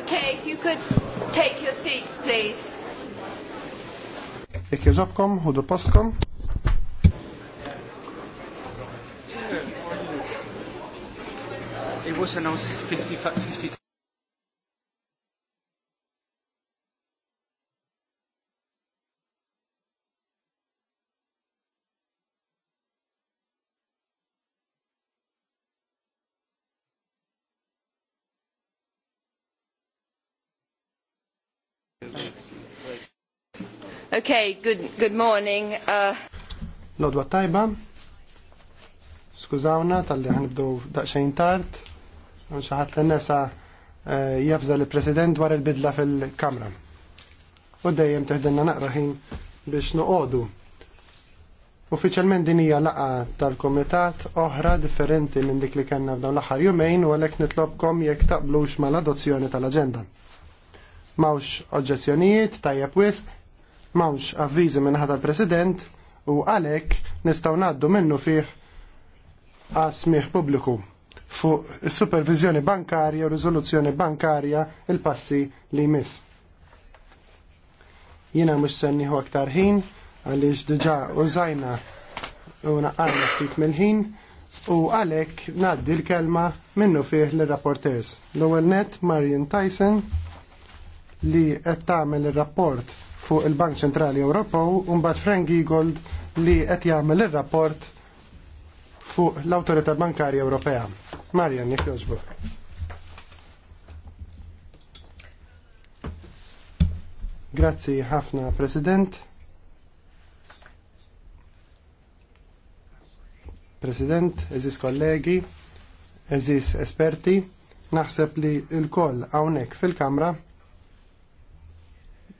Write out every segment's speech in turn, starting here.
Okay, if you could take your seats, please. Ik jizobkom, hudu postkom. It was announced 50, 50. Okay, good, good morning. Uh... Lodwa tajba. Skużawna tal-li ħanibdu daqxejn tard. ħadd l-nesa eh, jafza l-president dwar il-bidla fil-kamra. U dejjem teħdenna naqra ħin biex noqogħdu. Uffiċjalment din hija laqa tal-komitat oħra differenti minn dik li kellna f'dawn l-aħħar jumejn u għalhekk nitlobkom jekk taqblux mal-adozzjoni tal-aġenda. Mawx oġġezzjonijiet, tajjeb wisq, Mawx avviżi minn ħata l-President u għalhekk nistgħu ngħaddu minnu fih għasmiħ pubbliku fuq supervizjoni bankarja u riżoluzzjoni bankarja il-passi li jmiss. Jiena mhux senniħu aktar ħin għaliex diġà zajna u naqqarna ftit mill-ħin u għalek naddi l-kelma minnu fih l-rapportez. L-ewwel net Marian Tyson li qed tagħmel ir-rapport fuq il-Bank Ċentrali Ewropew u mbagħad Frank Giegold li qed jagħmel ir-rapport fuq l-Awtorità Bankarja Ewropea. Marjan, jekk jogħġbok. Grazzi ħafna, President. President, eżis kollegi, eżis esperti, naħseb li l-koll hawnhekk fil-Kamra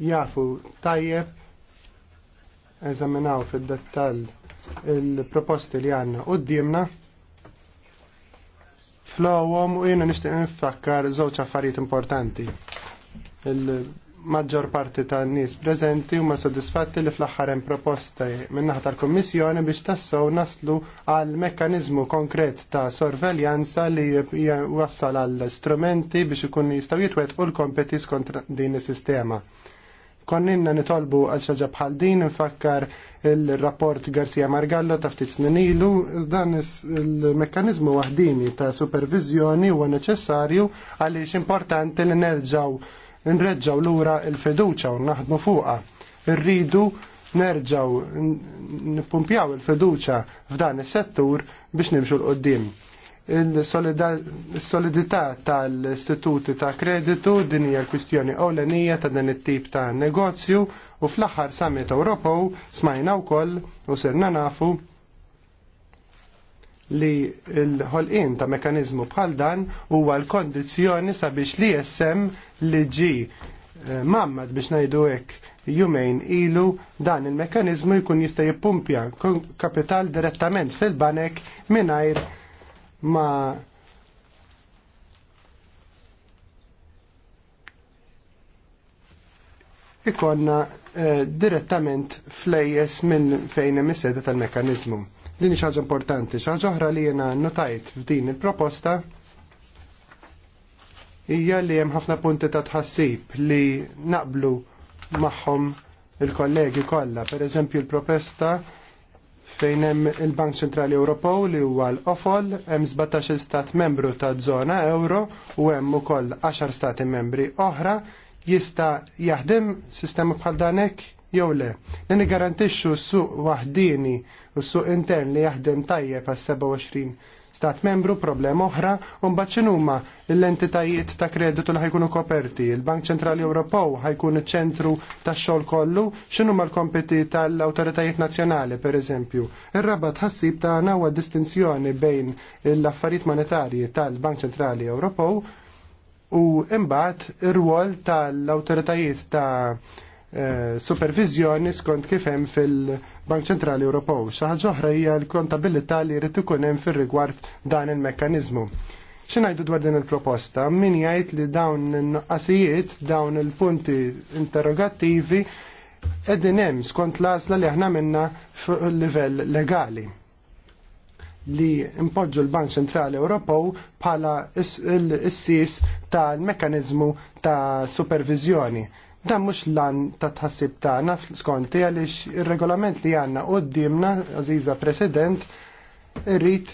jafu tajjeb eżaminaw fil-dettall il-proposti li għanna u d-diemna flowom u jena nishtiq nifakkar żewġ affarijiet importanti. Il-maġġor parti ta' nies preżenti huma sodisfatti li fl-aħħar hemm proposta minn naħa tal-Kummissjoni biex tassew naslu għal mekkaniżmu konkret ta' sorveljanza li jwassal għal strumenti biex ikun jistgħu u l-kompetis kontra din is-sistema. Konninna nitolbu għal xaġa bħal din nfakkar il-rapport Garcia Margallo ta' ftit snin ilu dan il-mekkanizmu waħdini ta' supervizjoni huwa neċessarju għaliex importanti li nerġaw nreġġaw lura il-fiduċa u naħdmu fuqha. Irridu nerġaw nippumpjaw il-fiduċa f'dan is-settur biex nimxu l-qoddim il-solidità tal-istituti ta' kreditu din hija l-kwistjoni ewlenija ta' dan it-tip ta' negozju u fl-aħħar summit Ewropew smajna wkoll u serna nafu li l-ħolqien ta' mekanizmu bħal dan huwa l-kondizzjoni sabiex li jessem li ġi eh, mammad biex najdu hekk jumejn ilu dan il-mekanizmu jkun jista' jippumpja kapital direttament fil-banek mingħajr ma ikonna eh, direttament flejjes minn fejn hemm tal-mekkaniżmu. Din xi ħaġa importanti, xaġa oħra li jiena notajt f'din il-proposta hija li hemm ħafna punti ta' tħassib li naqblu magħhom il-kollegi kollha, pereżempju l-proposta fejn hemm il-Bank Ċentrali Ewropew li huwa l-Ofol, hemm 17 stat membru ta' żona euro u hemm ukoll 10 stati membri oħra jista' jaħdem sistema bħal danek jew le. Li nigarantixxu s-suq waħdini u s-suq intern li jaħdem tajjeb għas 27 stat membru problema oħra u mbagħad x'inhuma l-entitajiet ta' kreditu li ħajkunu koperti. Il-Bank Ċentrali Ewropew ħajkun iċ-ċentru tax-xogħol kollu, x'inhuma l kompeti tal-awtoritajiet nazzjonali pereżempju. ir rabat ħassib tagħna huwa distinzjoni bejn l-affarijiet monetarji tal-Bank Ċentrali Ewropew u imbagħad ir-rwol tal-awtoritajiet ta' Eh, supervizjoni skont kif hemm fil-Bank Ċentrali Ewropew. Xi ħaġa oħra hija l-kontabilità li jrid ikun hemm fir-rigward dan il-mekkaniżmu. Xinajdu dwar din il-proposta? Min jgħid li dawn n-qasijiet, dawn il-punti interrogattivi, edin hemm skont l-għażla li aħna minna fuq il-livell legali li impoġġu l-Bank Ċentrali Ewropew bħala is-sis tal-mekkanizmu ta' supervizjoni Dan mhux lan ta' tħassib tagħna skonti għaliex ir-regolament li għandna qudiemna Aziza President irrid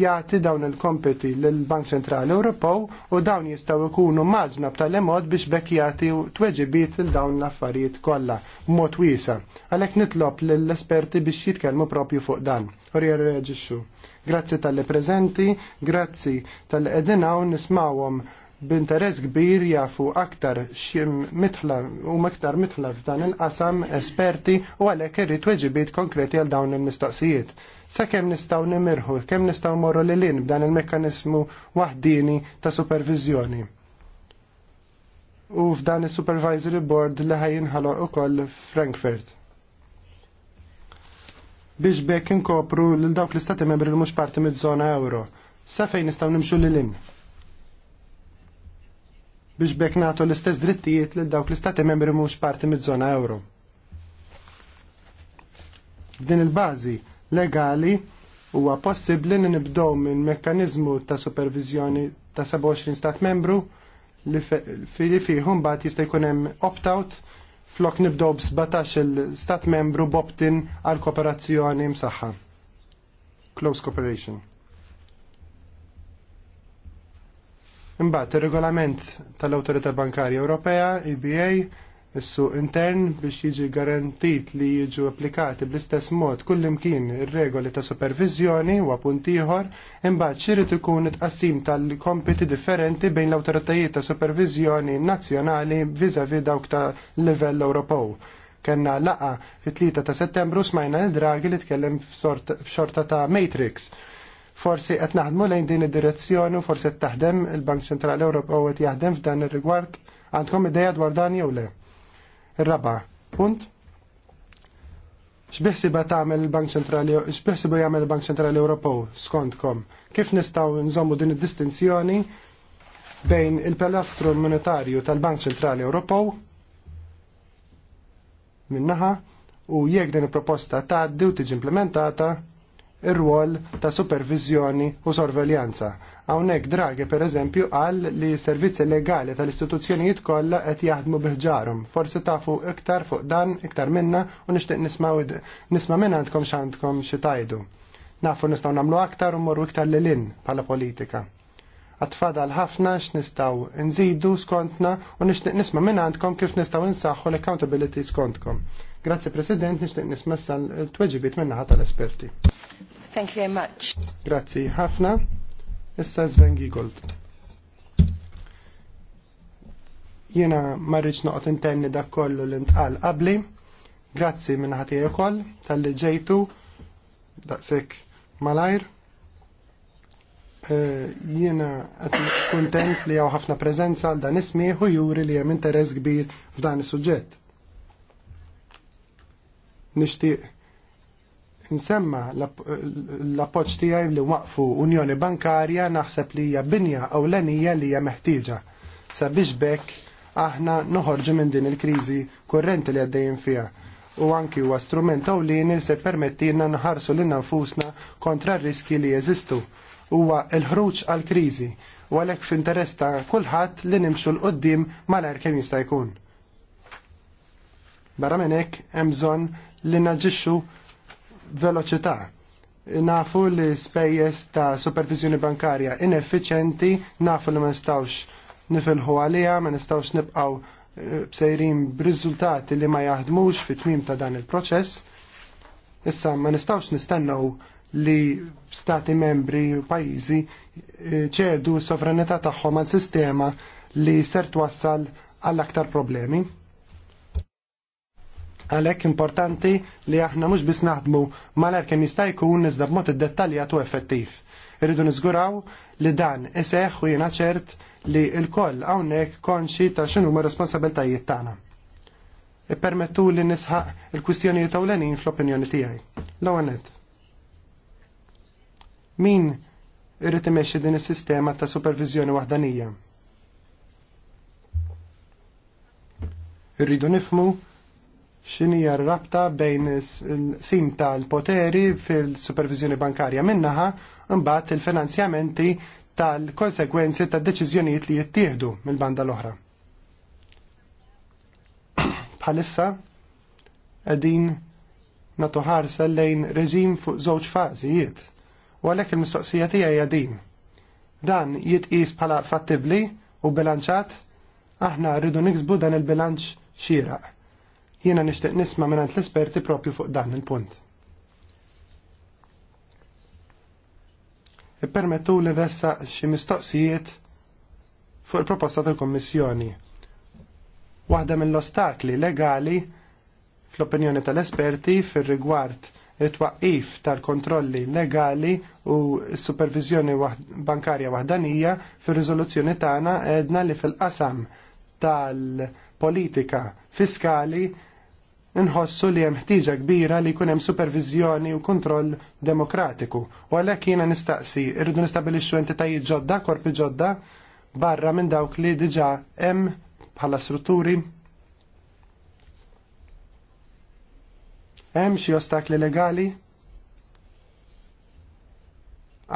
jagħti dawn il-kompeti lill-Bank Ċentrali Ewropew u dawn jistgħu jkunu maġna b'tali mod biex bekk jagħti tweġibiet il dawn l-affarijiet kollha b'mod wiesa. Għalhekk nitlob lill-esperti biex jitkellmu propju fuq dan u jirreġixxu. Grazzi tal-li preżenti, grazzi tal-li qegħdin hawn nismawhom b'interess kbir jafu aktar xim mitħla u aktar mitħla f'dan il-qasam esperti u għalhekk irrid weġibiet konkreti għal dawn il-mistoqsijiet. Sa kemm nistgħu nimirħu, kemm nistgħu morru lil lin b'dan il-mekkaniżmu waħdini ta' supervizjoni. U f'dan is-supervisory board li ħajinħaloq ukoll Frankfurt biex bekk inkopru lil dawk l-istati membri li mhux parti miż-żona euro. Sa fejn nistgħu nimxu lil lin? biex bekk nagħtu l-istess drittijiet lil dawk l-istati membri mhux parti mid żona euro. Din il-bażi legali huwa possibbli li nibdew minn mekkaniżmu ta' supervizjoni ta' 27 stat membru li fih bat jista' jkun hemm opt-out flok nibdew b'17 il-stat membru b'opt-in għal kooperazzjoni msaħħa. Close cooperation. Imbagħad ir-regolament tal-Awtorità Bankarja Ewropea, EBA, is-suq intern biex jiġi garantit li jiġu applikati bl-istess mod imkien ir-regoli ta' supervizjoni u punt ieħor, imbagħad xirid ikun it-qassim tal-kompiti differenti bejn l-awtoritajiet ta' supervizjoni nazzjonali viżavi dawk ta' livell Ewropew. Kenna laqa fit-3 ta' Settembru smajna l-dragi li tkellem f'xorta ta' Matrix Forsi qed naħdmu lejn din id-direzzjoni u forsi qed taħdem il-Bank Ċentrali Ewropew qed jaħdem f'dan ir-rigward għandkom idea dwar dan jew le. Ir-raba' punt. X'biħsiba tagħmel il-Bank Ċentrali x'biħsibu jagħmel il-Bank Ċentrali Ewropew skontkom? Kif nistgħu nżommu din id-distinzjoni bejn il-pilastru monetarju tal-Bank Ċentrali Ewropew minnaħa u jekk din il-proposta tgħaddi u tiġi implementata ir-rwol ta' supervizjoni u sorveljanza. Hawnhekk Draghi pereżempju qal li servizzi legali tal-istituzzjonijiet kollha qed jaħdmu biħġarhom. Forsi tafu iktar fuq dan iktar minna u nixtieq nisma' minn għandkom x'għandkom xi tajdu. Nafu nistgħu nagħmlu aktar u morru iktar lil in bħala politika. Għatfadal ħafna x'nistgħu nżidu skontna u nixtieq nisma' minn għandkom kif nistgħu nsaħħu l-accountability skontkom. Grazzi President, nixtieq nisma' l-tweġibiet ħata tal-esperti. Thank you very much. Grazzi ħafna. Issa Sven Gold. Jena marriċ noqot intenni dak kollu l-intqal qabli. Grazzi minn ħati ukoll tal-li ġejtu daqsik malajr. Eh, jiena qed kuntent li jaw ħafna preżenza għal dan ismi u juri li hemm interess kbir f'dan is-suġġett. Nixtieq nsemma l-appoġġ tiegħi li waqfu Unjoni Bankarja naħseb li hija binja ewlenija li hija meħtieġa sabiex bekk aħna noħorġu minn din il-kriżi kurrenti li għaddejjin fiha u anki huwa strument ewlieni se permettilna nħarsu lil nfusna kontra r-riski li jeżistu. Huwa l-ħruġ għall-kriżi u għalhekk f'interess ta' kulħadd li nimxu l-qoddim malajr kemm jista' jkun. Barra minn hekk hemm bżonn li naġixxu veloċità. Nafu li spejjeż ta' supervizjoni bankarja ineffiċenti, nafu li ma nistawx nifilħu għalija, ma nistawx nibqaw eh, bsejrin b'riżultati li ma jaħdmux fit-tmim ta' dan il-proċess. Issa ma nistawx nistennew li stati membri u pajizi eh, ċedu s sovranità tagħhom għal sistema li ser twassal għall aktar problemi. Għalhekk importanti li aħna mhux biss naħdmu malar kemm jista' jkun iżda b'mod id-dettaljat u effettiv. Irridu niżguraw li dan iseħħ u jiena ċert li il koll hawnhekk konxi ta' xinu ma' responsabiltajiet tagħna. Ippermettu li nisħaq il-kwistjonijiet ewlenin fl-opinjoni tiegħi. L-ewwel Min irrit imexxi din is-sistema ta' supervizjoni waħdanija? Irridu nifmu x'inhija rabta bejn il-sim tal-poteri fil-supervizjoni bankarja minnaħa imbagħad il-finanzjamenti tal-konsekwenzi tad-deċiżjonijiet li jittieħdu mill-banda l-oħra. Bħalissa qegħdin nagħtu ħarsa lejn reġim fuq żewġ fażijiet. U għalhekk il-mistoqsija tiegħi hija din. Dan jitqis bħala fattibbli u bilanċat aħna rridu niksbu dan il-bilanċ xieraq Jiena nixtieq nisma' mingħand l-esperti propju fuq dan il-punt. Ippermettu li nressa xi mistoqsijiet fuq il-proposta tal-Kommissjoni. Waħda mill-ostakli legali fl-opinjoni tal-esperti fir-rigward it-twaqqif tal-kontrolli legali u s-supervizjoni bankarja waħdanija fir riżoluzzjoni tagħna edna li fil-qasam tal- politika fiskali nħossu li hemm ħtiġa kbira li jkun hemm supervizjoni u kontroll demokratiku. U għalhekk jiena nistaqsi, irridu nistabilixxu entitajiet ġodda, korpi ġodda, barra minn dawk li diġà hemm bħala strutturi Hemm xi ostakli legali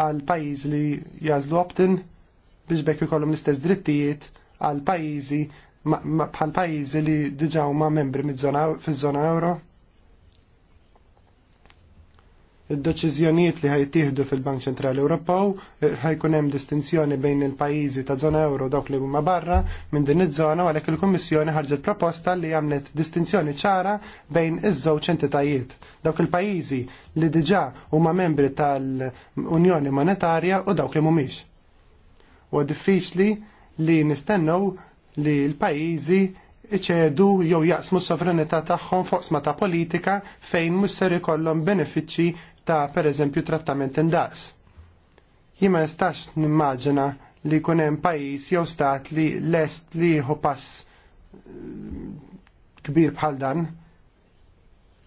għal pajjiż li jażlu optin biex bekk ikollhom l-istess drittijiet għal pajjiżi bħal pajjiżi li diġà huma membri fiż-żona euro? Id-deċiżjonijiet li ħajtieħdu fil-Bank Ċentrali Ewropew eh, ħajkun hemm distinzjoni bejn il-pajjiżi ta' żona euro dawk li huma barra minn din iż-żona għalhekk il-Kummissjoni ħarġet proposta li għamlet distinzjoni ċara bejn iż-żewġ entitajiet. Dawk il-pajjiżi li diġà huma membri tal-Unjoni Monetarja u dawk li mhumiex. U diffiċli li nistennew li l-pajjiżi iċedu jew jaqsmu s-sovranità tagħhom fuq sma ta' politika fejn mhux ser ikollhom benefiċċji ta' pereżempju trattament indaqs. Jien ma nistax nimmaġina li jkun hemm pajjiż jew stat li lest li jieħu pass eh, kbir bħal dan.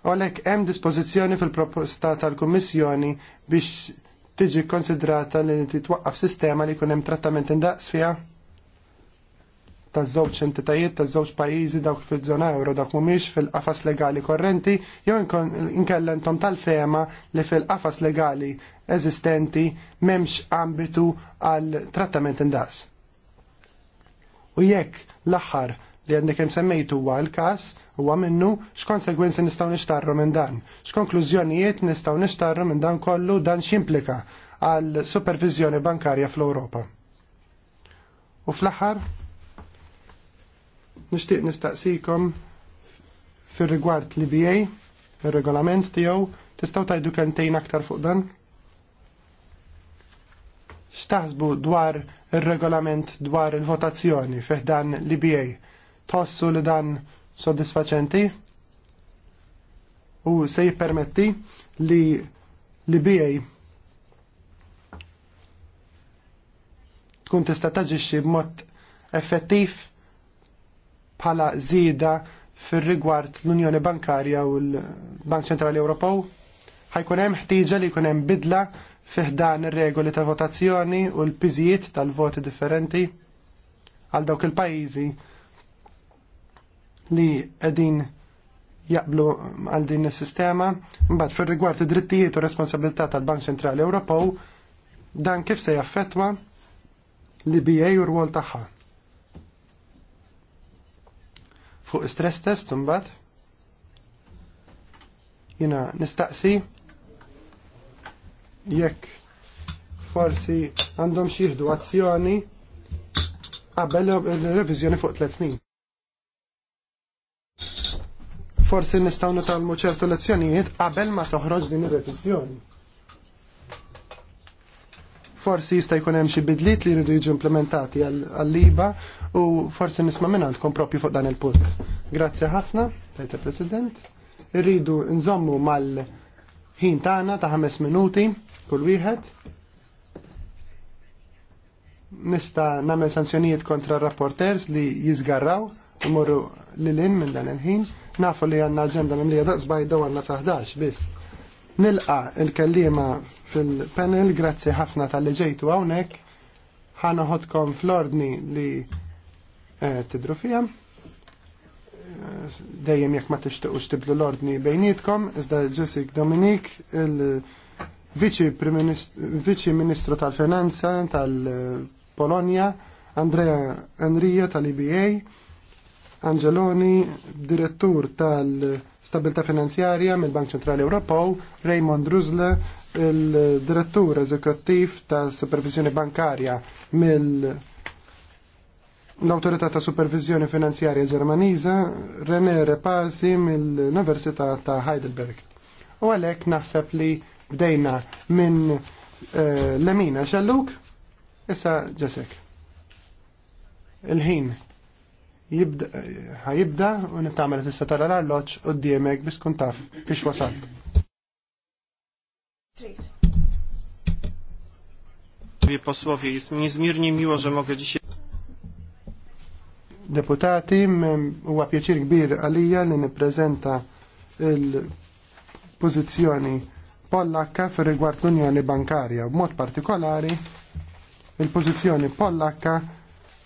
Olek hemm dispożizzjoni fil-proposta tal-Kummissjoni biex tiġi konsidrata li titwaqqaf sistema li jkun hemm trattament indaqs fiha? taż-żewġ entitajiet taż-żewġ pajjiżi dawk fil-żona euro dak mhumiex fil-qafas legali korrenti jew inkellentom tal-fema li fil-qafas legali eżistenti m'hemmx ambitu għal trattament indaqs. U jekk l-aħħar li għandek hemm semmejtu huwa l-każ huwa minnu x'konsegwenzi nistgħu nixtarru minn dan, x'konklużjonijiet nistgħu nixtarru minn dan kollu dan x'implika għal supervizjoni bankarja fl-Ewropa. U fl-aħħar, Nixtieq nistaqsikom fir-rigward l-IBA, ir-regolament tiegħu, tistgħu tajdu kentejn aktar fuq dan? X'taħsbu dwar ir-regolament dwar il-votazzjoni fih dan l-IBA? Tossu li dan soddisfaċenti? U se jippermetti li l-IBA tkun tista' taġixxi b'mod effettiv bħala żieda fir-rigward l-Unjoni Bankarja u l-Bank Ċentrali Ewropew? Ħajkun hemm ħtieġa li jkun hemm bidla fiħdan ir-regoli ta' votazzjoni u l-piżijiet tal-voti differenti għal dawk il-pajjiżi li qegħdin jaqblu għal din is-sistema. Mbagħad fir-rigward id-drittijiet u responsabilità tal-Bank Ċentrali Ewropew dan kif se jaffettwa l BA u l-wol tagħha. fuq stress test imbagħad. Jiena nistaqsi jekk forsi għandhom xi azzjoni qabel ir reviżjoni fuq tliet snin. Forsi nistgħu nitalmu ċertu lezzjonijiet qabel ma toħroġ din ir-reviżjoni forsi jista' jkun hemm xi bidliet li jridu jiġu implementati għall-liba u forsi nisma' minn għandkom proprju fuq dan il-punt. Grazzi ħafna, tajta president Irridu nżommu mal-ħin tagħna ta' ħames minuti kull wieħed nista nagħmel sanzjonijiet kontra rapporters li jizgarraw, imorru lilin minn dan il-ħin, nafu li għanna ġemda minn li għadaqs bajdu għanna saħdax, bis. Nilqa il-kellima fil-panel, grazzi ħafna tal-li ġejtu għawnek, ħanaħodkom fl-ordni li eh, tidru fija. Eh, dejjem jekk ma tixtiqux tiblu l-ordni bejnietkom, iżda Jessica Dominik, il-Viċi Ministru tal-Finanza tal-Polonja, Andrea Enrija tal-IBA, Angeloni, direttur tal-Stabilta Finanzjarja mill-Bank Ċentrali Ewropew, Raymond Ruzle, il-direttur eżekuttiv ta' supervizjoni bankarja mill l-Autorità ta' Supervizjoni Finanzjarja Ġermaniża René Repasi mill-Università ta' Heidelberg. U għalhekk naħseb li bdejna minn eh, Lemina Xalluk, issa ġesek. Il-ħin ħajibda u nittamela tista tara l arloġġ u d biex tkun taf biex wasalt. Deputati, huwa pjaċir kbir għalija li nipprezenta il-pożizzjoni Pollakka fir rigward l-Unjoni Bankarja, b'mod partikolari il-pożizzjoni Pollakka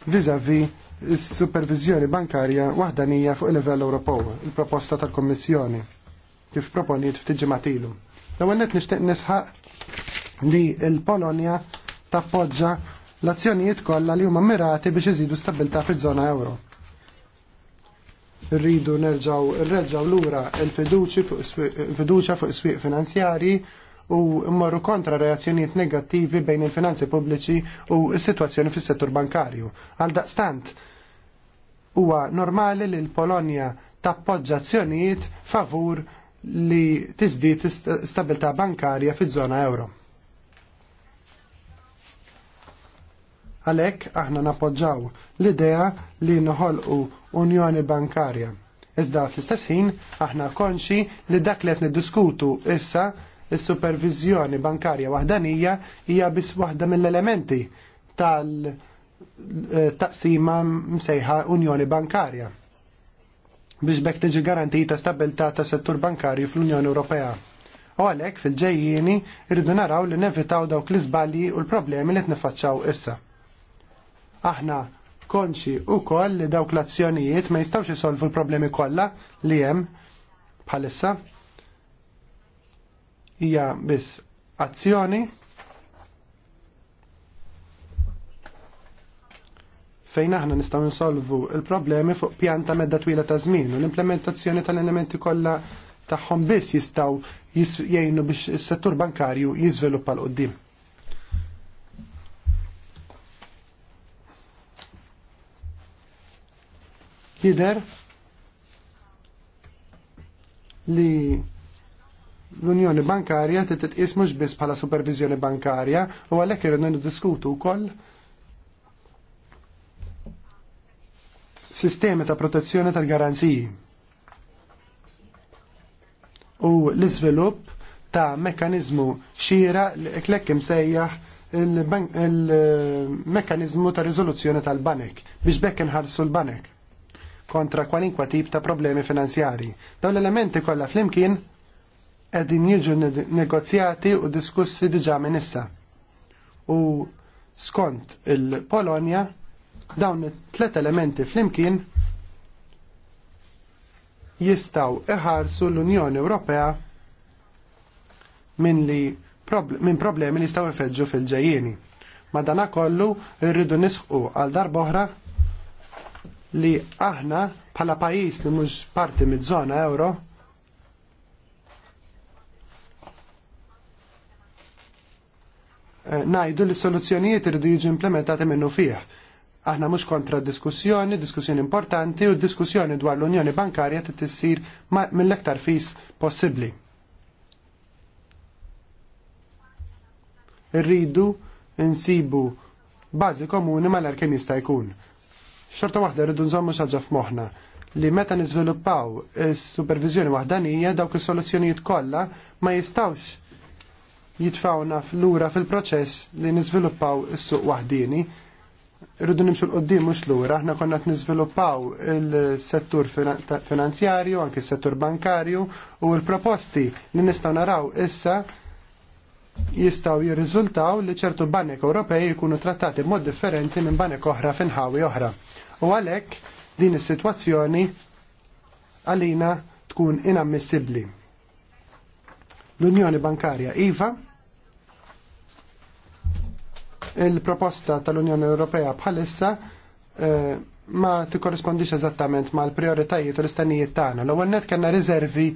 vis-à-vis is-supervizjoni bankarja waħdanija fuq il-livell Ewropew, il-proposta tal-Kommissjoni, kif proponiet ftit ġimgħat ilu. L-ewwel nishtiq nixtieq nisħaq li l-Polonja tappoġġa l-azzjonijiet kollha li huma mirati biex iżidu stabilità fiż-żona euro. Rridu nerġaw irreġgħu lura l-fiduċja fuq is-swieq finanzjarji u mmorru kontra reazzjonijiet negattivi bejn il-finanzi pubbliċi u s-sitwazzjoni fis-settur bankarju. Għal daqstant huwa normali li l-Polonja tappoġġa azzjonijiet favur li tizdi stabilta bankarja fiż-żona euro. Għalhekk aħna napoġġaw l-idea li noħolqu Unjoni Bankarja. Iżda fl-istess ħin aħna konxi li dak li qed niddiskutu issa il supervizjoni bankarja wahdanija hija biss waħda mill-elementi tal-taqsima eh, msejħa Unjoni Bankarja biex bekk tiġi garantita stabilità tas settur bankarju fl-Unjoni Ewropea. U għalhekk fil-ġejjieni irridu naraw li nevitaw dawk l-iżbalji u l-problemi li tnifaċċaw issa. Aħna konxi u koll li dawk l-azzjonijiet ma jistawx isolvu l-problemi kollha li hemm bħalissa. Hija biss azzjoni fejn aħna nistgħu nsolvu il-problemi fuq pjanta medda twila ta' żmien u l-implementazzjoni tal-elementi kollha tagħhom biss jistgħu jgħinu biex is-settur bankarju jiżviluppa l qoddim Jider li l-Unjoni Bankarja titqis mhux biss bħala supervizjoni bankarja u għalhekk irridu niddiskutu wkoll sistemi ta' protezzjoni tal-garanziji u l-iżvilupp ta' mekanizmu xira l-eklek imsejjaħ il mekanizmu ta' rizoluzzjoni tal-banek biex bekk inħarsu l-banek kontra kwalinkwa tip ta' problemi finanzjari. Dawn l-elementi kollha flimkien qegħdin jiġu negozjati u diskussi diġà minn issa. U skont il-Polonja dawn it-tlet elementi flimkien jistaw iħarsu l-Unjoni Ewropea minn li minn problemi li jistaw ifeġġu fil-ġejjieni. Ma dana kollu rridu nisħu għal darba oħra li aħna bħala pajis li mhux parti mid-żona euro eh, najdu li soluzzjonijiet irridu jiġu implementati minnu fih Aħna mhux kontra diskussjoni, diskussjoni importanti u diskussjoni dwar l-Unjoni Bankarja tissir mill-aktar fis possibbli. Irridu insibu bażi komuni mal kemm jista' jkun. Xorta waħda rridu nżommu xaġa f'moħħna li meta niżviluppaw is-supervizjoni waħdanija dawk is-soluzzjonijiet kollha ma jistawx jitfawna lura fil-proċess li niżviluppaw is-suq waħdini rridu nimxu l-qoddim mux l-ura, aħna konna t-nizviluppaw il-settur finanzjarju, anki il-settur bankarju, u l-proposti li nistaw naraw issa jistaw jirriżultaw li ċertu banek Ewropej jkunu trattati mod differenti minn banek oħra finħawi oħra. U għalek din is-sitwazzjoni għalina tkun inammissibli. L-Unjoni Bankarja IVA il-proposta tal-Unjoni Ewropea bħalissa eh, ma tikkorrispondix eżattament mal prioritajiet u l-istennijiet tagħna. L-ewwel net kellna riservi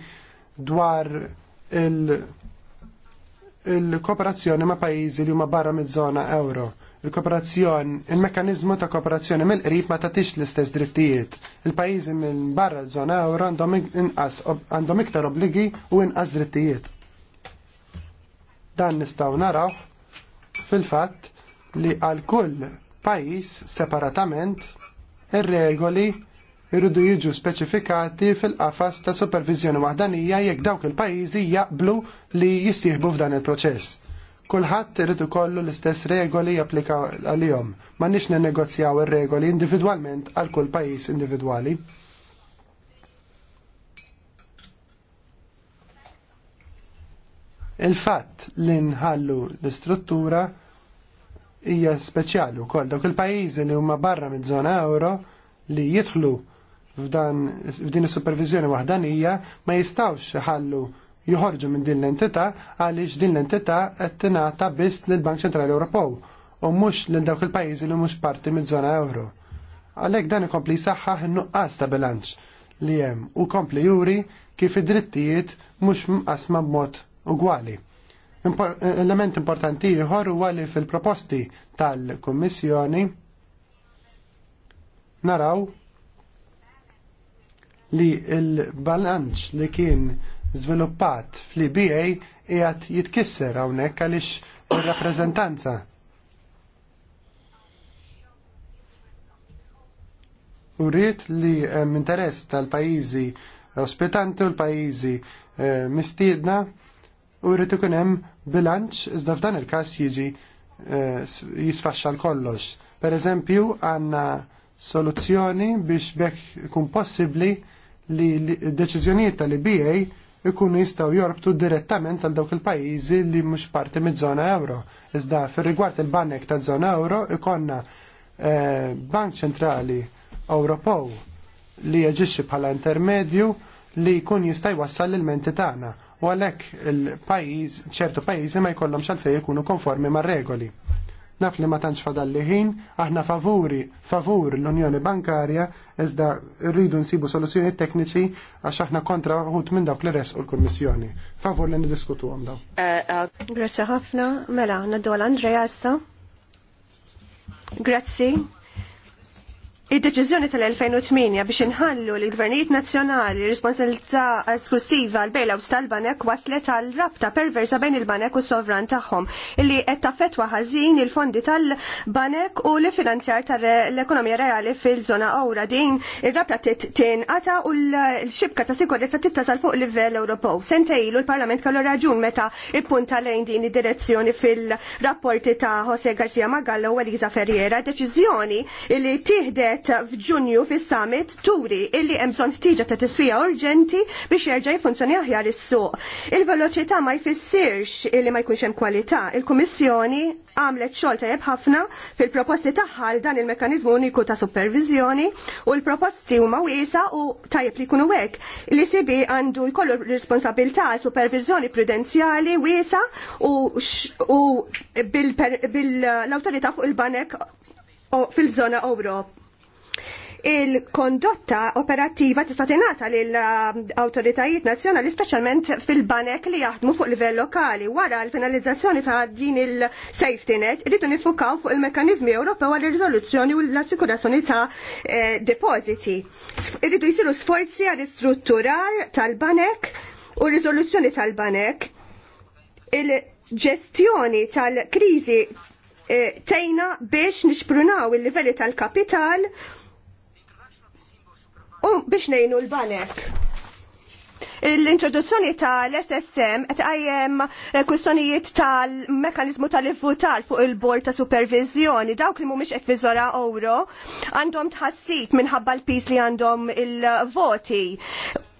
dwar il-kooperazzjoni ma' pajjiżi li huma barra miż-żona euro il kooperazzjoni il-mekanizmu ta' kooperazzjoni mill-qrib ma tagħtix l-istess drittijiet. il pajjiżi minn barra l-żona euro għandhom iktar obligi u inqas drittijiet. Dan nistgħu naraw fil-fatt li għal kull pajjiż separatament ir-regoli irridu jiġu speċifikati fil-qafas ta' supervizjoni waħdanija jekk dawk il-pajjiżi jaqblu li jissieħbu f'dan il-proċess. Kulħadd iridu kollu l-istess regoli japplika għalihom. Ma nix ir-regoli individwalment għal kull pajjiż individwali. Il-fatt li nħallu l-istruttura hija speċjali wkoll dawk il-pajjiżi li huma barra minn żona euro li jidħlu f'din is-supervizjoni waħdanija ma jistgħux iħallu joħorġu minn din l-entità għaliex din l-entità qed tingħata biss lill-Bank Ċentrali Ewropew u mhux lil dawk il-pajjiżi li mhux parti miż-żona euro. Għalhekk dan ikompli jsaħħaħ in-nuqqas ta' bilanċ li hemm u kompli juri kif id-drittijiet mhux mqasma b'mod ugwali. Element importanti ieħor huwa li fil-proposti tal-Kummissjoni naraw li l-balanċ li kien żviluppat fl-IBA qiegħed jitkisser hawnhekk għaliex ir-rappreżentanza Uriet li hemm interess tal-pajjiżi ospitanti u l-pajjiżi eh, mistiedna u rrid ikun hemm bilanċ iżda f'dan il-każ jiġi eh, jisfaxxa l-kollox. Per eżempju, għanna soluzzjoni biex bekk ikun possibbli li deċiżjonijiet tal-IBA ikunu jistaw jorbtu direttament għal dawk il-pajjiżi li mhux parti mid-żona euro. Iżda fir-rigward il-banek ta' żona euro ikonna eh, Bank Ċentrali Ewropew li jaġixxi bħala intermedju li jkun jista' jwassal l-menti tagħna u għalhekk il-pajjiż, ċertu pajjiżi ma jkollhomx għalfejn jkunu konformi mar-regoli. Naf li ma tantx fadalli ħin, aħna favuri, favur l-Unjoni Bankarja, iżda rridu nsibu soluzzjoni tekniċi għax aħna kontra uħut minn dawk li resqu l-Kummissjoni. Favur li nidiskutu għom daw. Grazzi ħafna, mela, naddu għal Andreja issa. Grazzi. Id-deċiżjoni tal-2008 biex inħallu l-gvernijiet nazzjonali responsabilità esklusiva għal bailouts tal-banek waslet għal rabta perversa bejn il-banek u sovran tagħhom illi qed taffetwa ħażin il-fondi tal-banek u li finanzjar tal-ekonomija reali fil-żona awra din ir-rabta tinqata u l-xibka ta' sikurezza tittasal fuq livell Ewropew. ilu l-Parlament kellu raġun meta ippunta lejn din id-direzzjoni fil-rapporti ta' Jose Garcia Magallo u Eliza Ferriera, deċiżjoni illi tieħdem kienet f'Ġunju fis-summit turi illi hemm bżonn ftiġa ta' tiswija urġenti biex jerġa' jfunzjoni aħjar is-suq. Il-veloċità ma jfissirx illi ma jkunx hemm kwalità. Il-Kummissjoni għamlet xogħol tajjeb ħafna fil-proposti tagħha dan il-mekkaniżmu uniku ta' supervizjoni u l-proposti huma wiesa u tajjeb li jkunu hekk. L-ICB għandu jkollu responsabilità supervizjoni prudenzjali wiesa u, u bil-awtorità bil, fuq il-banek fil-żona Ewropa il-kondotta operattiva tista' tingħata lill um, awtoritajiet nazzjonali speċjalment fil-banek li jaħdmu fuq livell lokali wara l-finalizzazzjoni ta' din il-safety net irridu nifukaw fuq il-mekkaniżmi Ewropew għal riżoluzzjoni u l-assikurazzjoni ta' eh, depositi. Irridu jsiru sforzi għal istrutturar tal-banek u riżoluzzjoni tal-banek il-ġestjoni tal-kriżi eh, tejna biex nixprunaw il-livelli tal-kapital U biex nejnu l-banek. L-introduzzjoni tal-SSM għajjem eh, kwistjonijiet tal-mekanizmu tal-ivvutar fuq il-bord ta' supervizjoni dawk li mhumiex qed viżora euro għandhom tħassib minħabba l-pis li għandhom il-voti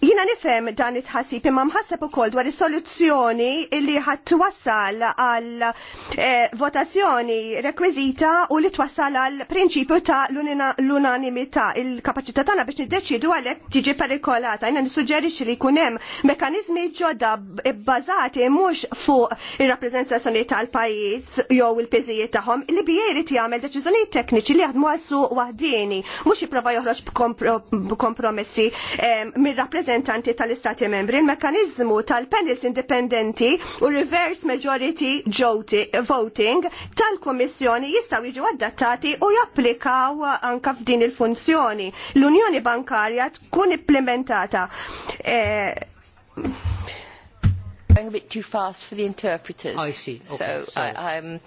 Jina nifem dan it-ħassib imma mħasseb ukoll dwar is-soluzzjoni li ħadd twassal għal eh, votazzjoni rekwiżita u li twassal għal prinċipju ta' l-unanimità. Il-kapaċità tagħna biex niddeċidu għalhekk tiġi perikolata. Jiena nissuġġerixxi li jkun hemm mekkaniżmi ġodda bbażati mhux fuq ir-rappreżentazzjoni tal-pajjiż jew il-piżijiet tagħhom li bijeri jagħmel deċiżjonijiet tekniċi li jaħdmu għal suq waħdini mhux jipprova joħroġ b'kompromessi eh, mir-rappreżentazzjoni rappresentanti tal-Istati membri, il-mekanizmu tal-panels indipendenti u reverse majority voting tal-Kummissjoni jistaw jiġu adattati u japplikaw anka f'din il-funzjoni. L-Unjoni Bankarja tkun implementata. Eh, Going a bit too fast for the interpreters. I see. Okay, so I, I'm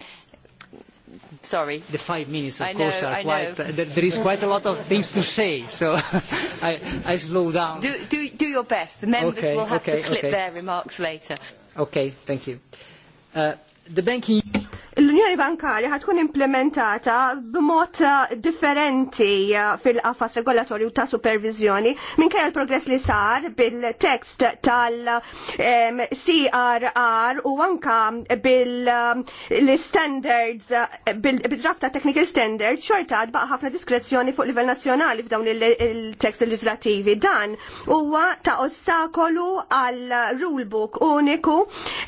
Sorry. The five minutes, of I course, know, are I quite. Uh, there, there is quite a lot of things to say, so I, I slow down. Do, do, do your best. The members okay, will have okay, to clip okay. their remarks later. Okay, thank you. Uh, the banking l-Unjoni Bankarja ħatkun implementata b'mod eh, differenti eh, fil-qafas regolatorju ta' supervizjoni minkejja l-progress li sar bil-tekst tal-CRR ehm, u anka bil-standards, eh, bil-draft ta' technical standards, xorta baqa' ħafna diskrezzjoni fuq livell nazjonali f'dawn il-tekst legislativi. Dan huwa ta' ostakolu għal rulebook uniku,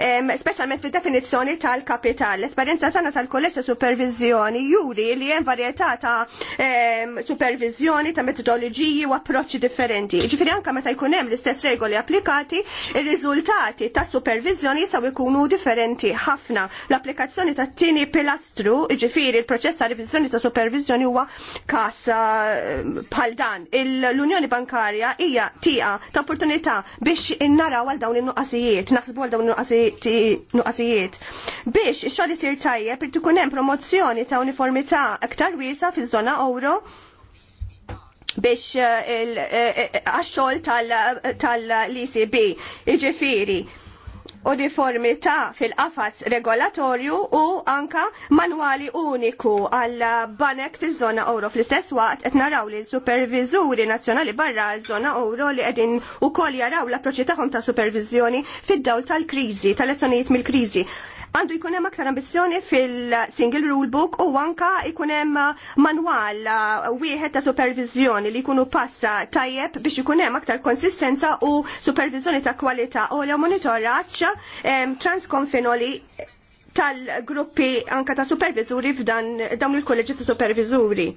ehm, specialment fil definizzjoni tal-kapital. l l esperienza tana tal-kolleġġ ta' supervizjoni juri li hemm varjetà ta' ehm, supervizjoni ta' metodoloġiji u approċċi differenti. Ġifiri anke meta jkun hemm l-istess regoli applikati, ir-riżultati ta' supervizjoni jisaw ikunu differenti ħafna. L-applikazzjoni ta' tieni pilastru, ġifiri il-proċess ta' riviżjoni ta' supervizjoni huwa kas ehm, bħal dan. L-Unjoni Bankarja hija tieqa ta' opportunità biex innaraw għal dawn in-nuqqasijiet, naħsbu għal dawn in-nuqqasijiet. Biex ix-xogħol tajjeb irid ikun hemm promozzjoni ta' uniformità aktar wiesa fiż-żona euro biex eh, eh, eh, għax-xogħol tal-ECB iġifieri uniformità fil-qafas regolatorju u anka manwali uniku għal banek fiż-żona euro fl-istess waqt qed naraw li l-superviżuri nazzjonali barra ż zona euro li qegħdin ukoll jaraw l-approċċi tagħhom ta' supervizjoni fid-dawl tal-kriżi, tal-lezzjonijiet mill-kriżi. Għandu jkun hemm aktar ambizzjoni fil-single rule book u anka jkun hemm manwal uh, wieħed ta' supervizjoni li jkunu passa tajjeb biex ikun hemm aktar konsistenza u supervizjoni ta' kwalità u li monitoraġġ transkonfinoli tal-gruppi anka ta' supervizuri f'dan dawn il-kolleġi ta' supervizuri.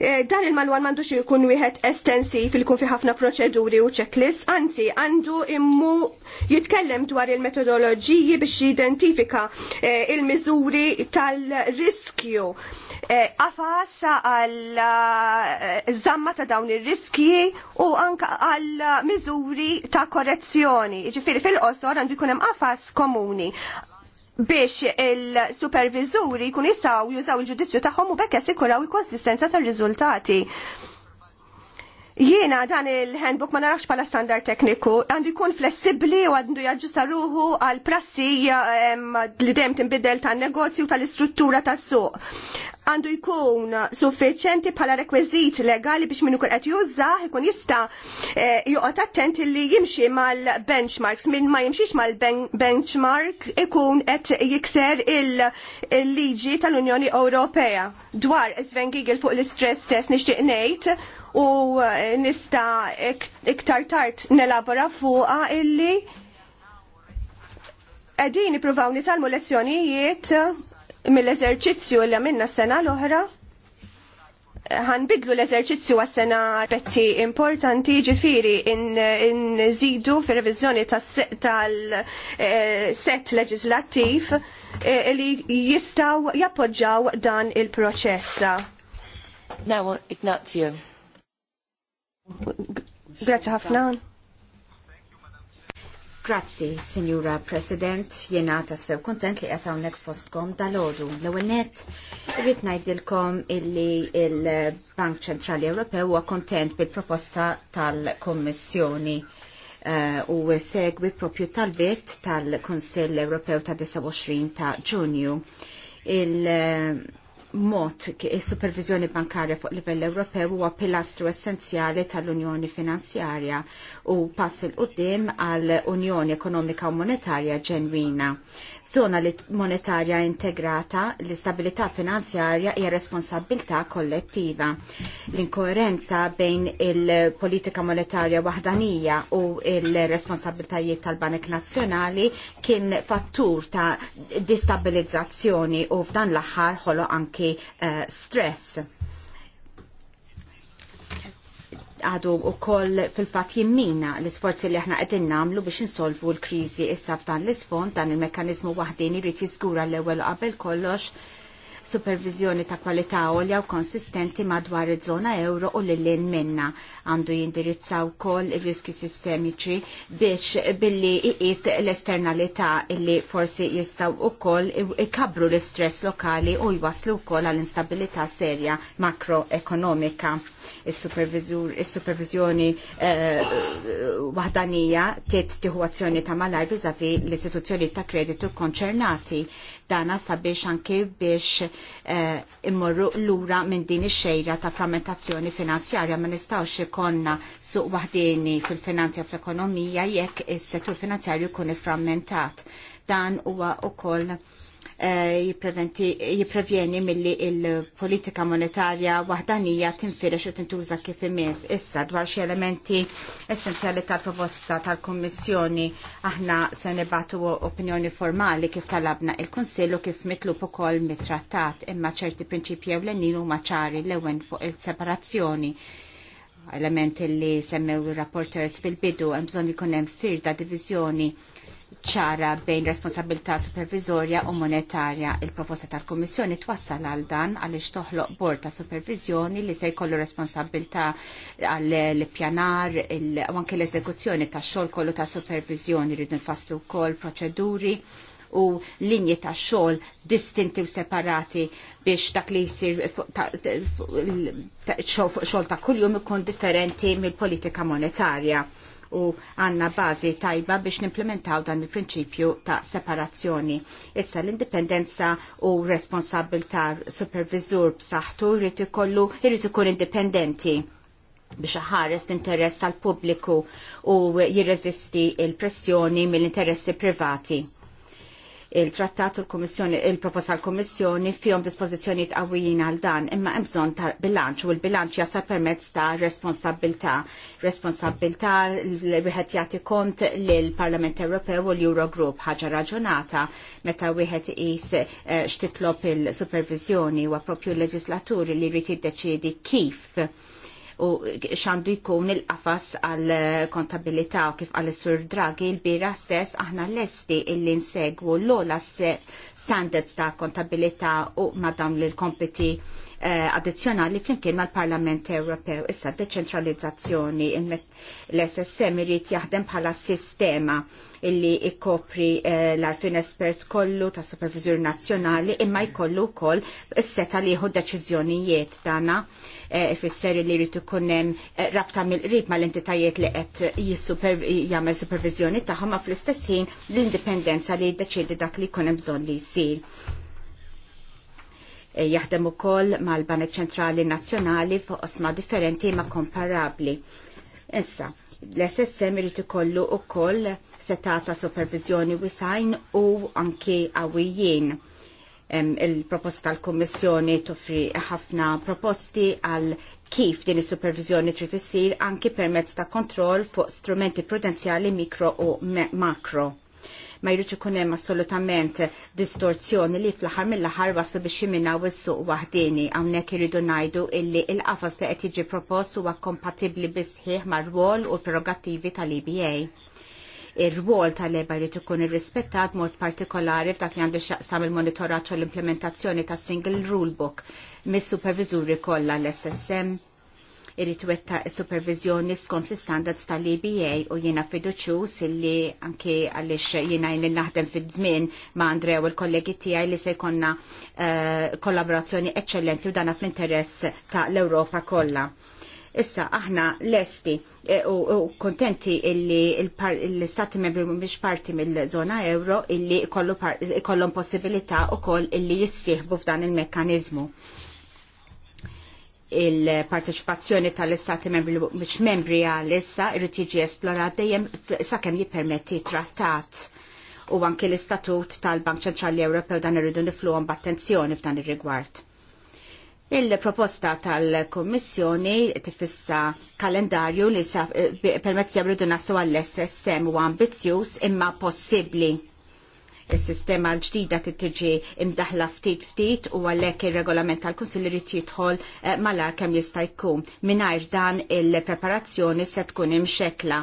Eh, dan il-manwal xie jkun wieħed estensiv il kun fi ħafna proċeduri u checklist, anzi għandu immu jitkellem dwar il-metodoloġiji biex jidentifika eh, il-miżuri tal-riskju. Eh, afasa għal zamma ta' dawn ir-riskji u anka għal miżuri ta' korrezzjoni. Ġifiri fil-qosor għandu jkun hemm komuni biex il-supervizuri kun jisaw jużaw il-ġudizzju tagħhom u bekk jassikuraw il-konsistenza tar-riżultati. Jiena dan il-handbook ma narax pala standard tekniku, għandu jkun flessibli u għandu jaġġusta ruħu għal prassi li dem timbidel tan negozju tal-istruttura tas-suq. Għandu jkun suffiċenti pala rekwizit legali biex minn ukur qed jużza, jkun jista e, joqgħod attent li jimxi mal-benchmarks, minn ma jimxiex mal-benchmark ikun qed jikser il-liġi tal-Unjoni Ewropea. Dwar Sven Giegel fuq l stress test nixtieq ngħid u eh, nista iktar tard nelabora fuqa illi għedin provaw nitalmu lezzjonijiet mill-eżerċizzju li għamilna s-sena l-oħra ħanbidlu l-eżerċizzju għas-sena petti importanti ġifiri nżidu fi revizjoni tal-set eh, leġislattiv eh, li jistaw jappoġġaw dan il proċessa Now, Ignazio. Grazie ħafna. Grazzi, Signora President, jena tassew kontent li qed hawnhekk fostkom dal ordu L-ewwel nett irrid ngħidilkom illi il-Bank Ċentrali Ewropew huwa kontent bil-proposta tal-Kommissjoni eh, u segwi propju tal-bit tal-Kunsill Ewropew ta' 29 ta' Ġunju. Il- mod eh, supervizjoni bankarja fuq livell Ewropew huwa pilastru essenzjali tal-Unjoni Finanzjarja u pass il qudiem għal Unjoni Ekonomika u Monetarja ġenwina. Zona li monetarja integrata l-istabilità finanzjarja hija responsabilità kollettiva. L-inkoerenza bejn il-politika monetarja waħdanija u il responsabilitajiet tal-Banek Nazzjonali kien fattur ta' distabilizzazzjoni u f'dan l-aħħar ħolo anki anki uh, stress għadu u koll fil-fat jimmina l-sforzi li aħna għedin namlu biex insolvu l-krizi issa f'dan l-isfond dan il-mekanizmu wahdin irrid jiżgura l-ewwel qabel kollox supervizjoni ta' kwalità għolja u konsistenti madwar iż-żona euro u l-lin minna. Għandu jindirizza wkoll ir-riski sistemiċi biex billi iqis l-esternalità illi forsi jistgħu wkoll ikabru l-istress lokali u jwaslu wkoll għall instabilità serja makroekonomika Is-supervizjoni eh, waħdanija tiet tiħu azzjoni ta' malajr biżavi l-istituzzjoni ta' kreditu konċernati dana sabiex anke biex eh, immorru lura minn din ix-xejra ta' frammentazzjoni finanzjarja ma nistgħux ikonna suq wahdini fil-finanzja fl-ekonomija jekk is-settur finanzjarju jkun frammentat. Dan huwa ukoll koll Eh, jipprevjeni milli il-politika monetarja wahdanija tinfirex u tintuża kif imiss. Issa dwar xi elementi essenzjali tal-proposta tal-Kommissjoni aħna se nibatu opinjoni formali kif talabna il konsillu kif mitlu ukoll mit-trattat imma ċerti prinċipji ewlenin huma ċari l-ewen fuq il-separazzjoni element li semmew il-rapporters fil-bidu, hemm bżonn ikun hemm firda diviżjoni ċara bejn responsabilità supervizorja u monetarja. Il-proposta tal komissjoni twassal għal dan għaliex toħloq bord ta' supervizjoni li se jkollu responsabilità għall l-pjanar u anke l-eżekuzzjoni ta' xogħol kollu ta' supervizjoni rridu nfasslu wkoll proċeduri u linji ta' xogħol distinti u separati biex dak li jsir xogħol ta' kuljum ikun differenti mill-politika monetarja u għanna bażi tajba biex nimplementaw dan il-prinċipju ta' separazzjoni. Issa l-indipendenza u ta' supervizur b'saħħtu jrid ikollu jrid ikun indipendenti biex ħares l-interess tal-pubbliku u jirreżisti il-pressjoni mill-interessi privati il-trattat u l-Kommissjoni, il-proposta l-Kommissjoni fihom dispożizzjonijiet għawijin għal dan, imma hemm bżonn ta' bilanċ u l-bilanċ jasab permezz ta' responsabilità. Responsabilità li wieħed jagħti kont lil Parlament Ewropew u l-Eurogroup ħaġa raġunata meta wieħed is eh, xtitlob il-supervizjoni u propju l-leġislaturi li jrid jiddeċiedi kif u xandu jkun il-qafas għal kontabilità u kif għal sur dragi l-bira stess aħna l-esti illi nsegwu l-ola standards ta' kontabilità u madam l-kompeti Eh, addizzjonali flimkien mal-Parlament Ewropew. Issa deċentralizzazzjoni l-SSM irid jaħdem bħala sistema illi ikkopri eh, l-arfin espert kollu ta' supervizur nazzjonali imma jkollu wkoll s seta liħu deċizjonijiet deċiżjonijiet dana eh, ifisser li jrid ikun hemm rabta mill-qrib mal-entitajiet li qed jagħmel supervizjoni tagħhom ma fl-istess ħin l-indipendenza li jiddeċiedi dak li jkun hemm bżonn li jsir E jaħdem ukoll mal-Banek Ċentrali Nazzjonali fuq osma differenti ma komparabli. Issa, l-SSM irid ikollu ukoll setata supervizjoni wisajn u anki għawijin. Il-proposta tal-Kommissjoni tuffri ħafna proposti għal kif din is-supervizjoni trid issir, anki permezz ta' kontroll fuq strumenti prudenzjali mikro u makro ma jridx ikun hemm assolutament distorzjoni li fl-aħħar mill-aħħar waslu biex jiminaw is-suq waħdini hawnhekk iridu ngħidu illi il-qafas li qed jiġi propost huwa kompatibbli sħiħ mar-rwol u l-prerogattivi tal-EBA ir-rwol tal eba jrid ikun irrispettat mod partikolari f'dak li għandu xaqsam il-monitoraġġ u l-implementazzjoni tas single rule book mis-superviżuri kollha l-SSM, irrit wetta supervizjoni skont l-standards tal-EBA u jiena fiduċus illi anke għalix jiena jien naħdem fid-dmin ma' Andrea u l-kollegi tijaj li se jkonna eh, kollaborazzjoni eccellenti u dana fl-interess ta' l-Europa kollha. Issa, aħna lesti eh, u, u kontenti illi l-Stati membri mhumiex parti mill-żona euro illi kollu possibilità u koll illi jissieħbu f'dan il-mekkanizmu il-parteċipazzjoni tal-istati membri biex membri għal-issa irrid jiġi esplorat dejjem sakemm jippermetti trattat u anke l-istatut tal-Bank Ċentrali Ewropew dan irridu nifluhom b'attenzjoni f'dan ir-rigward. Il-proposta tal-Kommissjoni tifissa kalendarju li eh, permetti jabridu nasu għall-SSM u ambizjuż imma possibbli Is-sistema l-ġdida tiġi imdaħla ftit ftit u għalhekk ir-regolament tal-Kunsill irid jidħol eh, malar kemm jista' jkun. Mingħajr dan il-preparazzjoni se tkun imxekla.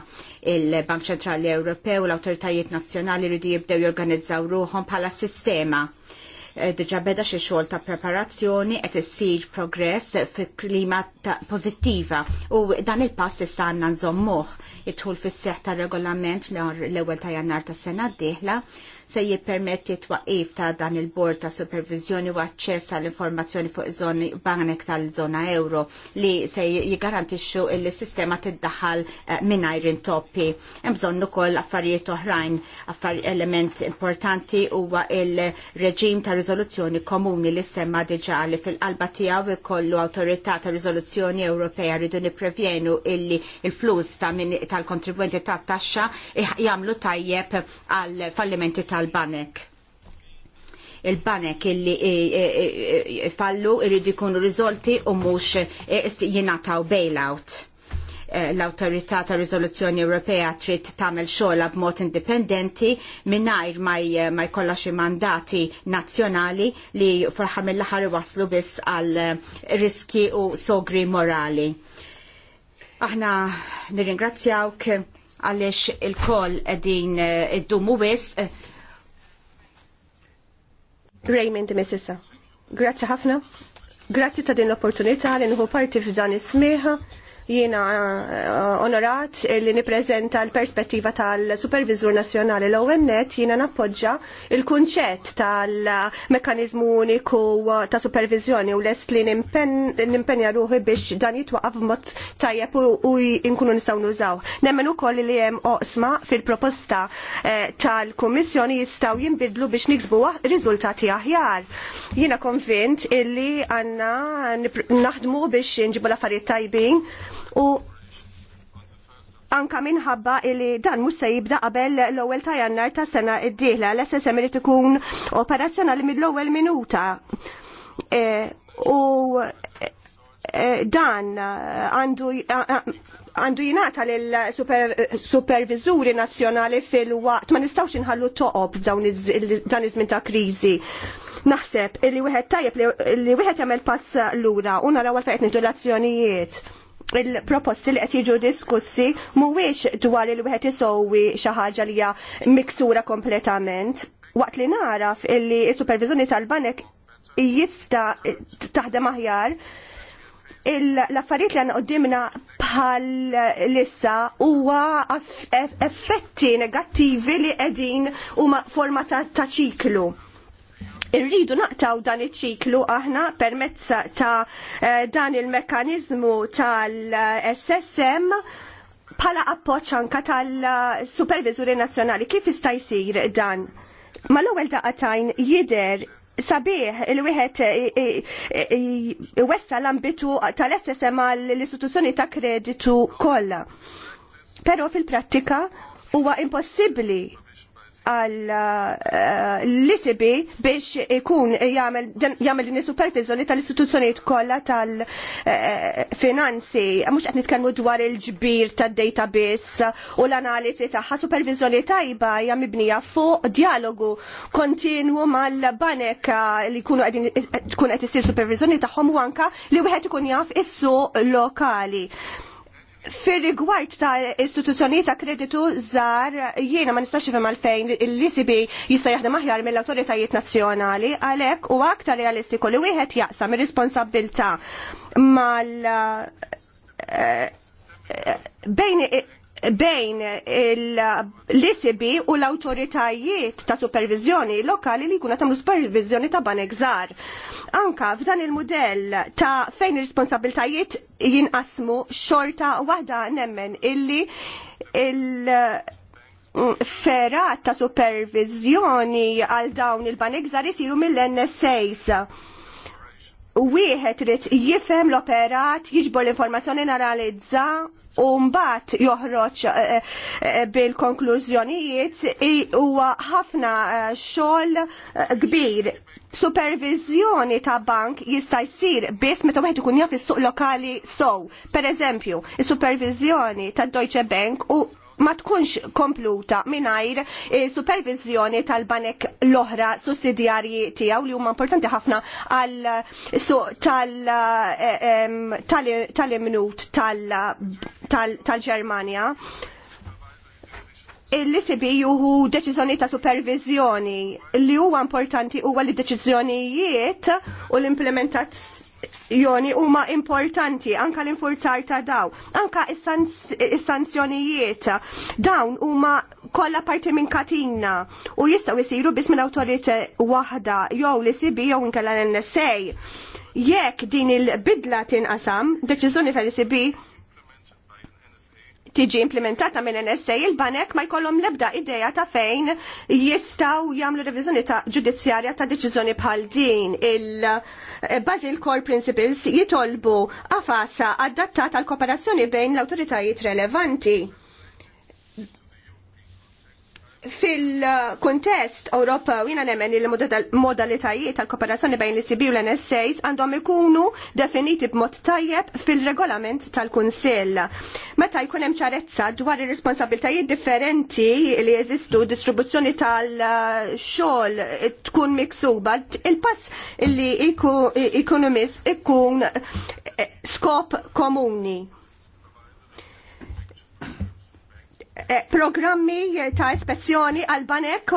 Il-Bank Ċentrali Ewropew u l-awtoritajiet nazzjonali jridu jibdew jorganizzaw ruhom bħala sistema eh, diġa beda xie xol ta' preparazzjoni et issir progress fi klima pozittiva u dan il-pass issa għanna nżommuħ jitħul fis seħ ta' regolament l ewwel ta' jannar ta' sena d-dihla se jippermetti twaqif ta' dan il-bord ta' supervizjoni u aċċess għall informazzjoni fuq iż-żoni banek tal-żona euro li se jigarantixxu li s-sistema tiddaħħal eh, mingħajr intoppi. Hemm bżonn ukoll affarijiet oħrajn, affar element importanti huwa il-reġim ta' riżoluzzjoni komuni li semma diġà li fil-qalba tiegħu ikollu awtorità ta' riżoluzzjoni Ewropea rridu nipprevjenu illi il-flus tal-kontribwenti tat-taxxa jagħmlu tajjeb għal fallimenti ta' tal-banek il-banek illi fallu irridu jkunu riżolti u mhux e, jingħataw bailout. E, L-Awtorità ta' Riżoluzzjoni Ewropea trid tagħmel xogħla b'mod indipendenti mingħajr ma jkollha xi mandati nazzjonali li forħa mill-aħħar waslu biss għal riski u sogri morali. Aħna nirringrazzjawk għaliex il-koll qegħdin e, iddumu wisq Raymond Messissa. Grazie ħafna. Grazie ta' din l-opportunità li nħu parti f'dan is-smieħa. Jiena eh, onorat li nippreżenta l-perspettiva tal-Supervizur Nazzjonali l-ONET jiena nappoġġa il-kunċett tal-mekanizmu uniku ta' supervizjoni u lest li nimpenja ruħi biex dan jitwaqaf mod tajjeb u nkunu nistgħu nużaw. Nemmen ukoll li hemm oqsma fil-proposta eh, tal-Kummissjoni jistgħu jinbidlu biex niksbu riżultati aħjar. Jiena konvint illi għandna naħdmu biex nġibu l-affarijiet tajbin u anka minħabba li dan mhux se jibda qabel l-ewwel ta' jannar ta' sena d-dieħla l-SSM irid ikun operazzjonali mill-ewwel minuta. E, u e, dan għandu għandu jinata l-supervizuri nazjonali fil-waqt ma nistawx inħallu toqob dan iż-żmien ta' kriżi. Naħseb li wieħed tajjeb li wieħed jagħmel pass lura u naraw għalfejn l-azzjonijiet il-proposti li qed jiġu diskussi mhuwiex dwar il wieħed isowwi xi ħaġa li hija miksura kompletament. Waqt li naraf illi s-supervizjoni tal-banek jista taħdem aħjar l-affarijiet li għanna qoddimna bħal lissa huwa effetti negattivi li qegħdin huma forma ta' ċiklu. Irridu naqtaw dan iċ-ċiklu aħna permezz ta' eh, dan il mekanizmu tal-SSM bħala appoċ anka tal-Supervizuri Nazzjonali. Kif jista' jsir dan? Ma l-ewwel daqatajn jider sabiħ il-wieħed iwessa l-ambitu tal-SSM għall-istituzzjoni ta' kreditu kollha. Però fil-prattika huwa impossibbli għal eh, l-isibi biex ikun jagħmel din supervizjoni tal-istituzzjonijiet kollha tal-finanzi. Eh, Mhux qed nitkellmu dwar il-ġbir tad-database u l-analiżi tagħha supervizjoni tajba hija mibnija fuq dialogu kontinwu mal-banek eh, li jkunu qegħdin tkun qed issir supervizjoni tagħhom u anke li wieħed ikun jaf is-suq lokali. Fir rigward ta' istituzzjoni ta' kreditu żar jiena ma nistax ifhem għalfejn l-ICB jista' jaħdem aħjar mill-awtoritajiet nazzjonali għalhekk u aktar realistiku li wieħed jaqsam ir-responsabilità mal eh, eh, bejn bejn l isibi u l-autoritajiet ta' supervizjoni lokali li kuna tamlu supervizjoni ta' banek zar. Anka f'dan il-modell ta' fejn responsabiltajiet jinqasmu xorta waħda nemmen illi il- ferat ta' supervizjoni għal dawn il-banek zar jisiru mill-NSAs wieħed irid jifhem l-operat, jiġbor l-informazzjoni naralizza u mbagħad joħroġ eh, eh, eh, bil-konklużjonijiet huwa ħafna xogħol kbir. Supervizjoni ta' bank jista' jsir biss meta wieħed ikun jaf is-suq lokali sow. Pereżempju, is-supervizjoni ta' Deutsche Bank u ma tkunx kompluta mingħajr eh, supervizjoni tal-banek l-oħra sussidjarji tiegħu li huma importanti ħafna għal suq tal-imnut eh, tal-Ġermanja. l lcb juhu deċizjoni ta' supervizjoni li huwa importanti huwa li deċiżjonijiet u l-implementazzjoni joni huma importanti anka l-infurzar ta' daw, anka is-sanzjonijiet dawn huma kollha parti minn katina u jistgħu jsiru biss minn awtorità waħda jew li sibi jew inkella l-NSA. Jekk din il-bidla tinqasam, deċiżjoni tal-ICB tiġi implementata minn NSA il-banek ma jkollhom l-ebda ideja ta' fejn jistgħu jagħmlu reviżjoni ta' ġudizzjarja ta' deċiżjoni bħal din. Il-Basil eh, Core Principles jitolbu għafasa adattata għal kooperazzjoni bejn l-awtoritajiet relevanti. Fil-kontest Ewropew jina nemmen il-modalitajiet tal-kooperazzjoni bejn l-ICB u l-NSAs għandhom ikunu definiti b'mod tajjeb fil-regolament tal-Kunsill. Meta jkun hemm ċarezza dwar ir-responsabiltajiet differenti li jeżistu distribuzzjoni tal-xogħol tkun miksuba, il-pass li ekonomist ikun skop komuni Eh, programmi ta' ispezzjoni għal-banek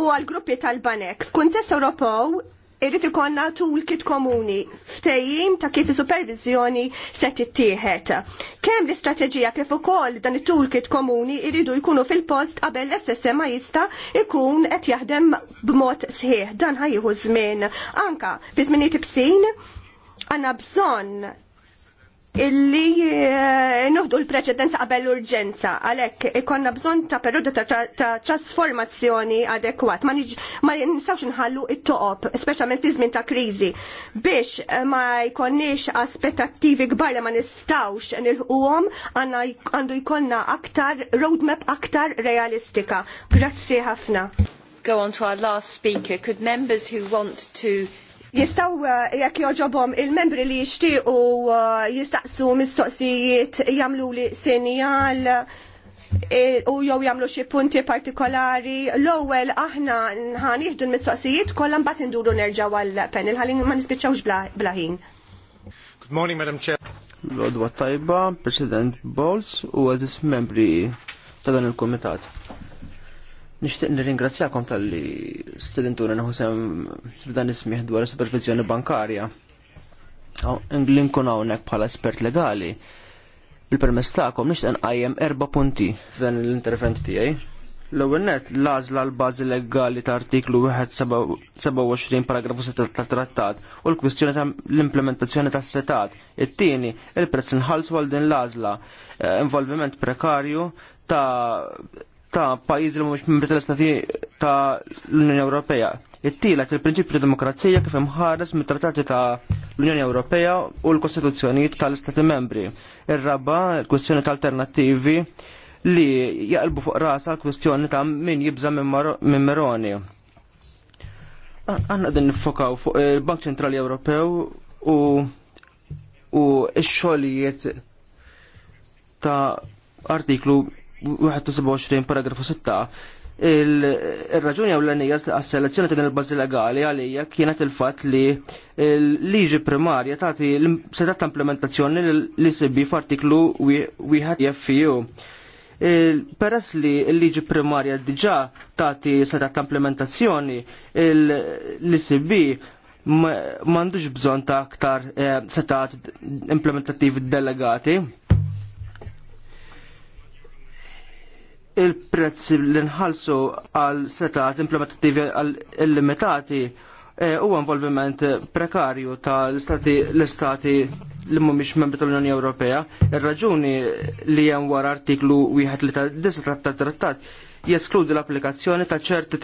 u għal-gruppi tal-banek. F'kuntest Ewropew irrid ikonna toolkit komuni ftejjim ta' kif supervizjoni se tittieħed. Kemm l-istrateġija kif ukoll dan it-toolkit komuni jridu jkunu fil-post qabel l-SSM ma jista' jkun qed jaħdem b'mod sħiħ dan ħajjieħu żmien. Anka fi żminijiet ibsin għandna bżonn illi eh, nuħdu l-preċedenza qabel urġenza, għalek ikonna bżon ta' periodu ta' trasformazzjoni adekwat. Ma, ma nistawx nħallu it-toqob, specialment fi żmien ta' kriżi, biex eh, ma jkonniex aspettattivi kbar li ma nistawx nilħuhom għandu jkonna aktar roadmap aktar realistika. Grazzi ħafna. Go on to our last speaker. Could members who want to Jistaw eh, jekk joġobom il-membri li jixtiequ eh, jistaqsu mistoqsijiet jagħmlu li sinjal eh, u jew jagħmlu xi punti partikolari. L-ewwel aħna ħanieħdu l-mistoqsijiet kollha mbagħad induru nerġgħu għall-panel ħalli ma nispiċċawx bla ħin. Good morning, Madam Chair. Lodwa tajba, President Bowles u għaziz membri ta' dan il-komitat. Nishtiq nirringrazzjakom tal-li studentuna nħusem f'dan ismiħ dwar supervizjoni bankarja. Nglinkun hawnhekk bħala espert legali. Bil-permess tagħkom nishtiq nqajjem erba' punti f'dan l-intervent tiegħi. L-ewwel net l-għażla l-bażi legali ta' artiklu 27 paragrafu 6 tat-trattat u l-kwistjoni ta' l-implementazzjoni tas setat. It-tieni il-prezz inħallsu għal din l-għażla eh, involviment prekarju ta' ta' pajjiżi li mhumiex membri tal-Istati ta' l-Unjoni Ewropea. it il-prinċipju ta' demokrazija kif imħares mit-Trattati ta' l-Unjoni Ewropea u l-Kostituzzjonijiet tal-Istati membri. Ir-raba' l-kwistjoni tal alternattivi li jaqlbu fuq rasa l-kwistjoni ta' min jibża minn Meroni. Għanna din nifokaw fuq il-Bank Ċentrali Ewropew u u x-xogħlijiet ta' artiklu 21 paragrafu 6 il-raġuni għaw l-għanija għas-selezzjoni ta' il-bazi legali għalija kienet il-fat li l-liġi primarja tagħti l-setat ta' implementazzjoni li sibi f'artiklu wieħed FU. Peress li l-liġi primarja diġà tagħti setat ta' implementazzjoni l-ICB m'għandux bżonn ta' aktar setat implementativi delegati il-prezz li nħallsu għal setat implementativi għal illimitati huwa e, involviment prekarju tal-istati l-istati li mhumiex membri tal-Unjoni Ewropea. Ir-raġuni li hemm wara artiklu wieħed li ta' trattat trattat jeskludi l-applikazzjoni ta' ċerti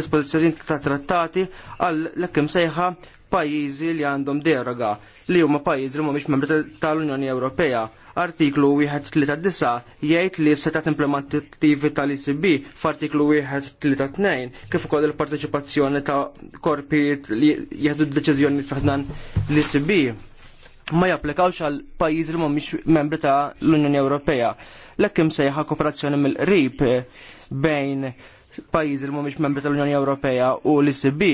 dispożizzjoni ta' trattati għal l-ekkim sejħa pajjiżi li għandhom deroga li huma pajjiżi li mhumiex membri tal-Unjoni Ewropea. Artiklu 139 jgħid li s-setat implementattivi tal-ICB f'artiklu 132 kif ukoll il-parteċipazzjoni ta' korpi li jieħdu d-deċiżjoni f'ħdan l-ICB ma japplikawx għal pajjiżi li mhumiex membri ta' l-Unjoni Ewropea. Lekkim sejħa kooperazzjoni mill-qrib bejn pajjiżi li mhumiex membri tal-Unjoni Ewropea u l-ICB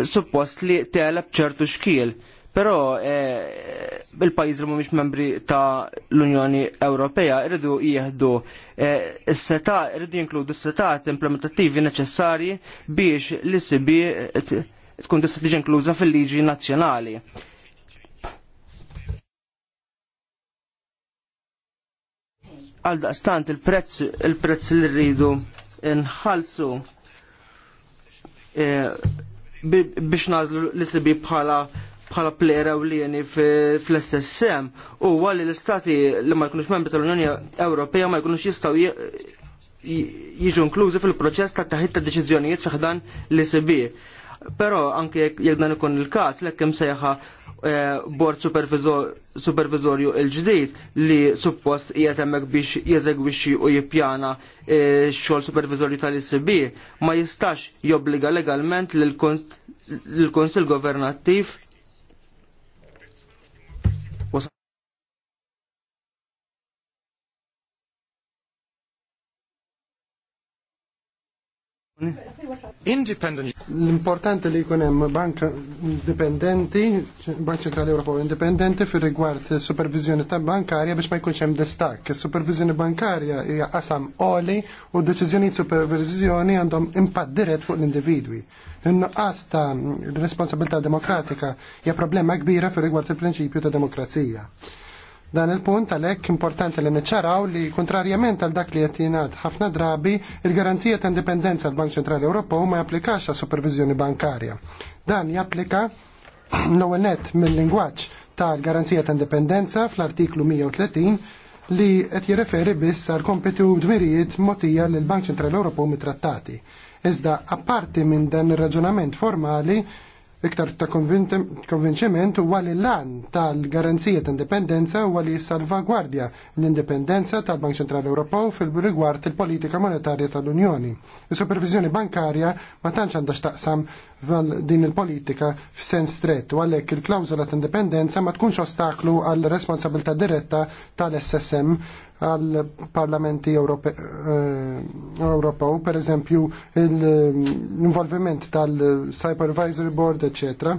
suppost li telab ċertu xkiel. Però eh, il pajjiżi li mhumiex membri ta' l-Unjoni Ewropea rridu jieħdu eh, s seta irridu jinkludu s-setat implementattivi neċessarji biex l-ISB tkun tista' tiġi inkluża fil-liġi nazzjonali. Għaldaqstant il-prezz il-prezz li rridu nħallsu eh, biex nazlu l sibi bħala bħala ewlieni u lieni fl-SSM u għalli l-istati li ma jkunux membri tal-Unjoni Ewropea ma jkunux jistaw jiġu inklużi fil-proċess ta' taħit ta' deċiżjonijiet fiħdan l-ICB. Però anke jekk dan ikun il-każ l hemm sejħa eh, bord supervizorju il-ġdid li suppost qiegħed hemmhekk biex jeżegwixxi u jippjana x-xogħol eh, supervizorju tal-ICB ma jistax jobbliga legalment lill kunsill Governattiv Independent. L-importanti li jkun hemm banka indipendenti, Bank Ċentrali Ewropew indipendenti fir rigward supervizjoni ta' bankarja biex ma jkunx hemm destak. Is-supervizjoni bankarja hija qasam oli u deċiżjoni supervizjoni għandhom impatt dirett fuq l-individwi. in ta' responsabilità demokratika hija problema kbira fir rigward il-prinċipju ta' demokrazija. Dan il-punt għalhekk importanti li niċċaraw li kontrarjament għal dak li qed jingħad ħafna drabi il-garanzija ta' indipendenza tal bank Ċentrali Ewropew ma japplikax għas supervizjoni bankarja. Dan japplika l-ewwel nett mill-lingwaġġ tal-garanzija ta' indipendenza fl-artiklu 130 li qed jirreferi biss għal kompetu dmirijiet motija l bank Ċentrali Ewropew mit-trattati. Iżda apparti minn dan ir-raġunament formali iktar ta' konvinċiment u għalli l-lan tal-garanzija ta' indipendenza u li salvagwardja l-indipendenza tal-Bank Centrali Ewropew fil-rigward il-politika monetarja tal-Unjoni. il supervizjoni bankarja ma tantx għandha x'taqsam din il-politika f'sens strett u għalhekk il-klawżola ta' indipendenza ma tkunx ostaklu għal responsabilità diretta tal-SSM għal parlamenti eh, Ewropew, per eżempju l-involviment tal-Supervisory Board, eccetera.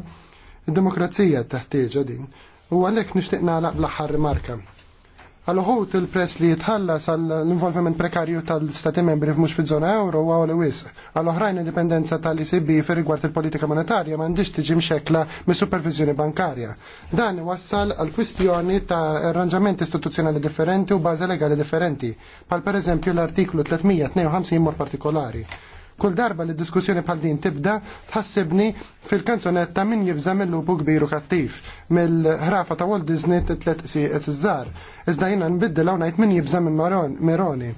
Id-demokrazija taħtieġa din. U għalhekk nixtieq nagħlaq l-aħħar rimarka. Għal-ħut il-press li jitħallas għall-involviment prekarju tal-stati membri f'mux fil-zona euro u għaw wis Għal-oħrajn indipendenza tal-ICB fir rigward il-politika monetarja mandiġ tiġi mxekla mis supervizjoni bankarja. Dan wassal għal-kwistjoni ta' arranġamenti istituzzjonali differenti u baza legali differenti, pal per eżempju l-artiklu 352 mor partikolari. Kull darba li diskussjoni bħal din tibda tħassibni fil-kanzonetta min jibżam il lupu kbiru kattif mill-ħrafa ta' Walt Disney t-tlet si iż zzar Iżda jiena nbiddi law najt min jibżam il Meroni.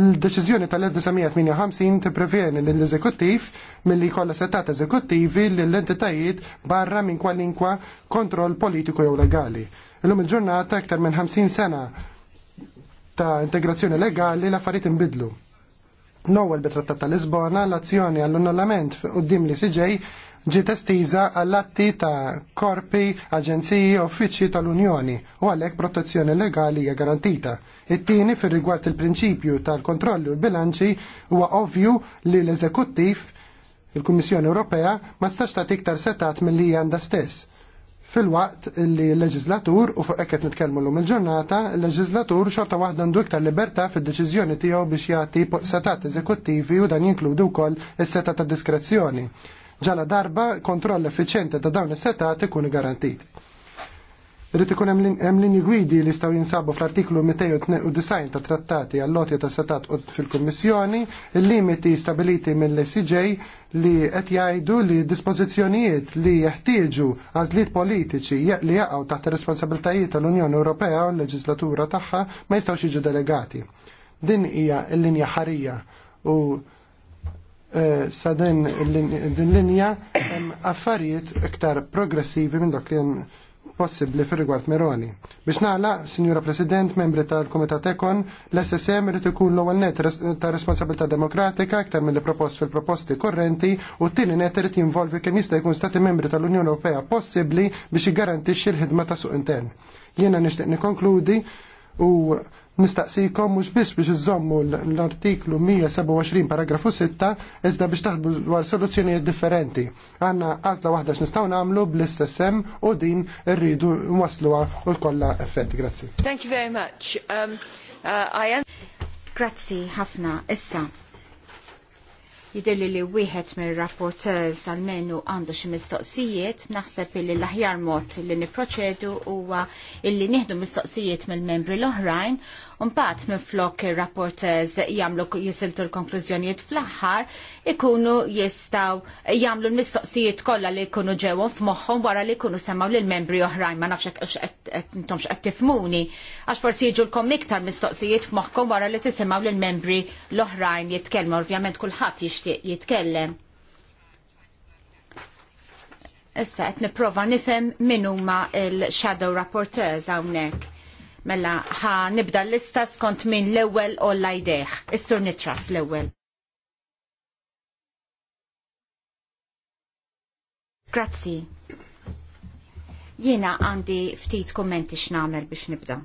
L-deċiżjoni tal-1958 tippreveni l-eżekuttiv milli jkollha setat eżekuttivi lill-entitajiet barra minn kwalinkwa kontroll politiku jew legali. Illum il-ġurnata aktar minn 50 sena ta' integrazzjoni legali l-affarijiet inbidlu. L-ewwel bit-Trattat ta' Lisbona l-azzjoni għall-annullament qudiem li siġej ġiet estiża għall-atti ta' korpi, aġenziji u uffiċċji tal-Unjoni u għalhekk protezzjoni legali hija garantita. It-tieni fir-rigward il-prinċipju tal-kontrolli u l-bilanċi huwa ovvju li l-eżekuttiv il-Kummissjoni Ewropea ma stax ta' iktar setat milli għandha stess fil-waqt li l-leġizlatur, u fuq ekket nitkellmu l-lum il-ġurnata, l-leġizlatur xorta waħda ndu iktar libertà fil-deċizjoni tiegħu biex jagħti setat eżekuttivi u dan jinkludu wkoll is setat ta' diskrezzjoni. Ġala darba kontroll effiċjenti ta' dawn is-setat ikun garantiti. Rrit ikun hemm linji gwidi li jistgħu jinsabu fl-artiklu 292 ta' trattati għall-loti ta' setat fil-Kummissjoni, il-limiti stabiliti mill-SCJ li qed jgħidu li dispożizzjonijiet li jeħtieġu għażliet politiċi li jaqgħu taħt ir responsabbiltajiet tal-Unjoni Ewropea u l-leġislatura tagħha ma jistgħux jiġu delegati. Din hija l-linja ħarija u eh, sa din l-linja affarijiet iktar progressivi minn dak li possibbli fir-rigward Meroni. Biex nagħlaq, Sinjura President, membri tal-Kumitat Ekon, l-SSM irid ikun l-ewwel net ta' responsabilità demokratika aktar mill propost fil-proposti korrenti u t-tieni net irid jinvolvi kemm jista' jkun stati membri tal-Unjoni Ewropea possibbli biex jiggarantixxi l-ħidma ta' suq intern. Jiena nixtieq nikkonkludi u Nistaqsikom mhux biss biex iżommu l-artiklu 127 paragrafu 6 iżda biex taħdbu dwar soluzzjonijiet differenti. Għanna għazla waħda x'nistgħu nagħmlu bl-istessem u din rridu nwasluha u kollha effett. Grazzi. Thank you very much. Um, uh, I am... Grazzi ħafna. Issa, Jidilli li wieħed mir rapporteurs għalmenu għandu xi mistoqsijiet, naħseb li l-aħjar mod li niproċedu huwa illi nieħdu mistoqsijiet mill-membri l-oħrajn minn minflok ir rapport jagħmlu jisiltu l-konklużjonijiet fl-aħħar ikunu jistgħu jagħmlu l-mistoqsijiet kollha li jkunu ġewhom f'moħħhom wara li jkunu semmaw l membri oħrajn ma nafx intomx qed tifmuni għax forsi l-kom iktar mistoqsijiet f'moħħkom wara li tisimgħu l membri l-oħrajn jitkellmu ovvjament kulħadd jixtieq jitkellem. Issa, qed nipprova nifhem min huma l shadow rapporteurs hawnhekk. Mela ħa nibda l-lista skont min l-ewwel u l-lajdeħ. Is-sur nitras l-ewwel. Grazzi. Jiena għandi ftit kummenti x'namel biex nibda.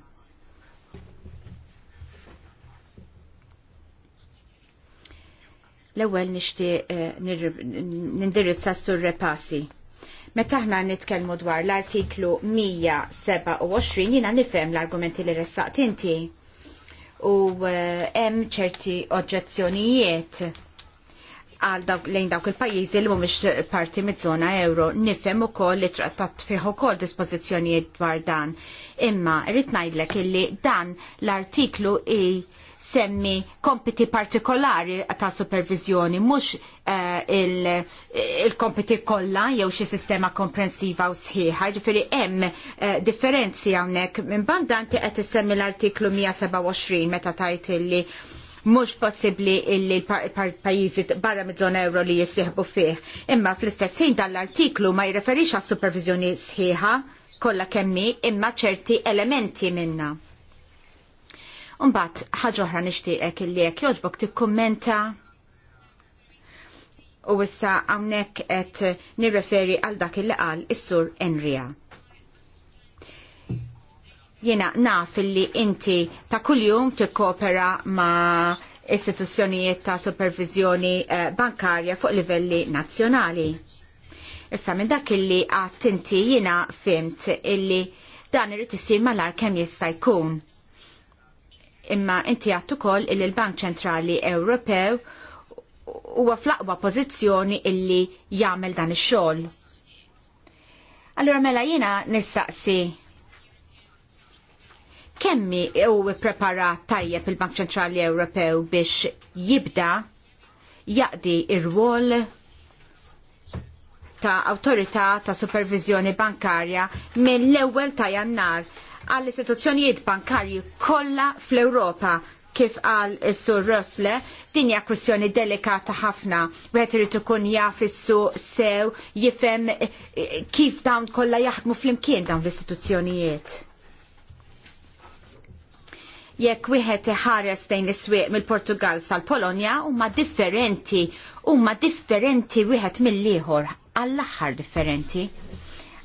L-ewwel nixtieq eh, nindirizza s-sur repasi. Meta aħna nitkellmu dwar l-artiklu 127 jiena nifhem l-argumenti li ressaqt inti u eh, hemm ċerti oġġezzjonijiet għal lejn dawk il-pajjiżi li mhumiex parti miż-żona euro nifhem ukoll li trattat fih ukoll dispożizzjonijiet dwar dan. Imma rrid ngħidlek illi dan l-artiklu i semmi kompiti partikolari ta' supervizjoni, mhux eh, il-kompiti kolla kollha jew xi sistema komprensiva u sħiħa, ġifiri hemm eh, differenzi hawnhekk minn bandanti qed semmi l-artiklu 127 meta tajt illi mhux possibbli illi l pajizi barra mid-żona euro li jissieħbu fih. Imma fl-istess ħin dan l-artiklu ma jirreferix għas supervizjoni sħiħa kollha kemmi imma ċerti elementi minna. Umbat, ħagġa oħra nixtieqek illi joġbok jogħġbok kommenta u issa għamnek et nirreferi għal dak il qal is-sur Enria. Jena naf li inti ta' kuljum t-kopera ma' istituzzjonijiet ta' supervizjoni eh, bankarja fuq livelli nazzjonali. Issa minn dak illi għat inti jena fimt illi dan irrid isir malar kemm jista' jkun imma inti għat ukoll il-Bank Ċentrali Ewropew huwa flaqwa pożizzjoni illi jagħmel dan ix-xogħol. Allura mela jiena nistaqsi kemmi u preparat tajjeb il-Bank Ċentrali Ewropew biex jibda jaqdi ir-rwol ta' autorità ta' supervizjoni bankarja mill-ewwel ta' jannar għall-istituzzjonijiet bankarji kollha fl-Ewropa kif qal is-sur Rosle, din hija kwistjoni delikata ħafna. Wieħed irid ikun jaf is-suq sew jifhem kif dawn kollha jaħdmu flimkien dawn l-istituzzjonijiet. Jekk wieħed iħares lejn is-swieq mill-Portugal sal-Polonja huma differenti, huma differenti wieħed mill-ieħor għall-aħħar differenti.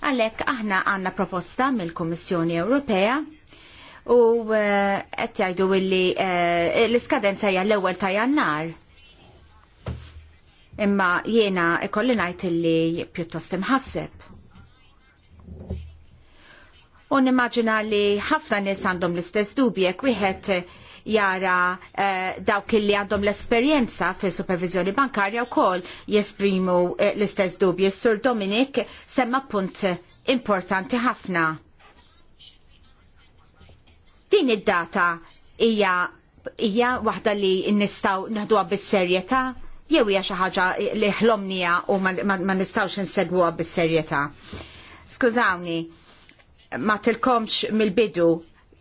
Għalhekk aħna għandna proposta mill-Kummissjoni Ewropea u eh, qed jgħidu li eh, l-iskadenza hija l-ewwel ta' Jannar. Imma jiena ikolli ngħid illi pjuttost imħasseb. U nimmaġina li ħafna nies għandhom l-istess dubjek wieħed jara eh, dawk li għandhom l-esperjenza fis supervizjoni bankarja wkoll jesprimu eh, l-istess dubji. Sur Dominik semma punt importanti ħafna. Din id-data hija hija waħda li nistgħu naħduha bis-serjetà jew hija xi ħaġa li ħlomnija u ma, ma, ma nistgħux insegwuha bis-serjetà. Skużawni, ma tilkomx mill-bidu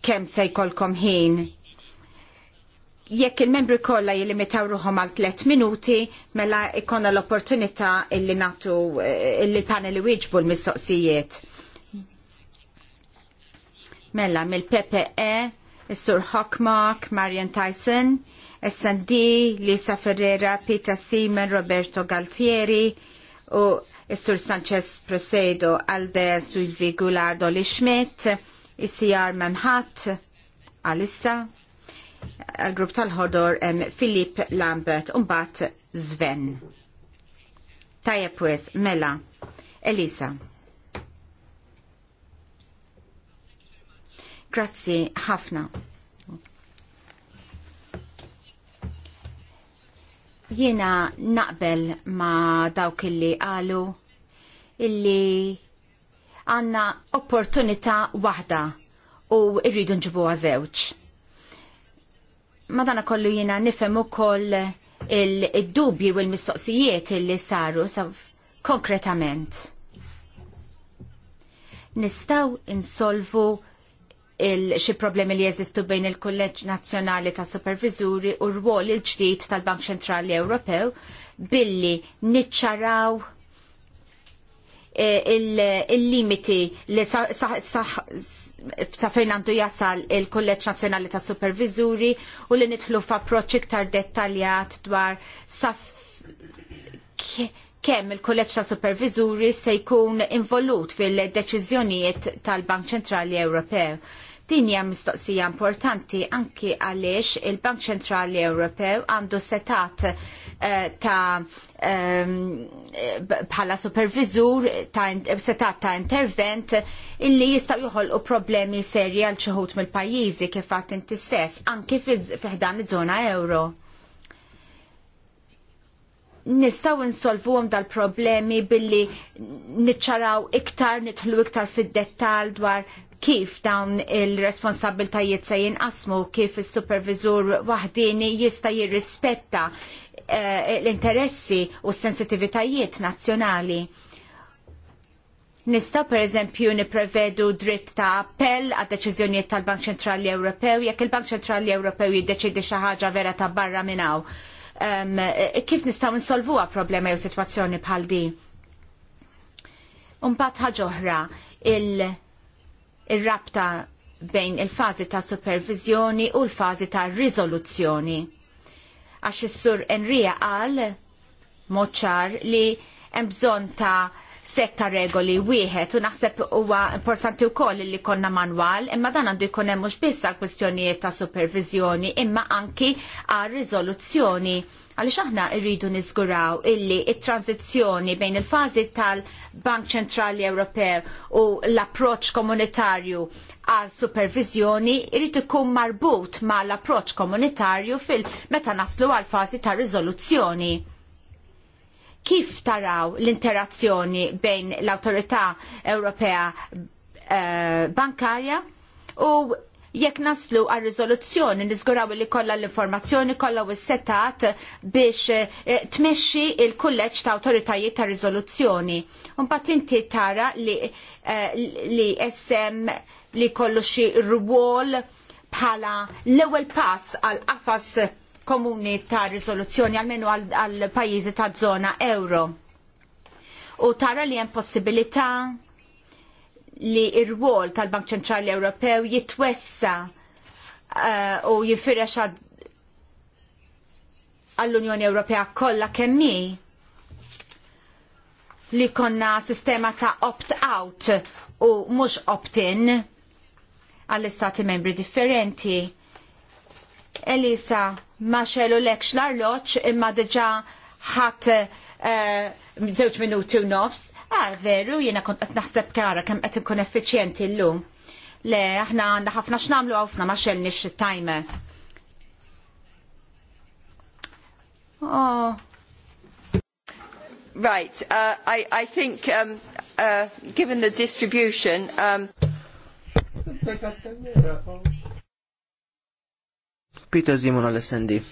kemm se jkollkom ħin jekk il-membri kollha jilimitaw ruħhom għal tliet minuti, mela ikonna l-opportunità illi eh, illi l panel li wieġbu l-mistoqsijiet. Mela, mill-PPE, Sur Hockmark, Marian Tyson, S&D, Lisa Ferreira, Peter Seaman, Roberto Galtieri u Sur Sanchez Procedo, Alde Silvi Gulardo Li Schmidt, ICR Manhat, Alissa, għal-grupp tal-ħodor Filip Lambert unbat Sven. Tajab pues, Mela, Elisa. Grazzi ħafna. Jiena naqbel ma dawk illi qalu illi għanna opportunità waħda u rridu nġibuha żewġ madana kollu jina nifem u koll il-dubji u l-mistoqsijiet il li saru konkretament. Nistaw insolvu xi problemi li jeżistu bejn il-Kulleġġ Nazzjonali ta' Supervizuri u r-rwol il-ġdid tal-Bank Ċentrali Ewropew billi niċċaraw Eh, il-limiti li sa' fejn għandu jasal il-Kolleġġ Nazzjonali ta' Supervizuri u li nidħlu f'approċċ iktar dettaljat dwar saf kemm il-Kolleġġ ta' Supervizuri se jkun involut fil-deċiżjonijiet tal-Bank Ċentrali Ewropew. Din hija mistoqsija importanti anki għaliex il-Bank Ċentrali Ewropew għandu setat Eh, ta' ehm, eh, bħala supervizur ta' setat ta' intervent illi jistaw joħolqu problemi serji għal ċeħut mill-pajjiżi kif għat inti stess anki fiħdan iż-żona euro. Nistaw insolvu dal-problemi billi niċċaraw iktar, nitħlu iktar fid-dettal dwar kif dawn il-responsabiltajiet se jinqasmu kif is superviżur wahdini jista' jirrispetta Eh, l-interessi u s-sensitivitajiet nazzjonali. Nista' pereżempju nipprevedu dritt ta' appell għad deċiżjonijiet tal-Bank Ċentrali Ewropew jekk il-Bank Ċentrali Ewropew jiddeċidi xi ħaġa vera ta' barra minn hawn. Um, kif nistgħu nsolvuha problema jew sitwazzjoni bħal di? Mbagħad ħaġa oħra, il-rabta il bejn il-fażi ta' supervizjoni u l-fażi ta' riżoluzzjoni għax is-sur Enrija qal moċar li hemm bżonn ta' setta regoli wieħed u naħseb huwa importanti wkoll li konna manwal, imma dan għandu jkun hemm mhux biss għal kwistjonijiet ta' supervizjoni, imma anki għal riżoluzzjoni. Għaliex aħna rridu niżguraw illi it-tranzizzjoni bejn il-fażi tal- bank Ċentrali Ewropew u l-approċ komunitarju għal supervizjoni irrid ikun marbut ma l-approċ komunitarju fil-meta naslu għal fażi ta' riżoluzzjoni. Kif taraw l-interazzjoni bejn l-Awtorità Ewropea eh, bankarja u jekk naslu għal riżoluzzjoni niżguraw li kollha l-informazzjoni kollha u s-setat biex eh, tmexxi il kulleġġ ta' awtoritajiet ta' riżoluzzjoni. Mbagħad inti tara li eh, li SM li kollu xi rwol bħala l-ewwel pass għal qafas komuni ta' riżoluzzjoni għalmenu għal pajjiżi ta' żona euro. U tara li hemm possibilità li r-wol tal-Bank Ċentrali Ewropew jitwessa eh, u jifirex għall-Unjoni Ewropea kollha kemm li konna sistema ta' opt-out u mhux opt-in għall-istati membri differenti. Elisa, ma xelu lek l imma deġa ħat uh, eh, zewċ minuti u nofs Ah, veru, jiena kont qed naħseb kara kemm qed ikun effiċjenti llum. Le, aħna għandna ħafna x'namlu għawfna ma xellni it-timer. Oh. Right, uh, I, I think um, uh, given the distribution... Um... Peter Zimon Alessandi.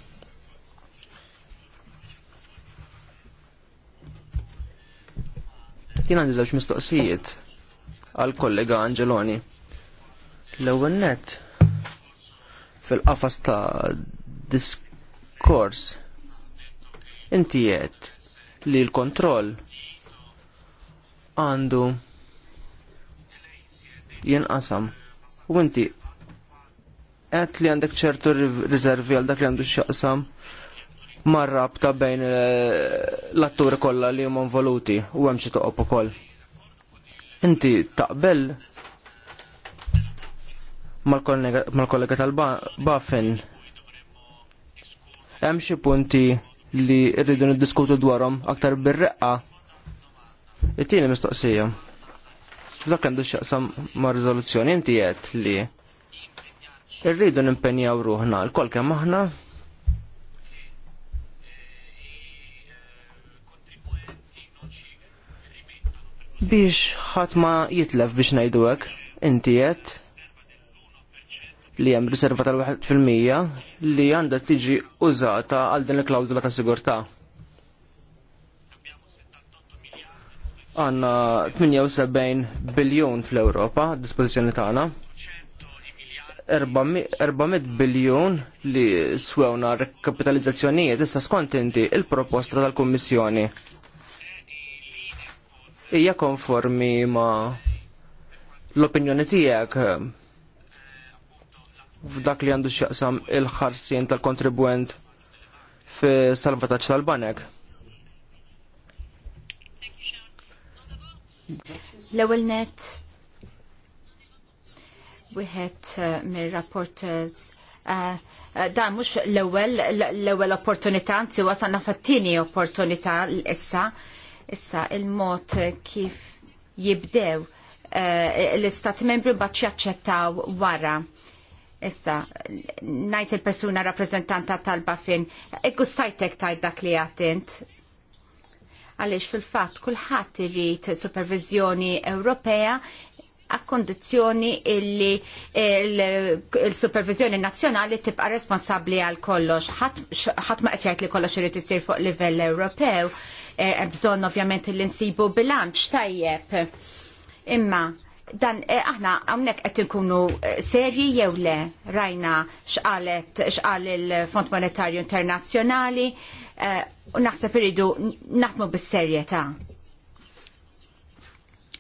Jien għandi żewġ mistoqsijiet għal kollega Angeloni. L-ewwel net fil-qafas ta' diskors inti qed li l-kontroll għandu jenqasam u inti għet li għandek ċertu riservi għal dak li għandu xaqsam mar-rabta bejn eh, l-atturi kollha li huma involuti u hemm xi toqgħod ukoll. Inti taqbel mal-kollega tal-Baffin hemm xi punti li rridu niddiskutu dwarhom aktar bir-reqqa. It-tieni mistoqsija. Dak għandu x'jaqsam ma' riżoluzzjoni inti qed li rridu nimpenjaw ruħna l-kol kemm aħna biex ħadd ma jitlef biex ngħidu hekk, inti qed li hemm riserva tal-1 fil-mija li għandha tiġi użata għal din il klawzula ta' sigurtà. Għanna 78 biljun fl-Ewropa dispożizzjoni tagħna. 400 biljon li swewna rekapitalizzazzjonijiet issa skont inti il-proposta tal-Kummissjoni hija konformi ma l-opinjoni tiegħek f'dak li għandu x'jaqsam il-ħarsien tal-kontribwent fi salvataġġ tal-banek. L-ewwel net wieħed uh, mir-rapporters uh, uh, da mhux l ewwel l ewwel opportunità, anzi wasanna fattini opportunità issa Issa il-mod kif jibdew eh, l-istat membri bat jaċċettaw wara. Issa, najt il-persuna rappresentanta talba fin, sajtek tajt dak li għattint. Għalix fil-fat kullħat irrit supervizjoni Ewropea a kondizjoni illi il-supervizjoni nazjonali tibqa responsabli għal kollox. ħat ma qed jgħid li kollox irid isir fuq livell Ewropew, Eh, eh, bżonn ovvjament li nsibu bilanċ tajjeb. Imma dan eh, aħna hawnhekk qed inkunu serji jew le rajna xqalet xqal il-Fond Monetarju Internazzjonali u naħseb iridu naħdmu bis-serjetà.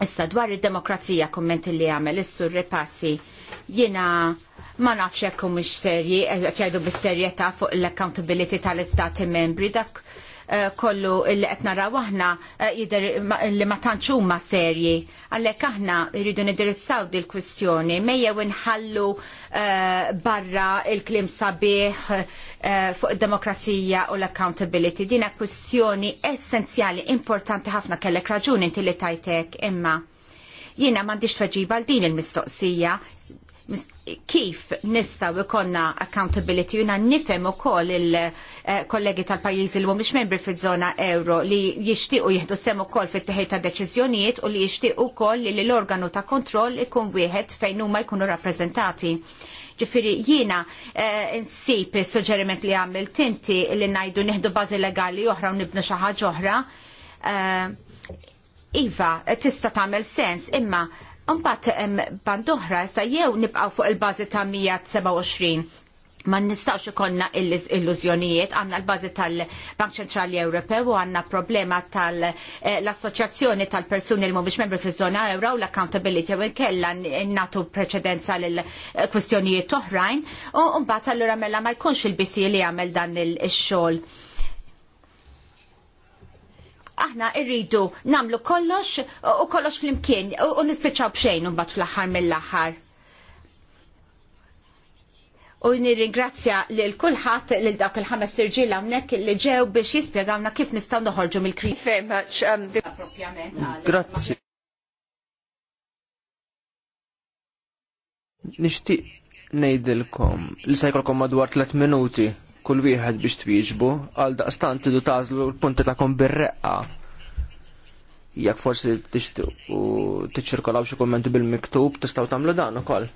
Issa dwar id-demokrazija komment li għamel is-sur ripassi jiena ma nafx jekk serji qed jgħidu bis-serjetà fuq l-accountability tal-istati membri dak Eh, kollu li qed naraw aħna eh, jidher li ma tantx huma serji. Għalhekk aħna rridu nidirizzaw l kwistjoni mejjew inħallu eh, barra il-klim sabiħ fuq id demokrazija u l-accountability. Dina kwistjoni essenzjali, importanti ħafna kellek raġuni inti li tajtek imma. Jiena m'għandix tweġiba għal din il-mistoqsija, kif nistaw ikonna accountability jina nifem u kol il-kollegi eh, tal-pajizi li mumiex membri fil-zona euro li u jihdu sem u fit teħiet ta' deċizjonijiet u li u kol li l-organu ta' kontrol ikun wieħed fejn huma jkunu rappresentati. Ġifiri jina eh, nsib il-suġġeriment li għamil tinti li najdu nieħdu bażi legali oħra u nibnu xi ħaġa oħra. Eh, iva, tista' tagħmel sens, imma Mbagħad hemm band oħra sa jew nibqgħu fuq il-bażi ta' 127 ma nistawx ikonna illużjonijiet, għanna l-bazi tal-Bank Ċentrali Ewropew u għanna problema tal-Assoċjazzjoni eh, tal-Persuni li mhumiex membri fiż-żona euro u l-accountability u inkella natu preċedenza l-kwistjonijiet eh, oħrajn u mbagħad allura mela ma jkunx il-BC li jagħmel dan il-xogħol aħna irridu namlu kollox u kollox flimkien u nispiċaw bxejn un bat fl-axar mill-axar. U nirringrazzja li l-kulħat li dawk il-ħames sirġila hawnhekk li ġew biex jispjegawna kif nistgħu noħorġu mill-kriżi. Um, Grazzi. Nixtieq ngħidilkom li se jkollkom madwar tliet minuti kull wieħed biex twieġbu għal daqstant idu tażlu l-punti tagħkom bir-reqqa. Jekk forsi tixtiequ tiċċirkolaw xi kummenti bil-miktub tistgħu tagħmlu dan ukoll.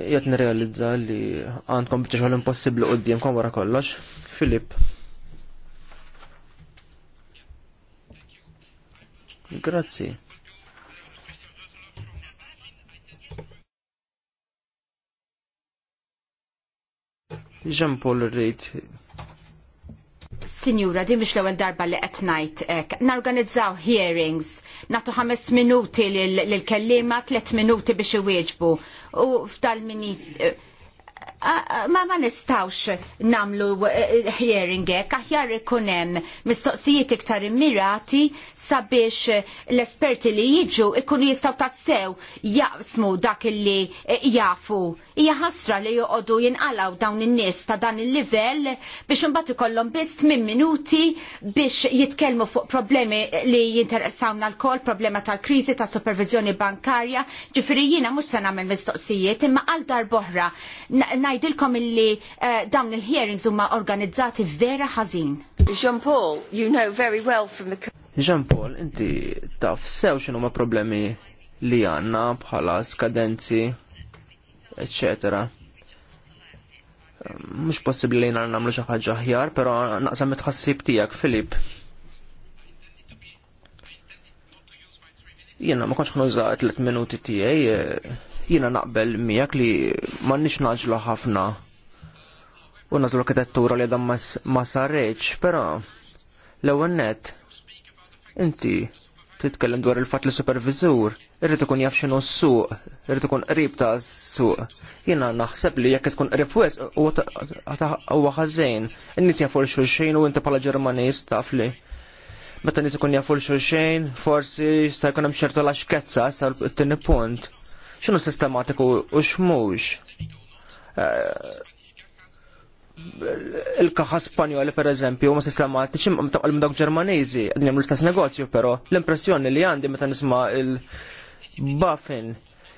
Jgħet nirrealizza li għandkom biex xogħol impossibbli qudiemkom wara kollox. Filip. Grazzi. Jean Paul Reid. Signora, di mish l-ewel darba li qed ngħid hekk. Narganizzaw hearings, nagħtu ħames minuti lill-kellima, tliet minuti biex iwieġbu. U f'dal minit ma ma nistawx namlu eh, eh, hearing hekk aħjar ikun hemm mistoqsijiet iktar immirati sabiex eh, l-esperti li jiġu ikunu jistgħu tassew jaqsmu dak illi jafu. Hija ħasra li joqogħdu jinqalaw dawn in-nies ta' dan il-livell biex imbagħad ikollhom biss tmien minuti biex jitkellmu fuq problemi li jinteressawna l-kol, problema tal-kriżi ta' supervizjoni bankarja, ġifieri jiena mhux se nagħmel mistoqsijiet imma għal darboħra ngħidilkom illi eh, dawn il-hearings huma organizzati vera ħażin. Jean Paul, you know very well from the Jean Paul, inti taf sew x'inhu problemi li għandna bħala skadenzi, eccetera eh, mux possibli li nar namlu xaħġa ħjar, pero naqsam mitħassib tijak, Filip. Jena ma konċ nuża 3 minuti tijaj, Jiena naqbel miegħek li m'għandniex naġla ħafna u nażlu l-arkitettura li dan ma sarreċ, però l-ewwel net inti titkellem dwar il-fatt li supervizur irrid ikun jaf x'inhu s-suq, irrid ikun qrib ta' s-suq. Jiena naħseb li jekk tkun qrib wes huwa ħażejn. In-nies jafu xulxejn u inti bħala Ġermaniż taf li meta nies ikun jafu xulxejn, forsi jista' jkun hemm xerta laxkezza sa l-tieni punt x'inhu sistematiku u x'mhux. Eh, il-kaħa Spanjoli pereżempju huma sistematiċi mtaqal minn dawk Ġermaniżi qegħdin hemm l-istess negozju però l-impressjoni li għandi meta nisma' il-buffin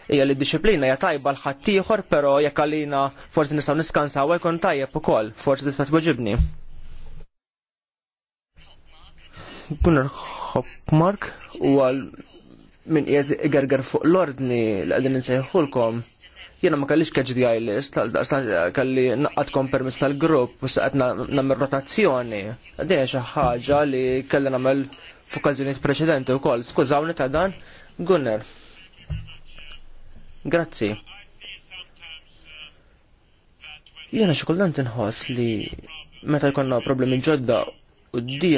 hija li disciplina hija tajba l ieħor, però jekk għalina forsi nistgħu niskansaw jkun tajjeb ukoll, forsi tista' tbaġibni. Gunnar Hopmark u għal min qiegħed igerger fuq l-ordni li qegħdin insejħulkom. Jiena ma kellix KGDI list, kelli naqqatkom permess tal-grupp, u qed nagħmel rotazzjoni. Din xi ħaġa li kelli nagħmel f'okkażjonijiet preċedenti wkoll. Skużawni ta' dan, Gunner. Grazzi. Jiena xi kultant inħoss li meta jkollna problemi ġodda u d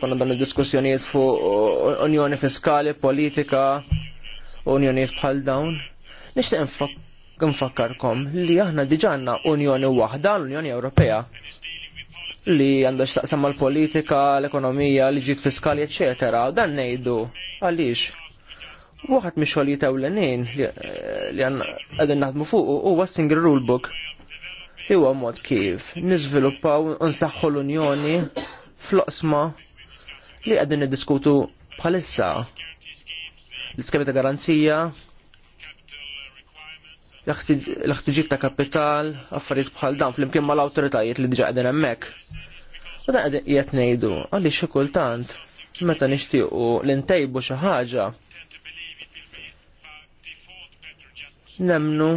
konna dan il-diskussjonijiet fuq uh, unjoni fiskali, politika, unjonijiet bħal dawn. Nixtieq nfakkarkom li aħna diġanna unjoni waħda, l-Unjoni Ewropea, li għandha x'taqsam mal-politika, l-ekonomija, l-ġit fiskali, eċetera. Dan ngħidu għaliex. Waħad mix xogħlijiet ewlenin li eh, qegħdin naħdmu fuq huwa single rule book. Huwa mod kif niżviluppaw nsaħħu l-Unjoni fl-oqsma li għadin niddiskutu bħalissa. L-iskemi ta' garanzija, l ħtiġit ta' kapital, affarijiet bħal dan fl-imkien mal awtoritajiet li diġa għadden hemmhekk. U dan qegħdin qiegħed ngħidu għaliex xi meta nixtiequ l-intejbu xi ħaġa nemnu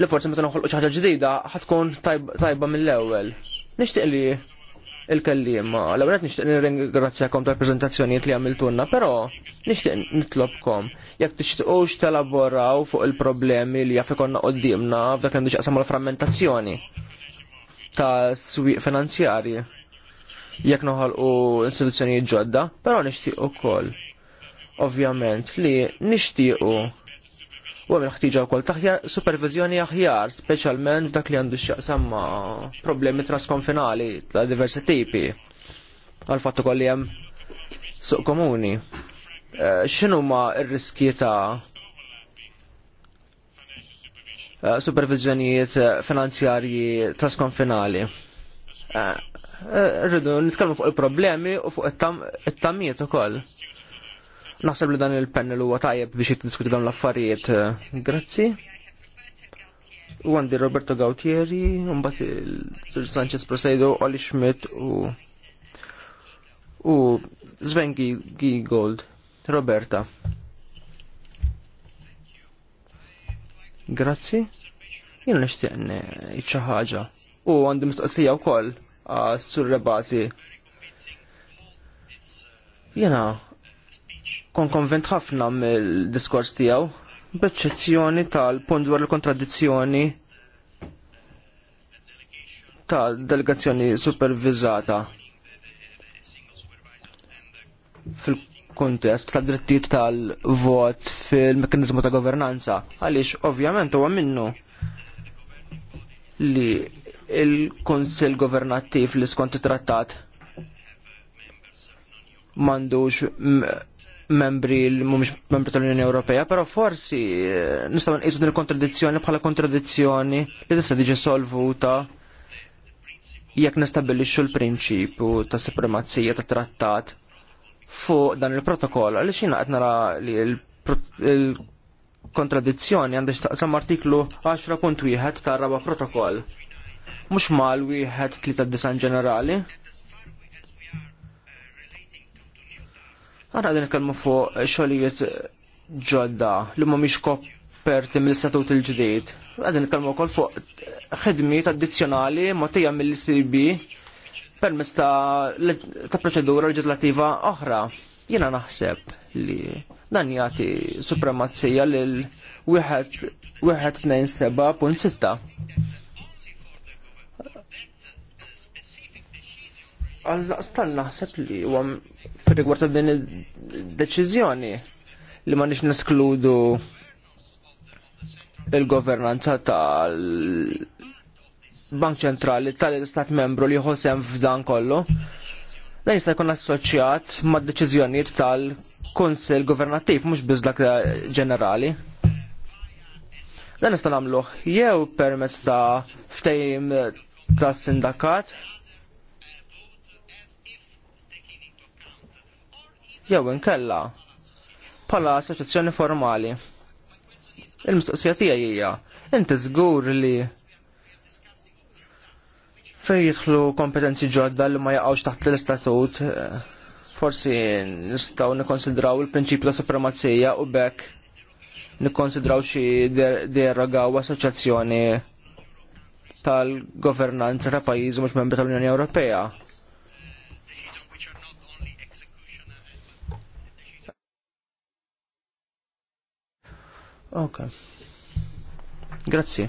li forsi meta noħolqu xi ħaġa ġdida ħatkun tajba mill-ewwel. Nixtieq li il-kellima. L-għabret nishtiq nirringrazzjakom tal-prezentazzjoniet li għamiltunna, pero nishtiq nitlobkom. Jek tixtiqux talaboraw fuq il-problemi li jaf ikonna qoddimna f'dak li nduċaqsam l-frammentazzjoni ta' swiq finanzjari. Jek noħal u istituzzjonijiet ġodda, pero nishtiq u koll. Ovvjament li nishtiqu U għamil ħtiġa wkoll taħjar supervizjoni aħjar, speċjalment dak li għandu xaqsamma problemi trasconfinali ta' diversi tipi. Għal fattu kolli hemm suq komuni. Eh, Xinu ma r riski ta' eh, supervizjonijiet finanzjarji trasconfinali? Eh, rridu nitkellmu fuq il-problemi u fuq it u ukoll. Naħseb li dan il-panel huwa tajjeb biex jiddiskuti dan l-affarijiet. Eh, grazzi. U għandi Roberto Gautieri, mbagħad Sir Sanchez Prosedo, Oli Schmidt u u Sven Gold, Roberta. Grazzi. Jien nixtieq xi ħaġa. U għandi mistoqsija wkoll sur Rebasi. Jena, kon konvent ħafna mill-diskors tiegħu, b'eċċezzjoni tal-punt dwar il-kontradizzjoni tal delegazzjoni supervizata fil-kontest tal drittijiet tal-vot fil-mekanizmu ta' governanza. Għaliex, ovvjament, huwa minnu li il-Konsil Governattiv li skont it-trattat mandux membri li mhumiex membri tal-Unjoni Ewropea, però forsi eh, nistgħu nqisu din il-kontradizzjoni bħala kontradizzjoni li tista' tiġi solvuta jekk nistabbilixxu l-prinċipju ta' supremazija ta' trattat fuq dan il-protokoll għaliex jiena qed nara li l-kontradizzjoni għandha x'taqsam artiklu 10.1 tar-raba protokoll. Mhux mal wieħed tlieta disan ġenerali. Għara għadin kelmu fuq xolijiet ġodda li ma miex koperti mill-istatut il-ġdid. Għadin kelmu kol fuq ħidmiet addizzjonali tija mill cb permess ta', ta proċedura leġislativa oħra. Jena naħseb li dan jagħti supremazzija lil wieħed 1.27.6. għal-naqstan naħseb li għam fir-rigward ta' din id-deċiżjoni li ma nix neskludu il-governanza tal-Bank Ċentrali tal-Istat Membru li jħossem f'dan kollu. Dan jista' jkun assoċjat ma' deċiżjonijiet tal-Kunsill Governattiv mhux biż dak ġenerali. Dan nista' nagħmluh jew permezz ta' ftehim tas-sindakat jew inkella bħala assoċjazzjoni formali. Il-mistoqsija tiegħi hija inti żgur li fejn jidħlu kompetenzi ġodda li ma jaqgħux taħt l-istatut forsi nistgħu nikkonsidraw il-prinċipju ta' supremazija u bekk nikkonsidraw xi deroga u assoċjazzjoni tal-governanza ta' pajjiżi mhux membri tal-Unjoni Ewropea. Ok. Grazzi.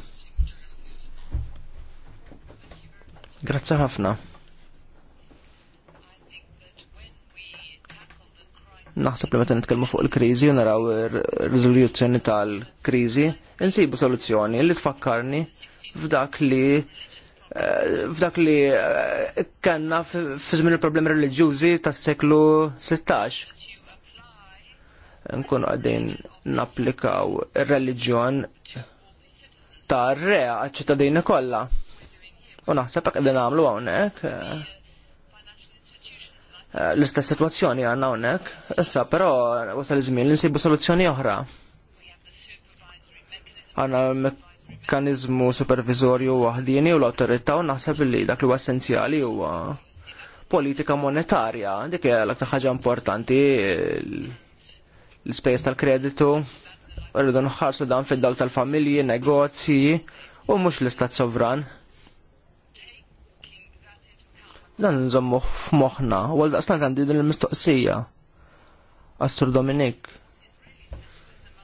Grazzi ħafna. Naħseb li meta nitkellmu fuq il-kriżi u naraw ir-riżoluzzjoni tal-kriżi, insibu soluzzjoni li tfakkarni f'dak li eh, f'dak li eh, fi f'żmien il-problemi reliġjużi tas-seklu 16 nkun għadin napplikaw il-reliġjon ta' re għal-ċittadini kollha. U naħseb hekk qegħdin nagħmlu hawnhekk. Eh, eh, l-istess sitwazzjoni għandna hawnhekk. Issa però wasal iż-żmien li nsibu soluzzjoni oħra. Għandna mekanizmu supervizorju għahdini u l autorita u naħseb li dak li huwa essenzjali huwa politika monetarja, dik l-aktar ħaġa importanti l-ispejjeż tal-kreditu, rridu nħarsu dan fid-dawl tal-familji, negozji u mhux l-istat sovran. Dan nżommu f'moħħna, u għal daqsna għandi din il-mistoqsija. Assur Dominik.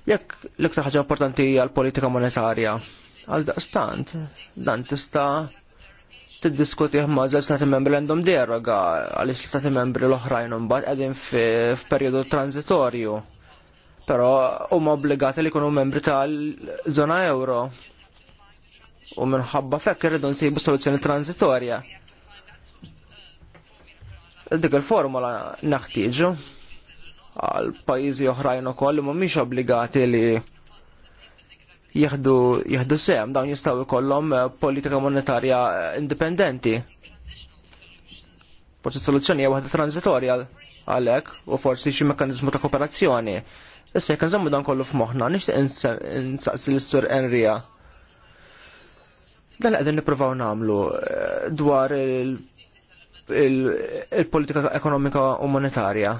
Jekk l-iktar ħaġa importanti hija l-politika monetarja, għal daqstant, dan tista' tiddiskuti ma' żewġ stati membri għandhom deroga għaliex l istati membri l-oħrajn mbagħad qegħdin f'perjodu transitorju però huma obbligati li jkunu membri tal-żona euro. U minħabba fekk irridu nsibu soluzzjoni transitorja. Dik il-formula naħtieġu għal pajjiżi oħrajn ukoll li mhumiex obbligati li jieħdu jieħdu sem dawn jistgħu jkollhom eh, politika monetarja indipendenti. Forsi soluzzjoni hija waħda transitorja għalhekk u forsi xi mekkaniżmu ta' kooperazzjoni Issa jekk nżammu dan kollu f'moħħna, nixtieq nsaqsi l-Sur Enrija. Dan qegħdin nippruvaw nagħmlu eh, dwar il-politika ekonomika u monetarja.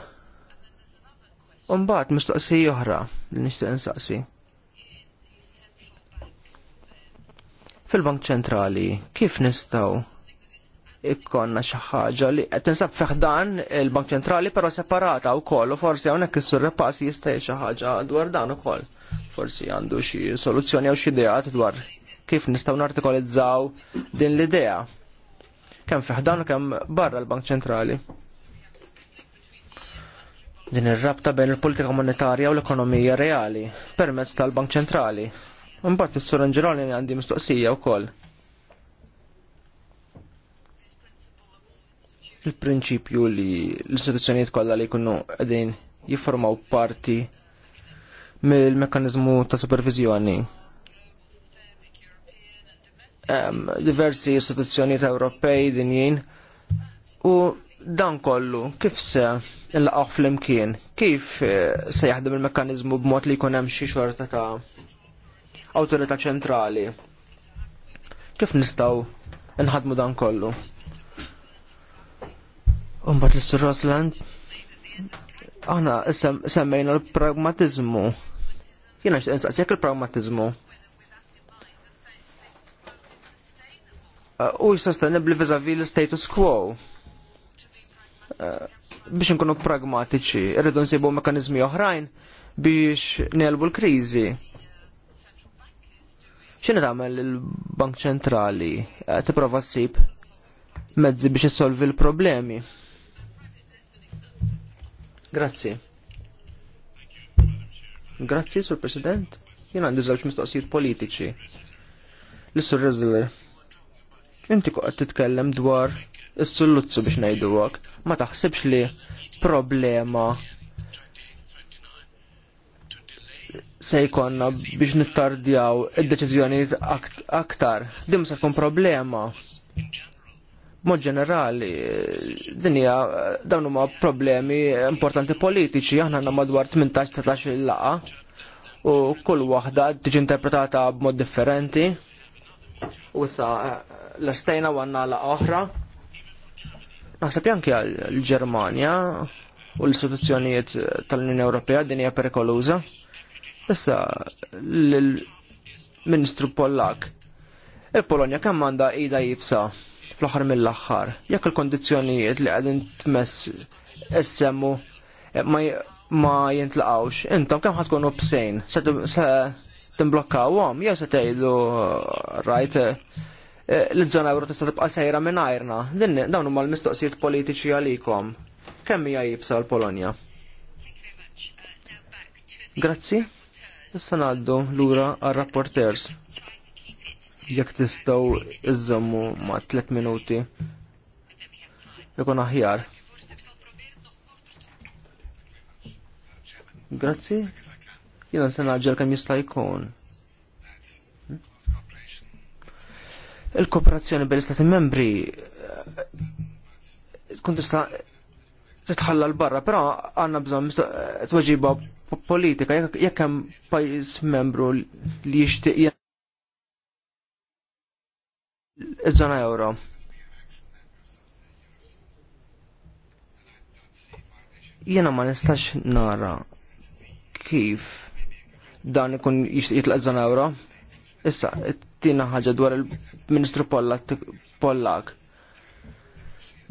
mbagħad mistoqsi oħra li nixtieq insaqsi. Fil-Bank Ċentrali, kif nistgħu ikkonna xi ħaġa li qed feħdan il-Bank Ċentrali però separata wkoll u forsi hawnhekk is repas jistaj jista' xi ħaġa dwar dan ukoll. Forsi għandu xi soluzzjoni jew xi ideat dwar kif nistgħu nartikolizzaw din l-idea. Kemm feħdan u kemm barra l-Bank Ċentrali. Din ir-rabta bejn il-politika monetarja u l-ekonomija reali permezz tal-Bank Ċentrali. Imbagħad is-sur Ġironi għandi mistoqsija wkoll il-prinċipju li l-istituzzjonijiet kollha li jkunu qegħdin jiffurmaw parti mill mekkaniżmu ta' supervizjoni. diversi istituzzjonijiet Ewropej dinjin u dan kollu kif se il flimkien, kif eh, se jaħdem il mekkaniżmu b'mod li jkun hemm xi xorta ta' awtorità ċentrali. Kif nistgħu nħadmu dan kollu? Umbat l-Sur Rosland, aħna semmejna l-pragmatizmu. Jena xtaqin jek l pragmatizmu U uh, sostenibli vizavi l-status quo. Uh, biex nkunu pragmatiċi, irridu nsibu mekanizmi oħrajn biex nelbu l-krizi ċini tagħmel il-Bank Ċentrali? Uh, tipprova ssib mezzi biex isolvi l-problemi. Grazzi. Grazzi, Sur President. Jien għandi żewġ mistoqsijiet politiċi. L-Sur Rizzler, inti qed titkellem dwar is-sulluzzu biex ngħiduhak, ma taħsibx li problema se jkollna biex nittardjaw id-deċiżjonijiet aktar. Dim se tkun problema mod ġenerali, dinja dawn huma problemi importanti politiċi, aħna għandna madwar 18 17 laqa u kull waħda tiġi interpretata b'mod differenti. U sa eh, l-estejna għanna laqa oħra. Naħseb janki għal-Ġermanja u l-istituzzjonijiet tal-Unjoni Ewropea din hija perikoluża. Issa l-Ministru Pollak. Il-Polonja kemm għandha ida jibsa' fl-aħħar mill-aħħar. Jekk il-kondizzjonijiet li qegħdin tmess issemmu eh, ma, ma jintlaqawx, intom kemm ħadkunu bsejn? Se għom, jew se tgħidu rajt eh, eh, l-żona euro tista' tibqa' sejra minn ajrna. Dawn huma l-mistoqsijiet politiċi għalikom. Kemm hija jibsa l-Polonja? Grazzi. Issa ngħaddu lura għar-rapporters jekk tistgħu iżommu ma' tliet minuti ikun aħjar. Grazzi. Jiena se naġġel kemm jista' jkun. Il-kooperazzjoni bejn istati membri eh, tkun tista' titħalla l-barra, però għandna bżonn eh, tweġiba politika jekk hemm pajjiż membru li jixtieq iż-żona euro. Jiena ma nistax nara kif dan ikun jitlaq żona euro. Issa, t tina ħaġa dwar il-Ministru Pollak.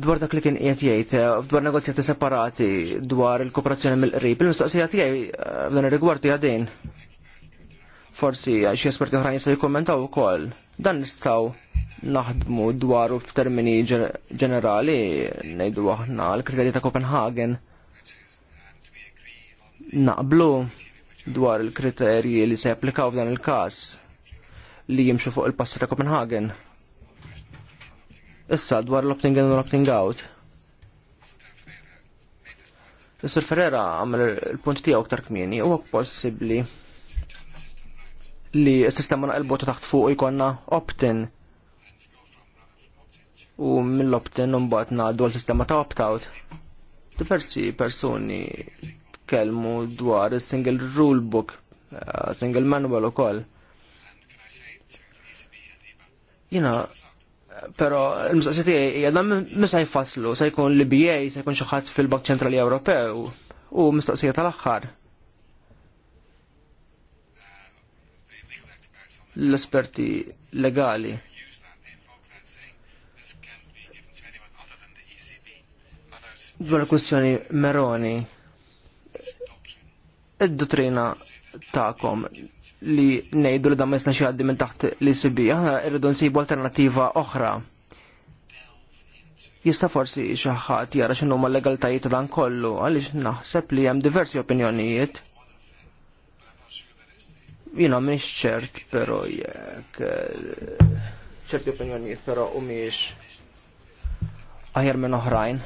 Dwar dak li kien qiegħed jgħid, eh, dwar negozjati separati, dwar il-kooperazzjoni mill-qrib, il-mistoqsija tiegħi eh, f'dan ir-rigward hija din. Forsi għax esperti oħrajn jistgħu jikkommentaw ukoll. Dan nistgħu naħdmu dwaru f'termini ġenerali ngħidu aħna l-kriterji ta' Copenhagen naqblu dwar il-kriterji li se japplikaw f'dan il-każ li jimxu fuq il-passi ta' Copenhagen. Issa dwar l-opting in u l-opting out. Mr. Ferrera għamel il-punt tiegħu aktar kmieni huwa possibbli li s-sistema naqilbu ta' taħt fuq jkollna opt-in u mill-opt-in mbagħad ngħaddu għal-sistema ta' opt-out. Diversi persuni tkellmu dwar is-single rule book, uh, single manual ukoll. Jina, pero il-mistoqsiti jgħadna misa jfaslu, jfasslu, se jkun l-BA, se jkun xi ħadd fil-Bank Centrali Ewropew u mistoqsija tal-aħħar. L-esperti legali dwar kwistjoni Meroni. Id-dottrina ta'kom li nejdu li dammesna xaddi minn taħt li sibi, aħna irridu nsibu alternativa oħra. Jista forsi xaħat jara xinu ma legaltajiet dan kollu, għalix naħseb li hemm diversi opinjonijiet. Jina miex ċert, pero jek eh, ċerti opinjonijiet, pero u miex aħjar minn oħrajn.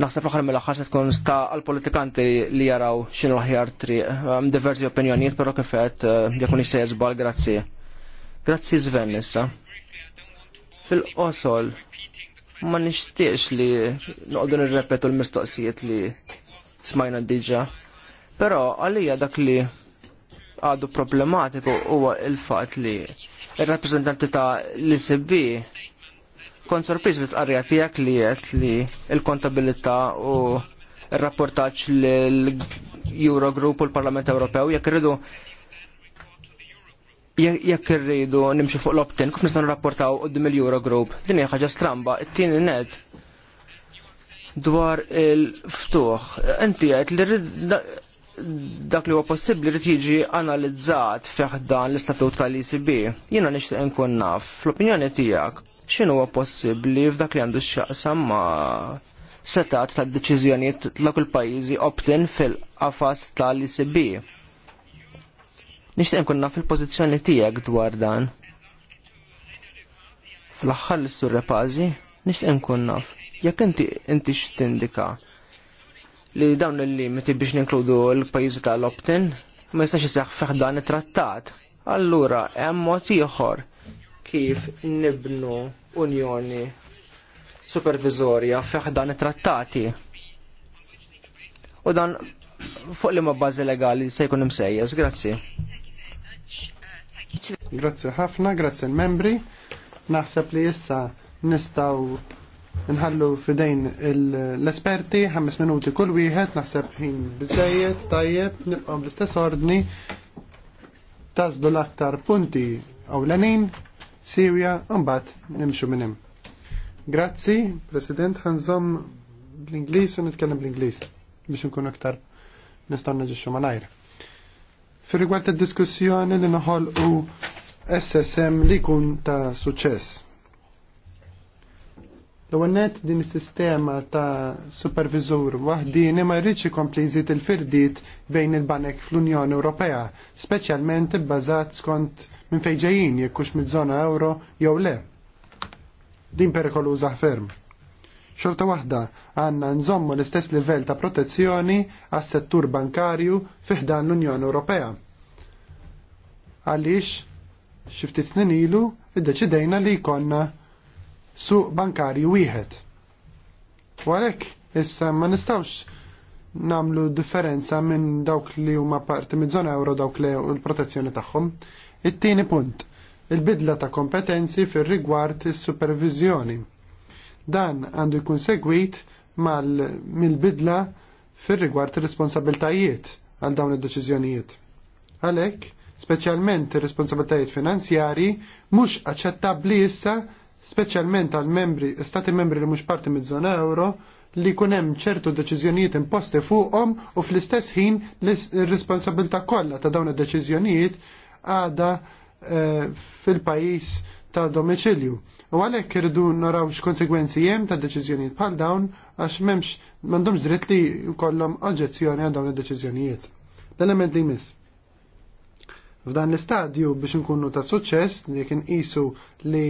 Naħseb l ħar mill-aħħar se tkun sta għall-politikanti li jaraw xin l ħjar triq. Hemm diversi opinjonijiet però kif eh, jekun jista' zbal, grazzi. Grazzi Sven issa. Fil-qosol ma nixtiex li noqogħdu nirrepetu l-mistoqsijiet li smajna diġà. Pero għalija dak li għadu problematiku huwa il fat li il-rappresentanti ta' l sb kont sorpriż bis qarrija tiegħek li qed li l-kontabilità u rrapportaġġ lill l-Eurogroup u l-Parlament Ewropew jekk irridu jekk irridu nimxu fuq l-optin, kif nistgħu nirrapportaw qudiem il-Eurogroup? Din hija ħaġa stramba, it-tieni net dwar il-ftuħ. Inti qed li dak li huwa possibbli rrid jiġi analizzat fih dan l-istatut tal-ECB. Jiena nixtieq nkun naf, fl-opinjoni tiegħek, xinu huwa possibbli f'dak li għandu x'aqsam ma' setat ta' deċiżjonijiet ta' kull pajjiżi opt-in fil-qafas tal-ICB. Nixtieq nkun naf il-pożizzjoni tiegħek dwar dan. Fl-aħħar li sur repazi, nixtieq nkun naf jekk inti inti x'tindika li dawn il-limiti biex ninkludu l-pajjiżi tal-opt-in ma jistax iseħħ fih dan it-trattat. Allura hemm mod ieħor kif nibnu unjoni supervizorja fiħdan it-trattati. U dan fuq li ma bażi legali se jkun imsejjes. Grazzi. Grazzi ħafna, grazzi l-membri. Naħseb li issa nistaw nħallu fidejn l-esperti, ħames minuti kull wieħed, naħseb ħin bizzejiet, tajjeb, nibqgħu bl-istess ordni, tażdu l-aktar punti għawlanin Sirja mbagħad nimxu minn hemm. Grazzi, President ħanżomm bl-Ingliż u nitkellem bl-Ingliż biex nkun aktar nistgħu naġixxu malajr. Fir-rigward id-diskussjoni li u SSM li jkun ta' suċċess. L-għonnet din sistema ta' supervizur wahdini ma' rriċi kompliżit il-firdit bejn il-banek fl-Unjoni Ewropea, specialment bbażat skont minn fejn ġejjin jekk hux miż-żona euro jew le. Din perikoluża ferm. Xorta waħda għandna nżommu l-istess livell ta' protezzjoni għas-settur bankarju fiħdan l-Unjoni Ewropea. Għaliex xi ftit snin ilu iddeċidejna li jkollna suq bankarju wieħed. Walek, issa ma nistawx namlu differenza minn dawk li huma parti mid euro dawk li l-protezzjoni tagħhom. It-tieni punt, il-bidla ta' kompetenzi fir rigward is supervizjoni Dan għandu jkun segwit mill-bidla fir rigward ir-responsabiltajiet għal dawn id-deċiżjonijiet. Għalhekk, speċjalment ir-responsabiltajiet finanzjari mhux aċċettabbli issa speċjalment għal membri, stati membri li mhux parti mid-żona euro, li kunem ċertu deċiżjonijiet imposti fuqhom u fl-istess ħin l-responsabilta kollha ta' dawn id-deċiżjonijiet għada eh, fil-pajis ta' domiċilju. U għalek irridu naraw x-konsekwenzi jem ta' deċizjoni bħal dawn għax memx mandomx dritt li kollom oġġezzjoni għal dawn id-deċizjonijiet. L-element li jmiss. F'dan l-istadju biex nkunu ta' suċċess li kien isu li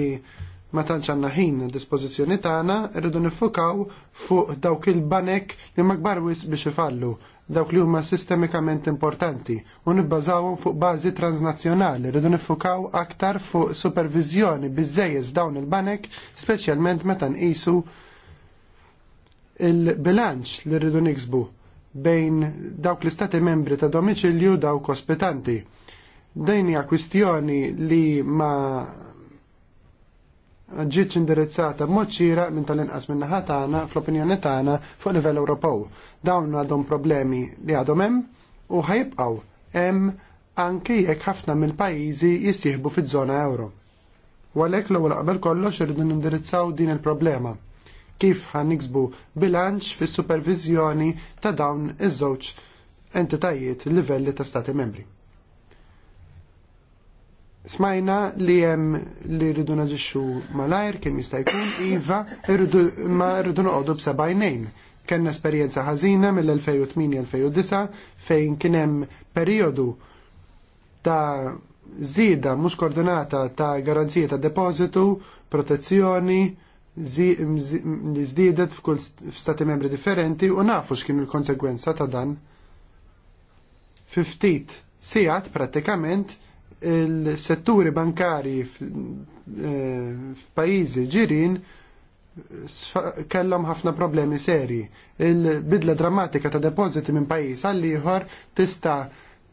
ma tantx għandna ħin dispożizzjoni tagħna irridu nifukaw fuq dawk il-banek li ma kbar wis biex ifallu dawk li huma sistemikament importanti u nibbażawhom fuq bażi transnazzjonali rridu nifukaw aktar fuq supervizjoni biżejjed f'dawn il-banek, speċjalment meta nqisu il-bilanċ li rridu niksbu bejn dawk l-istati membri ta' domiċilju dawk ospitanti. Dejn hija kwistjoni li ma ġietx indirizzata b'mod xieraq minn tal-inqas minn naħa tagħna fl-opinjoni tagħna fuq livell Ewropew. Dawn għadhom problemi li għadhom hemm u ħajbqgħu hemm anke jekk ħafna mill-pajjiżi jissieħbu fiż-żona euro. U għalhekk l-ewwel qabel kollox irridu nindirizzaw din il-problema. Kif ħan niksbu bilanċ fis-supervizjoni ta' dawn iż-żewġ entitajiet livelli ta' stati membri. Smajna li hemm li rridu naġixxu malajr kien jista' jkun iva ma rridu noqogħdu b'sebgħinejn. Kenna esperjenza ħażina mill-2008-2009 fejn kien hemm perjodu ta' zida mhux koordinata ta' garanzija ta' depożitu, protezzjoni, li żdiedet f'kull stati membri differenti u nafu x'kienu l-konsegwenza ta' dan. Fiftit sigħat prattikament il-setturi bankari eh, f'pajjiżi ġirin kellhom ħafna problemi seri. Il-bidla drammatika ta' depożiti minn pajjiż għal ieħor tista'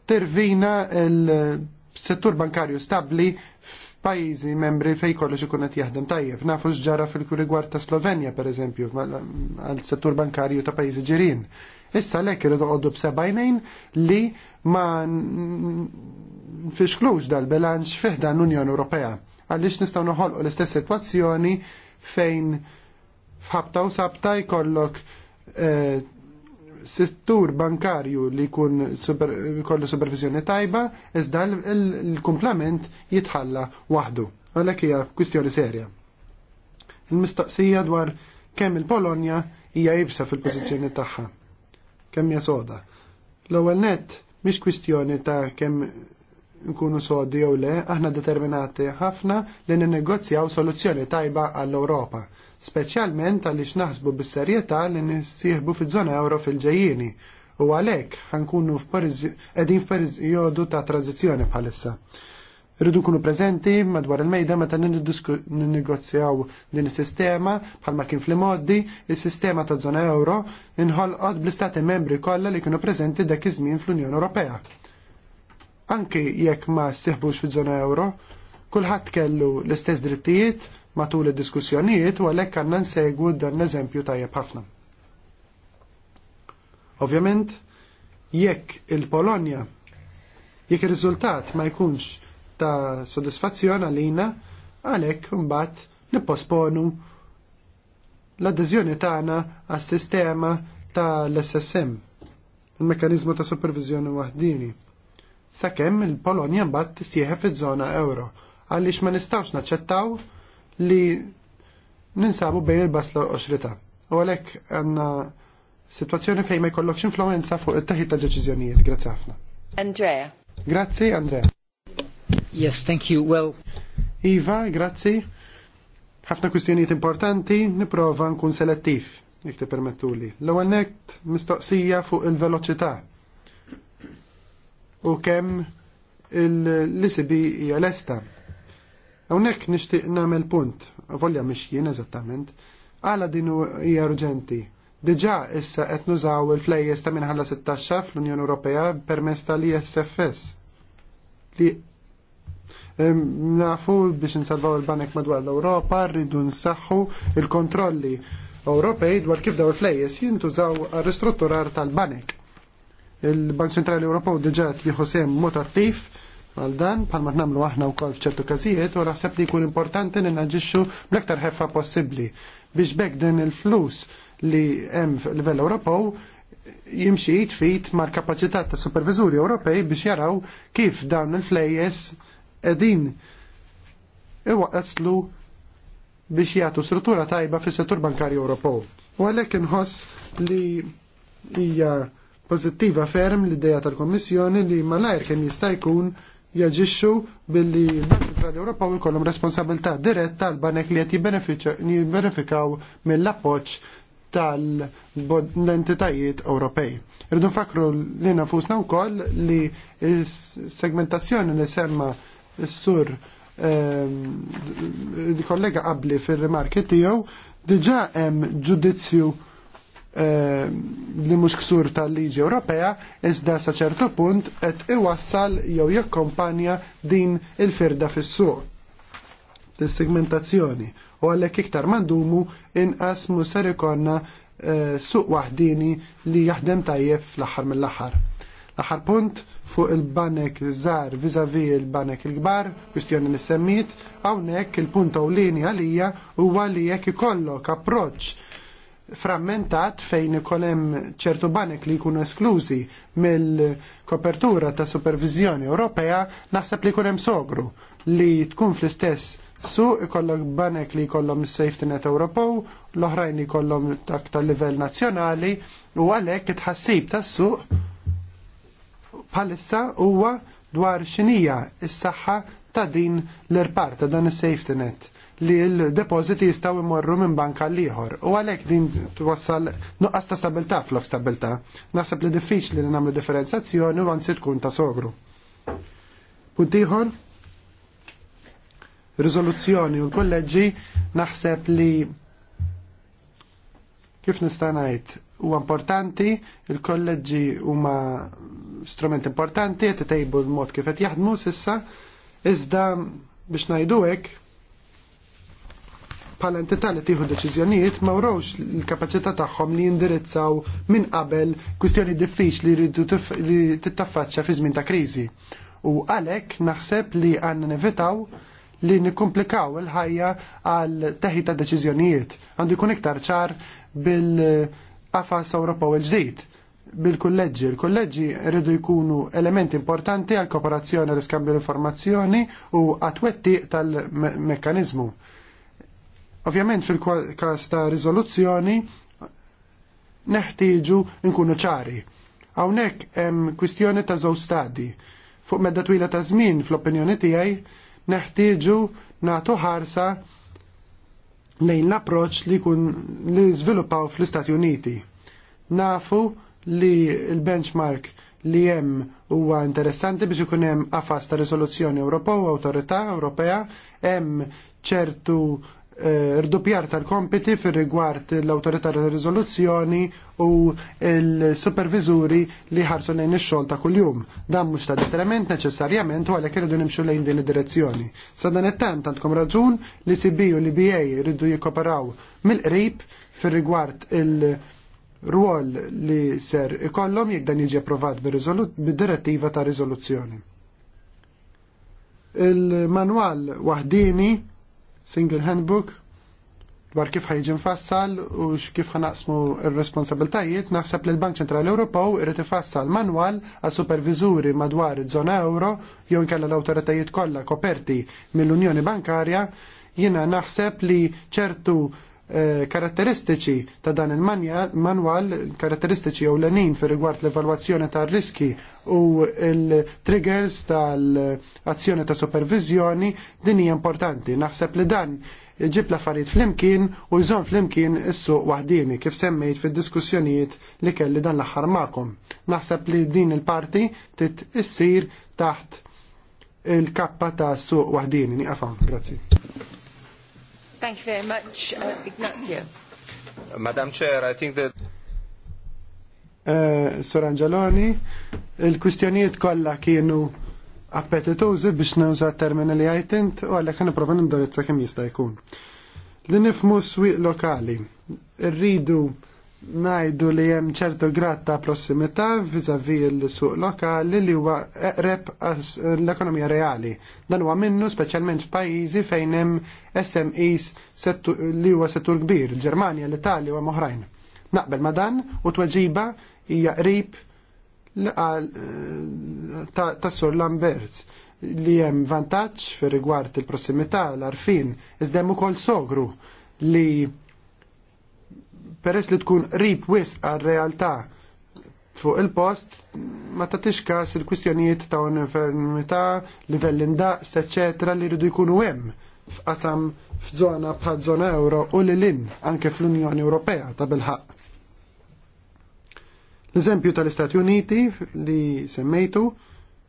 tervina il-settur bankarju stabbli f'pajjiżi membri fejn kollox ikun qed jaħdem tajjeb. Nafu x'ġara fil-rigward ta' Slovenja pereżempju għal settur bankarju ta' pajjiżi ġirin. Issa lek irridu qoddu b'sebajnejn li ma nfixklux dal-bilanċ dan l-Unjoni Ewropea għaliex nistgħu noħolqu l-istess sitwazzjoni fejn f'ħabta u sabta jkollok e, settur bankarju li kun kollu supervizjoni tajba, iżda l-komplement jitħalla waħdu. Għalhekk hija kwistjoni serja. Il-mistoqsija dwar kemm il-Polonja hija jibsa fil-pożizzjoni tagħha. Kemm hija soda. L-ewwel nett Mhix kwistjoni ta' kemm nkunu sodi jew le, aħna determinati ħafna li ninnegozjaw soluzzjoni tajba għall-Ewropa, speċjalment għaliex naħsbu bis-serjetà li nissieħbu fiż-żona euro fil-ġejjieni. U għalhekk ħankunu qegħdin f'perjodu ta' tranzizzjoni bħalissa. Rridu kunu prezenti madwar il-mejda meta ninnegozjaw din is-sistema bħalma kien fl-imoddi, is-sistema ta' zona euro inħolqot bl-istati membri kollha li kienu preżenti dak iż-żmien fl-Unjoni Ewropea. Anki jekk ma sseħbux fiż-żona euro, kulħadd kellu l-istess drittijiet matul id-diskussjonijiet u għalhekk għandna nsegwu dan l-eżempju tajjeb ħafna. Ovvjament, jekk il-Polonja, jekk ir-riżultat ma jkunx ta' sodisfazzjon għalina għalhekk mbagħad nipposponu l-adeżjoni tagħna għas-sistema tal-SSM, il-mekkaniżmu ta' supervizjoni waħdini. Sakemm il-Polonja mbagħad tissieħe fiż-żona euro għaliex ma nistgħux naċċettaw li ninsabu bejn il-basla u xrita. U għalhekk għandna situazzjoni fejn ma jkollokx influenza fuq it-taħid ta' deċiżjonijiet. Grazzi ħafna. Andrea. Grazzi, Andrea. Yes, thank you. Well... Iva, grazzi. Ħafna kwistjonijiet importanti, niprofa nkun selettiv, jek te permettuli. L-ewwel nekt mistoqsija fuq il-veloċità. U kemm l-isibi hija lesta. Hawnhekk nixtieq nagħmel punt, volja mhix jien eżattament, għala din hija urġenti. Diġà issa qed nużaw il-flejjes ta' minħalla 16 fl-Unjoni Ewropea permezz tal-ISFS li nafu biex nsalvaw il-banek madwar l-Europa, rridu nsaħħu il-kontrolli Ewropej dwar kif daw il-flejjes jintużaw għal-ristrutturar tal-banek. Il-Bank Centrali Ewropew diġà jieħu sehem mod attiv għal dan palma namlu aħna wkoll fċertu każijiet u naħseb li jkun importanti li naġixxu bl-aktar ħeffa possibbli biex bekk din il-flus li hemm f'livell Ewropew jimxi jitfit mal-kapaċità ta' supervizuri Ewropej biex jaraw kif dawn il-flejjes edin qaslu biex jagħtu struttura tajba fis-settur bankarju Ewropew. U għalhekk inħoss li hija pożittiva ferm l-idea tal-Kommissjoni li malajr kien jista' jkun jaġixxu billi l-Bank Ċentrali Ewropew ikollhom responsabilità diretta għal banek li qed jibbenefikaw mill-appoġġ tal-entitajiet Ewropej. Irridu nfakru li nafusna wkoll li s-segmentazzjoni li semma' is sur ehm, il-kollega qabli fil-remarki tiegħu diġà hemm ġudizzju ehm, li mhux ksur tal-liġi Ewropea iżda sa ċertu punt qed iwassal jew jakkompanja din il-firda fis-suq. Dis-segmentazzjoni u għalhekk iktar mandumu inqas mu ser ikonna eh, suq waħdini li jaħdem tajjeb fl-aħħar mill-aħħar. L-aħħar punt fuq il-banek żgħar viżavi il-banek il-kbar, kwistjoni li semmit, hawnhekk il-punt ewlieni għalija huwa li jekk ikollok approċċ frammentat fejn ikolem ċertu banek li jkunu esklużi mill-kopertura ta' supervizjoni Ewropea, naħseb li jkun hemm sogru li tkun fl-istess su ikollok banek li jkollhom is-safety net Ewropew, l-oħrajn li tak tal livell nazzjonali u għalhekk it-ħassib tas-suq bħalissa huwa dwar xinija is-saħħa ta' din l-irpar ta' dan is-safety net li l-depositi jistaw imorru minn banka l-ieħor. U għalhekk din twassal nuqqas ta' stabilità flok stabilità. Naħseb li diffiċli li nagħmlu differenzjazzjoni u anzi tkun ta' sogru. Punt ieħor, riżoluzzjoni u l-kolleġġi naħseb li kif nista' ngħid huwa importanti, il-kolleġġi huma strument importanti, qed tejbu l-mod kif qed jaħdmu sissa, iżda biex ngħidu hekk bħala entità li tieħu deċiżjonijiet ma wrawx l-kapaċità tagħhom li jindirizzaw minn qabel kwistjoni diffiċli li tittaffaċċja fi żmien ta' kriżi. U għalhekk naħseb li għandna nevitaw li nikkomplikaw il-ħajja għal teħi ta' deċiżjonijiet. Għandu jkun iktar ċar bil-qafas Ewropew il-ġdid bil-kulleġġi. il kolleġi rridu jkunu elementi importanti għal kooperazzjoni l iskambju l-informazzjoni u għatwetti tal-mekkanizmu. Ovvjament fil-kas ta' rizoluzzjoni neħtieġu nkunu ċari. Hawnhekk hemm kwistjoni ta' żewġ stadi. Fuq medda twila ta' żmien fl-opinjoni tiegħi neħtieġu nagħtu ħarsa lejn l-approċċ li jkun li żviluppaw fl-Istati Uniti. Nafu li l-benchmark li hemm huwa interessanti biex ikun hemm afas ta' risoluzzjoni Ewropew u Awtorità Ewropea hemm ċertu eh, rdupjar tal-kompiti fir rigward l-autorità riżoluzzjoni u l superviżuri li ħarsu lejn ix-xogħol ta' kuljum. Dan mhux ta' detriment neċessarjament u għalhekk irridu nimxu lejn din id-direzzjoni. Sa dan it-tant għandkom raġun li CB u l-BA jridu jikkoperaw mill-qrib fir rigward il- rwol li ser ikollhom jekk dan jiġi approvat bid-direttiva ta' riżoluzzjoni. Il-manwal waħdini, single handbook, dwar kif ħajġi fassal u kif ħanaqsmu r-responsabiltajiet, naħseb li l-Bank Ċentrali Ewropew irid ifassal manwal għal superviżuri madwar iż-żona euro jew inkella l-awtoritajiet kollha koperti mill-Unjoni Bankarja, jiena naħseb li ċertu Eh, karatteristiċi ta' dan il-manwal, karatteristiċi u l-enin fir rigward l-evalwazzjoni ta' riski u l-triggers tal-azzjoni ta' supervizjoni din hija importanti. Naħseb li dan ġib la affarijiet flimkien u jżon flimkien is-suq kif semmejt fid-diskussjonijiet li kelli dan l-aħħar magħkom. Naħseb li din il-parti tit issir taħt il-kappa ta' suq wahdini. Niqafam, Grazie. Thank you very much, uh, Ignazio. Madam Chair, I think that... Uh, eh, Sor Angeloni, il-kustjonijiet kollha kienu appetitużi biex nuża termini li għajtint u għalhekk nipprova nindorizza kemm jista' jkun. Li nifmu swiq lokali, irridu najdu li hemm ċertu grad ta' prossimità viżavi l-suq lokali li huwa eqreb l-ekonomija reali. Dan huwa minnu speċjalment f'pajjiżi fejn hemm SMEs li huwa settur kbir, il-Ġermanja, l-Italja u oħrajn. Naqbel ma dan u tweġiba hija qrib eh, ta' Sur Lambert li hemm vantaġġ fir rigward il-prossimità l-arfin iżda hemm ukoll sogru li peress li tkun rib wis għal-realtà fuq il-post ma tatix kas il-kwistjonijiet ta' uniformità, livell indaqs, eccetera li rridu jkunu hemm f'qasam f'żona bħal żona euro u li lin anke fl-Unjoni Ewropea ta' bilħaq. L-eżempju tal-Istati Uniti li semmejtu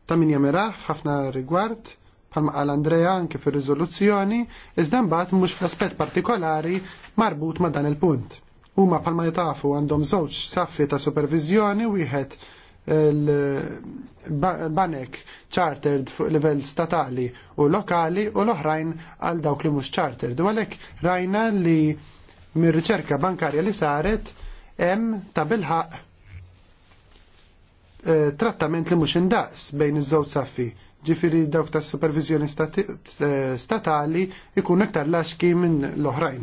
ta' min jamiraħ f'ħafna rigward bħalma qal Andrea anke fir-riżoluzzjoni, iżda mbagħad mhux fl-aspett partikolari marbut ma' dan il-punt. Huma ma jtafu għandhom żewġ saffi ta' supervizjoni wieħed il-banek chartered fuq livell statali u lokali u l-oħrajn għal dawk li mhux chartered. U għalhekk rajna li mir-riċerka bankarja li saret hemm ta' bilħaq eh, trattament li mhux indaqs bejn iż-żewġ saffi. Ġifieri dawk tas supervizjoni eh, statali ikun iktar laxki minn l-oħrajn.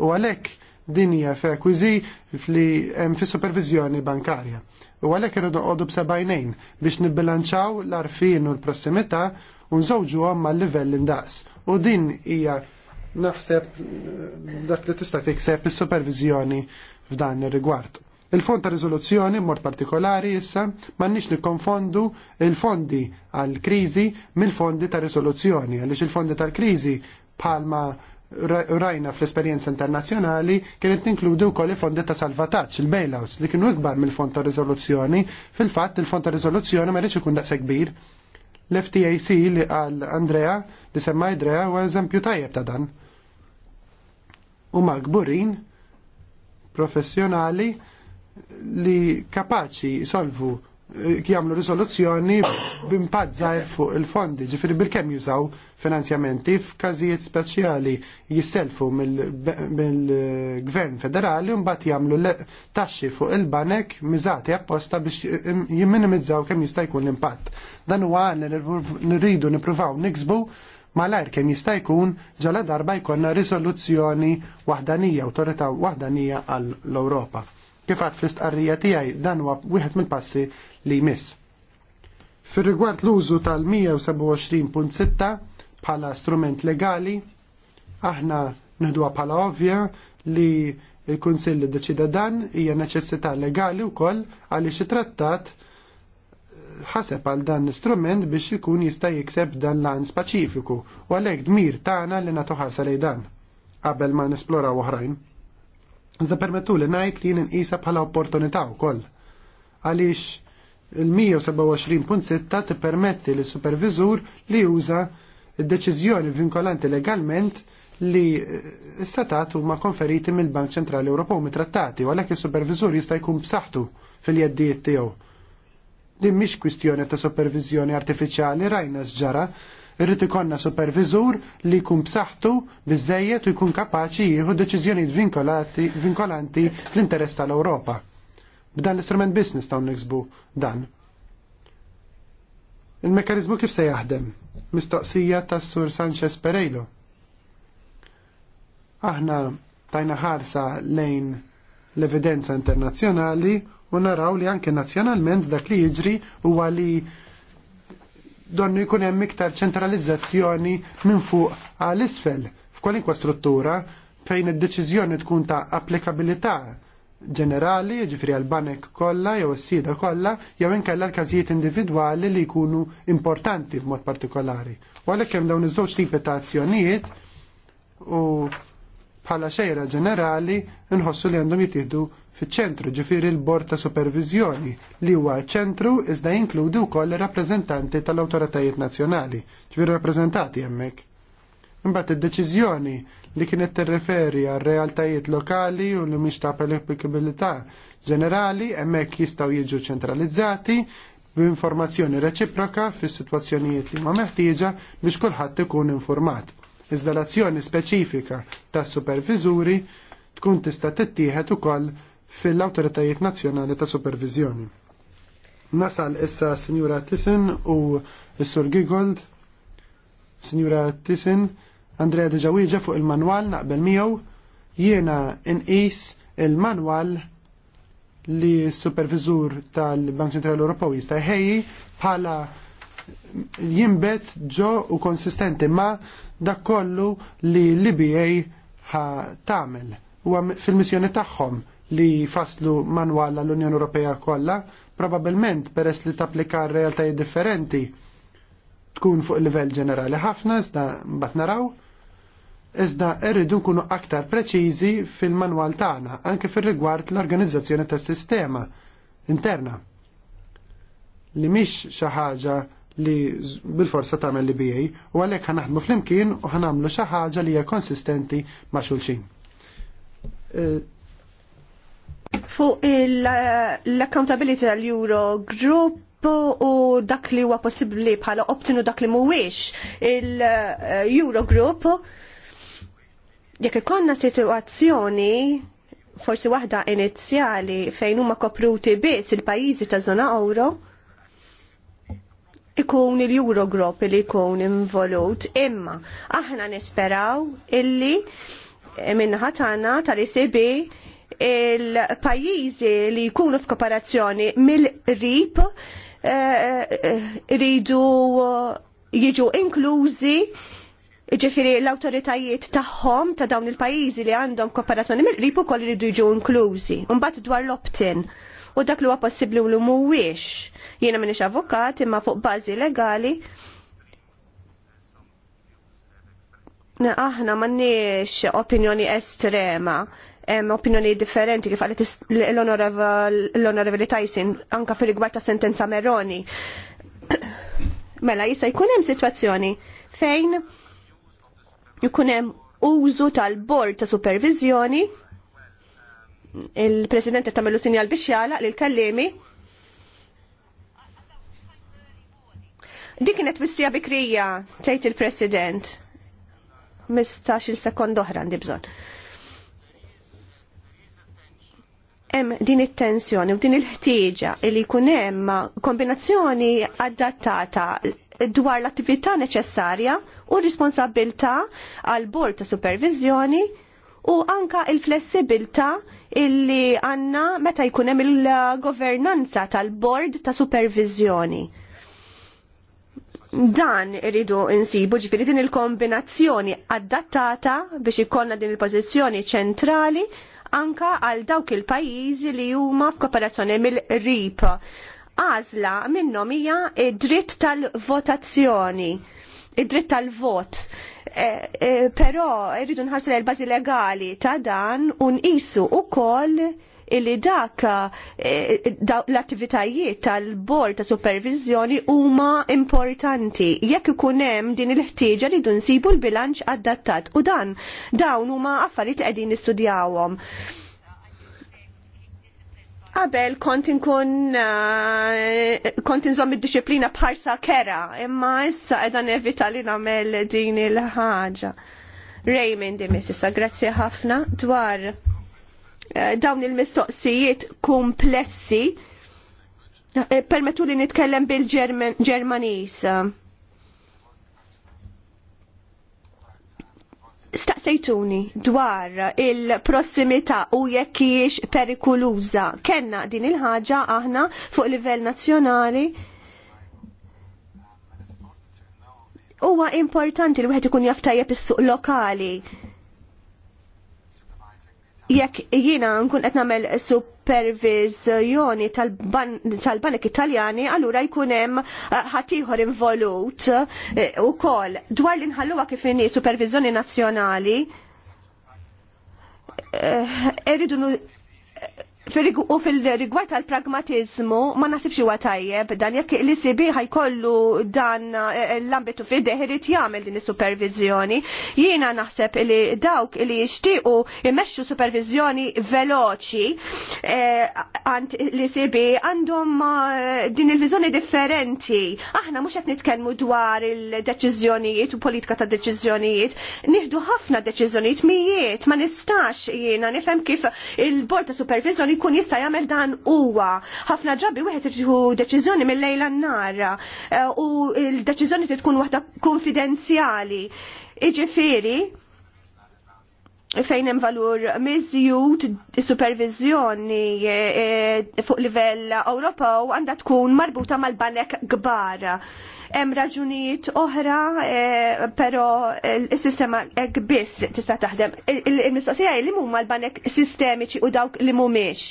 U għalhekk Din hija f'ekwiżi li hemm fis-supervizjoni bankarja. U għalhekk irridu qogħdu b'sebgħinejn biex nibbilanċaw l-arfin u l-prossimità u nżewġuhom mal-livell indaqs. U din hija naħseb eh, dak li tista' tikseb is-supervizjoni f'dan ir-rigward. Il-fond ta' rizoluzzjoni mod partikolari issa m'għandniex nikkonfondu il-fondi għal kriżi mill-fondi ta' rizoluzzjoni għaliex il-fondi tal-kriżi palma rajna fl-esperienza internazzjonali kienet tinkludi wkoll il-fondi ta' salvataġġ, il-bailouts, li kienu ikbar mill-fond ta' Rizoluzzjoni, Fil-fatt il-fond ta' riżoluzzjoni ma rridx ikun da' segbir. L-FTAC li għal Andrea li semma Andrea u eżempju tajjeb ta' dan. Huma gburin professjonali li kapaċi solvu Eh, Kjamlu risoluzzjoni b'impatt fuq il-fondi, ġifiri bil kem jużaw finanzjamenti f'każijiet speċjali jisselfu mill-Gvern Federali u mbagħad jagħmlu taxxi fuq il-banek miżati apposta biex jimminimizzaw kemm jista' jkun l-impatt. Dan huwa għan nirridu nippruvaw niksbu malajr kemm jista' jkun ġala darba jkollna risoluzzjoni waħdanija, autorità waħdanija għall-Ewropa. Kif għad fl-istqarrija tiegħi dan huwa wieħed mill-passi li jmiss. Fir-rigward l-użu tal-127.6 bħala strument legali, aħna nħduha bħala ovvja li il-Kunsill deċida dan hija neċessità legali wkoll għaliex it-trattat ħaseb għal dan l-istrument biex ikun jista' jikseb dan l-għan spaċifiku u għalhekk dmir tagħna li nagħtu ħarsa lejn dan qabel ma nesploraw oħrajn. Iżda permettu li ngħid li jien isa bħala opportunità wkoll. Għaliex il-127.6 permetti li superviżur li juża id-deċiżjoni vinkolanti legalment li eh, s-satat huma konferiti mill-Bank Ċentrali Ewropew mit-trattati, għalhekk is supervizur jista' jkun b'saħħtu fil-jeddijiet tiegħu. Din mhix kwistjoni ta' supervizjoni artifiċjali rajna x-ġara. Irrid ikollna superviżur li jkun b'saħħtu biżejjed u jkun kapaċi jieħu deċiżjonijiet vinkolanti fl-interess tal-Ewropa. B'dan l-istrument business ta' nixbu dan. Il-mekanizmu kif se jaħdem? Mistoqsija tas Sur Sanchez Pereiro. Aħna tajna ħarsa lejn l-evidenza internazzjonali u naraw li anke nazzjonalment dak li jiġri huwa li donnu jkun hemm iktar ċentralizzazzjoni minn fuq għal isfel f'kwalinkwa struttura fejn id-deċiżjoni tkun ta' applikabilità ġenerali, ġifri għal-banek kolla, jew s-sida kolla, jew inkella l-każijiet individwali li jkunu importanti b'mod partikolari. U għalhekk hemm dawn iż-żewġ tipi ta' azzjonijiet u bħala xejra ġenerali nħossu li għandhom jittieħdu fiċ-ċentru ġifiri l-Bord ta' Supervizjoni li huwa ċentru iżda jinkludi wkoll rappreżentanti tal-awtoritajiet nazzjonali, ġifiri rappreżentati hemmhekk. Imbagħad id-deċiżjoni li kienet tirreferi għal realtajiet lokali u li mhix ta' applikabilità ġenerali hemmhekk jistgħu jiġu ċentralizzati b'informazzjoni reċiproka fis-sitwazzjonijiet li ma meħtieġa biex kulħadd ikun informat. Iżda l-azzjoni speċifika tas superviżuri tkun tista' tittieħed ukoll fil-Awtoritajiet Nazzjonali ta' Supervizjoni. Nasal issa Sinjura Tisin u s-Sur Gigold, Sinjura Tisin, Andrea Deġawieġa fuq il-manwal naqbel miegħu, jiena inqis il-manwal li s-Supervizur tal-Bank Ċentrali Ewropew jista' jħejji bħala jimbet ġo u konsistenti ma dak kollu li l-IBA ħa tamel u fil-missjoni tagħhom li faslu manwal l-Unjoni Ewropea kollha, probabilment peress li tapplika realtajiet differenti tkun fuq livell ġenerali ħafna, iżda mbagħad naraw, iżda rridu nkunu aktar preċiżi fil-manwal tagħna, anke fir-rigward l-organizzazzjoni tas-sistema interna. Li mhix xi ħaġa li bil-forsa tagħmel li bijej, u għalhekk ħanaħdmu flimkien u ħanamlu xi ħaġa li hija konsistenti ma' xulxin. Eh, Fuq l-accountability tal-Euro Group u dak li huwa possibbli bħala optinu dak li mhuwiex il-Eurogroup jekk ikonna sitwazzjoni forsi waħda inizjali fejn huma kopruti biss il-pajjiżi ta' żona euro ikun il-Eurogroup li jkun involut imma aħna nisperaw illi minnaħa tagħna tal-ECB il-pajjiżi li jkunu f'kooperazzjoni mill-rib eh, eh, ridu jiġu inklużi ġifiri l-autoritajiet tagħhom ta' dawn il-pajjiżi li għandhom kooperazzjoni mill-qrib ukoll iridu jiġu inklużi. Mbagħad dwar l optin in u dak li huwa possibbli u mhuwiex. Jiena minix avukat imma fuq bażi legali aħna m'għandniex opinjoni estrema opinjoni differenti kif għalet l-onorevoli Tyson anka fil-rigward ta' sentenza Meroni. Mela jista' jkun hemm sitwazzjoni fejn jkun hemm użu tal-bord ta' supervizjoni il-president qed tagħmel sinjal biex jala lil kallimi Dik kienet missija bikrija, tgħid il-President. Mistax il-sekond oħra għandi bżonn. hemm din it-tensjoni u din il-ħtieġa li jkun hemm kombinazzjoni adattata dwar l-attività neċessarja u responsabilità għal bord ta' supervizjoni u anka il-flessibilità illi għanna meta jkun hemm il-governanza tal-bord ta' supervizjoni. Dan iridu insibu ġifiri din il-kombinazzjoni adattata biex ikonna din il-pożizzjoni ċentrali anka għal dawk il-pajjiżi li huma f'kooperazzjoni mill-RIP. Għażla minnhom hija id-dritt tal-votazzjoni, id-dritt tal-vot. E, e, però rridu nħarsu l-bażi legali ta' dan u nqisu wkoll illi dak eh, l-attivitajiet tal-bord ta' supervizjoni huma importanti. Jekk ikun hemm din il-ħtieġa li dun sibu l-bilanċ adattat u dan dawn huma affarijiet li qegħdin nistudjawhom. Qabel kont inkun eh, kont inżomm id-disciplina bħarsa kera, imma issa qiegħda nevita li nagħmel din il-ħaġa. Raymond issa grazzi ħafna dwar Eh, dawn il-mistoqsijiet komplessi eh, permettu li nitkellem bil-Ġermanis. Staqsejtuni dwar il-prossimità u jekk hijiex perikoluża. Kenna din il-ħaġa aħna fuq livell nazzjonali. Huwa importanti li wieħed ikun jaf tajjeb is-suq lokali jekk jiena nkun qed nagħmel supervizjoni tal-Banek Italjani, allura jkun hemm eh, ħadd ieħor involut eh, ukoll dwar li nħalluha kif inhi supervizjoni nazzjonali. Eh, U fil-rigward tal-pragmatizmu ma nasibx huwa tajjeb dan jekk li sibi ħajkollu dan eh, eh, l-ambitu fideh irid jagħmel din is-supervizjoni. Jiena naħseb li dawk li jixtiequ imexxu supervizjoni veloċi għand eh, li sibi għandhom din il-viżjoni differenti. Aħna mhux qed nitkellmu dwar il-deċiżjonijiet u politika ta' deċiżjonijiet. Nieħdu ħafna deċiżjonijiet mijiet ma nistax jiena nifhem kif il-bord ta' supervizjoni jkun jista' jagħmel dan huwa. Ħafna ġabbi wieħed irġu deċiżjoni mill-lejla n-nar eh, u l-deċiżjoni tkun waħda konfidenzjali. Iġifieri, fejn hemm valur miżjud supervizjoni eh, eh, fuq livell Ewropew għandha tkun marbuta mal-banek kbar Hemm raġunijiet oħra, eh, però eh, is-sistema hekk biss tista' taħdem. Il-mistoqsija li huma l-banek sistemiċi u dawk li mhumiex.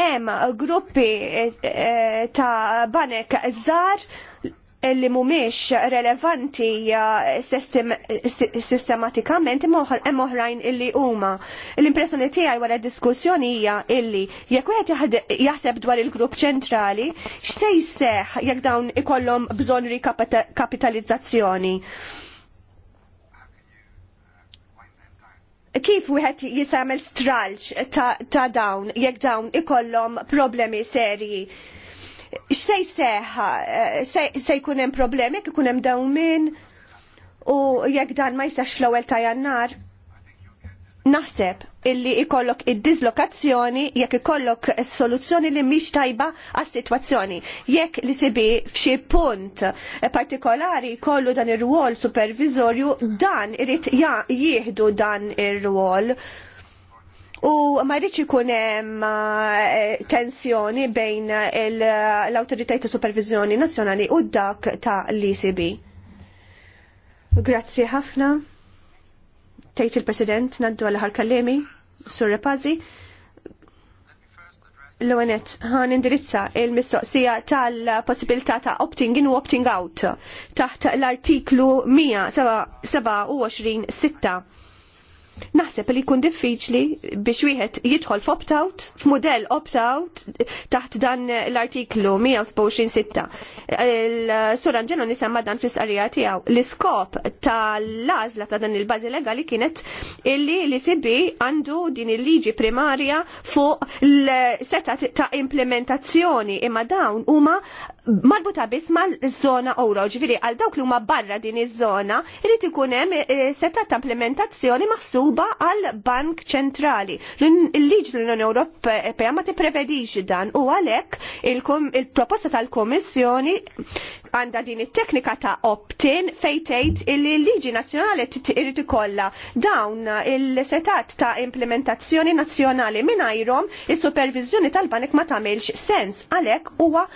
Hemm gruppi eh, ta' banek żgħar li mumiex relevanti sistematikament hemm oħrajn illi huma. L-impressjoni tiegħi wara diskussjoni hija illi jekk wieħed jaħseb dwar il-grupp ċentrali x'se seħ jekk dawn ikollhom bżonn rikapitalizzazzjoni. kif wieħed jisamel stralġ ta dawn jekk dawn ikollhom problemi serji xsej seħħa, se jkun hemm problemi, jekk ikun hemm dawmin u jekk dan ma jistax fl-ewwel ta' jannar. Naħseb illi ikollok id-dizlokazzjoni jekk ikollok soluzzjoni li mhix tajba għas sitwazzjoni Jekk li sibi f'xi punt partikolari jkollu dan ir-rwol supervizorju, dan irid jieħdu dan ir-rwol. ir rwol ir U ma rridx ikun hemm eh, tensjoni bejn l-Awtoritajiet ta' Supervizjoni Nazzjonali u dak ta' l-ECB. Grazzi ħafna. Tejt il-President naddu għal ħal-kallemi, Sur Repazi. L-għanet, għan indirizza il-mistoqsija tal-possibilità ta' opting in u opting out taħt l-artiklu 127.6 Naħseb li jkun diffiċli biex wieħed jidħol f'opt-out, f'mudell opt-out taħt dan l-artiklu 126. Sur Anġelo nisemma dan fl-isqarija tiegħu. L-iskop tal-għażla ta' dan il-bażi legali kienet illi li sibi għandu din il-liġi primarja fuq l-seta ta' implementazzjoni imma dawn huma marbuta biss mal-żona euro, ġviri għal dawk li huma barra din iż-żona, irid ikun hemm eh, seta ta' implementazzjoni maħsuba għal Bank Ċentrali. Il-liġi l-Unjoni Ewropea ma tipprevedix dan u għalhekk il-proposta tal-Kummissjoni għandha din it-teknika ta' opt-in fejn tgħid li l-liġi nazzjonali irid ikollha dawn il-setat ta' implementazzjoni nazzjonali mingħajrhom is-supervizjoni tal bank ma tagħmilx sens għalhekk huwa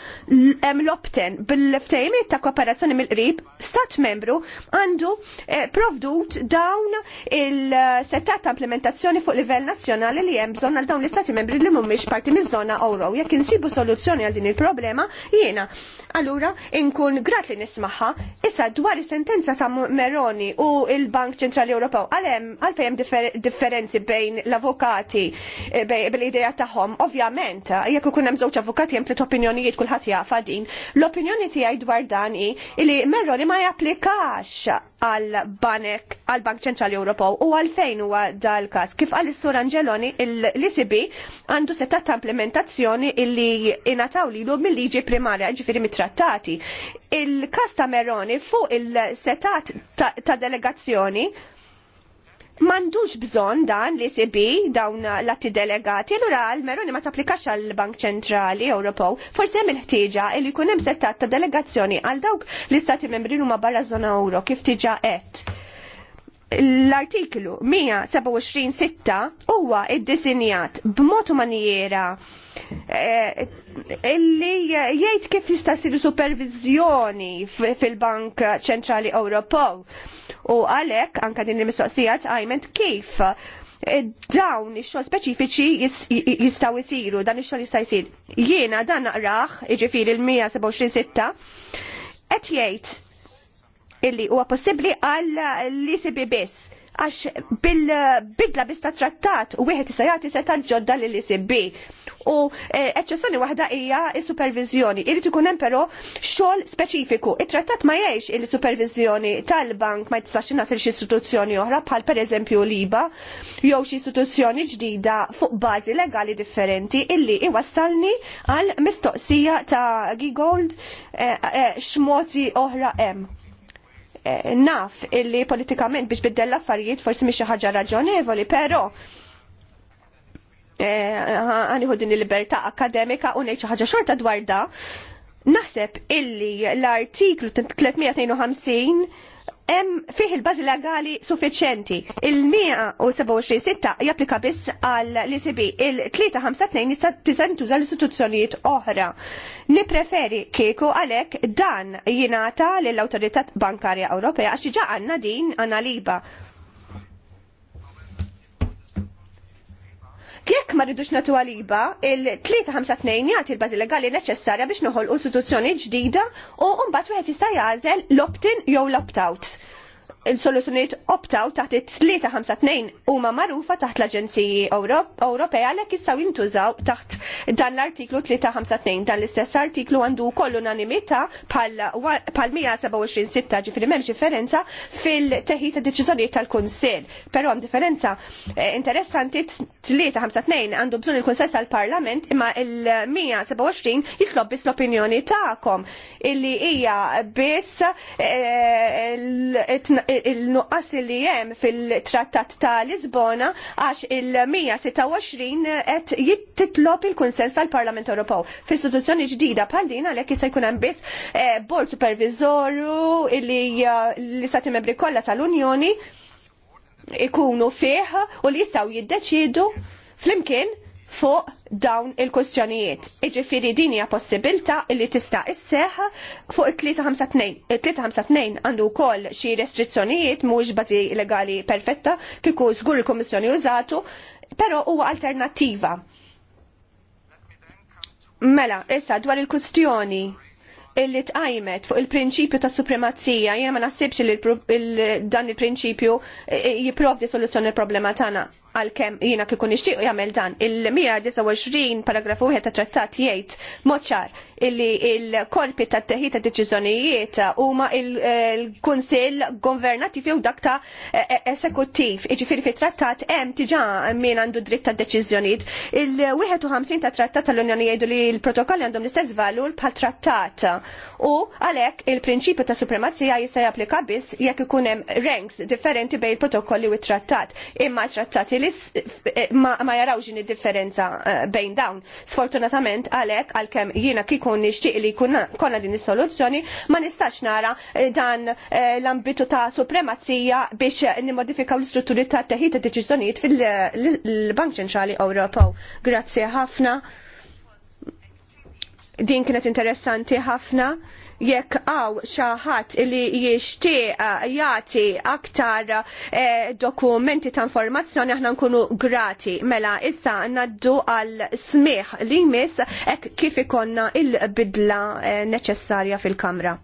hemm l-opten bil-ftejmiet ta' kooperazzjoni mill-qrib, stat membru għandu eh, provdut dawn il-setat ta' implementazzjoni fuq livell nazzjonali li hemm bżonn għal dawn l-istati membri li mhumiex parti miż-żona Ewro. Jekk insibu soluzzjoni għal din il-problema, jiena allura inkun grat li nismaha, Issa dwar is-sentenza ta' Meroni u il-Bank Ċentrali Ewropew għalhemm għalfejn hemm differenzi bejn l-avukati eh, bil-idea tagħhom. Ovvjament, jekk ikun hemm żewġ avukati hemm tliet opinjonijiet kulħadd jafa din. L-opinjoni tiegħi dwar dan hi li Merroni ma japplikax għal banek għal Bank Ċentrali Ewropew u għalfejn huwa dal-każ. Kif qal is-Sur Angeloni l-ICB għandu setta ta' implementazzjoni illi ingħataw lilu mill-liġi primarja ġifieri mit-trattati. Il-każ ta' Merroni fuq il-setat ta' delegazzjoni mandux bżon dan li sibi e dawn l-atti delegati, ura l-meroni ma tapplikax għal-Bank Ċentrali Ewropew. Forse hemm il-ħtieġa li jkun hemm settat ta' delegazzjoni għal dawk l-istati membri huma barra żona euro kif tiġa qed l-artiklu 127 huwa id-disinjat b'mod maniera eh, illi jgħid kif jista' jsir supervizjoni fil-Bank Ċentrali Ewropew. U għalhekk anke din il-mistoqsija tqajmet kif eh, dawn ix-xogħol speċifiċi jistgħu jsiru, dan ix-xogħol jista' jsir. Jiena dan naqrah, jiġifieri il-127 qed jgħid illi huwa possibbli għal li sibi biss għax bil-bidla bista trattat u wieħed se jagħti seta' ġodda lil ICB. U eh, eċċessjoni waħda hija s-supervizjoni. Irid ikun hemm però xogħol speċifiku. It-trattat ma jgħix il-supervizjoni tal-bank ma tistax ingħatil xi istituzzjoni oħra bħal pereżempju l-IBA jew xi istituzzjoni ġdida fuq bażi legali differenti illi iwassalni għal mistoqsija ta' Gigold eh, eh, x'moti oħra hemm. Eh, naf illi politikament biex biddel l'affarijiet affarijiet forsi miex xi ħaġa raġonevoli, però eh, għaniħu din il-libertà akademika u ngħid xi ħaġa xorta dwar da. Naħseb illi l-artiklu 352 hemm fih il-bażi legali suffiċenti. Il-127 japplika biss għal l-ICB. Il-352 jista' tiżentuża l-istituzzjonijiet oħra. Nipreferi kieku għalhekk dan jingħata lill-Awtorità Bankarja Ewropea għax diġà għandna din għandna liba. Jekk ma rridux natu għaliba, il-352 jagħti l-bażi legali neċessarja biex noħol istituzzjoni ġdida u mbagħad wieħed jista' jażel l-opt-in jew l-opt-out il-soluzjoniet opt-out taħt it-352 huma magħrufa taħt l-Aġenziji Ewropea għalhekk jistgħu jintużaw taħt dan l-artiklu 352 dan l-istess artiklu għandu wkoll unanimità bħal 127 ġifieri m'hemmx differenza fil-teħid ta' deċiżjonijiet tal-Kunsill. Però hemm differenza eh, interessanti 352 għandu bżonn il-Kunsell tal-Parlament imma il-127 jitlob biss l-opinjoni tagħkom illi hija biss eh, il-nuqqas li hemm fil-trattat ta' Lisbona għax il-126 qed jittitlop il-kunsens tal-Parlament Ewropew. istituzzjoni ġdida bħal din għalhekk jista' jkun hemm biss eh, bord superviżorju li eh, l-istati membri kollha tal-Unjoni ikunu fih u li jistgħu jiddeċidu flimkien fuq dawn il-kustjonijiet. Iġifiri din hija possibilità li tista' isseħ fuq il-352. Il-352 għandu wkoll xi restrizzjonijiet mhux bażi legali perfetta kieku żgur il-Kummissjoni użatu, però huwa alternattiva. Mela, issa dwar il-kustjoni illi tqajmet fuq il-prinċipju ta' supremazija, jiena ma nasibx li dan il-prinċipju eh, eh, jipprovdi soluzzjoni l-problema tagħna għalkemm jiena kikun nixtieq jagħmel dan. Il-129 paragrafu wieħed ta' trattat jgħid mod ċar illi il kolpi ta' teħi ta' deċiżjonijiet huma il-kunsill governattiv jew dak ta' esekuttiv. Iġifieri fi trattat hemm diġà min għandu dritt ta' deċiżjonijiet. Il-51 ta' trattat tal-Unjoni jgħidu li l-protokolli għandhom l-istess valur bħal trattat u għalhekk il-prinċipju ta' supremazija jista' japplika biss jekk ikun hemm ranks differenti bejn il-protokolli u t-trattat. Imma trattati li ma, ma id differenza eh, bejn dawn. Sfortunatament għalhekk għalkemm jiena kieku kun nixtieq li konna din is-soluzzjoni, ma nistax nara eh, dan eh, l-ambitu ta' supremazija biex nimmodifikaw l-istrutturi ta' teħid ta' deċiżjonijiet fil-Bank Ċentrali Ewropew. Grazzi ħafna. Din kienet interessanti ħafna jekk għaw xaħat li jishtiq eh, jati aktar eh, dokumenti ta' informazzjoni aħna nkunu grati. Mela, issa naddu għal smiħ li jmiss hekk kif ikonna il-bidla eh, neċessarja fil-kamra.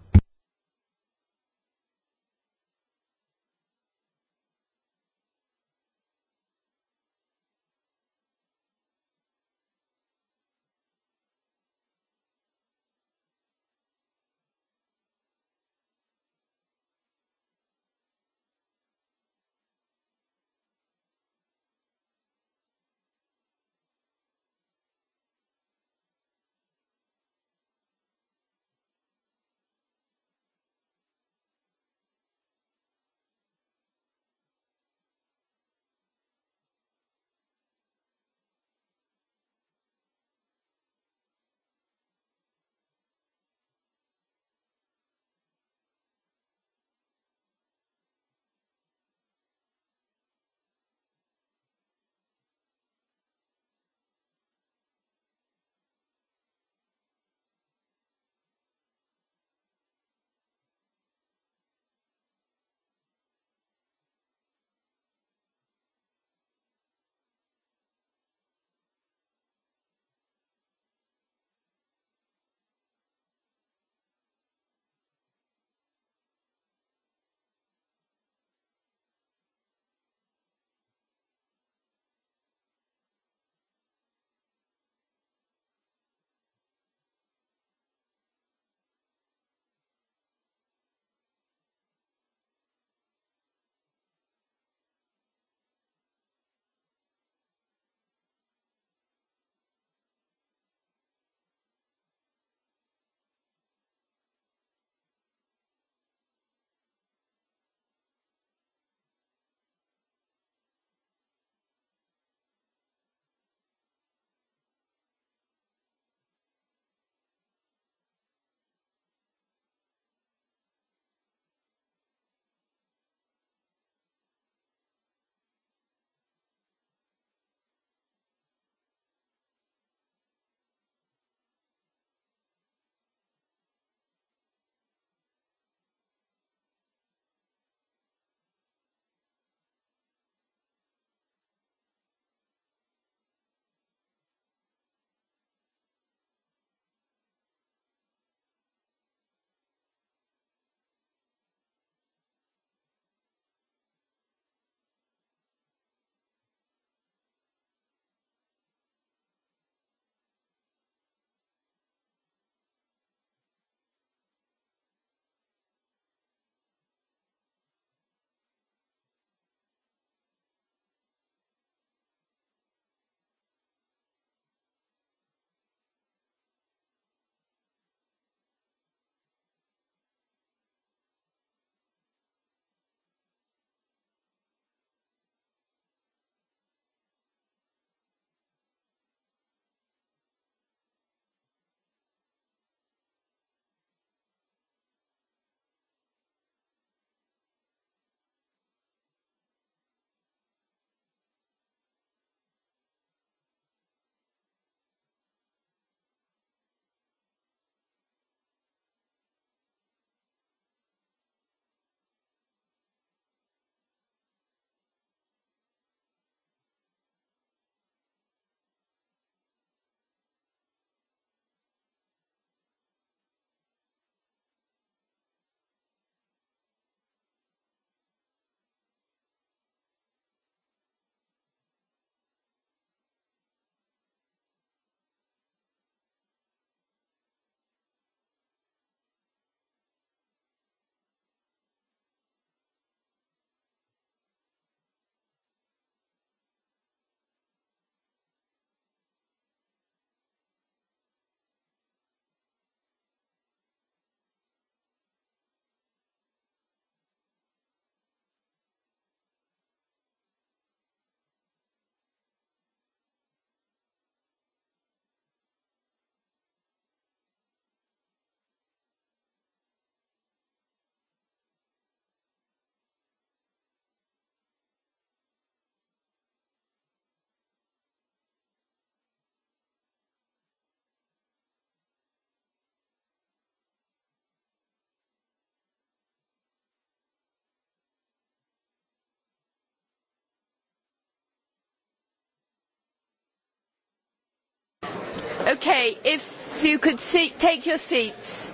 Okay, if you could see, take your seats.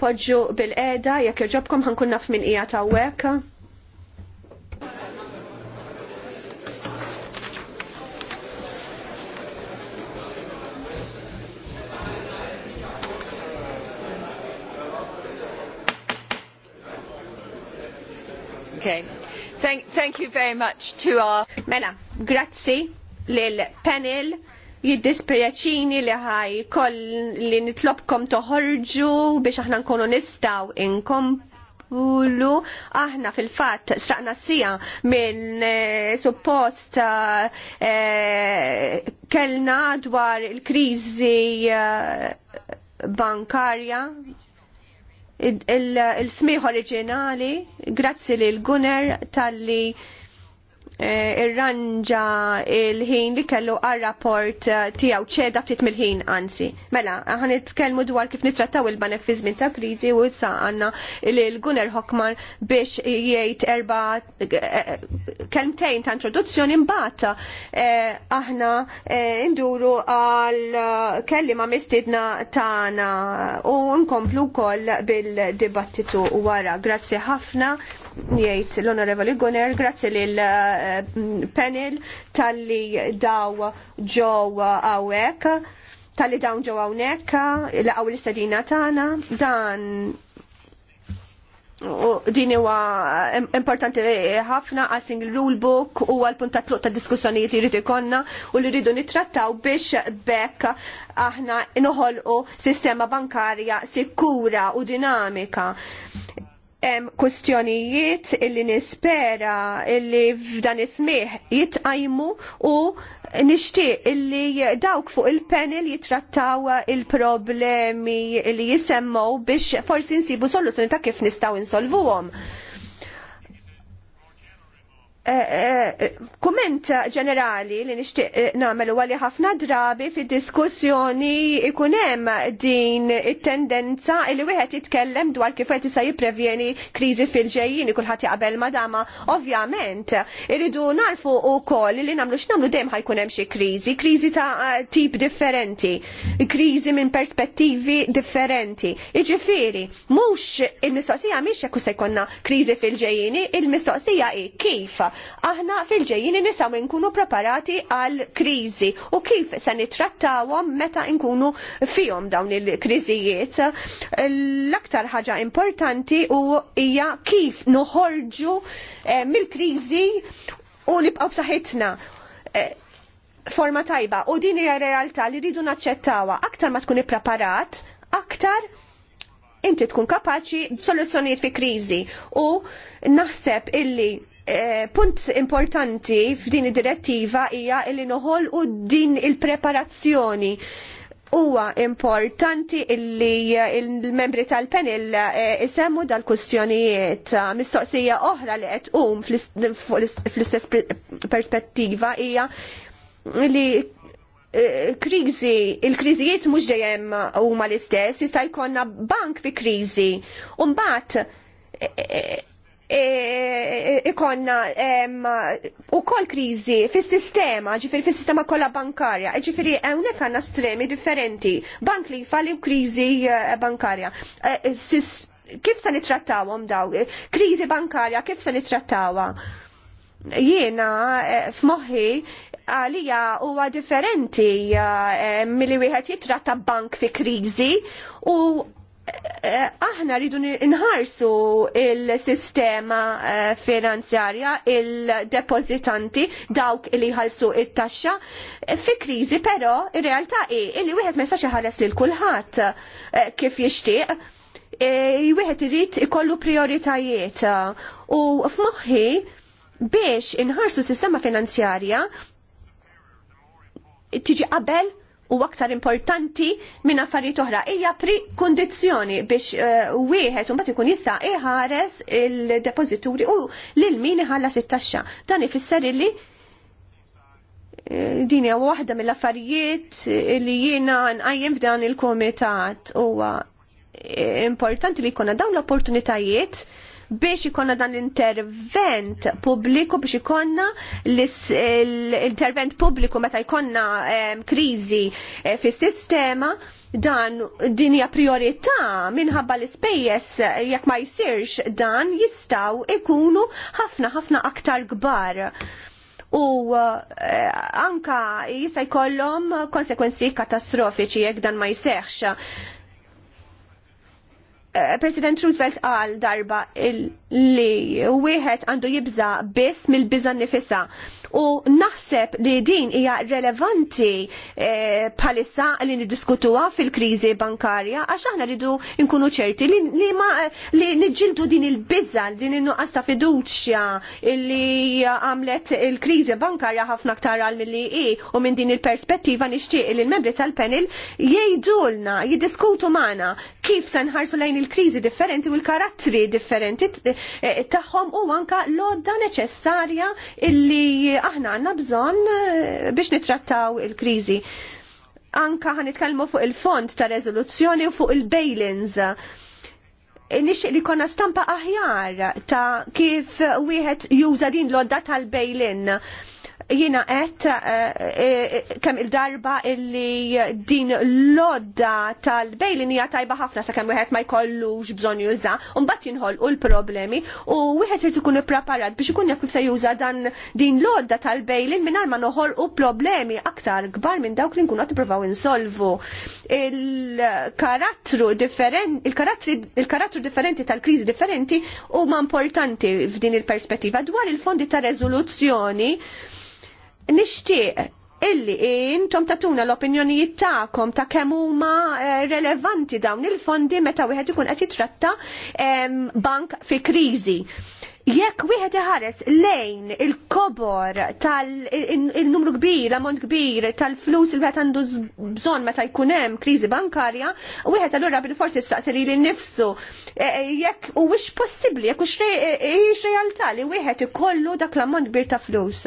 Podġu bil-qeda, jekk joġobkom ħankun naf min hija tawwek. Okay. Thank, thank you very much to our... Mela, grazzi lil panel jiddispjaċini li ħaj koll li nitlobkom toħorġu biex aħna nkunu nistaw Ullu, aħna fil-fatt sraqna sija minn eh, suppost eh, kellna dwar il-krizi eh, bankarja il-smiħ oriġinali grazzi l guner tal-li Eh, irranġa il-ħin li kellu għal-rapport eh, tijaw ċeda ftit mill-ħin anzi. Mela, għan itkellmu dwar kif nitrattaw il-banefizmin ta' krizi u issa għanna il-Gunner Hockman biex jgħid erba eh, kelmtejn ta' introduzzjoni mbagħad aħna induru għal kellima mistidna tagħna u nkomplu wkoll bil-dibattitu wara. Grazzi ħafna jgħid l-Onorevoli Gunner, grazzi l eh, panel tal-li daw ġow għawek, tal-li ġow ġew hawnhekk, għaw l-istadina tagħna, dan din huwa importanti ħafna għal single rule book u għal punta tluq ta' diskussjonijiet li rridu jkollna u li rridu nittrattaw biex bekk aħna noħolqu sistema bankarja sikura u dinamika Hemm kustjonijiet illi nispera illi f'dan ismih jitqajmu u nixtieq illi dawk fuq il-panel jitrattaw il-problemi li jisemmew biex forsi nsibu soluzzjoni ta' kif nistgħu insolvuhom. Eh, eh, kumment ġenerali li nixtieq eh, nagħmel huwa li ħafna drabi fid-diskussjoni ikunem hemm din il tendenza li wieħed jitkellem dwar kif qed jista' jipprevjeni kriżi fil-ġejjini kulħadd jaqbel madama. Ovvjament, irridu narfu wkoll li nagħmlu x'nagħmlu dejjem ħajkun hemm xi kriżi, kriżi ta' tip differenti, kriżi minn perspettivi differenti. Jiġifieri, mhux il-mistoqsija mhix hekk se jkollna kriżi fil-ġejjini, il-mistoqsija hi kif aħna fil-ġejjin nisaw nkunu preparati għal kriżi u kif se nittrattawhom meta nkunu fihom dawn il-kriżijiet. L-aktar ħaġa importanti u hija kif noħorġu eh, mill-kriżi u nibqgħu b'saħħitna. Eh, forma tajba u din hija realtà li rridu naċċettawha aktar ma tkun ippreparat, aktar inti tkun kapaċi b'soluzzjonijiet fi kriżi u naħseb illi Eh, punt importanti f'din id-direttiva hija li noħolqu din il-preparazzjoni huwa importanti illi eh, il-membri tal-panel eh, isemmu dal-kustjonijiet mistoqsija oħra li qed um fl-istess perspettiva hija li kriżi, il-kriżijiet mhux dejjem huma l-istess, jista' jkollna bank fi kriżi. u mbagħad E, e, ikonna u kol krizi fil-sistema, ġifiri fil-sistema kolla bankarja, e, ġifiri għonek għanna stremi differenti, bank li fali u krizi bankarja. Kif sa nitrattawom daw? Krizi bankarja, kif sa nitrattawa? Jiena f'moħħi għalija huwa differenti milli wieħed jitratta bank fi krizi u aħna rridu nħarsu il-sistema eh, finanzjarja, il-depozitanti, dawk li ħalsu it-taxxa. Fi kriżi però ir-realtà hi li wieħed ma jistax iħares lil kulħadd eh, kif jixtieq. Eh, wieħed irid ikollu prioritajiet u f'moħħi biex inħarsu s sistema finanzjarja tiġi qabel u aktar importanti minn affarijiet oħra. Hija pri kondizzjoni biex eh, wieħed imbagħad ikun jista' iħares il-depożituri u lil min iħallas it-taxxa. Dan ifisser illi eh, din hija waħda mill-affarijiet li jiena nqajjem f'dan il-kumitat huwa eh, importanti li jkollna dawn l-opportunitajiet biex ikonna dan l-intervent pubbliku biex ikonna l-intervent pubbliku meta jkonna krizi eh, fis-sistema dan dinja priorità minħabba l spejjes eh, jekk ma jsirx dan jistaw ikunu ħafna ħafna aktar kbar. U eh, anka jista' jkollhom konsekwenzi katastrofiċi jekk dan ma jsirx. Eh, President Roosevelt qal darba li wieħed għandu jibża biss mill-biża nifisa. U naħseb li din hija relevanti eh, palissa li niddiskutuha fil-kriżi bankarja għax aħna ridu nkunu ċerti li, ma li niġġildu din il-biża, din in-nuqqas ta' fiduċja li għamlet il-kriżi bankarja ħafna aktar għal milli hi u minn din il-perspettiva nixtieq li l-membri tal-panel jgħidulna, jiddiskutu magħna kif se nħarsu lejn il il-kriżi differenti u l-karattri differenti eh, tagħhom u anka l-odda neċessarja illi aħna għandna bżonn eh, biex nitrattaw il-kriżi. Anka itkallmu fuq il-fond ta' rezoluzzjoni u fuq il-bailins eh, nixtieq li konna stampa aħjar ta' kif wieħed juża din l-odda tal bailin jina għet uh, eh, eh, kemm il-darba illi din l-odda tal-bejlin hija tajba ħafna sakemm wieħed ma jkollux bżonn juża, u mbagħad jinħolqu l-problemi u wieħed irid ikun ippreparat biex ikun jaf kif se juża dan din l-odda tal-bejlin mingħajr ma noħolqu problemi aktar kbar minn dawk li nkunu qed insolvu. Il-karattru differenti il-karattru differenti tal-kriżi differenti huma importanti f'din il-perspettiva dwar il-fondi ta' rezoluzzjoni nixtieq illi intom tatuna l-opinjonijiet tagħkom ta' kemm huma eh, relevanti dawn il-fondi meta wieħed ikun qed jitratta bank fi kriżi. Jekk wieħed iħares lejn il-kobor tal-numru kbir, l-ammont kbir tal-flus il wieħed għandu bżonn meta jkun hemm kriżi bankarja, wieħed allura bil-forsi staqsel lil nnifsu eh, eh, jekk huwiex possibbli, jekk hux realtà li wieħed ikollu dak l-ammont kbir ta' flus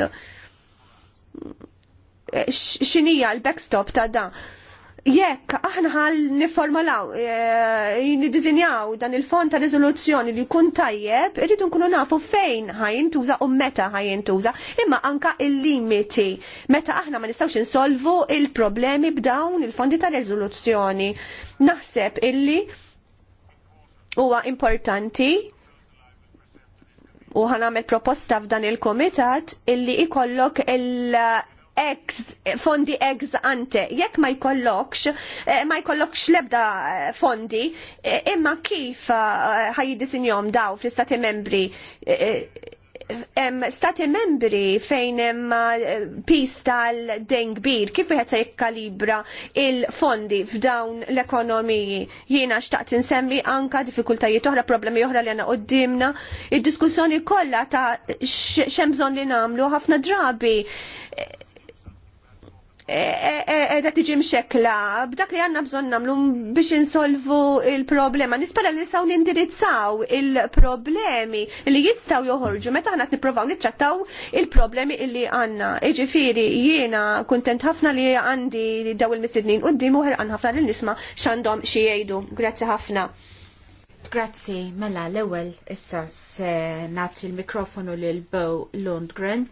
xinija l-backstop ta' da. Jekk aħna għal niformalaw, e, nidizinjaw dan il-fond ta' rezoluzzjoni li jkun tajjeb, irridu nkunu nafu fejn ħajintuża u meta ħajintuża, imma anka il-limiti. Meta aħna ma nistawx insolvu il-problemi b'dawn il-fondi ta' rezoluzzjoni. Naħseb illi huwa importanti u ħanamel proposta f'dan il-komitat illi ikollok il- ex, fondi ex ante, jekk ma jkollokx, eh, ma jkollokx lebda eh, fondi, eh, imma kif ħajdisinjom daw fl-istati membri hemm stati membri fejn hemm eh, pista l dejn kbir, kif wieħed se jikkalibra il-fondi f'dawn l-ekonomiji. Jiena xtaqt insemmi anka diffikultajiet oħra, problemi oħra li għandna qudiemna. Id-diskussjoni kollha ta' x'hemm bżonn li nagħmlu ħafna drabi edha tiġi mxekla b'dak li għanna bżon namlu biex insolvu il-problema. Nispera li saw nindirizzaw il-problemi li jistaw joħorġu meta t niprofaw nittrattaw il-problemi li għanna. Iġifiri jiena kontent ħafna li għandi daw il-mistednin u d-dimu għan ħafna li nisma xandom xiejdu. Grazzi ħafna. Grazzi, mela l-ewel issa se nagħti l-mikrofonu lil bow Lundgren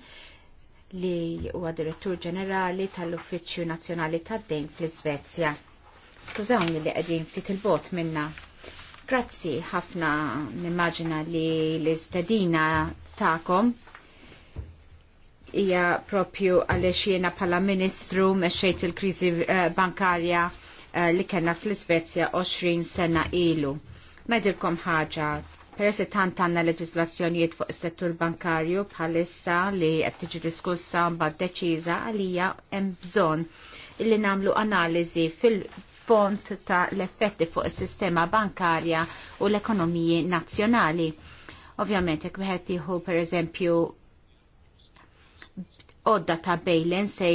li huwa direttur ġenerali tal-Uffiċċju Nazzjonali tad-Dejn fl-Iżvezja. Skużawni li qegħdin ftit il-bot minna. Grazzi ħafna nimmaġina li l-istedina tagħkom. hija propju għaliex jiena bħala Ministru mexxejt il-kriżi eh, bankarja eh, li kellna fl-Iżvezja 20 sena ilu. Medilkom ħaġa Peress tant għandna leġislazzjonijiet fuq is-settur bankarju bħalissa li qed tiġi diskussa mbagħad deċiża għalija hemm bżonn illi nagħmlu analiżi fil-font ta' l-effetti fuq is-sistema bankarja u l-ekonomiji nazzjonali. Ovvjament, jekk wieħed jieħu pereżempju odda ta' bejlen se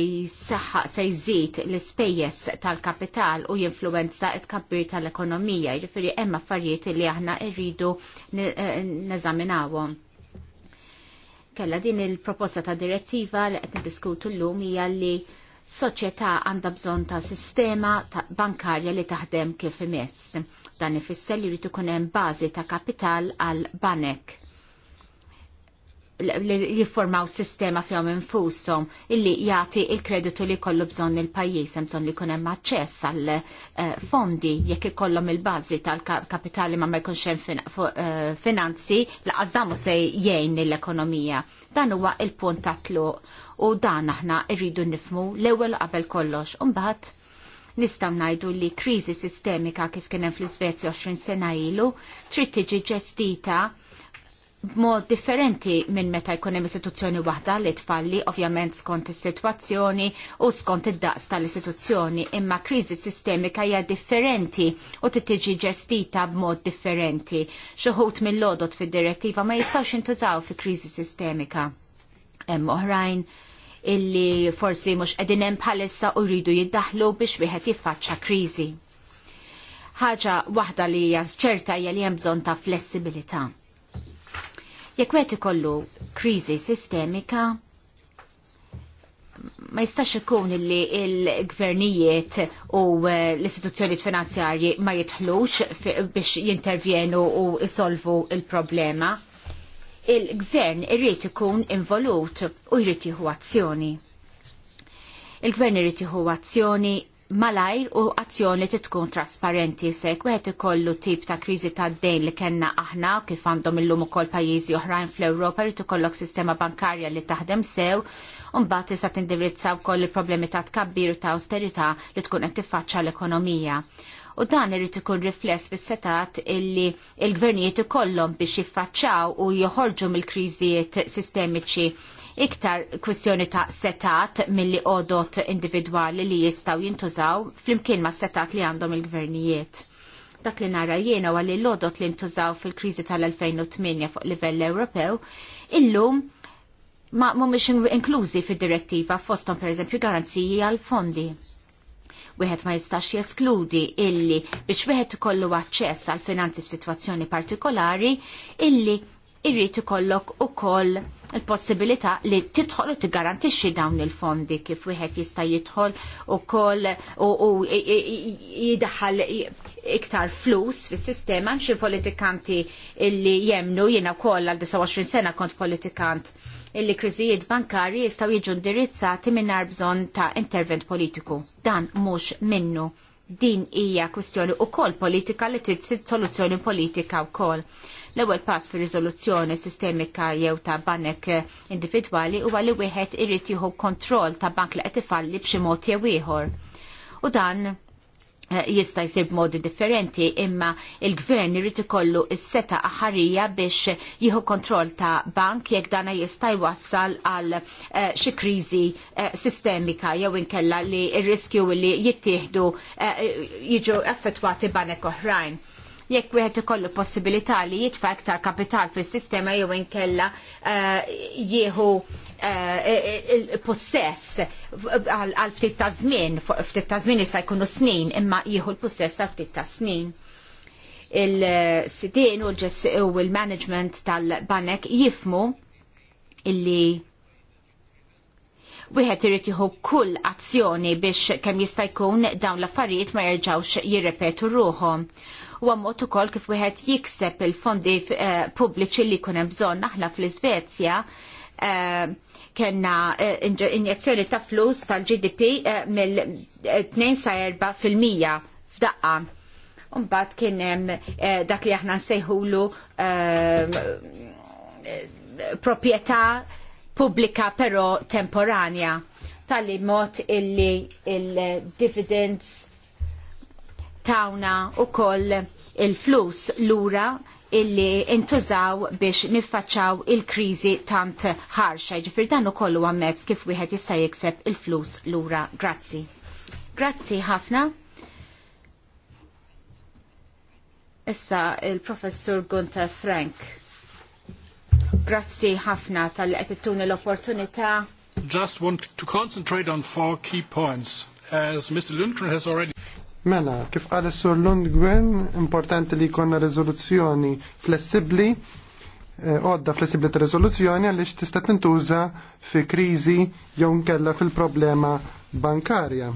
jżid l-ispejjeż tal-kapital u jinfluwenza t tkabbir tal-ekonomija, jifiri hemm affarijiet li aħna irridu eh, neżaminawhom. Kella din il-proposta ta' direttiva li qed niddiskutu llum hija li soċjetà għandha bżonn ta' sistema ta bankarja li taħdem kif imess. Dan ifisser li jrid ikun hemm bażi ta' kapital għal banek li jiformaw sistema fjom infusom illi jati il-kreditu li kollu bżon il-pajis, bżon li kunem maċċess għal eh, fondi jekk ikollhom il-bazi tal-kapitali ma ma jkunx hemm eh, finanzi laqas damu se jgħin l-ekonomija. Dan huwa il-punt ta' tluq u dan aħna rridu nifmu l-ewwel qabel kollox. Imbagħad nistaw najdu li krizi sistemika kif kien hemm fl-Iżvezja 20 sena ilu trid tiġi ġestita b'mod differenti minn meta jkun hemm istituzzjoni waħda li tfalli ovvjament skont is-sitwazzjoni u skont id-daqs tal-istituzzjoni, imma kriżi sistemika hija differenti u titiġi ġestita b'mod differenti. xi Xuħut mill-lodot fid-direttiva ma jistgħux intużaw fi kriżi sistemika. Hemm oħrajn illi forsi mhux qegħdin hemm bħalissa u jridu jiddaħlu biex wieħed jiffaċċa kriżi ħaġa waħda li hija ċerta hija li hemm bżonn ta' flessibilità. Jekk wieħed ikollu kriżi sistemika, ma jistax ikun li l gvernijiet u eh, l istituzzjoni finanzjarji ma jitħlux biex jintervjenu u jisolvu il-problema. Il-gvern irrid ikun involut u jrid jieħu azzjoni. Il-gvern irrid jieħu azzjoni malajr u azzjoni li tkun trasparenti sek wieħed ikollu tip ta' kriżi ta' dejn li kellna aħna kif għandhom illum ukoll pajjiżi oħrajn fl-Ewropa li ikollok sistema bankarja li taħdem sew u mbagħad tista' tindirizza wkoll il-problemi ta' tkabbir u ta' austerità li tkun qed tiffaċċa l-ekonomija u dan irid ikun rifless fis-setat illi il-gvernijiet ikollhom biex jiffaċċaw u joħorġu mill-kriżijiet sistemiċi iktar kwistjoni ta' setat milli odot individwali li jistaw jintużaw flimkien ma' setat li għandhom il-gvernijiet. Dak li nara jiena għalli l-odot li jintużaw fil-krizi tal-2008 fuq livell Ewropew, illum ma' mumiex inklużi fil-direttiva fostom per eżempju garanziji għal-fondi. Wieħed ma jistax jeskludi illi biex wieħed ikollu aċċess għal finanzi f'sitwazzjoni partikolari illi irrid ikollok ukoll il-possibilità li tidħol u tigarantixxi dawn il-fondi kif wieħed jista' jidħol ukoll u jidħal iktar flus fis-sistema xi politikanti illi jemnu jiena wkoll għal 29 sena kont politikant illi kriżijiet bankari jistgħu jiġu indirizzati mingħajr bżonn ta' intervent politiku. Dan mhux minnu. Din hija kwistjoni wkoll politika li titsid soluzzjoni politika wkoll. L-ewwel pass fir riżoluzzjoni sistemika jew ta' banek individwali huwa li wieħed irid jieħu kontroll ta' bank li qed ifalli b'xi mod jew ieħor. U dan Eh, jista' jsir b'modi differenti imma il-gvern irid ikollu s-seta aħarija biex jieħu kontroll ta' bank jekk dana jista' jwassal għal eh, xi kriżi eh, sistemika jew inkella li r-riskju li jittieħdu jiġu affettwati banek oħrajn jekk wieħed ikollu possibilità li jitfa' iktar kapital fis-sistema jew inkella eh, jieħu eh, il-possess għal ftit ta' żmien, ftit ta' żmien jista' jkunu snin, imma jieħu l-possess għal ftit ta' snin il-sidin u l-management tal-banek jifmu illi wieħed irid jieħu kull azzjoni biex kemm jista' jkun dawn l-affarijiet ma jerġgħux jirrepetu ruħhom u għammot ukoll kif wieħed jikseb il-fondi eh, pubbliċi li jkun hemm naħla aħna fl-Iżvezja eh, kena eh, injezzjoni ta' flus tal-GDP mill-2 sa 4% f'daqqa. Umbat kien hemm dak li aħna nsejħulu proprjetà pubblika però temporanja tal-li mod illi il-dividends tawna u koll il-flus l-ura illi intużaw biex niffaċċaw il-krizi tant ħarxa. Ġifir dan u kollu għammek kif wieħed jista' jikseb il-flus lura. Grazzi. Grazzi ħafna. Issa il-professur Gunther Frank. Grazzi ħafna tal-qed l-opportunità. Just want to concentrate on four key points as Mr. Lundgren has already Mela, kif qal is-Sur Lundgren, importanti li jkollna riżoluzzjoni flessibbli, eh, għodda flessibbli ta' riżoluzzjoni għaliex tista' tintuża fi kriżi jew nkella fil-problema bankarja.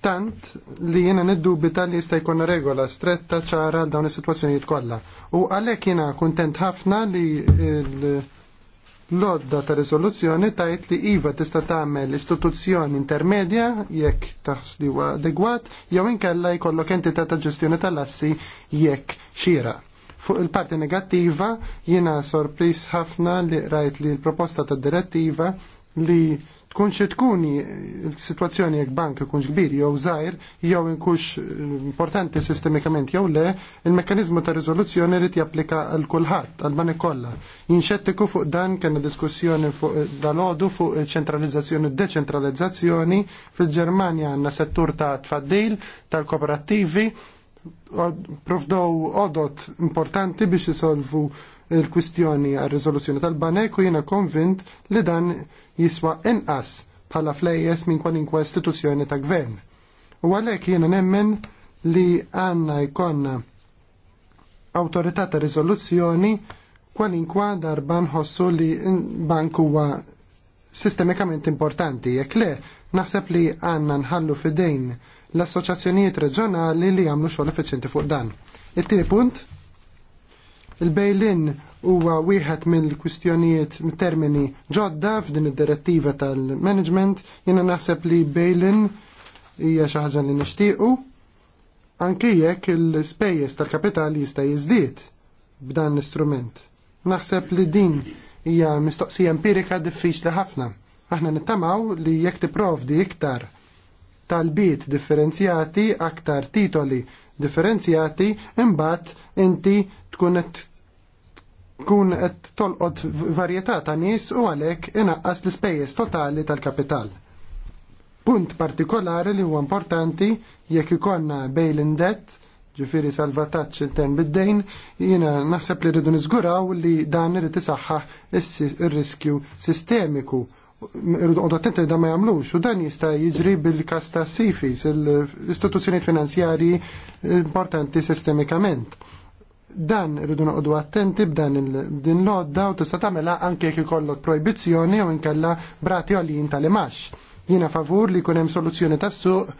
Tant li jiena niddubita li jista' jkollna regola stretta ċara dawn is-sitwazzjonijiet kollha. U għalhekk jiena kuntent ħafna li l- L-odda ta' Rizoluzzjoni tajt li iva tista' tagħmel istituzzjoni intermedja jekk taħsli adegwat jew inkella jkollok entità ta' ġestjoni tal-assi jekk xira. Fuq il-parti negattiva jiena sorpris ħafna li rajt li l-proposta tad direttiva li tkun tkuni tkun situazzjoni jekk bank ikunx kbir jew żgħir jew inkunx importanti sistemikament jew le, il-mekkaniżmu ta' riżoluzzjoni rid japplika għal kulħadd għal man ikollha. Jinxettiku fuq dan kellna diskussjoni fuq dalodu fuq ċentralizzazzjoni u deċentralizzazzjoni fil-Ġermanja għandna settur ta' tfaddil tal-kooperattivi provdow odot importanti biex isolvu il-kwistjoni għal riżoluzzjoni tal-banek u jiena konvint li dan jiswa inqas bħala flejjes minn kwalinkwa istituzzjoni ta' gvern. U għalhekk jiena nemmen li għandna jkollna awtorità ta' riżoluzzjoni kwalinkwa darba nħossu li bank huwa sistemikament importanti, jekk le, naħseb li għanna nħallu fidejn l-assoċazzjonijiet reġjonali li għamlu xogħol effiċjenti fuq dan. It-tieni punt Il-bejlin huwa wieħed mill-kwistjonijiet termini ġodda f'din id-direttiva tal-management. Jiena naħseb li bejlin hija xi ħaġa li nixtiequ anke jekk il-spejjeż tal-kapitali jista' jiżdied b'dan l-istrument. Naħseb li din hija mistoqsija empirika diffiċli ħafna. Aħna nittamaw li jekk tipprovdi iktar talbiet differenzjati, aktar titoli differenzjati, imbagħad inti tkun qed tkun qed tolqod varjetà ta' nies u għalhekk inaqqas l-ispejjeż totali tal-kapital. Punt partikolari li huwa importanti jekk ikonna bail in debt ġifiri salvataċ il-tern bid-dejn, jina naħseb li rridu niżguraw li dan irid isaħħaħ ir-riskju sistemiku. Irridu għodda attenti da ma jagħmlux, u dan jista jiġri bil-kas ta' sifis, l-istituzzjoni finanzjarji eh, importanti sistemikament dan irridu noqogħdu attenti b'dan din l-odda u tista' tagħmilha anke jekk ikollok projbizzjoni u nkella brati għalin tal-imax. Jiena favur li jkun hemm soluzzjoni tas-suq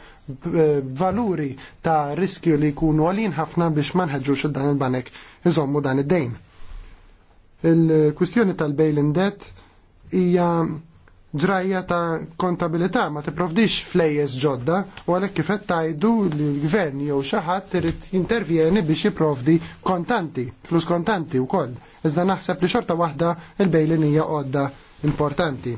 valuri ta' riskju li jkunu għalin ħafna biex ma nħeġġux dan il-banek iżommu dan id-dejn. Il-kwistjoni tal-bail in debt hija ġrajja ta' kontabilità ma tipprovdix flejjes ġodda u għalhekk kif qed tgħidu li l-gvern jew xi ħadd irid jintervjeni biex jipprovdi kontanti, flus kontanti wkoll. Iżda naħseb li xorta waħda il-bejlin hija għodda importanti.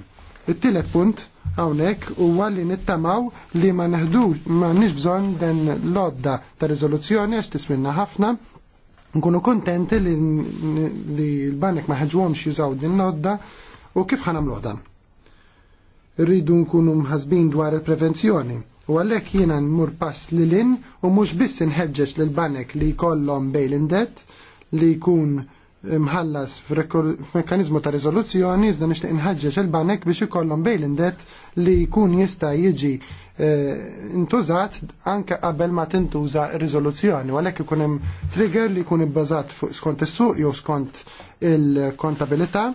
It-tielet punt hawnhekk huwa li nittamaw li ma neħdu m'għandniex bżonn dan l odda ta' riżoluzzjoni għax tiswinna ħafna nkunu kontenti li, l-banek ma ħagġuhomx jużaw din l odda u kif l-odda rridu nkunu mħasbin dwar il-prevenzjoni. U għalhekk jiena nmur pass li l-in u mhux biss inħeġġeġ l banek li jkollhom bail in debt li jkun mħallas f-mekanizmu ta' riżoluzzjoni iżda nixtieq nħedġeċ l banek biex ikollhom bail in debt li jkun jista' jiġi intużat eh, anke qabel ma tintuża rizoluzzjoni. riżoluzzjoni u għalhekk ikun hemm trigger li jkun ibbażat fuq skont is-suq jew skont il-kontabilità.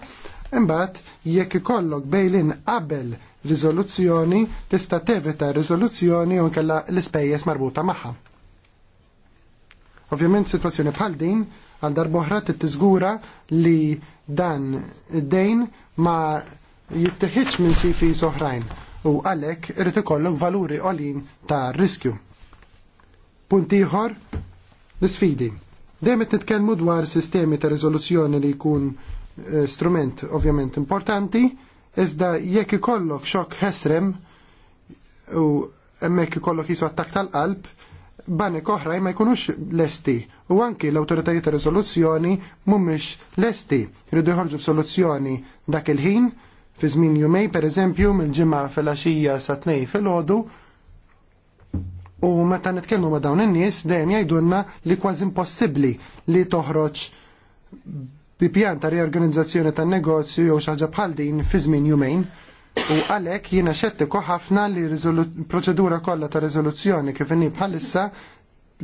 Imbagħad jekk ikollok bejlin qabel riżoluzzjoni tista' tevita riżoluzzjoni u kellha l-ispejjeż marbuta magħha. Ovvjament situazzjoni bħal din għal darboħra tiżgura li dan id-dejn ma jittieħiġ minn sifi soħrajn u għalhekk irid ikollok valuri għolin ta' riskju. Punt ieħor l isfidi Dejjem qed nitkellmu dwar sistemi ta' riżoluzzjoni li jkun eh, strument ovvjament importanti, Iżda jekk ikollok xokk ħesrem u hemmhekk ikollok jisu attak tal-qalb, banek oħra ma jkunux lesti u anki l-awtoritajiet ta' riżoluzzjoni mhumiex lesti Rridu jħorġu b'soluzzjoni dak il-ħin fi żmien jumej pereżempju mill-ġimgħa filgħaxija sa tnej filgħodu u meta nitkellmu ma' dawn in-nies dejjem jgħidulna li kważi impossibbli li toħroġ bi pjan ta' riorganizzazzjoni tan-negozju jew xi ħaġa bħal din fi żmien jumejn. U għalhekk jiena xettiku ħafna li proċedura kollha ta' riżoluzzjoni kif inni bħalissa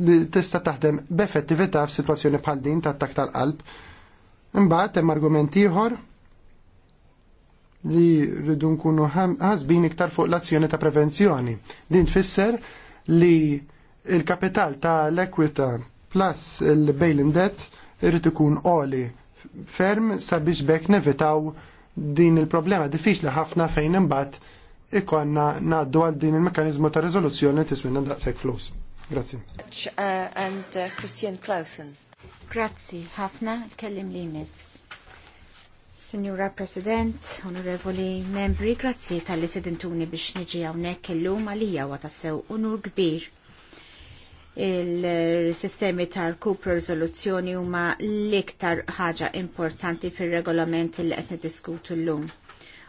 li tista' taħdem b'effettività f'sitwazzjoni bħal din ta' attak tal-qalb. Imbagħad hemm argument ieħor li rridu nkunu ħasbin iktar fuq l-azzjoni ta' prevenzjoni. Din tfisser li il-kapital ta' l-equita plus il-bail in debt irrid ikun oli ferm sabiex bekk nevitaw din il-problema diffiċli ħafna fejn imbagħad ikonna ngħaddu għal din il-mekkaniżmu ta' riżoluzzjoni tiswinna daqshekk flus. Grazzi. Uh, and uh, Christian Clausen. Grazzi ħafna kellim li miss. Signora President, onorevoli membri, grazzi tal-li sedintuni biex niġi hawnhekk illum għalija għatassew unur kbir il-sistemi tal-kup rezoluzzjoni huma l-iktar ħaġa importanti fil-regolament li qed niddiskutu llum.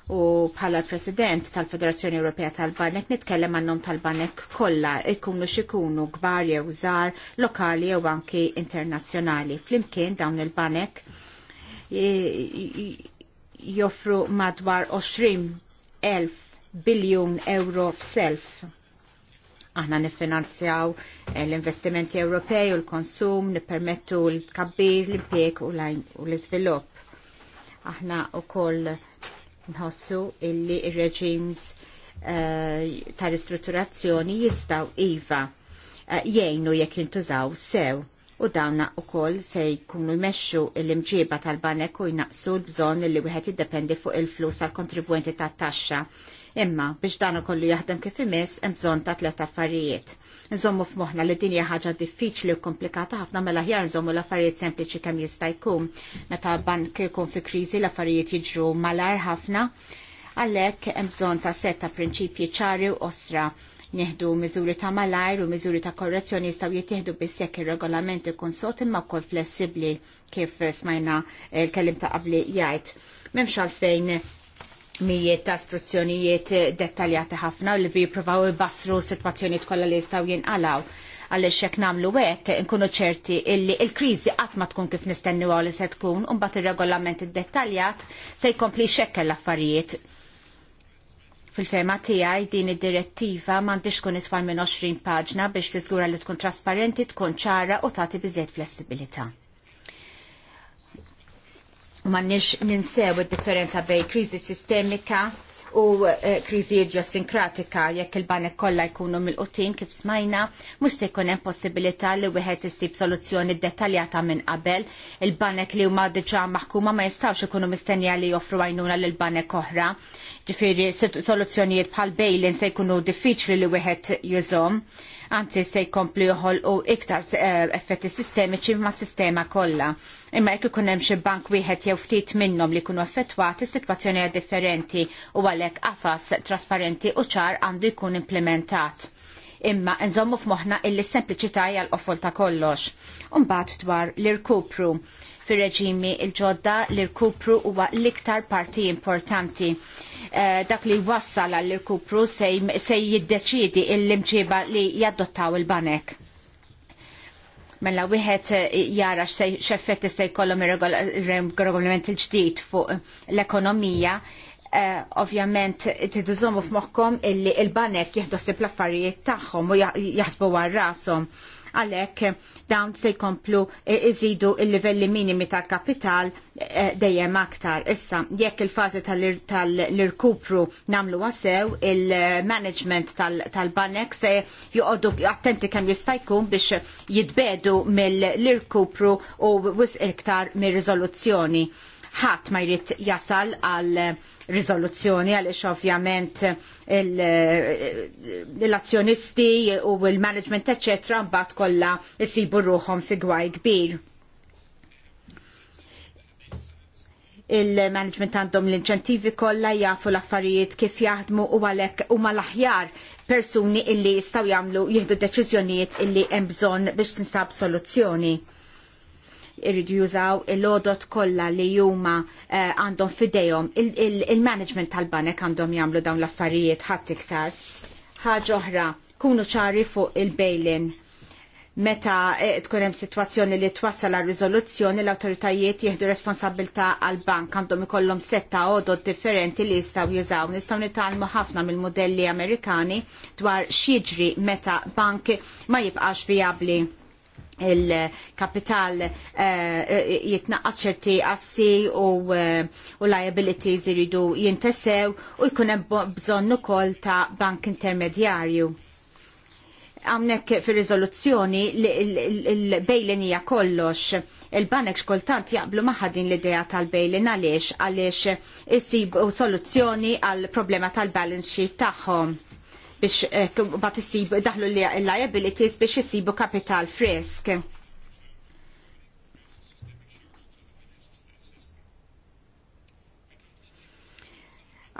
U bħala president tal-Federazzjoni Ewropea tal-Banek nitkellem għannom tal-Banek kollha ikunu xikunu kbar jew żgħar, lokali jew anki internazzjonali. Flimkien dawn il-Banek joffru madwar 20 elf biljun euro f'self Aħna nifinanzjaw eh, l-investimenti Ewropej u l-konsum, nippermettu l-tkabbir, l-impjeg u l-izvilupp. Aħna u koll nħossu illi r reġims eh, ta' ristrutturazzjoni jistaw iva eh, jgħinu jekk jintużaw sew u dawna u koll se jkunu jmexxu l-imġiba tal-banek u jnaqsu l-bżon li wieħed jiddependi fuq il-flus għal kontribwenti tat taxxa Imma biex dan ukollu jaħdem kif imiss hemm bżonn ta' tliet affarijiet. Nżommu f'moħħna li din hija ħaġa diffiċli u komplikata ħafna mela ħjar nżommu l-affarijiet sempliċi kemm jista' jkun. Meta bank jkun fi kriżi l-affarijiet jiġru malar ħafna għalhekk hemm bżonn ta' set ta' prinċipji ċari u osra Nieħdu miżuri ta' malajr u miżuri ta' korrezzjoni jistgħu jittieħdu biss jekk ir-regolament ikun sot imma wkoll flessibbli kif smajna l-kelim ta' qabli jgħid. M'hemmx għalfejn mijiet ta' istruzzjonijiet dettaljati ħafna li bipruvaw jibassru situazzjoni kollha li jistgħu jinqalaw għaliex xek nagħmlu hekk nkunu ċerti illi l-kriżi qatt ma tkun kif nistennu li se tkun u mbagħad ir-regolament iddettaljat se jkompli xekkel l-affarijiet. Fil-fema tiegħi din id-direttiva m'għandix tkun itfal minn 20 paġna biex tiżgura li tkun trasparenti, tkun ċara u tagħti biżejjed flessibilita. U m'għandniex ninsew id-differenza bejn kriżi sistemika u eh, kriżi idiosinkratika jekk il-banek kollha jkunu mill-qutin kif smajna, mhux se jkun hemm possibilità li wieħed issib soluzzjoni dettaljata minn qabel. Il-banek li huma diġà maħkuma ma jistgħux ikunu mistennija li joffru għajnuna lil banek oħra. Ġifieri soluzzjonijiet bħal bejlin se jkunu diffiċli li wieħed jużhom anzi se jkompli uħol u iktar eh, effetti sistemiċi ma' sistema kollha. Imma jekk ikun hemm xi bank wieħed jew ftit minnhom li jkunu effettwati sitwazzjoni differenti u għalhekk qafas trasparenti u ċar għandu jkun implementat. Imma nżommu f'moħħna illi sempliċità hija l-qofol ta' kollox. Imbagħad dwar l-irkupru fir-reġimi l ġodda l-irkupru huwa l-iktar parti importanti Eh, dak li wassal għall kupru se jiddeċidi l-imġiba li jaddottaw il-banek. Mella wieħed eh, jara x'effetti se jkollhom ir-regolament il-ġdid fuq l-ekonomija, eh, ovvjament tidużomu f'moħħkom illi il-banek jieħdu l-affarijiet tagħhom u jaħsbu għal rashom għalhekk dawn se jkomplu e, iżidu il-livelli minimi tal-kapital e, dejjem aktar. Issa, jekk il-fażi tal-irkupru namlu għasew, il-management tal-banek se joqogħdu attenti kemm jista' jkun biex jitbedu mill-irkupru u wisq iktar mir-riżoluzzjoni ħadd ma jrid jasal għal riżoluzzjoni għaliex ovvjament l-azzjonisti u l-management eċetera mbagħad kollha jsibu ruħhom fi gwaj kbir. il-management għandhom l-inċentivi kollha jafu l-affarijiet kif jaħdmu u għalhekk huma l-aħjar persuni illi jistgħu jagħmlu jieħdu deċiżjonijiet illi hemm bżonn biex tinsab soluzzjoni irridu jużaw il-lodot kollha li huma eh, għandhom fidejhom il-management tal-banek għandhom jagħmlu dawn l-affarijiet ħadd iktar. Ħaġa oħra, kunu ċari fuq il-bejlin meta eh, tkun hemm sitwazzjoni li twassal għal riżoluzzjoni l-awtoritajiet jieħdu responsabilità għal bank għandhom ikollhom setta għodod differenti li jistgħu jużaw. Nistgħu nitgħalmu ħafna mill-modelli Amerikani dwar x'jiġri meta bank ma jibqax vijabbli il-kapital eh, jitnaqqas ċerti assi eh, u liabilities iridu jintesew u jkun hemm bżonn ukoll ta' bank intermedjarju. Għamnek fir riżoluzzjoni il-bejlin hija kollox. Il-banek xkultant jaqblu maħadin l-idea tal-bejlin għaliex għaliex isibu soluzzjoni għal problema tal-balance sheet tagħhom biex eh, bat isibu daħlu li liabilities biex isibu kapital fresk.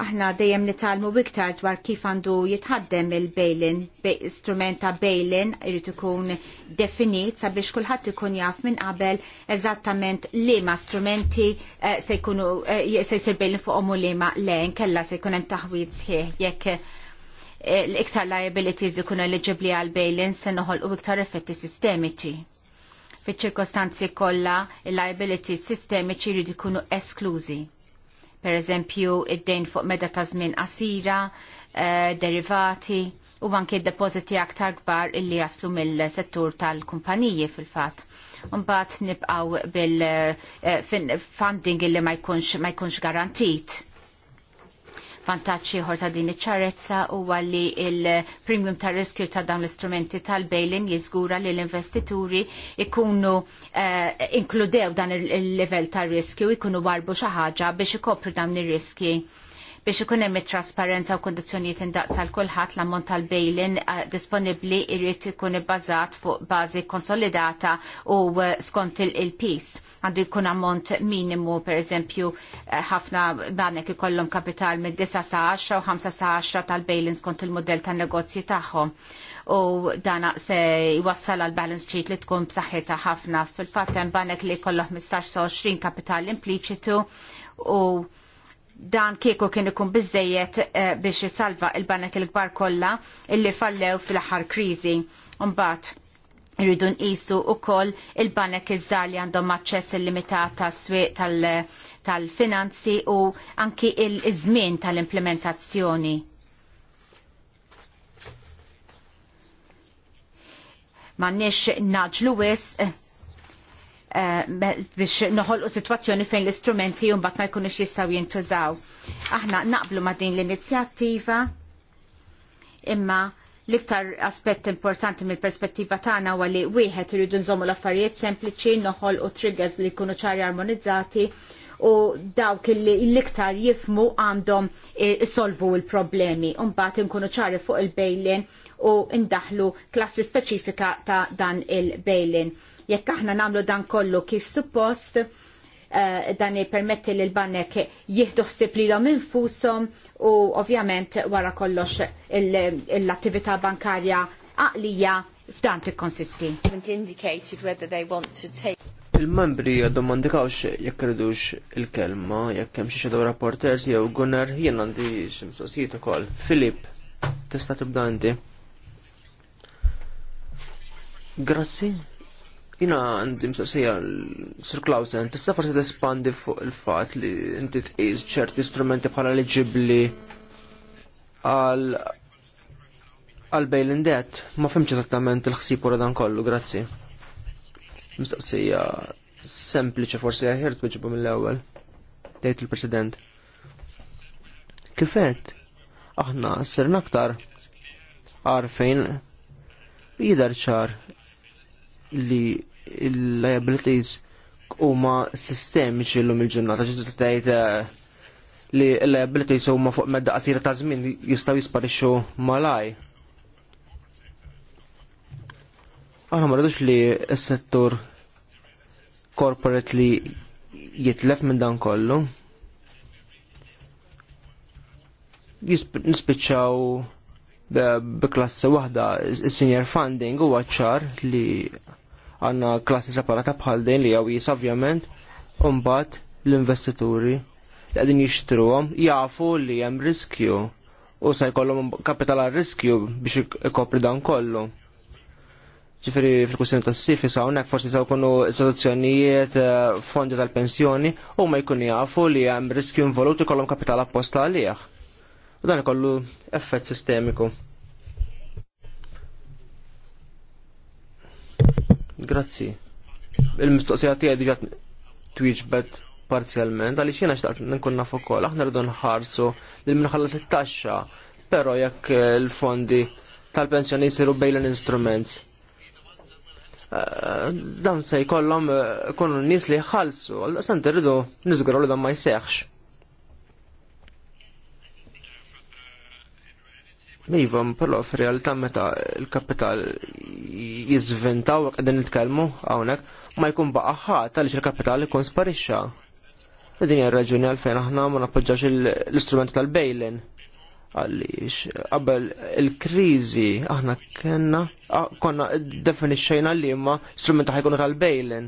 Aħna dejjem nitalmu iktar dwar kif għandu jitħaddem il-bailin, strument ta' bailin irid ikun definit sabiex kulħadd ikun jaf minn qabel eżattament liema strumenti eh, se jkunu eh, se jsir bailin fuqhom u liema le nkella se jkun hemm taħwid sħiħ jekk l-iktar liabilities ikunu eligibli għal bail-in se noħolqu iktar effetti sistemiċi. Fiċ-ċirkostanzi kollha il-liabilities sistemiċi rridu jkunu esklużi. Per eżempju, id-dejn fuq meda ta' żmien qasira, eh, derivati, u anke d-depożiti aktar kbar illi jaslu mill-settur tal-kumpaniji fil-fatt. Mbagħad nibqgħu bil-funding eh, illi ma jkunx garantit Vantaġġ ieħor ta' din iċ-ċarezza huwa li il-premium ta' riskju ta' dawn l-istrumenti tal-bejlin jiżgura li l-investituri ikunu uh, inkludew dan il-level ta' riskju ikunu warbu xi ħaġa biex ikopru dawn ir-riski biex ikun hemm it-trasparenza u kundizzjonijiet indaqsal kulħadd l-ammont tal-bejlin eh, disponibbli jrid ikun ibbażat fuq bażi konsolidata u eh, skont il-pis. Għandu jkun ammont minimu, per eżempju, eh, ħafna banek ikollhom kapital mid 9 sa 10 u 5 sa 10 tal-bejlin skont il-modell tan-negozji tagħhom. U dana se jwassal għal balance sheet li tkun b'saħħitha ħafna. Fil-fatt hemm banek li jkollhom 15 sa 20 kapital impliċitu u dan kieku kien ikun bizzejiet eh, biex jisalva il-banek il-kbar kollha illi fallew fl-aħħar kriżi. Mbagħad irridu nqisu wkoll il-banek iż-żar li għandhom aċċess illimitat tas-swieq tal-finanzi u anki il-żmien tal-implementazzjoni. Ma nix naġlu wisq eh, Eh, biex noħolqu situazzjoni fejn l-istrumenti jumbat ma jkunux jistaw jintużaw. Aħna naqblu ma din l-inizjattiva imma l-iktar aspett importanti mill-perspettiva tagħna huwa li wieħed iridu nżommu l-affarijiet sempliċi, noħolqu triggers li jkunu ċari armonizzati u dawk l-iktar jifmu għandhom eh, solvu il-problemi. Umbat nkunu ċari fuq il-bejlin u ndaħlu klassi speċifika ta' dan il-bejlin. Jekk aħna namlu dan kollu kif suppost, eh, dan permetti li l-bannek jihdu ħsib li l-om infusom u ovvjament wara kollox l-attività bankarja għaqlija f'dan tikkonsisti. Il-membri għadhom jekk iridux il-kelma, jekk hemm xi shadow rapporters jew Gunnar, jien għandi xi mistoqsijiet ukoll. Filip, tista' tibda inti. Grazzi. Jina għandi mistoqsija Sir Klausen, tista' forsi tespandi fuq il-fatt li inti tqis ċerti strumenti bħala leġibbli għal għal bail in debt. Ma fimx eżattament il-ħsieb wara dan kollu, grazzi. Mistaqsija sempliċi forsi għahir twiġbu mill-ewwel. Tgħid il-President. Kifet? Aħna sirna aktar għarfejn jidher ċar li l-liabilities huma sistemiċi l-lum il-ġurnata, ġiżda eh, li l-liabilities huma fuq medda qasira ta' żmien jistgħu jisparixxu malaj. Aħna marridux li s-settur corporate li jitlef minn dan kollu. Nispiċċaw b'klassi waħda, senior funding huwa ċar li għanna klassi separata bħal din li għawis ovvjament, umbat l-investituri li għadin jishtruhom jafu li hemm riskju u se jkollhom kapital għal riskju biex ikopri dan kollu ġifiri fil-kussjoni ta' s sif jisa' unnek forsi ta' kunu istituzzjonijiet eh, fondi tal-pensjoni u ma' jkun jafu li għam riskju involuti kollum kapital apposta għalih. U dan kollu effett sistemiku. Grazzi. Il-mistoqsija tiegħi diġà twiġbet parzjalment għaliex jiena xtaqt nkun naf ukoll aħna rridu nħarsu lil minnħallas it-taxxa, però jekk il-fondi tal-pensjoni jisiru bejn l-instruments Dan se jkollhom eh, kunu nies li jħallsu, għalda sant irridu niżgru li dan ma jseħħx. Iva, però f'realtà meta il-kapital jizventaw għak għedin nitkellmu hawnhekk ma jkun baqa' ħadd għaliex il-kapital ikun sparixxa. Din hija r-raġuni għalfejn aħna ma nappoġġax l istrumenti tal-bejlin għaliex qabel il-kriżi aħna kena konna definixxejna li ma strumenti ħajkunu tal-bejlin.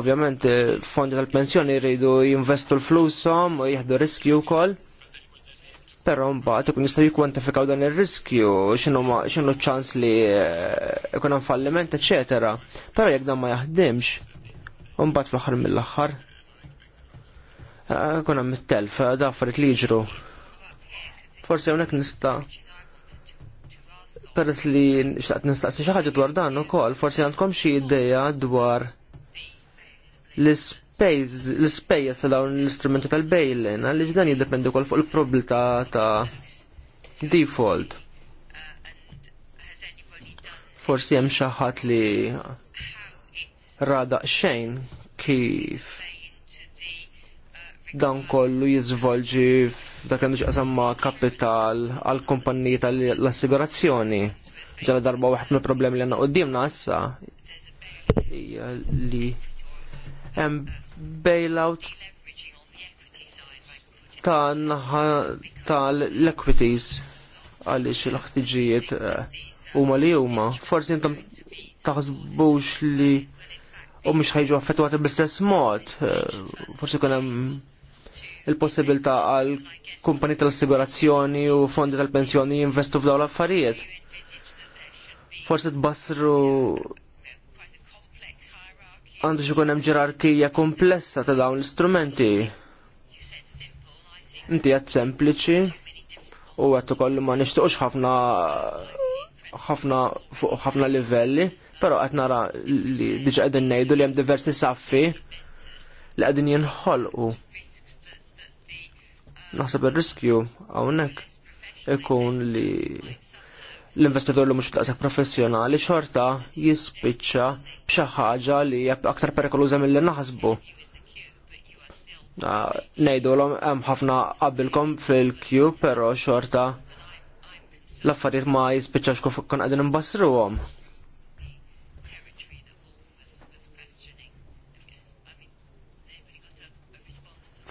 Ovvjament fondi tal-pensjoni jridu jinvestu l-flusom u jieħdu riskju wkoll. Però mbagħad ikun jistgħu jikkwantifikaw dan ir-riskju, x'inhu ċans li eh, ikun hemm falliment, eċetera. Però jekk dan ma jaħdimx, u mbagħad fl-aħħar mill-aħħar Eh, kuna hemm it-telf eh, da li jiġru. Forsi hawnhekk nista' peress li xtaqt nistaqsi xi ħaġa dwar dan ukoll, forsi għandkom xi ideja dwar l-ispejjeż ta' dawn l-istrumenti tal-bejlin, għaliex dan jiddependi wkoll fuq il probl ta' default. Forsi hemm xi ħadd li radaq xejn kif dan kollu jizvolġi f'dak għandu xaqsamma kapital għal kumpaniji tal-assigurazzjoni. Ġala darba waħt mill problemi li għanna qoddimna issa li hemm bailout ta' l-equities għaliex l-ħtiġijiet eh, huma li huma. Forsi intom taħsbux li u mhux ħajġu affettwati bl-istess mod. Eh, forsi kun hemm il-possibilità għal kumpani tal-assigurazzjoni u fondi tal-pensjoni jinvestu f'daw l-affarijiet. Forsi tbassru għandu xikun hemm ġerarkija komplessa ta' dawn l-istrumenti. Inti għad sempliċi u għed ukoll ma nixtiequx ħafna ħafna fuq ħafna livelli, però qed nara li diġa qegħdin ngħidu li hemm diversi saffi li qegħdin jinħolqu Naħseb ir-riskju hawnhekk ikun li l-investitur li mhux taqsek professjonali xorta jispiċċa bċaħħaġa ħaġa li hija aktar perikoluża milli naħsbu. Ah, ngħidulhom hemm ħafna għabilkom fil-kju, però xorta l-affarijiet ma jispiċċax kif kon qegħdin imbassruhom.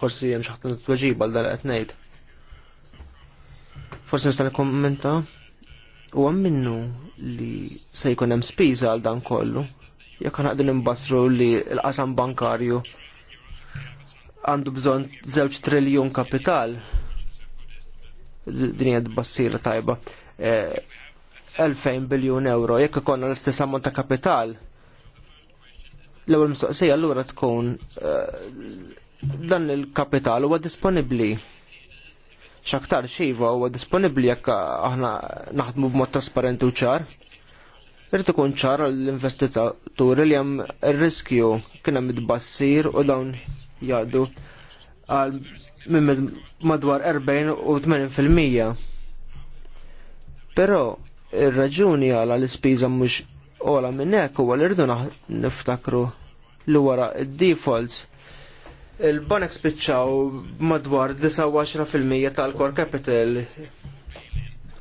forsi jem xi t tweġiba għal dal qed ngħid. Forsi nista' nikkommenta u għam minnu li se jkun hemm spiża għal dan kollu. Jekk ħaqdin imbastru li l-qasam bankarju għandu bżonn żewġ triljun kapital din hija bassira tajba. 2000 e, biljun euro, jekk ikonna l-istess ammont ta' kapital, l-ewwel mistoqsija allura tkun e, dan il-kapital huwa disponibbli. X'aktar xiva huwa disponibbli jekk aħna naħdmu b'mod trasparenti u ċar. Irid ikun ċar l-investituri li hemm ir-riskju kien hemm id-bassir u dawn jgħaddu għal minn madwar 40 u 80%. Però ir-raġuni għal l-ispiża mhux ola minn hekk huwa li rridu niftakru li wara d-defaults il-banek spiċċaw madwar 29% tal-core capital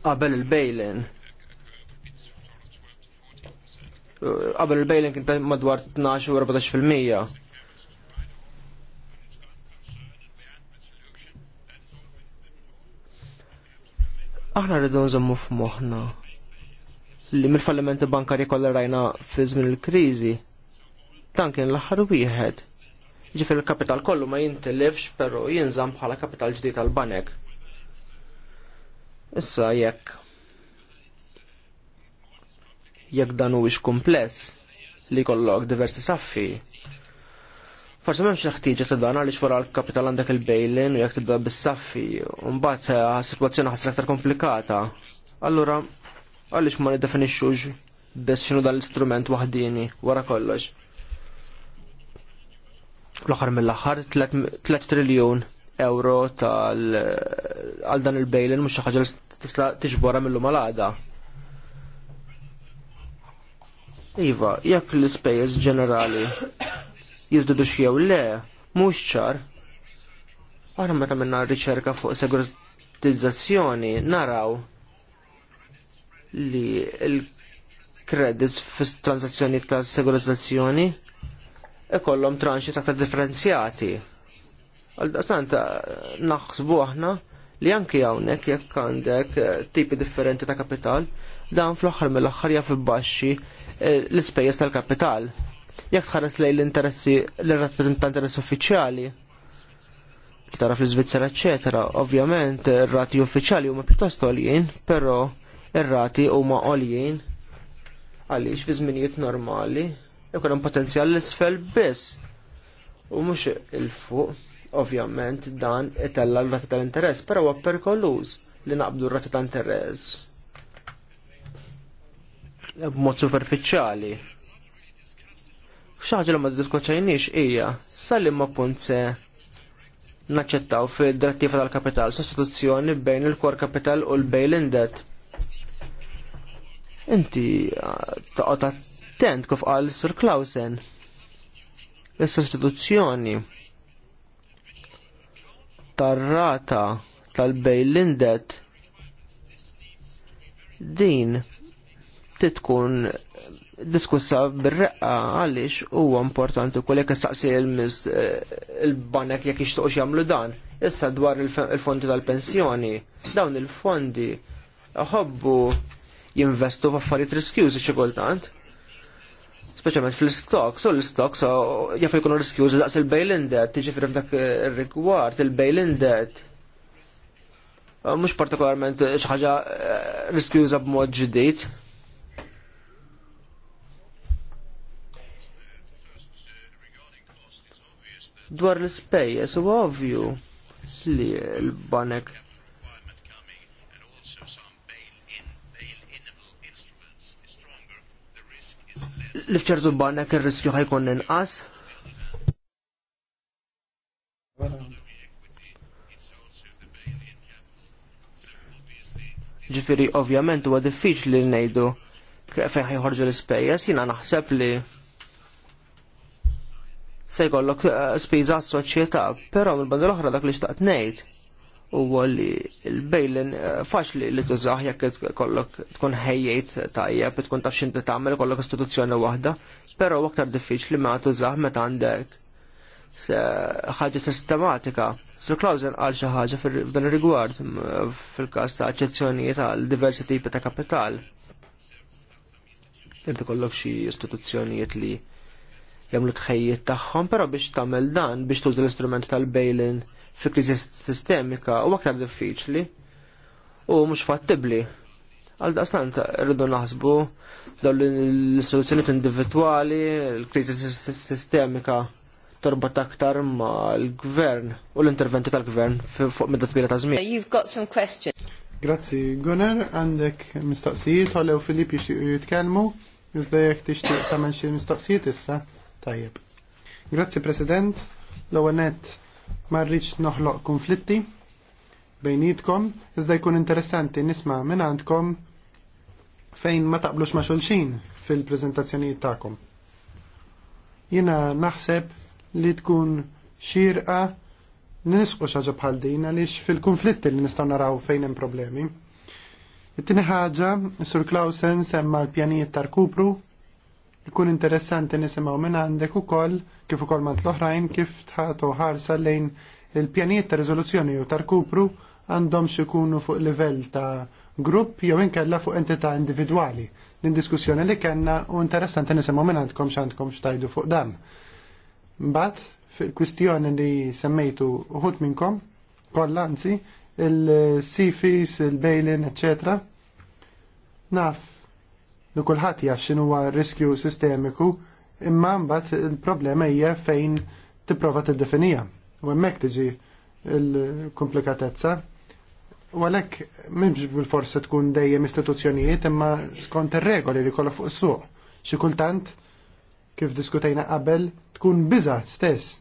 qabel il-bailin. Uh, qabel il-bailin kien madwar 12 u 14%. Aħna rridu nżommu f'moħħna li mill-fallimenti bankarji kollha rajna fi żmien il-kriżi. Dan kien l-aħħar wieħed Ġifir il-kapital kollu ma jintilifx, pero jinżam bħala kapital ġdid tal-banek. Issa jekk jekk dan huwiex kumpless li kollok diversi saffi. Forse memx ħtiġa ta' dan għaliex wara l-kapital għandek il-bejlin u jekk tibda bis-saffi, u mbagħad eh, situazzjoni ħasra aktar komplikata. Allura għaliex ma niddefinixxux biss x'inhu dan l-istrument waħdini wara kollox. Fl-aħħar mill-aħħar 3 triljun euro tal għal dan il-bejlin mhux xi ħaġa tista' tiġbora mill malada. Iva, jekk l-ispejjeż ġenerali jiżdidu xiew le, mhux ċar. Aħna meta minna riċerka fuq segurtizzazzjoni naraw li l-kredits fis transazzjoni ta' segurtizzazzjoni ikollhom tranċi aktar differenzjati. Għal-dastant, naħsbu aħna li anki hawnhekk jekk għandek eh, tipi differenti ta' kapital, dan fl-aħħar mill-aħħar jaf baxxi eh, l-ispejjeż tal-kapital. Jekk tħares lejn l-interessi l-rattat ta' interess uffiċjali, tara fl svizzera eccetera, ovvjament ir-rati uffiċjali huma pjuttost għoljien, però r rati huma għoljien għaliex fi żminijiet normali ikun potenzjal l-isfel biss. U mhux il-fuq, ovvjament, dan itella l-rati tal-interess, però huwa perkoluż li naqbdu r-rati tal-interess. B'mod superfiċjali. Xaħġa li ma diskuċajniex hija sal ma punt se naċċettaw fil-direttiva tal-kapital sostituzzjoni bejn il-kor kapital u l-bail-in debt. Inti uh, toqgħod attent kif qal Sir Klausen. Is-sostituzzjoni tar-rata tal-bejlin debt din titkun diskussa bir-reqqa għaliex huwa importanti kull jekk istaqsi eh, il-banek jekk jixtuqx jagħmlu dan. Issa dwar il-fondi tal-pensjoni, dawn il-fondi ħobbu jinvestu f'affarijiet riskjużi xi kultant specialment fil-stock, so l-stock so jafu jkunu riskjużi daqs il-bail-in debt, tiġi firif dak il eh, rigward il-bail-in debt. Eh, Mux partikolarment xaħġa eh, riskjuża b'mod ġdijt. Dwar l-spejjes, u ovvju li l-banek l fċertu banek il-riskju ħajkun inqas. Ġifiri, ovvjament, huwa diffiċli li ngħidu fejn ħajħorġu l-ispejjeż, jiena naħseb li se jkollok eh, spiża s-soċjetà, però mill-banda l-oħra dak li xtaqt ngħid huwa li l-bejlin eh, faċli li tużaħ jekk kollok tkun ħejjejt tajjeb, tkun taf xinti tagħmel kollok istituzzjoni waħda, però aktar diffiċli ma tużaħ meta għandek ħaġa sistematika. Sir Klausen għal xi ħaġa f'dan ir-rigward fil-każ ta' eċezzjonijiet għal diversi tipi ta' kapital. Inti kollok xi istituzzjonijiet li jagħmlu tħejjiet tagħhom, però biex tagħmel dan biex tuża l-istrument tal-bail-in fi kriżi sistemika u aktar diffiċli u mhux fattibbli. Għal daqstant rridu naħsbu dawn l-soluzzjonijiet individwali, l-kriżi sistemika torbat aktar ma l-gvern u l-interventi tal-gvern fuq medda kbira ta' żmien. You've got some questions. Grazzi, Gunnar, għandek mistoqsijiet, għallew Filip jixtiqu jitkellmu, iżda jekk tixtieq ta' xi mistoqsijiet issa, tajjeb. Grazzi President, l-ewwel nett ma rridx noħloq konflitti bejnietkom, iżda jkun interessanti nisma' minn għandkom fejn ma taqblux ma' xulxin fil-prezentazzjonijiet tagħkom. Jiena naħseb li tkun xirqa nisqu xaġa bħal din għaliex fil-konflitti li nistgħu naraw fejn hemm problemi. It-tieni ħaġa, Sur Klausen semma l-pjanijiet tar-kupru, jkun interessanti nisimgħu minn għandek ukoll kif ukoll mant l-oħrajn kif tħatu ħarsa lejn il-pjanijiet ta' riżoluzzjoni u tar-kupru għandhom ikunu fuq livell ta' grupp jew inkella fuq entità individwali. Din diskussjoni li kellna u interessanti nisimgħu minn għandkom x'għandkom xtajdu fuq dan. Mbagħad fil-kwistjoni li semmejtu uħut minnkom kollha anzi il-sifis, il-bejlin, etc. Naf li kulħadd jaf x'inhuwa riskju sistemiku imma mbagħad il-problema hija fejn tipprova tiddefinija. U hemmhekk tiġi l-komplikatezza. U għalhekk m'hemmx bil-forsi tkun dejjem istituzzjonijiet imma skont ir-regoli li kollha fuq is-suq. Xi kultant kif diskutejna qabel tkun biża stess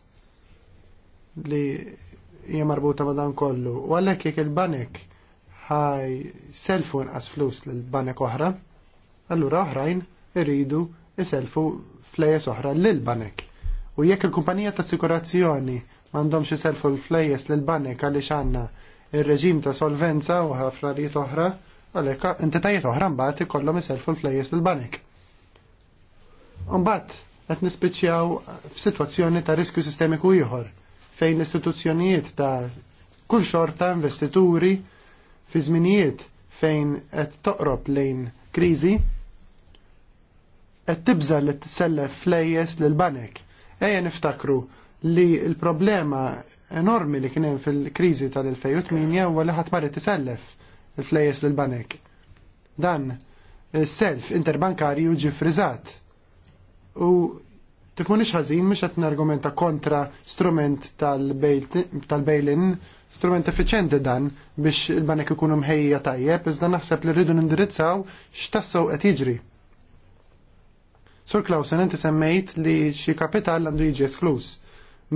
li hija marbuta ma' dan kollu. U għalhekk jekk il-banek ħaj selfu nqas flus lill banek oħra, allura oħrajn iridu iselfu flejes oħra l-banek. U jekk il-kumpanija ta' assikurazzjoni mandom iselfu l-flejes l-banek għaliex għandna ir-reġim ta' solvenza u ħafrarijiet oħra, għalhekk entitajiet oħra mbagħad ikollhom iselfu l-flejes l-banek. Mbagħad qed nispiċċjaw f'sitwazzjoni ta' riskju sistemiku ieħor fejn l-istituzzjonijiet ta' kull xorta investituri fi żminijiet fejn qed toqrob lejn kriżi qed tibża li tsellef flejjes l banek. Ejja niftakru li l-problema enormi li kien hemm fil-kriżi tal-2008 huwa li ħadd marret tisellef il-flejjes l banek. Dan self interbankarju ġi frizzat. U tifmunix ħażin miex qed nargumenta kontra strument tal-bail-in, strument effiċenti dan biex il-banek ikunu mħejja tajjeb, iżda naħseb li rridu nindirizzaw x'tassew qed jiġri Sur Klausen, inti semmejt li xi kapital għandu jiġi esklus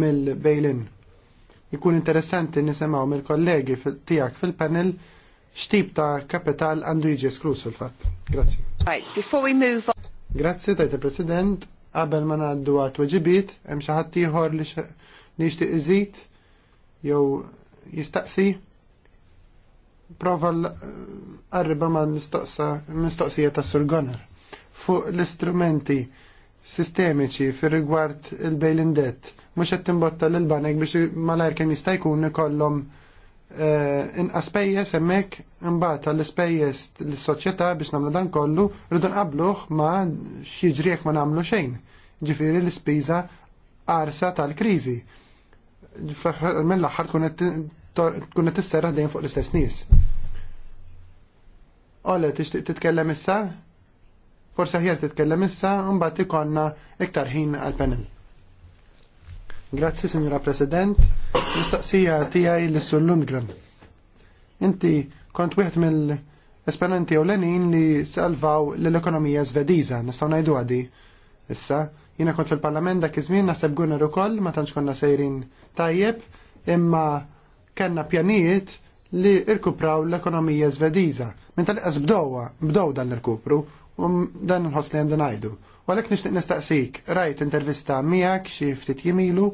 mill-bejlin. Ikun interessanti nisemaw mill-kollegi tiegħek fil-panel x'tip ta' kapital għandu jiġi esklus fil-fatt. Grazzi. Right, before we move on. Grazzi Tajta president qabel ma ngħaddu għat weġibiet, hemm xi ħadd ieħor li jixtieq iżid jew jistaqsi. Prova l-arriba ma' mistoqsija ta' Sur Goner fuq l-istrumenti sistemiċi fir rigward il-bail-in debt mux qed timbotta l-banek biex malajr kemm jista' jkun ikollhom eh, inqas pejjeż hemmhekk imbagħad tal-ispejjeż lis-soċjetà biex nagħmlu dan kollu rridu nqabluh ma x'jiġri ma nagħmlu xejn. ġifiri l-ispiża arsa tal-kriżi. Mill-aħħar tkun qed tisserraħ dejjem fuq l-istess nies. Ole, tixtieq titkellem issa? Forse ħjar titkellem issa, mbagħad ikonna iktar ħin għal-panel. Grazzi, Signora President. Mistoqsija tiegħi l-Sur Lundgren. Inti kont wieħed mill- esperimenti ewlenin li salvaw l-ekonomija svediża, nistgħu ngħidu għadi. Issa, jiena kont fil-parlament dak iż-żmien naħseb gunner ukoll ma tantx konna sejrin tajjeb, imma kellna pjanijiet li irkupraw l-ekonomija svediża. Minn tal-qas bdowa, bdow dan l-irkupru u dan nħoss li għandna ngħidu. U għalhekk nixtieq nistaqsik, rajt intervista miegħek xi ftit jimilu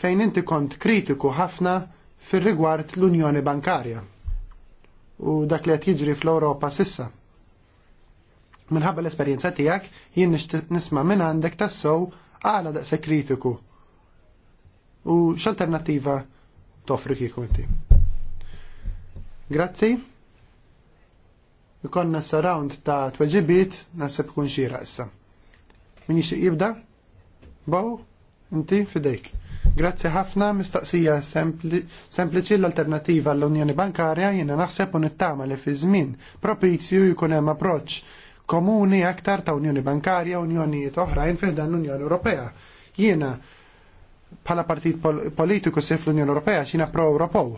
fejn inti kont kritiku ħafna fir-rigward l-Unjoni Bankarja u dak li qed jiġri fl-Ewropa sissa. Minħabba l-esperjenza tiegħek jien nixtieq nisma' minn għandek tassew għala daqse kritiku. U x'alternattiva toffri kieku inti? Grazzi ikonna s-round ta' tweġibiet nasib kun xira issa. Min jixtieq jibda? Bow, inti fidejk. Grazzi ħafna mistaqsija sempliċi l-alternativa l-Unjoni Bankarja jiena naħseb u nittama li fi żmien propizju jkun hemm approċċ komuni aktar ta' Unjoni Bankarja Unjoni Unjonijiet oħrajn fih dan l-Unjoni Ewropea. Jiena bħala partit politiku sef l-Unjoni Ewropea xina pro-Europow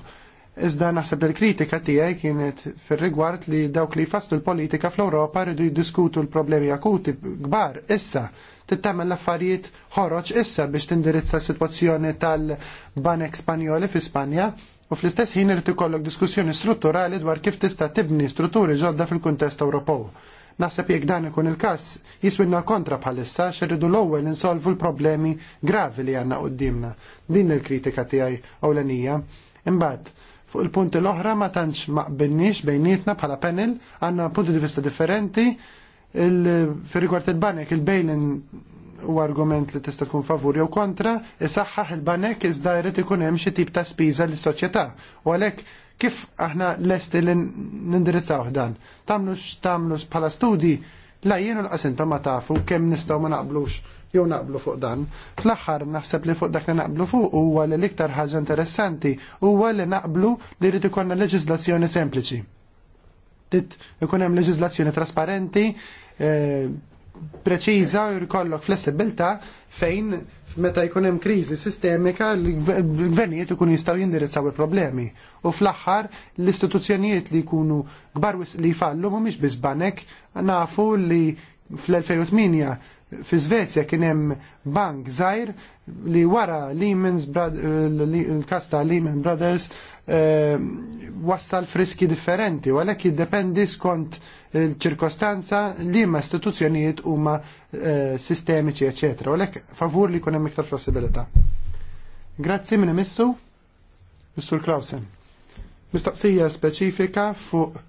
Iżda naħseb li l-kritika tiegħi kienet fir-rigward li dawk li jfasslu l-politika fl-Ewropa rridu jiddiskutu l-problemi akuti kbar issa tittamel l-affarijiet ħoroġ issa biex tindirizza s-sitwazzjoni tal-banek Spanjoli fi Spanja u fl-istess ħin irid ikollok diskussjoni strutturali dwar kif tista' tibni strutturi ġodda fil-kuntest Ewropew. Naħseb jekk dan ikun il-każ jiswinna kontra bħalissa xirridu l-ewwel insolvu l-problemi gravi li għandna qudiemna. Din il-kritika tiegħi ewlenija. Imbagħad, Fuq il-punti l-oħra ma tantx maqbilniex bejnietna bħala panel, għandna punti di vista differenti. Fir-rigward il-banek, il-bejlin u argument li tista' tkun favur jew kontra, isaħħaħ il-banek iżda jrid ikun hemm xi tip ta' spiża lis soċjetà U għalhekk kif aħna lesti li nindirizzaw dan? Tamlux, tagħmlux bħala studi la jienu l-qasintom ma tafu kemm nistgħu ma naqblux jew naqblu fuq dan. Fl-aħħar naħseb li fuq dak li naqblu fuq huwa li l-iktar ħaġa interessanti huwa li naqblu li rrid ikollna leġiżlazzjoni sempliċi. Tit ikun hemm leġiżlazzjoni trasparenti, eh, preċiża u jkollok flessibilità fejn meta jkun hemm kriżi sistemika l-gvernijiet ikun jistgħu jindirizzaw il-problemi. U fl-aħħar l-istituzzjonijiet li jkunu kbar li jfallu mhumiex biss banek nafu li fl-2008 Fi Svezja kien hemm bank żgħir li wara Lehman's eh, il-kasta Lehman Brothers eh, wassal friski differenti, u għalhekk jiddependi skont il-ċirkostanza li ma istituzzjonijiet huma eh, sistemiċi, eċetera. U għalhekk favur li jkun hemm iktar flessibilità. Grazzi minn emissu, Mr. Klausen. Mistaqsija speċifika fuq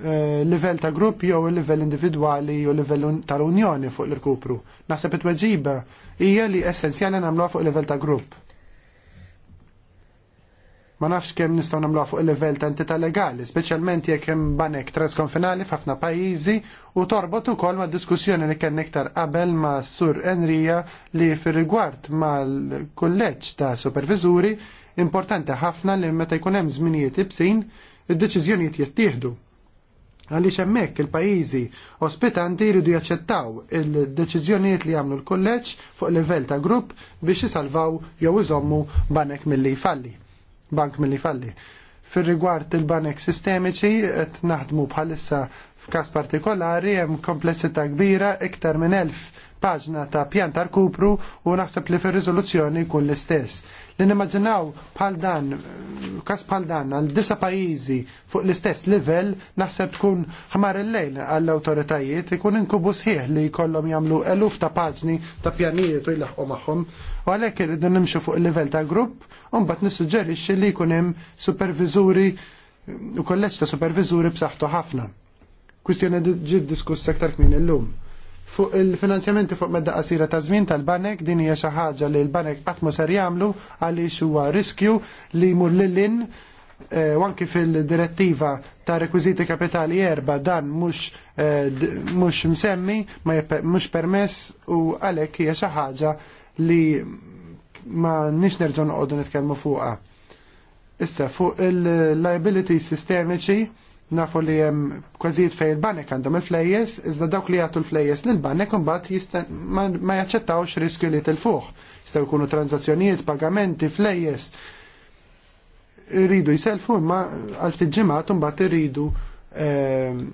Eh, livell ta' grupp jew il-livell individwali jew livell tal-unjoni fuq l-irkupru. Naħseb it-tweġiba hija li essenzjali nagħmluha fuq level ta' grupp. Ma nafx kemm nistgħu nagħmluha fuq il-livell ta' entità legali, speċjalment jekk hemm banek transkonfinali f'ħafna pajjiżi u torbot ukoll mad diskussjoni li kien iktar qabel ma' Sur Enrija li fir-rigward mal-kulleġġ ta' superviżuri importanti ħafna li meta jkun hemm żminijiet ibsin id-deċiżjonijiet jittieħdu għaliex hemmhekk il-pajjiżi ospitanti jridu jaċċettaw il-deċiżjonijiet li jagħmlu l-kulleġġ fuq livell ta' grupp biex jisalvaw jew iżommu banek mill-li falli. Bank mill-li falli. Fir-rigward il-banek sistemiċi qed naħdmu bħalissa f'każ partikolari hemm komplessità kbira iktar minn elf paġna ta' pjan kupru u naħseb li fir-riżoluzzjoni kull l-istess Li nimmaġinaw bħal dan, kas bħal dan, għal disa pajizi fuq l-istess livell, naħseb tkun ħamar il-lejl għall awtoritajiet ikun inkubu sħiħ li jkollhom jagħmlu eluf ta' paġni ta' pjanijiet u jlaħqu magħhom. U għalhekk irridu nimxu fuq il-livell ta' grupp, u mbagħad nissuġġerixxi li jkun hemm superviżuri u kolleġġ ta' superviżuri b'saħħtu ħafna. Kwistjoni ġid diskuss aktar kmin illum. Fuq il-finanzjamenti fuq medda qasira ta' żmien tal-banek din hija xi ħaġa li l-banek qatt ma ser jagħmlu għaliex huwa riskju li jmur lilin eh, u anke fil-direttiva ta' rekwiziti kapitali erba dan mhux eh, mhux msemmi, mhux permess u għalhekk hija xi ħaġa li ma nix nerġgħu noqogħdu nitkellmu fuqha. Issa fuq il-liability sistemiċi nafu li jem kważijiet fej il-banek għandhom il-flejjes, iżda dawk li jgħatu l-flejjes l-banek mbagħad ma jaċċettawx riskju li t-fuħ. Jistgħu jkunu tranzazzjonijiet, pagamenti, flejjes. Rridu jiselfu imma għal ġimgħat mbagħad irridu ehm,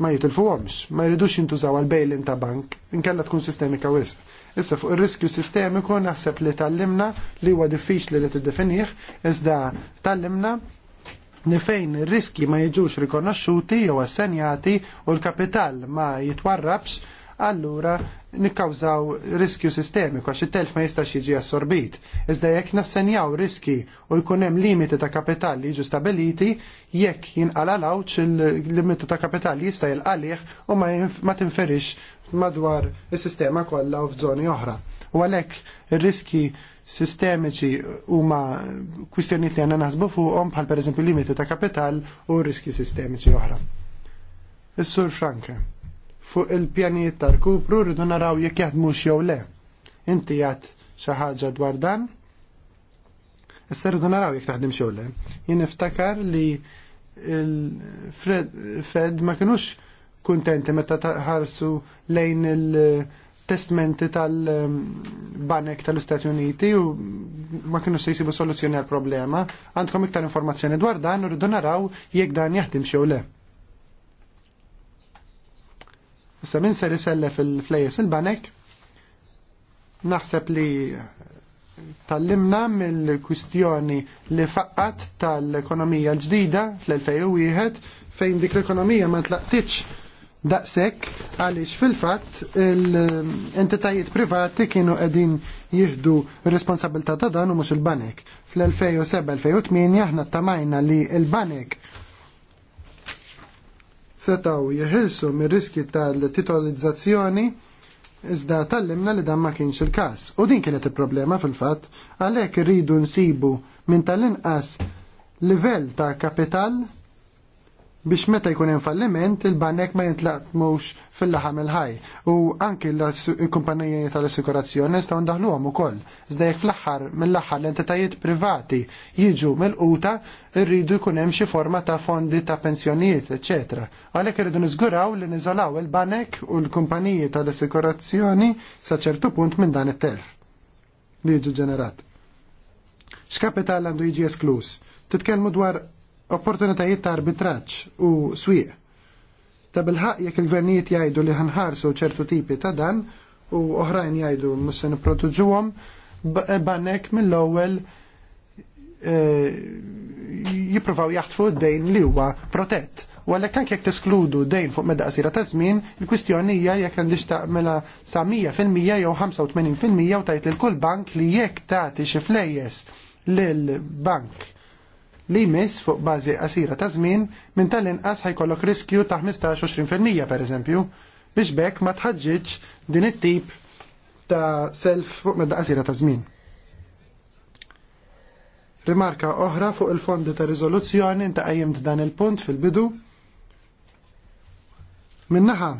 ma jitilfuhomx, ma jridux jintużaw għal bejlin ta' bank, inkella tkun sistemika wisq. Issa fuq ir-riskju sistemiku naħseb li tallimna li huwa diffiċli li tiddefinih, iżda tallimna Nifejn riski ma jiġux rikonoxxuti jew assenjati u l-kapital ma jitwarrabx, allura nikkawżaw riskju sistemiku għax it-telf ma jistax jiġi assorbit. Iżda jekk nassenjaw riski u jkun hemm limiti ta' kapital li jiġu stabiliti, jekk jinqala lawċ il-limitu ta' kapital jista' jilqalih u ma tinferix madwar is-sistema kollha u f'żoni oħra. U għalhekk ir-riski sistemiċi huma kwistjonijiet li għandna naħsbu fuqhom bħal pereżempju limiti ta' kapital u riski sistemiċi oħra. Is-Sur Franke, fuq il-pjanijiet ta' rkupru rridu naraw jekk jaħdmu jew le. Inti jgħat xi ħaġa dwar dan? Issa rridu naraw jekk taħdem xew le. Jien niftakar li il-Fed ma kinux kuntenti meta taħarsu lejn il- testmenti tal-banek tal-Istati Uniti u ma kienu se jisibu soluzzjoni għal problema. Għandkom iktar informazzjoni dwar dan u rridu naraw jekk dan jaħdim xew le. Issa min se iselle fil-flejes il-banek, naħseb li tal-limna mill-kwistjoni li faqqat tal-ekonomija l-ġdida fl-2001 fejn dik l-ekonomija ma tlaqtitx daqshekk għaliex fil-fatt l-entitajiet privati kienu qegħdin jieħdu responsabilta ta' dan u mhux il-banek. Fl-2007-2008 aħna tamajna li il-banek setaw jeħilsu mir-riski tal-titolizzazzjoni iżda tallimna li dan ma kienx il-każ. U din kienet il-problema fil-fatt għalhekk irridu nsibu minn tal-inqas livell ta' kapital biex meta jkun hemm falliment il-banek ma jintlaqmux fil-laħam il-ħaj u anki l-kumpanija tal-assikurazzjoni nistgħu ndaħluhom ukoll. Iżda jekk fl-aħħar mill-aħħar l-entitajiet privati jiġu mill-quta rridu jkun hemm xi forma ta' fondi ta' pensjonijiet, eċetera. Għalhekk irridu niżguraw li niżolaw il-banek u l-kumpaniji tal-assikurazzjoni sa ċertu punt minn dan it-telf li jiġu ġenerat. X'kapital għandu jiġi esklus? Titkellmu dwar opportunitajiet ta' arbitraċ u swieq. Ta' bil-ħaq jekk il-gvernijiet jgħidu li ħanħarsu ċertu tipi ta' dan u oħrajn jgħidu mhux se nipprotuġuhom e, banek mill-ewwel e, jippruvaw jaħtfu d-dejn li huwa protett. U għalhekk anke jekk teskludu dejn fuq medda qasira ta' żmien, il-kwistjoni hija jekk għandix taqmela sa' 100% jew 85% u tajt l kull bank li jekk tagħti xi flejjes l bank li jmiss fuq bażi qasira ta' żmien minn tal-inqas ħajkollok riskju ta' 15-20% pereżempju biex bekk ma tħaġġiġ din it-tip ta' self fuq medda qasira ta' żmien. Rimarka oħra fuq il-fondi ta' riżoluzzjoni inta qajjimt dan il-punt fil-bidu. Minnaħa,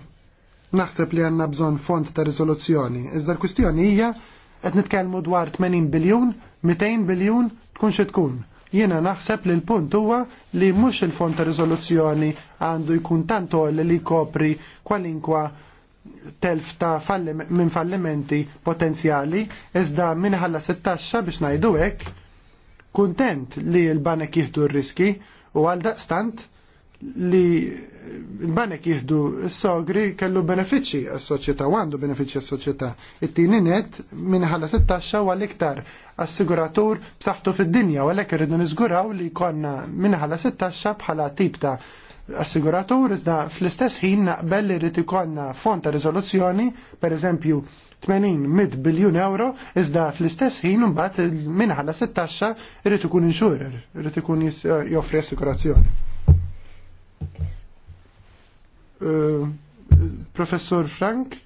naħseb li għanna bżon fond ta' rizoluzzjoni. Iżda l-kwistjoni hija qed nitkellmu dwar 80 biljun, 200 biljun tkun xi tkun. Jiena naħseb li l-punt huwa li mhux il-fond ta' riżoluzzjoni għandu jkun tant li jkopri kwalinkwa telf ta' minn fallimenti potenzjali, iżda minn ħalla settaxxa biex ngħidu hekk, kuntent li l-banek jieħdu r-riski u għal daqstant li l-banek jihdu s-sogri kellu benefiċi għas-soċieta, għandu benefiċi għas-soċieta. It-tini net minħalla 16 għal iktar assiguratur b'saħħtu fid-dinja, u għalek rridu nizguraw li konna ħalla 16 bħala tip ta' assiguratur, iżda fl-istess ħin naqbel li rrid ikonna fond ta' rizoluzzjoni, per eżempju 80 mid biljun euro, iżda fl-istess ħin mbagħad minħalla 16 irrid ikun insurer, irid ikun joffri assigurazzjoni. Uh, professor Frank,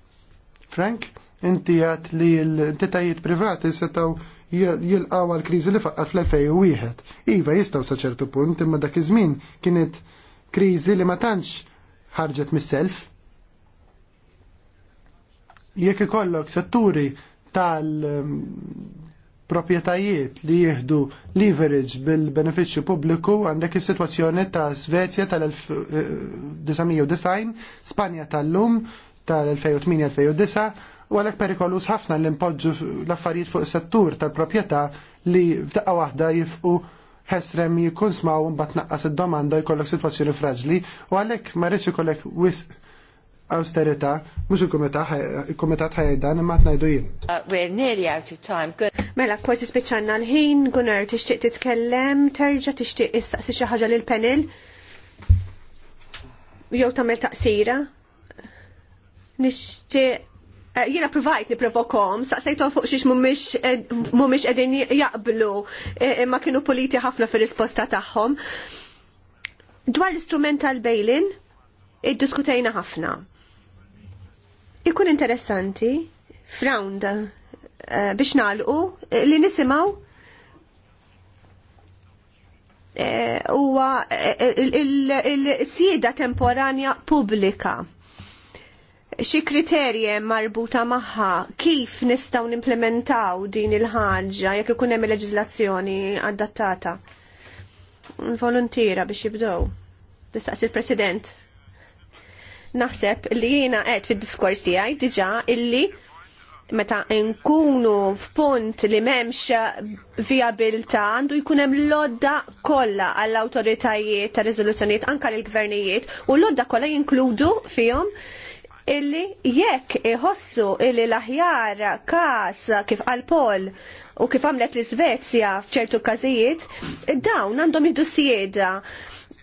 Frank, inti għat li l-entitajiet privati setaw jilqaw għal-krizi li faqqa fl-2001. Iva jistaw saċertu punt, imma dak iż-żmien kienet krizi li ma tantx ħarġet mis-self. Jekk ikollok setturi tal propietajiet li jieħdu leverage bil-beneficju pubbliku għandek is-sitwazzjoni ta' Svezja tal-1990, eh, Spanja tal-lum tal-2008-2009 u għalek perikolus ħafna li npoġġu l-affarijiet fuq settur tal-propieta li f'daqqa waħda jifqu ħesrem jikun smaw mbagħad naqqas id-domanda jkollok sitwazzjoni fraġli u għalhekk ma rridx ikollek wisq austerita, mux il-komitat ħajdan imma tnajdu jien. Uh, we're nearly out of time. Mela, kważi spiċċanna l-ħin, Gunnar, tixtieq titkellem, terġa' tixtieq istaqsi xi ħaġa lil panel Jew tagħmel taqsira. Nixtieq uh, jiena provajt niprovokom, saqsejtom fuq xiex mumiex edin eh, jaqblu eh, imma kienu politi ħafna fil-risposta tagħhom. Dwar l-istrument tal-bejlin, id-diskutejna ħafna. Ikun interessanti frawnd eh, biex nalqu eh, li nisimaw eh, huwa il-sieda temporanja pubblika xi kriterje marbuta magħha kif nistgħu nimplementaw din il-ħaġa jekk ikun hemm leġiżlazzjoni adattata. Volontira biex jibdew. Tistaqsi il-President naħseb li jiena għed fid-diskors tiegħi diġà illi meta nkunu f'punt li m'hemmx viabilità għandu jkun hemm lodda kollha għall awtoritajiet ta' riżoluzzjonijiet anke lill gvernijiet u l-lodda kollha jinkludu fihom illi jekk iħossu illi l-aħjar kas kif għal-Pol u kif għamlet l-Svezja fċertu kazijiet, dawn għandhom id sjeda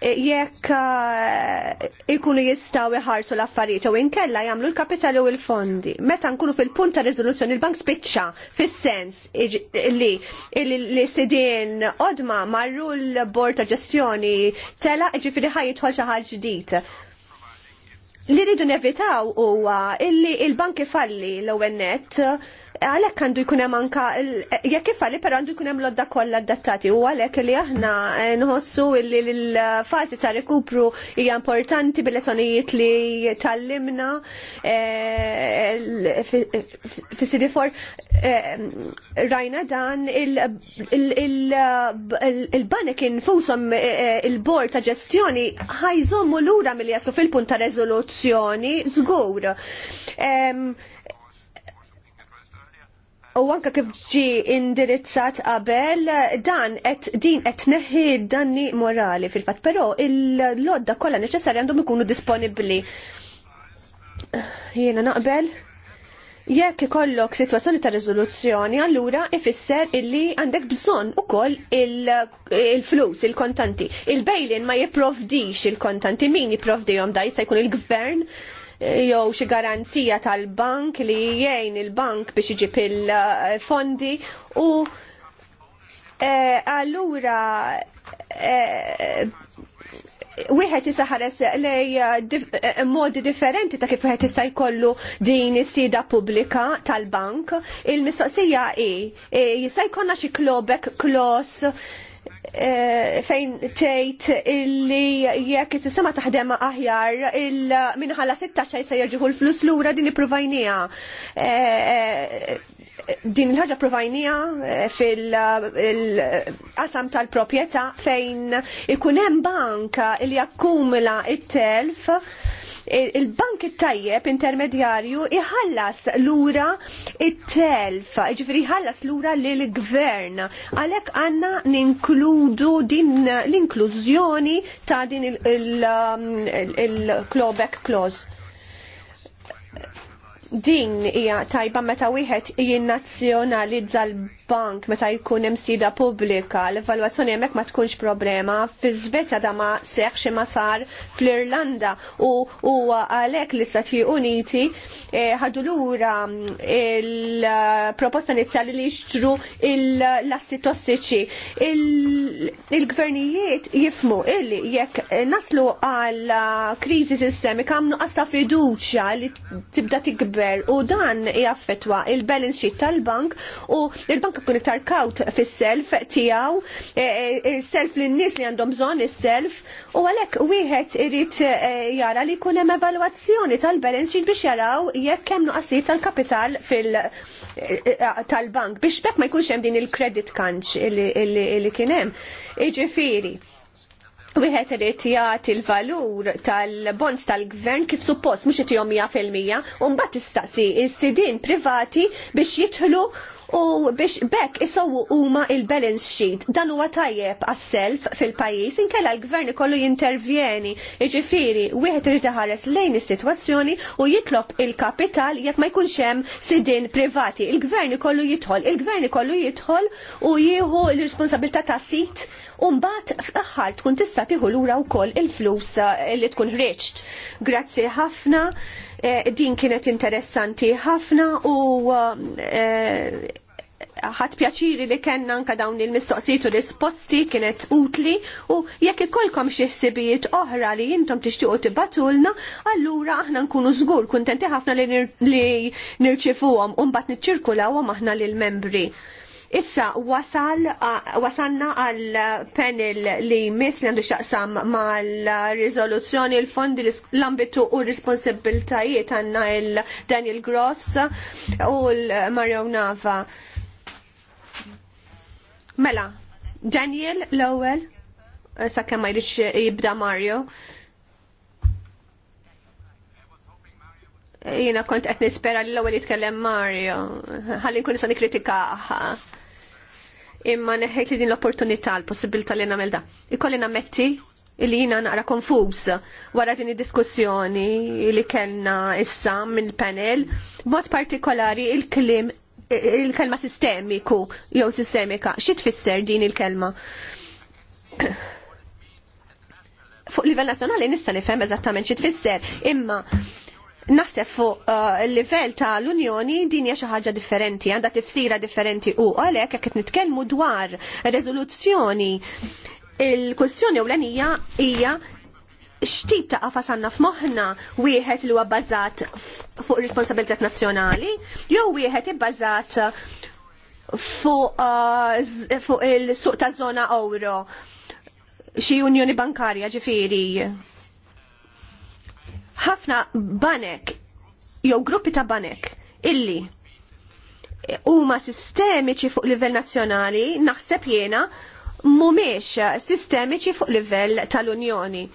jekk eh, ikunu jistgħu iħarsu l-affarijiet u inkella jagħmlu l-kapitali u l-fondi. Meta nkunu fil-punt ta' riżoluzzjoni il-bank spiċċa fis-sens li l-sidin odma marru l-bord ta' ġestjoni tela ġifieri ħajjidħol xi ħaġa ġdid. Li rridu nevitaw huwa illi il-banki falli l-ewwel net għalhekk għandu jkun hemm anka jekk ifalli però għandu jkun hemm lodda kollha adattati u għalhekk li aħna eh, nħossu li l-fażi ta' rikupru hija importanti bil lezzonijiet li tal-limna eh, fi sidi for eh, rajna dan il-banek infushom il-bord ta' ġestjoni ħajżom l lura milli jaslu fil-punt ta' rezoluzzjoni żgur u anka kif ġi indirizzat qabel dan qed din qed neħi danni morali fil-fatt, però il-lodda kollha neċessarja għandhom ikunu disponibbli. Jiena naqbel jekk ikollok sitwazzjoni ta' riżoluzzjoni, allura ifisser illi għandek bżonn ukoll il-flus, il-kontanti. Il-bejlin ma jipprovdix il-kontanti, min jipprovdihom da jista' jkun il-gvern jew xi garanzija tal-bank li jgħin il-bank biex iġib il-fondi u e, allura e, wieħed wieħed ħares lej e, modi differenti ta' kif wieħed jista' jkollu din is-sida pubblika tal-bank. Il-mistoqsija hi jista' jkollna xi klobek klos Eh, fejn tgħid illi jekk is sema' taħdem aħjar il minħalla 16 se jerġgħu l-flus lura din ippruvajnija. Eh, din il-ħaġa provajnija eh, fil-qasam tal-proprjetà fejn ikun hemm banka li jakkumula it-telf il-bank it-tajjeb intermedjarju iħallas lura it-telf, ġifri iħallas lura l-gvern. Għalek għanna ninkludu din l-inklużjoni ta' din um, il-clawback clause din hija tajba meta wieħed jinnazzjonalizza l-bank meta jkun hemm sida pubblika, l-evalwazzjoni hemmhekk ma tkunx problema. Fiż-Svezja da ma seħħ xi ma sar fl-Irlanda u huwa għalhekk l-Istati Uniti e, ħadu lura il-proposta e, inizjali li jixtru l-assi tossiċi. Il-gvernijiet jifmu illi jekk naslu għal kriżi sistemika għamnu qasta fiduċja li tibda tikbir jikber u dan jaffetwa il-balance sheet tal-bank u il-bank ikun iktar kaut fis-self tiegħu e, e, il-self lin nies li għandhom bżonn is-self u għalhekk wieħed irid e, jara li jkun hemm evalwazzjoni tal-balance sheet biex jaraw jekk hemm nuqqasijiet tal-kapital fil tal-bank biex bekk ma jkunx hemm din il-credit crunch li kien hemm. Iġifieri Wieħed irid jagħti l-valur tal-bonds tal-gvern kif suppost mhux qed jom fil-mija u mbagħad tistaqsi s-sidin privati biex jidħlu u biex bekk isowu huma il-balance sheet. Dan huwa tajjeb għas-self fil-pajjiż inkella l-gvern ikollu jintervjeni. Jiġifieri wieħed irid iħares lejn is-sitwazzjoni u jitlob il-kapital jekk ma jkunx hemm sidin privati. Il-gvern ikollu jidħol, il-gvern ikollu jidħol u jieħu l-responsabilità ta' sit u mbagħad fl-aħħar tkun tista' tieħu lura wkoll il-flus eh, li tkun ħreġt. Grazzi ħafna eh, din kienet interessanti ħafna u eh, ħat pjaċiri li kenna anka dawn il-mistoqsijiet u risposti kienet utli u jekk ikolkom xi ħsibijiet oħra li intom tixtiequ tibatulna, allura aħna nkunu żgur kuntenti ħafna li nirċifuhom u mbagħad niċċirkulawhom aħna lil membri. Issa wasal wasanna għal panel li mis li għandu xaqsam mal rizoluzzjoni il-fondi l-ambitu u responsibiltajiet għanna il-Daniel Gross u l-Mario Nava. Mela, Daniel l-ewwel eh, sakemm ma jridx jibda Mario. Eh, jiena kont qed nispera li l-ewwel jitkellem Mario. Ħalli nkun nista' nikkritikaha. Imma neħejt li din l-opportunità, l-possibilità li namel da. Ikolli nammetti li jiena naqra konfuz wara din id-diskussjoni li kellna issa mill-panel, b'mod partikolari il-klim il-kelma sistemiku jew sistemika, xi tfisser din il-kelma? Fuq livell nazzjonali nista' nifhem eżattament xi tfisser, imma naħseb fuq eh, il-livell ta' l-Unjoni din hija xi ħaġa differenti, għandha tifsira differenti u għalhekk jekk qed nitkellmu dwar riżoluzzjoni il-kwestjoni ewlenija hija xtib ta' qafas għanna f'moħna wieħed li huwa bbażat fuq responsabilitat nazzjonali, jew wieħed ibbażat fuq uh, il-suq ta' zona euro xi unjoni bankarja ġifieri. Ħafna banek jew gruppi ta' banek illi huma sistemiċi fuq livell nazzjonali naħseb jiena mhumiex sistemiċi fuq livell tal-Unjoni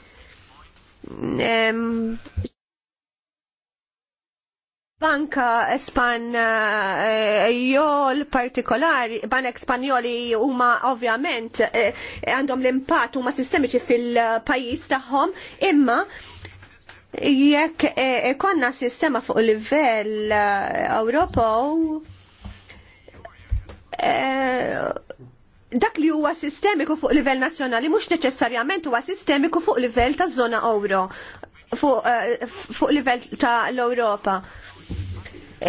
banka espanjol eh, partikolari, banek espanjoli huma ovvjament eh, għandhom l-impatt huma sistemiċi fil-pajjiż tagħhom, imma jekk eh, ikonna sistema fuq livell Ewropew dak li huwa sistemiku fuq livell nazzjonali mhux neċessarjament huwa sistemiku fuq livell ta' żona euro fuq, eh, fuq livell ta' l-Ewropa.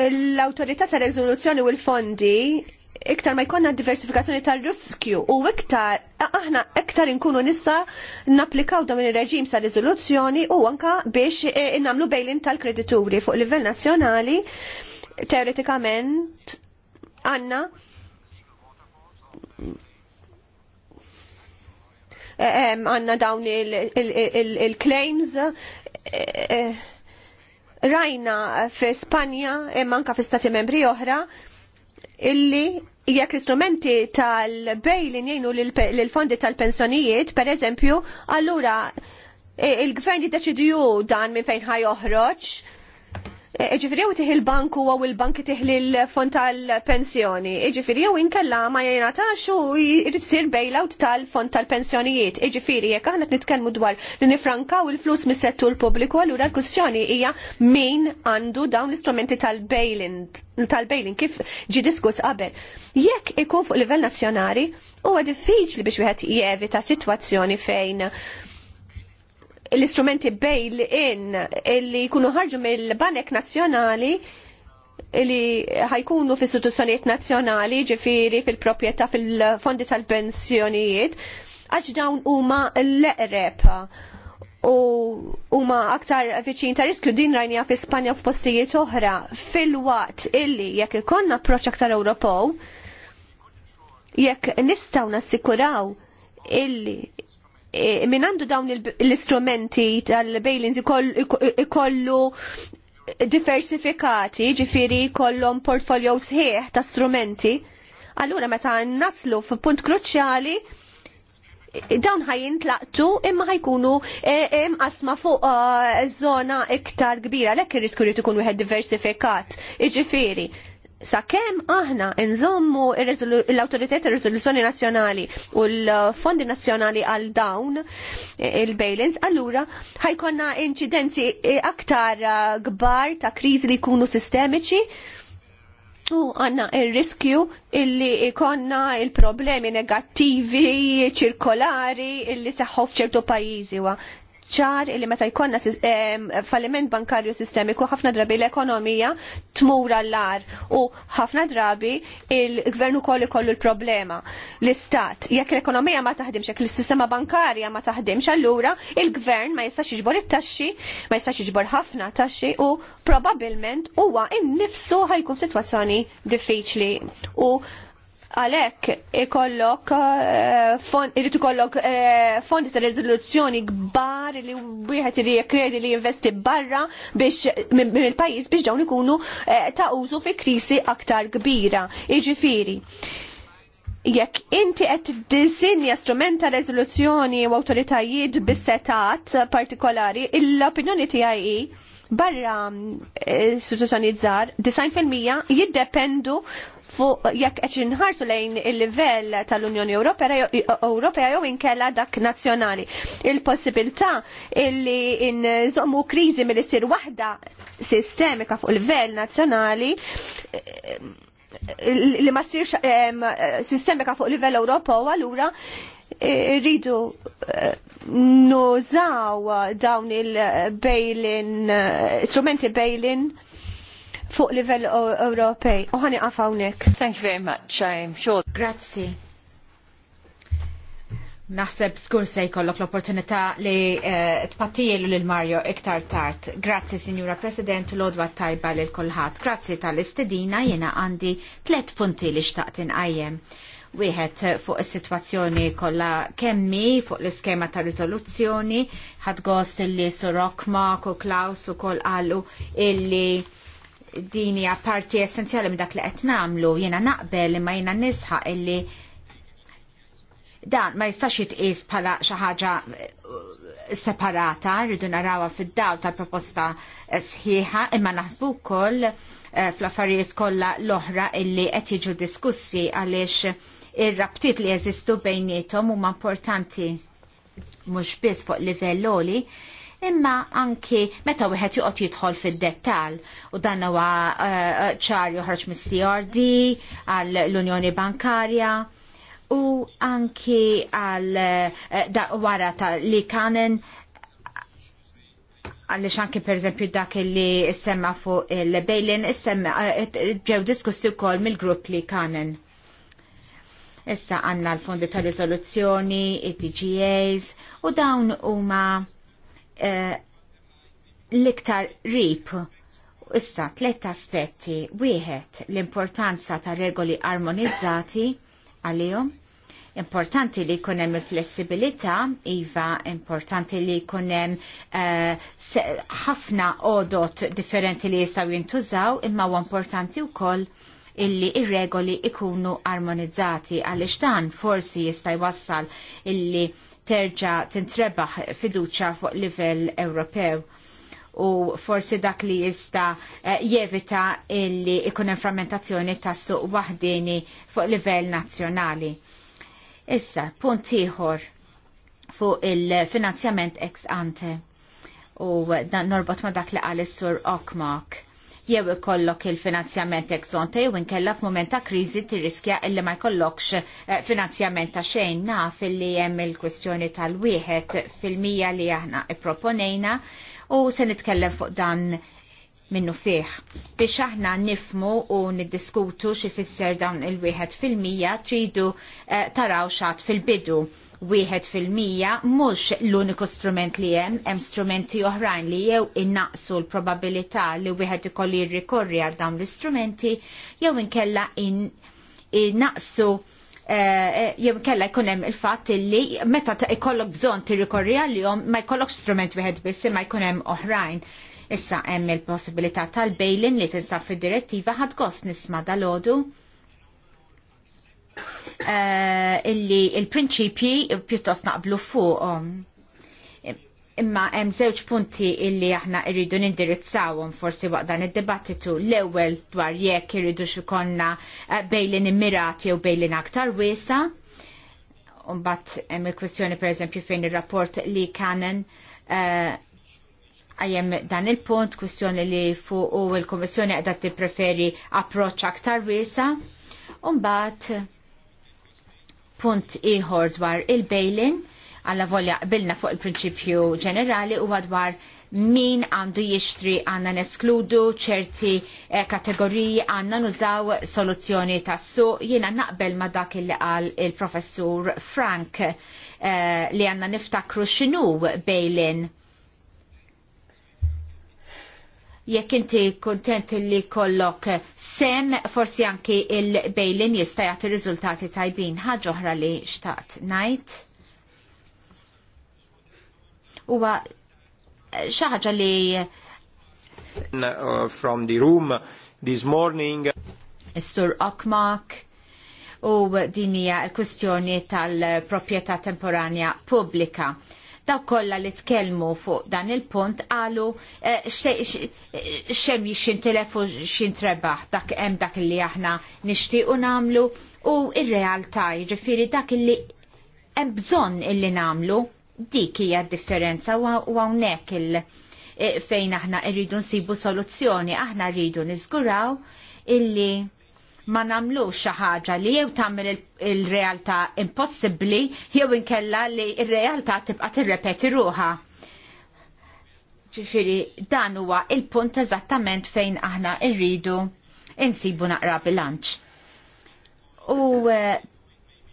L-autorità ta' rezoluzzjoni u l-fondi iktar ma jkollna diversifikazzjoni tar-riskju u iktar aħna iktar inkunu nista napplikaw dawn ir-reġim sa' riżoluzzjoni u anka biex eh, innamlu bejlin tal-kredituri fuq livell nazzjonali teoretikament għandna għanna dawn il-claims. Eh, eh, rajna fi Spanja, e manka fi stati membri oħra, illi jekk l-istrumenti tal-bejlin jgħinu l-fondi tal-pensjonijiet, per eżempju, allura eh, il-gvern jiddeċidju dan minn fejn ħaj joħroġ E, ġifiri jew tiħi l-bank u għaw il-bank tiħi l-fond tal-pensjoni. E, ġifiri jew inkella ma jenatax u jrid sir bailout tal-fond tal-pensjonijiet. E, ġifiri jek aħna nitkellmu dwar li nifrankaw il-flus mis-settur pubbliku allura l kussjoni hija min għandu dawn l-istrumenti tal-bailing tal-bailing kif ġi diskus qabel. Jekk ikun fuq livell nazzjonali huwa diffiċli biex wieħed jevita sitwazzjoni fejn l-istrumenti bail-in illi jkunu ħarġu mill-banek nazzjonali illi ħajkunu fi istituzzjonijiet nazzjonali, ġifiri fil-propieta fil-fondi tal-pensjonijiet, għax dawn huma l-eqreb u huma aktar viċin ta' riskju din rajnija fi Spanja u f'postijiet oħra fil-waqt illi jekk ikonna approċċ aktar Ewropew, jekk nistgħu nassikuraw illi E, min għandu dawn l-istrumenti tal-bailings ikollu diversifikati, ġifiri kollom portfolio sħiħ ta' strumenti. Allura meta naslu f'punt kruċjali, dawn ħajin tlaqtu imma ħajkunu e, imqasma fuq e, zona iktar kbira, lekk ir-risku li tkun wieħed diversifikat. Iġifieri, sakemm aħna nżommu l-autoritet il riżoluzzjoni nazzjonali u l-fondi nazzjonali għal dawn e, il-bailins, allura ħajkonna incidenzi e, aktar kbar e, ta' kriżi li jkunu sistemiċi u għanna il-riskju illi ikonna il-problemi negattivi ċirkolari illi seħħu f'ċertu pajizi wa ċar li meta jkollna falliment bankarju sistemiku ħafna drabi l-ekonomija tmura għall-ar u ħafna drabi il-gvern ukoll kollu l-problema. L-istat, jekk l-ekonomija ma taħdimx, jekk l-sistema bankarja ma taħdimx, allura il-gvern ma jistax jiġbor it-taxxi, ma jistax jiġbor ħafna taxxi u probabilment huwa innifsu ħajkun situazzjoni diffiċli u għalhekk ikollok eh, irid ikollok eh, fondi ta' riżoluzzjoni kbar li wieħed irid jekredi li jinvesti barra biex mill-pajjiż biex dawn ikunu eh, ta' użu fi krisi aktar kbira. Jiġifieri jekk inti qed dissinja strumenta rezoluzzjoni u awtoritajiet bis-setat partikolari, l-opinjoni tiegħi hi barra istituzzjoni żgħar, 90% jiddependu fuq jekk qed inħarsu lejn il-livell tal-Unjoni Ewropea jew inkella dak nazzjonali. Il-possibilità illi nżommu kriżi milli issir waħda sistemika fuq livell nazzjonali eh, li ma ssirx sistemika fuq livell Ewropa u allura eh, rridu eh, nużaw dawn il-bejlin, strumenti bejlin fuq livell Ewropej. U ħani għafawnek. Thank you very much, I'm sure. Grazzi. Naħseb skur se jkollok l-opportunità li eh, tpattijielu lil Mario iktar tard. Grazzi, Signora President, u lodwa tajba lil kulħadd. Grazzi tal-istedina jena għandi tlet punti li xtaqt inqajjem wieħed fuq is-sitwazzjoni kollha kemmi fuq l-iskema ta' riżoluzzjoni ħadd gost illi Sur Rokma u Klaus ukoll qalu illi din hija parti essenzjali minn dak li qed nagħmlu jiena naqbel imma jiena nisħaq illi dan ma jistax jitqies bħala xi ħaġa uh, separata, rridu narawha fid-dawl tal-proposta sħiħa, imma naħsbu wkoll uh, fl-affarijiet kollha l-oħra illi qed jiġu diskussi għaliex ir-rabtiet li jeżistu bejniethom huma importanti mhux biss fuq livell oli, imma anki meta wieħed joqgħod jidħol fid-dettall u dan huwa eh, ċar joħroġ mis-CRD għall unjoni Bankarja u anki għal eh, wara li kanen għalli xanki per eżempju dak li semma fuq il-bejlin, semma eh, ġew diskussi u kol mill-grupp li kanen. Issa għanna l-fondi ta' rizoluzzjoni, id-DGAs, e u dawn huma Eh, l-iktar rip issa tlet aspetti. Wieħed l-importanza ta' regoli armonizzati għalihom. Importanti li jkun hemm il-flessibilità, iva, importanti li jkun hemm eh, ħafna uh, odot differenti li jistgħu jintużaw, imma huwa importanti wkoll illi ir-regoli ikunu armonizzati għaliex dan forsi jista' jwassal illi terġa tintrebaħ fiduċa fuq livell Ewropew u forsi dak li jista eh, jevita illi ikun frammentazzjoni tas suq wahdini fuq livell nazzjonali. Issa, punt ieħor fuq il-finanzjament ex ante u dan norbot ma dak li għal sur Okmak jew ikollok il-finanzjament eksonte jew inkella f'mument ta' kriżi tirriskja illi ma jkollokx eh, finanzjament ta' xejn naf illi hemm il-kwestjoni tal-wieħed fil-mija li aħna ipproponejna u se nitkellem fuq dan minnu fieħ. Biex aħna nifmu u niddiskutu fisser dawn il-1 fil-mija tridu eh, taraw xat fil-bidu. 1 fil-mija mhux l-uniku strument li hemm, hemm strumenti oħrajn li jew innaqsu l-probabilità li wieħed ikolli rikorri għal dawn l-istrumenti jew inkella innaqsu eh, eh, jew kella jkun hemm il-fatt li meta ikollok bżonn tirrikorri għalihom ma jkollokx strument wieħed biss ma jkun hemm oħrajn. Issa hemm il-possibilità tal-bejlin li tinsab fid-direttiva ħad nisma dal-ħodu eh, illi il-prinċipji pjuttost naqblu fuqhom. Imma hemm żewġ punti illi aħna rridu nindirizzawhom forsi waqt dan id-dibattitu l-ewwel dwar jekk irridu xikonna eh, bejlin immirati jew bejlin aktar wiesa. Mbagħad hemm il-kwestjoni pereżempju fejn ir-rapport li kanen għajem dan il-punt, kwestjoni li fuq u il-Komissjoni għadha tippreferi approċċa aktar wiesa. Umbat, punt ieħor dwar il bailin għalla volja qbilna fuq il-prinċipju ġenerali u dwar min għandu jixtri għanna neskludu ċerti eh, kategoriji għanna nużaw soluzzjoni tassu jiena naqbel ma dak il għal il-professur Frank eh, li għanna niftakru xinu bejlin jekk inti kontent li kollok sem forsi anki il-bejlin jista' jagħti riżultati tajbin ħaġa oħra li xtaqt ngħid. Huwa eh, xi ħaġa li uh, from the room this morning. Is-sur Okmak u din hija l-kwistjoni tal-proprjetà temporanja pubblika Dawk kollha li tkellmu fuq dan il-punt qalu eh, eh, xem telefu xin xintrebaħ dak hemm dak li aħna nixtiequ nagħmlu u ir-realtà jiġifieri dak li hemm bżonn illi nagħmlu dik hija differenza u hawnhekk il- eh, fejn aħna rridu nsibu soluzzjoni, aħna rridu niżguraw illi ma namlu xi ħaġa li jew tagħmel il-realtà impossibli impossibbli jew inkella li r-realtà tibqa' tirrepeti ruha. Ġifiri, dan huwa il-punt eżattament fejn aħna rridu insibu naqra bilanċ. U eh,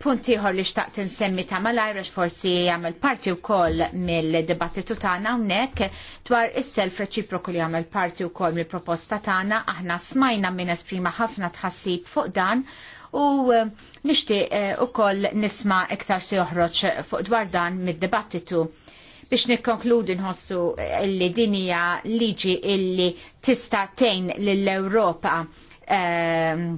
Punt ieħor li xtaqt insemmi ta' mal-Irish forsi jagħmel parti wkoll mill-dibattitu tagħna hawnhekk dwar is-self reċiproku li jagħmel parti wkoll mill-proposta tagħna aħna smajna minn esprima ħafna tħassib fuq dan u eh, nixtieq eh, ukoll nisma' iktar se joħroġ fuq dwar dan mid-dibattitu biex nikkonkludi nħossu eh, li din hija liġi illi tista' tgħin lill-Ewropa eh,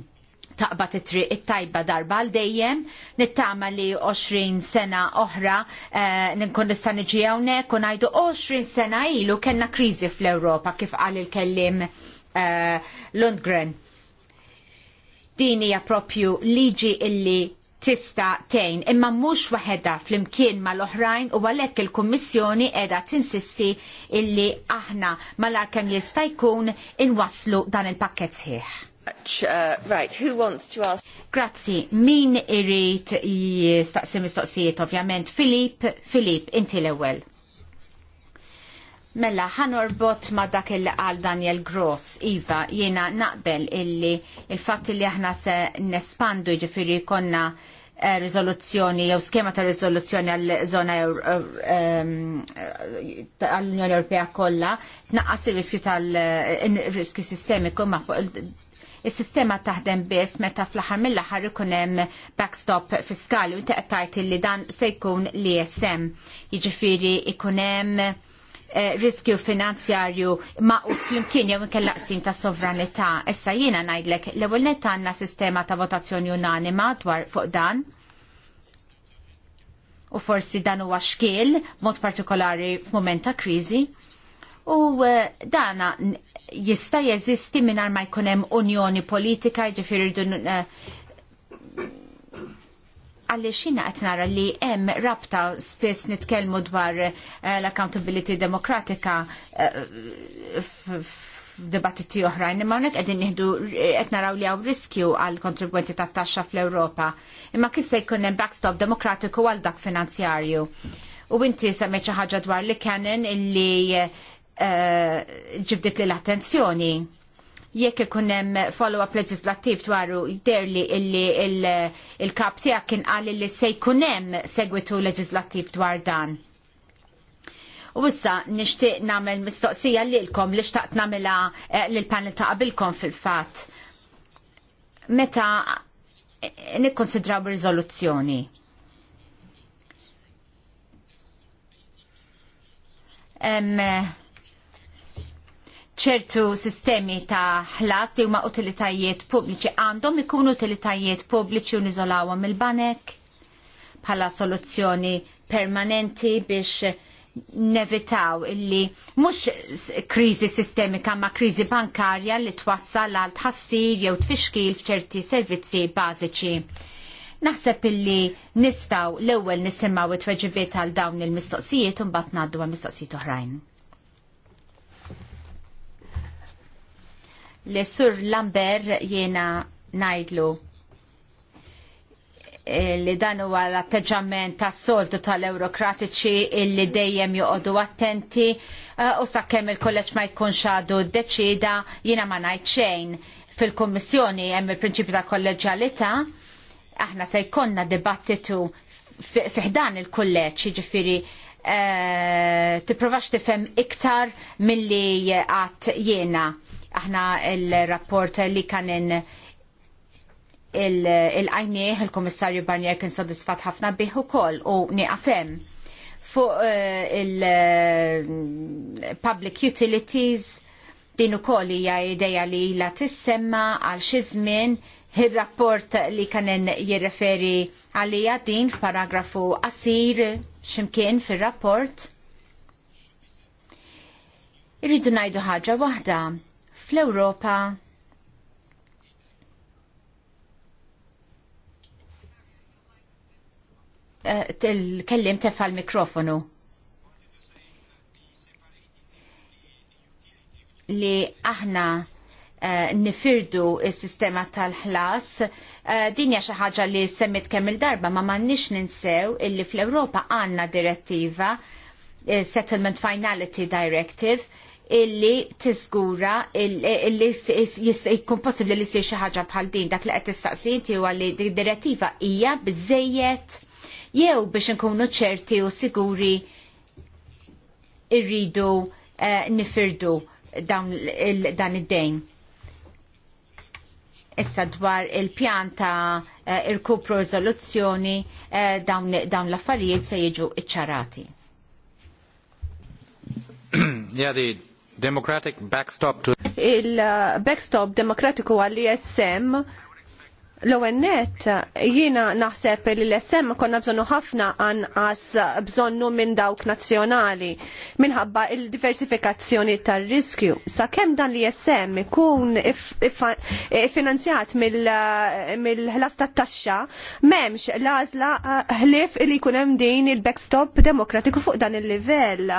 taqbad it-triq it-tajba darba għal dejjem, nittama li 20 sena oħra eh, ninkun nista' niġi hawnhekk u ngħidu 20 sena ilu kellna kriżi fl-Ewropa kif qal il-kellim eh, Lundgren. Din hija propju liġi illi tista tejn imma mhux waħedha flimkien mal-oħrajn u għalhekk il-Kummissjoni qiegħda tinsisti illi aħna malar kemm jista' jkun inwasslu dan il-pakkett sħiħ much. Uh, right, who wants to ask? Grazzi, min irrit jistaqsi mistoqsijiet ovvjament? Filip, Filip, inti l-ewel. Mella, ħanorbot ma dak il għal Daniel Gross, Iva, jiena naqbel illi il-fat li aħna se nespandu ġifiri konna eh, rizoluzzjoni jew skema ta' rizoluzzjoni għal zona eh, eh, għall-Unjoni Ewropea kollha, tnaqqas ir-riskju tal-riskju sistemiku ma' fuq Is-sistema taħdem biss meta fl-aħħar mill-aħħar ikun hemm backstop fiskali u taqtajt li dan se jkun li ism Jiġifieri ikun hemm eh, riskju finanzjarju maqut flimkien jew inkella laqsim ta' sovranità. Issa jiena ngħidlek l-ewwel nett għandna sistema ta' votazzjoni unanima dwar fuq dan u forsi dan huwa xkiel mod partikolari f'mument ta' kriżi. U eh, dana jista' jeżisti mingħajr ma jkun hemm unjoni politika jiġifieri għalli xina qed nara li hemm rabta spiss nitkellmu dwar l-accountability demokratika f'dibattiti oħrajn, imma hawnhekk qegħdin nieħdu qed naraw li hawn riskju għal kontribwenti tat-taxxa fl-Ewropa. Imma kif se jkun hemm backstop demokratiku għal dak finanzjarju? U inti semmejt xi ħaġa dwar li Canon illi Eh, ġibdit li l-attenzjoni jekk ikun hemm follow-up leġislattiv dwaru jderli illi il-kap tiegħek kien qal li se jkun hemm segwitu leġislattiv dwar dan. U issa nixtieq nagħmel mistoqsija lilkom li xtaqt nagħmilha eh, lil panel ta' qabilkom fil-fatt. Meta nikkonsidraw riżoluzzjoni. Um, ċertu sistemi ta' ħlas li huma utilitajiet pubbliċi għandhom ikunu utilitajiet pubbliċi u niżolawhom il-banek bħala soluzzjoni permanenti biex nevitaw illi mhux kriżi sistemika ma kriżi bankarja li twassal għal tħassir jew tfixkil f'ċerti servizzi bażiċi. Naħseb illi nistaw l-ewwel nisimgħu it-tweġibiet għal dawn il-mistoqsijiet u mbagħad ngħaddu għal mistoqsijiet oħrajn. li sur Lambert jiena najdlu e, li dan huwa l-atteġġament tas-soltu tal-eurokratiċi illi dejjem joqogħdu attenti e, u sakemm il-kolleġġ ma jkunx għadu ddeċida jiena ma ngħid xejn fil-Kummissjoni hemm il-prinċipju ta' kolleġjalità aħna se jkollna dibattitu ħdan il-kulleġġ jiġifieri e, tipprovax tifhem iktar milli qatt jiena Aħna il-rapport li kanin il-għajnieħ il għajnieħ il komissarju Barnier kien sodisfat ħafna biħu ukoll u niqafem fuq eh, il-public eh, utilities din ukoll hija ideja li la tissemma għal xi żmien ir-rapport li kien jirreferi għalija din f'paragrafu qasir x'imkien fir-rapport. Irridu ngħidu ħaġa waħda fl-Ewropa eh, kellim tefa l-mikrofonu. Li aħna eh, nifirdu il-sistema tal-ħlas, eh, dinja xi ħaġa li semmit kemm il-darba ma m'għandniex ninsew illi fl-Ewropa għandna direttiva Settlement Finality Directive illi tiżgura illi jkun possibbli li jsir xi ħaġa bħal din dak li qed tistaqsinti huwa li direttiva hija biżejjed jew biex inkunu ċerti u siguri irridu eh, nifirdu dan id-dejn. Issa dwar il-pjan ta' eh, irkupru rizoluzzjoni eh, dawn l-affarijiet se jiġu iċċarati. Ja, the democratic backstop to il-backstop uh, demokratiku għall-ISM L-ONET jiena naħseb li l-SM konna bżonnu ħafna anqas bżonnu minn dawk nazzjonali minħabba il-diversifikazzjoni tar-riskju. Sa kemm dan li SM ikun finanzjat mill-ħlas taxxa m'hemmx l-għażla ħlief li jkun hemm din il-backstop demokratiku fuq dan il-livell.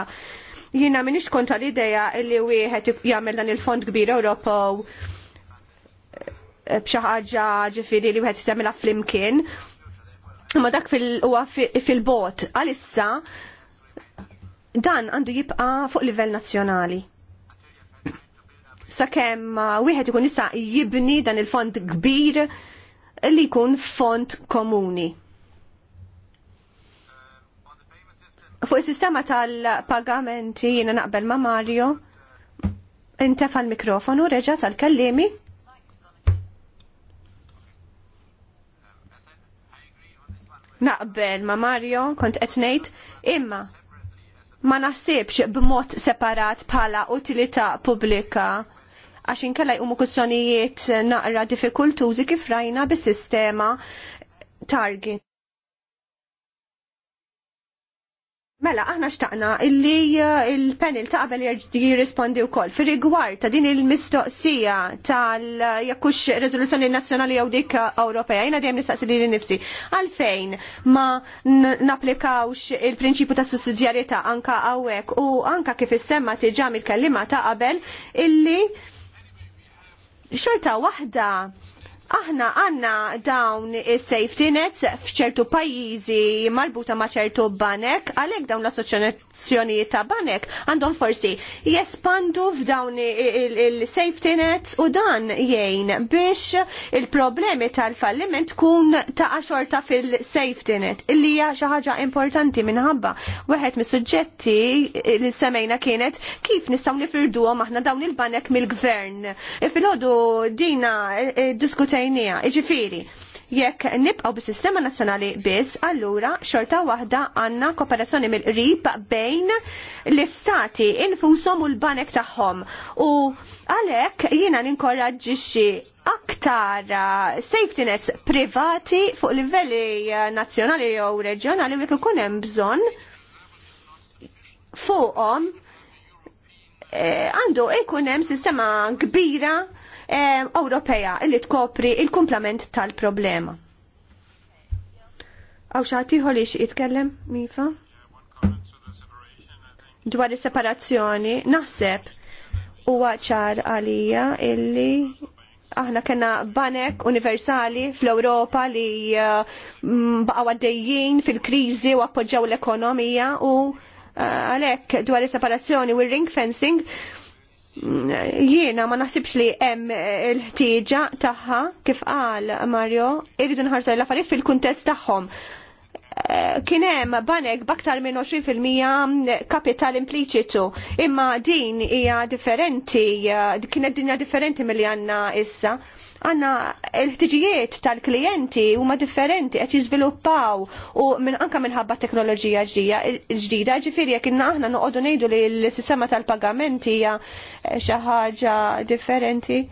Jina minix konta l-ideja li wieħed jagħmel dan il-fond kbir Ewropew eh, b'xi ħaġa ġifieri li wieħed jagħmilha flimkien. Ma dak fil-huwa fil-bot għalissa dan għandu jibqa' fuq livell nazzjonali sakemm eh, wieħed ikun jista' jibni dan il-fond kbir li jkun fond komuni. Fuq is-sistema tal-pagamenti jiena naqbel ma' Mario. Intefa l-mikrofonu, reġa' tal-kellimi. Naqbel ma' Mario, kont qed ngħid, imma ma naħsibx b'mod separat bħala utilità pubblika għax inkella jqumu kussjonijiet naqra diffikultużi kif rajna bis-sistema target. Mela, aħna xtaqna illi eh, il-panel ta' qabel jirrispondi u koll. Fi rigward ta' din il-mistoqsija tal-jakux eh, rezoluzjoni nazjonali jew dik eh, Ewropea, jina dejjem nistaqsi li nifsi. Għalfejn ma naplikawx il prinċipu ta' sussidjarjetà anka hawnhekk u anka kif issemma tiġam il kellima ta' qabel illi xorta waħda aħna għanna dawn is-safety nets f'ċertu pajjiżi marbuta ma' ċertu banek, għalhekk dawn l-assoċjazzjonijiet ta' banek għandhom forsi jespandu f'dawn il-safety nets u dan jgħin biex il-problemi tal-falliment tkun ta' xorta fil-safety net illi hija xi ħaġa importanti minħabba. Weħed mis-suġġetti li semejna kienet kif nistgħu nifirduhom aħna dawn il-banek mill-gvern. E fil-ħodu dina e, e, diskutejna sejnija. Iġifiri, jekk nibqaw bis-sistema nazzjonali biss, allura xorta waħda għandna kooperazzjoni mill-qrib bejn l-istati infushom u l-banek tagħhom. U għalhekk jiena ninkoraġġixxi aktar uh, safety nets privati fuq livelli uh, nazzjonali jew reġjonali u jekk ikun hemm bżonn fuqhom eh, għandu e, ikun hemm sistema kbira Eh, Ewropea illi tkopri il-kumplament tal-problema. Għaw xaħtiħol ix jitkellem, Mifa? Dwar il-separazzjoni, naħseb u ċar għalija illi aħna kena banek universali fl-Europa li eh, baqaw għaddejjien fil-krizi u appoġġaw l-ekonomija u eh, għalek dwar il-separazzjoni u il-ring fencing jiena ma naħsibx li hemm eh, il-ħtieġa tagħha kif qal Mario irridu nħarsu l-affarijiet fil-kuntest tagħhom. Eh, kien hemm banek b'aktar minn 20% mm, kapital impliċitu, imma din hija differenti, eh, kienet dinja differenti milli għandna issa għanna l-ħtiġijiet tal-klijenti huma differenti qed jiżviluppaw u minn anka minħabba teknoloġija ġdida, ġifiri jekk inna aħna noqogħdu ngħidu li l-sistema tal-pagamenti hija xi ħaġa differenti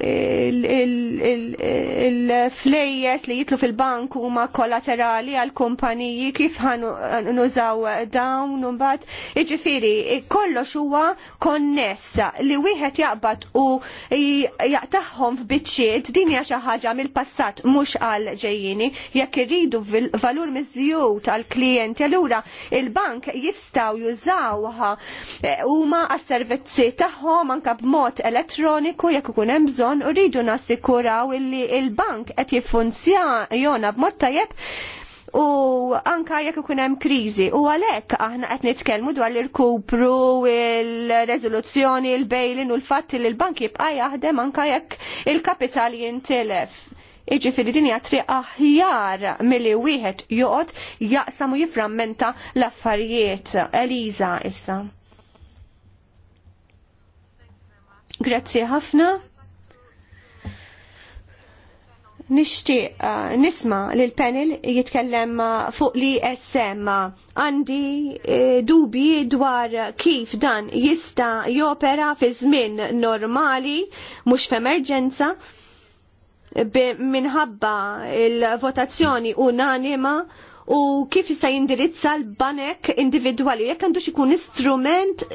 il-flejjes li jitlu fil-bank huma kollaterali għal kumpaniji kif nużaw dawn bat iġifiri kollox huwa konnessa li wieħed jaqbad u jaqtaħħom f'biċċiet din hija xi ħaġa mill-passat mhux għal ġejjini jekk irridu valur miżjud għal klijenti allura il-bank jistgħu jużawha eh, huma għas-servizzi tagħhom anke b'mod elettroniku jekk ikun hemm bżon u rridu nassikuraw illi il-bank qed jiffunzjona b'mod tajjeb u anka jekk ikun hemm kriżi u għalhekk aħna qed nitkellmu dwar l-irkupru, il-reżoluzzjoni, il-bejlin u l-fatt li l-bank jibqa' jaħdem anka jekk il kapitali jintilef. Iġifiri din hija triq aħjar milli wieħed joqgħod jaqsam u jiframmenta l-affarijiet. Eliza issa. Grazzi ħafna. Nixtieq uh, nisma li l-panel jitkellem uh, fuq li SM għandi uh, dubi dwar kif dan jista jopera fi żmien normali mhux f'emerġenza minħabba il-votazzjoni unanima u kif jista jindirizza l-banek individwali jekk għandux ikun istrument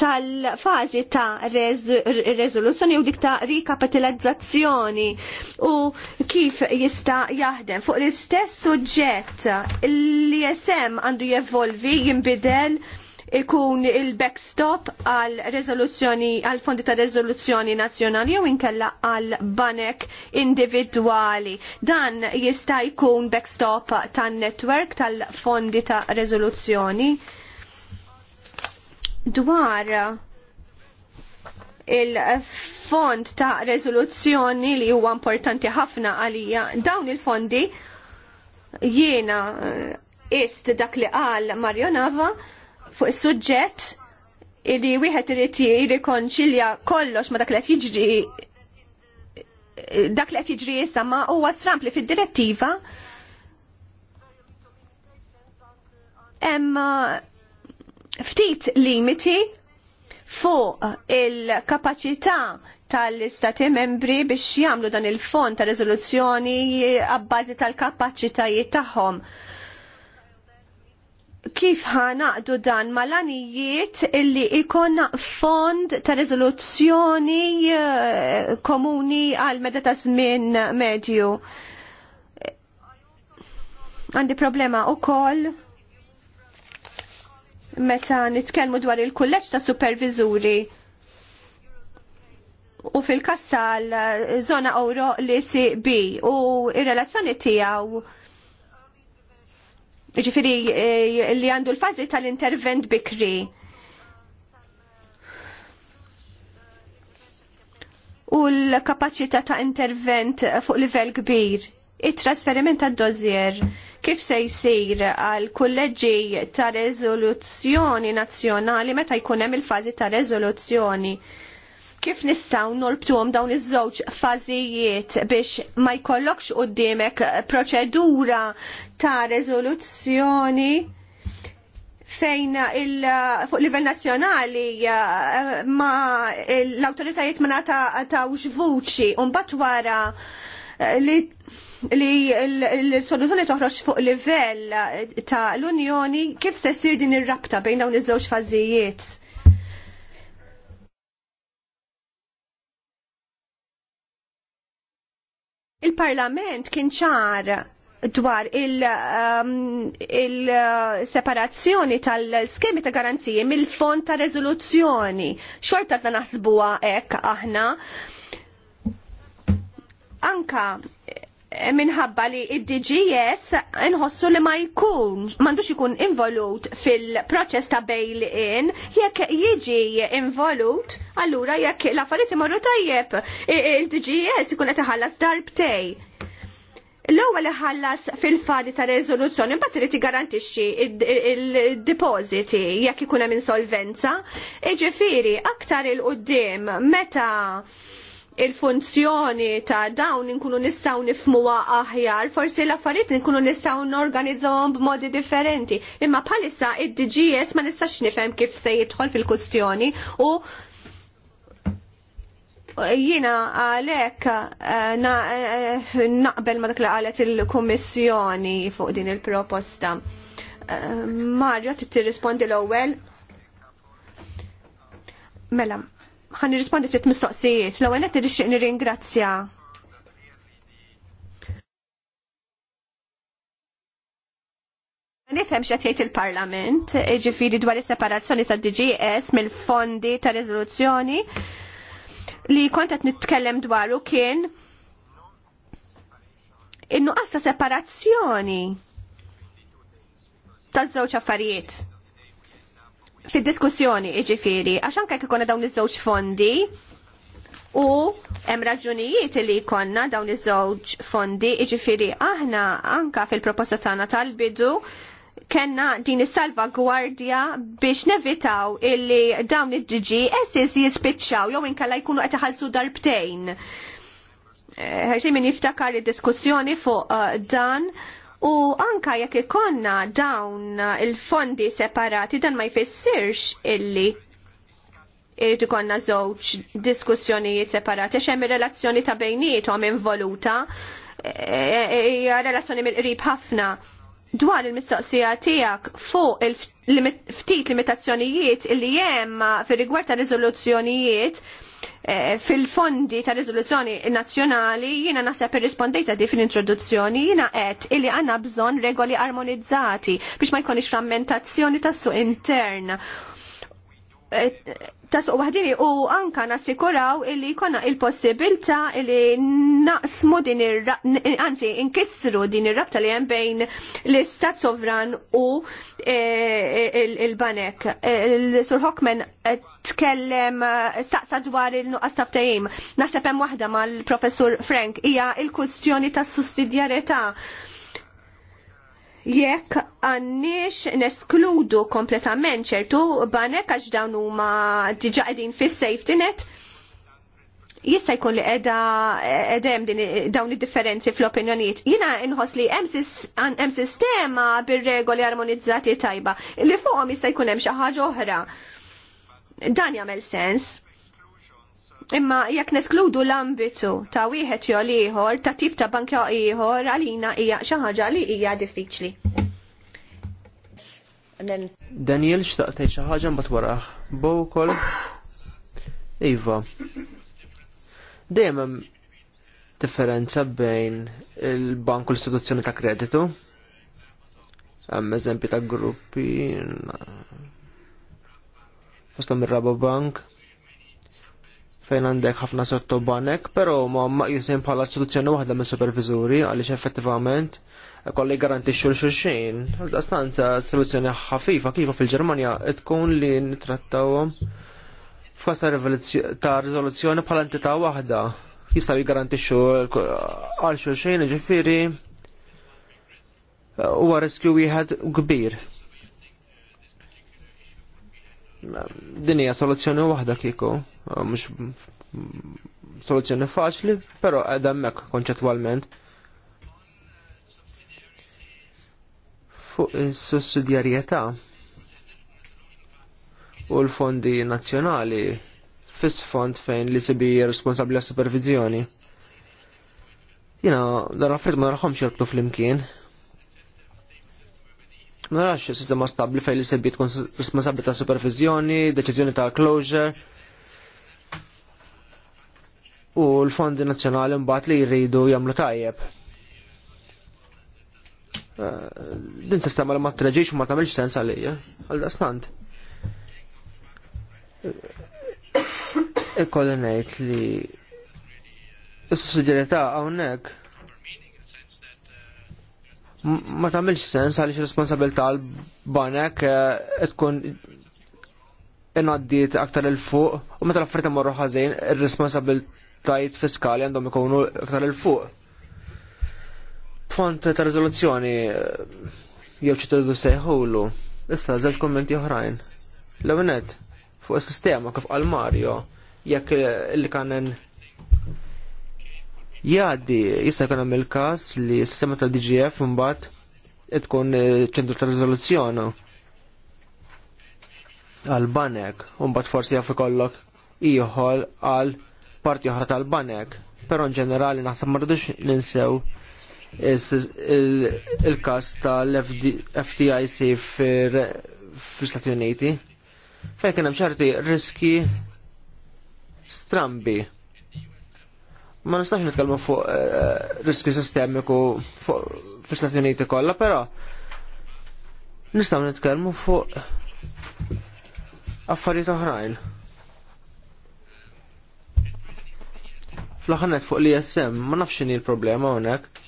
tal-fazi ta' rezoluzzjoni u dik ta' rikapitalizzazzjoni u kif jista' jaħdem fuq l-istess suġġett li jesem għandu jevolvi jimbidel ikun il-backstop għal rezoluzzjoni għal fondi ta' rezoluzzjoni nazzjonali jew inkella għal banek individwali. Dan jista' jkun backstop tan netwerk tal-fondi ta' rezoluzzjoni dwar il-fond ta' rezoluzzjoni li huwa importanti ħafna għalija. Dawn il-fondi jiena eh, ist dak li qal Marjonava fuq is-suġġett il li wieħed irid jirrikonċilja kollox ma dak li qed jiġri dak li qed jiġri issa ma huwa stramp li fid-direttiva hemm ftit limiti fuq il-kapacità tal-istati membri biex jagħmlu dan il-fond ta' rezoluzzjoni għabbażi tal-kapaċitajiet tagħhom kif ħanaqdu dan mal-anijiet illi ikon fond ta' rezoluzzjoni eh, komuni għal meta ta' żmien medju. Għandi problema u koll meta nitkellmu dwar il-kulleġġ ta' superviżuri u fil-kassa l-zona eh, euro li CB u ir-relazzjoni tiegħu ġifiri eh, li għandu l-fazi tal-intervent bikri. U l kapaċità ta' intervent fuq livell kbir it-trasferiment tad dozier kif se jsir għal kulleġġi ta' rezoluzzjoni nazzjonali meta jkun hemm il-fażi ta' rezoluzzjoni. Kif nistgħu nolbtuhom dawn iż-żewġ fażijiet biex ma jkollokx qudiemek proċedura ta' rezoluzzjoni fejn il fuq livell nazzjonali eh, ma l-awtoritajiet ma nata tawx vuċi un bat wara eh, li li l soluzjoni toħroġ fuq livell ta' l-Unjoni kif se ssir din ir-rabta bejn dawn iż-żewġ fażijiet. Il-Parlament kien ċar dwar il-separazzjoni um, il uh, tal-skemi ta' garanziji mill-fond ta' rezoluzzjoni. Xorta ta' naħsbuha hekk aħna. Anka minħabba li id-DGS inħossu li ma jkun, mandux ikun involut fil-proċess ta' bail-in, jekk jiġi involut, allura jekk l-affarijiet imorru tajjeb, il-DGS ikun qed iħallas darbtej. L-ewwel ħallas fil-fadi ta' reżoluzzjoni mbagħad irid tigarantixxi il-depożiti jekk ikun hemm insolvenza. Iġifieri aktar il-qudiem meta il-funzjoni ta' dawn inkunu nistaw nifmuwa aħjar, forsi l-affarijiet inkunu nistaw norganizzawhom b'modi differenti. Imma bħalissa id-DGS ma nistax nifhem kif se jidħol fil-kustjoni u jiena għalek eh, eh, naqbel ma dak li qalet il-Kummissjoni fuq din il-proposta. Eh, Mario, titti rispondi l-ewwel. Mela, ħan nirrispondi ftit mistoqsijiet. L-ewwel qed tixtieq nirringrazzja Nifhem x'qed jgħid il-Parlament, jiġifieri dwar is-separazzjoni tad-DGS mill-fondi ta' riżoluzzjoni li kont qed nitkellem dwaru kien in-nuqqas ta' separazzjoni taż-żewġ affarijiet fid-diskussjoni iġifiri, għax anke ikonna dawn iż-żewġ fondi u hemm raġunijiet li jkollna dawn iż-żewġ fondi iġifiri aħna anka fil-proposta tagħna tal-bidu kenna din is-salvagwardja biex nevitaw illi dawn id-diġi essis jispiċċaw jew inkella jkunu qed iħallsu darbtejn. Eh, ħaxi min jiftakar id-diskussjoni fuq eh, dan U anka jekk ikonna dawn il-fondi separati dan ma jfissirx illi jrid ikonna żewġ diskussjonijiet separati għax hemm ir-relazzjoni ta' bejnietom involuta e, e, e, hija relazzjoni mill-qrib ħafna dwar il-mistoqsija tiegħek fuq il-ftit limitazzjonijiet illi hemm fir rigward ta' riżoluzzjonijiet Eh, fil-fondi ta' riżoluzzjoni nazzjonali jiena naħseb rispondejta di fil-introduzzjoni jiena qed illi għandna bżonn regoli armonizzati biex ma jkunx frammentazzjoni tas-suq intern Ta'Suq waħdini u anka nassikuraw illi jkollna il-possibilta illi naqsmu din ir anzi inkissru din ir-rabta li hemm bejn l-istat sovran u e, e, il-banek. E, Sur Hockman tkellem staqsa dwar il-nuqqas taftajim. Naħseb hemm waħda mal-professur Frank hija il-kwistjoni tas-sussidjarjetà jekk għannix neskludu kompletament ċertu banek għax dawn huma diġa qegħdin fis-safety net. Jista' jkun li qiegħda edem din dawn id-differenzi fl-opinjonijiet. Jiena inħoss li hemm sistema bir-regoli armonizzati tajba li fuqhom jista' jkun hemm xi ħaġa oħra. Dan jagħmel sens. Imma jekk neskludu l-ambitu ta' wieħed jew ieħor, ta' tip ta' banka ieħor għalina hija xi ħaġa li hija diffiċli. Daniel xtaqt xi ħaġa mbagħad wara. Bow ukoll. Iva. Dejjem hemm differenza bejn il-bank u l-istituzzjoni ta' kreditu. Hemm eżempji ta' gruppi. Fostom ir-Rabobank. bank fejn għandek ħafna sottobanek, pero ma jisim bħala soluzzjoni waħda minn supervizuri għaliex effettivament kolli garantixxu l xulxin. Għal-dastanza soluzzjoni ħafifa kif fil-Ġermanja tkun li nitrattawhom f'kosta ta' riżoluzzjoni bħala entità waħda jgaranti jgarantixxu għal xulxin u huwa riskju wieħed kbir din hija soluzzjoni waħda kieku, ah, mhux soluzzjoni faċli, però qiegħda hemmhekk konċettwalment. Fuq is-sussidjarjetà u l-fondi nazzjonali fis fond fejn li sibi responsabbli għas supervizjoni. Jina, dan affarijiet ma narħomx jorbtu fl-imkien, narax sistema stabli fejn li sebbi tkun responsabbli ta' supervizjoni, deċiżjoni ta' closure u l-fondi nazzjonali mbagħad li jridu jagħmlu tajjeb. Eh, din sistema li ma treġiex u ma tagħmilx sens għalija, għal daqstant. Eh, Ikkolli ngħid li s-sussidjarità hawnhekk ma tagħmilx sens għaliex responsabilità l-banek eh, tkun inaddit aktar il fuq u meta l-affarijiet imorru ħażin ir-responsabiltajiet fiskali għandhom ikunu aktar il fuq. Font ta' riżoluzzjoni eh, jew xi tgħidu sejħulu. Issa żewġ kommenti oħrajn. L-ewwel fuq is-sistema kif qal Mario jekk li kanen jgħaddi jista' jkun hemm il-każ li s-sistema tal-DGF imbagħad tkun eh, ċentru ta' riżoluzzjoni għal banek, mbagħad forsi jaf ikollok ieħor għal parti oħra tal-banek, però ġenerali naħseb ma rridux ninsew il-każ tal-FDIC fl-Stati Uniti fejn kien hemm ċerti riski strambi ma nistax nitkellmu fuq eh, riskju sistemiku fuq fl-Stati Uniti kollha, però nistgħu nitkellmu fuq affarijiet oħrajn. Fl-aħħar fuq l-ISM, ma nafx x'inhi l-problema hawnhekk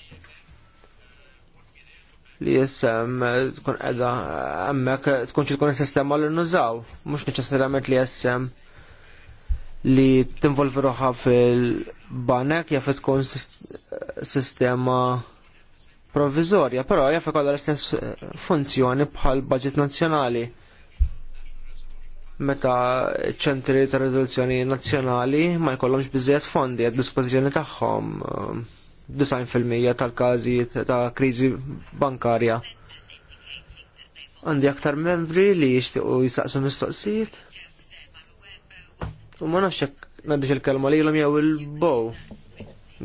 L-ISM eh, tkun qiegħda hemmhekk tkun xi tkun is sistema li nużaw, mhux neċessarjament l-ISM li tinvolvi roħa fil-banek jaf tkun sistema provvizorja, però jaf ikolla l-istess eh, funzjoni bħal budget nazzjonali. Meta ċentri ta' riżoluzzjoni nazzjonali ma jkollhomx biżejjed fondi għad dispożizzjoni tagħhom eh, fil-mija tal-każijiet ta' kriżi bankarja. Għandi aktar membri li jixtiequ jistaqsu mistoqsijiet? U ma nafx jekk ngħaddix il-kelma li jew il-bow.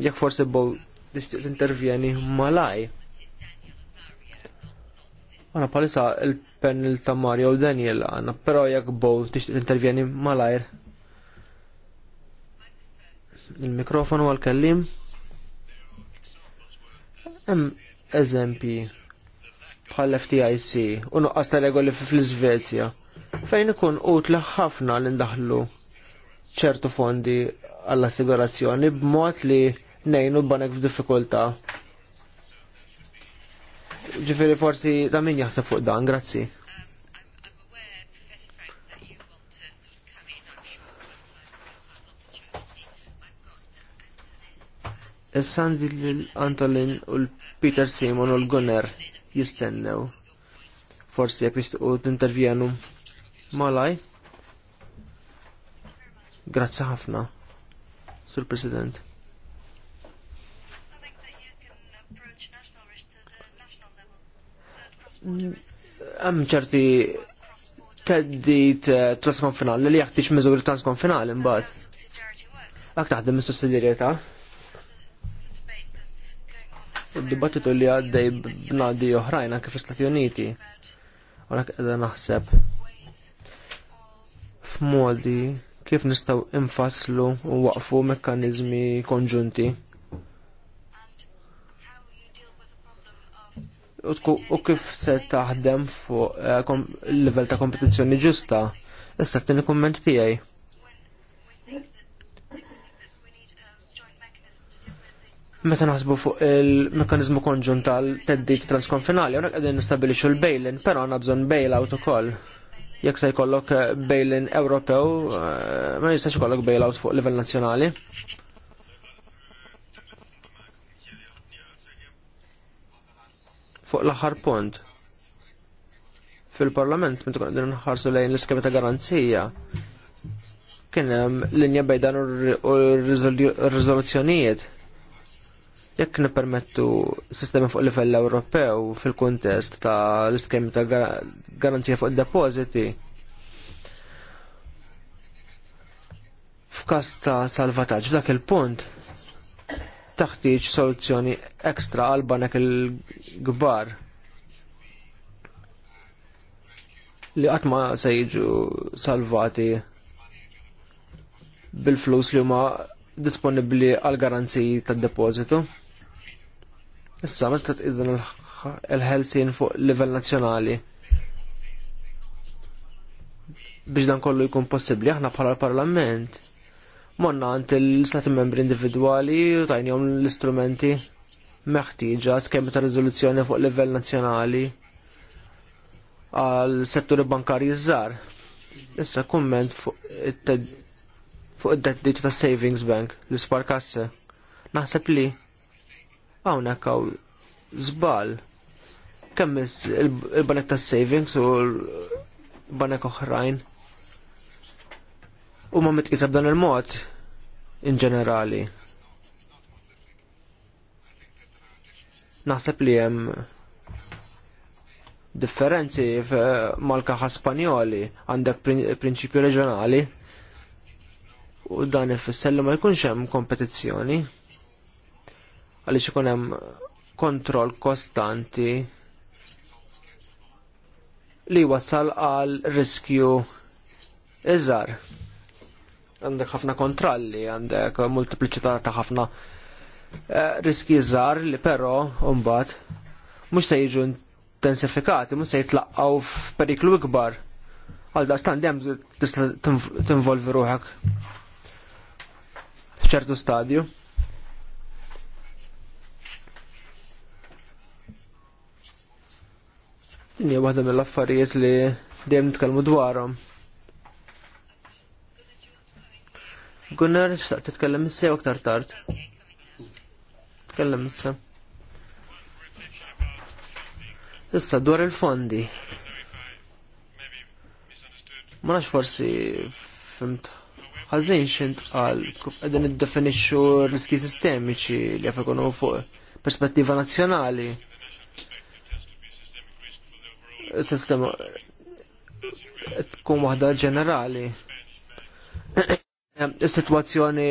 Jekk forsi bow tixtieq intervjeni malaj. Għana palisa il-panel ta' Mario u Daniel għana, pero jekk bow tixtieq intervjeni malajr. Il-mikrofonu għal-kellim. Hemm eżempji bħal-FTIC u nuqqas ta' regoli fl-Svezja fejn ikun utli ħafna l-indaħlu ċertu fondi għall-assigurazzjoni b'mod li nejnu banek f'diffikultà. Ġifiri forsi ta' min jaħseb fuq dan, grazzi. Is-Sandi l-Antolin u l-Peter Simon u l-Gunner jistennew. Forsi jek nixtiequ t-intervjenu. Malaj. Grazzi ħafna, Sur President. Hemm ċerti teddit eh, trasconfinali li jaħtix miżuri trasconfinali mbagħad. Ak taħdem mis-sussidjarjetà. Id-dibattitu li għaddej b'nadi oħrajn anke fl-Stati Uniti. Għalhekk qiegħda naħseb f'modi kif nistaw infaslu u waqfu mekkanizmi konġunti. U kif se taħdem fuq eh, il-level ta' kompetizzjoni ġusta. Issa t-tini komment tijaj. Meta naħsbu fuq il-mekanizmu konġunt tal-teddit transkonfinali, għonek għedin nistabilixu l-bail-in, pero għanna bżon bail-out u koll jekk se jkollok bail-in Ewropew, ma jistax ikollok bail-out fuq livell nazzjonali. Fuq l-aħħar punt. Fil-Parlament meta konna nħarsu lejn l-iskema ta' garanzija. Kien hemm linja bejdan u r-riżoluzzjonijiet. Jekk nippermettu sistemi fuq livell Ewropew fil-kuntest ta' l-iskemi ta' garanzija fuq id depositi f'każ ta' salvataġġ f'dak il-punt taħtieġ soluzzjoni ekstra għal banek il-gbar li għatma se jiġu salvati bil-flus li huma disponibbli għal garanziji tad depożitu Issa meta t il-ħelsin fuq livell nazzjonali biex dan kollu jkun possibbli aħna bħala l-Parlament. Monna għant l-istati membri individwali u tajnjom l-istrumenti meħtieġa skemmi ta' riżoluzzjoni fuq livell nazzjonali għal setturi bankarji żgħar. Issa kumment fuq id-deddit ta' Savings Bank l-isparkasse. Naħseb li Hawnhekk hawn żball kemm il-banek tas savings u l-banek oħrajn u ma mitqisa dan il-mod in ġenerali. Naħseb li hemm differenzi mal-kaħa Spanjoli għandek prinċipju reġjonali u dan ifisser li ma jkunx hemm kompetizzjoni għaliex ikun hemm kontroll kostanti li wasal għal riskju iżgħar. Għandek ħafna kontrolli għandek multipliċità ta' ħafna eh, riski iżar li però mbagħad mhux se jiġu intensifikati, mhux se jitlaqgħu f'periklu ikbar. Għal daqstan stand tista' tinvolvi ruħek f'ċertu stadju. li waħda mill-affarijiet li dejjem nitkellmu dwarhom. Gunnar, xtaq titkellem issa jew aktar tard? Tkellem issa. Issa dwar il-fondi. Ma nafx forsi fimt ħażin xint qal kif qegħdin iddefinixxu riski sistemiċi li jaf ikunu fuq perspettiva nazzjonali sistema tkun waħda ġenerali. Is-sitwazzjoni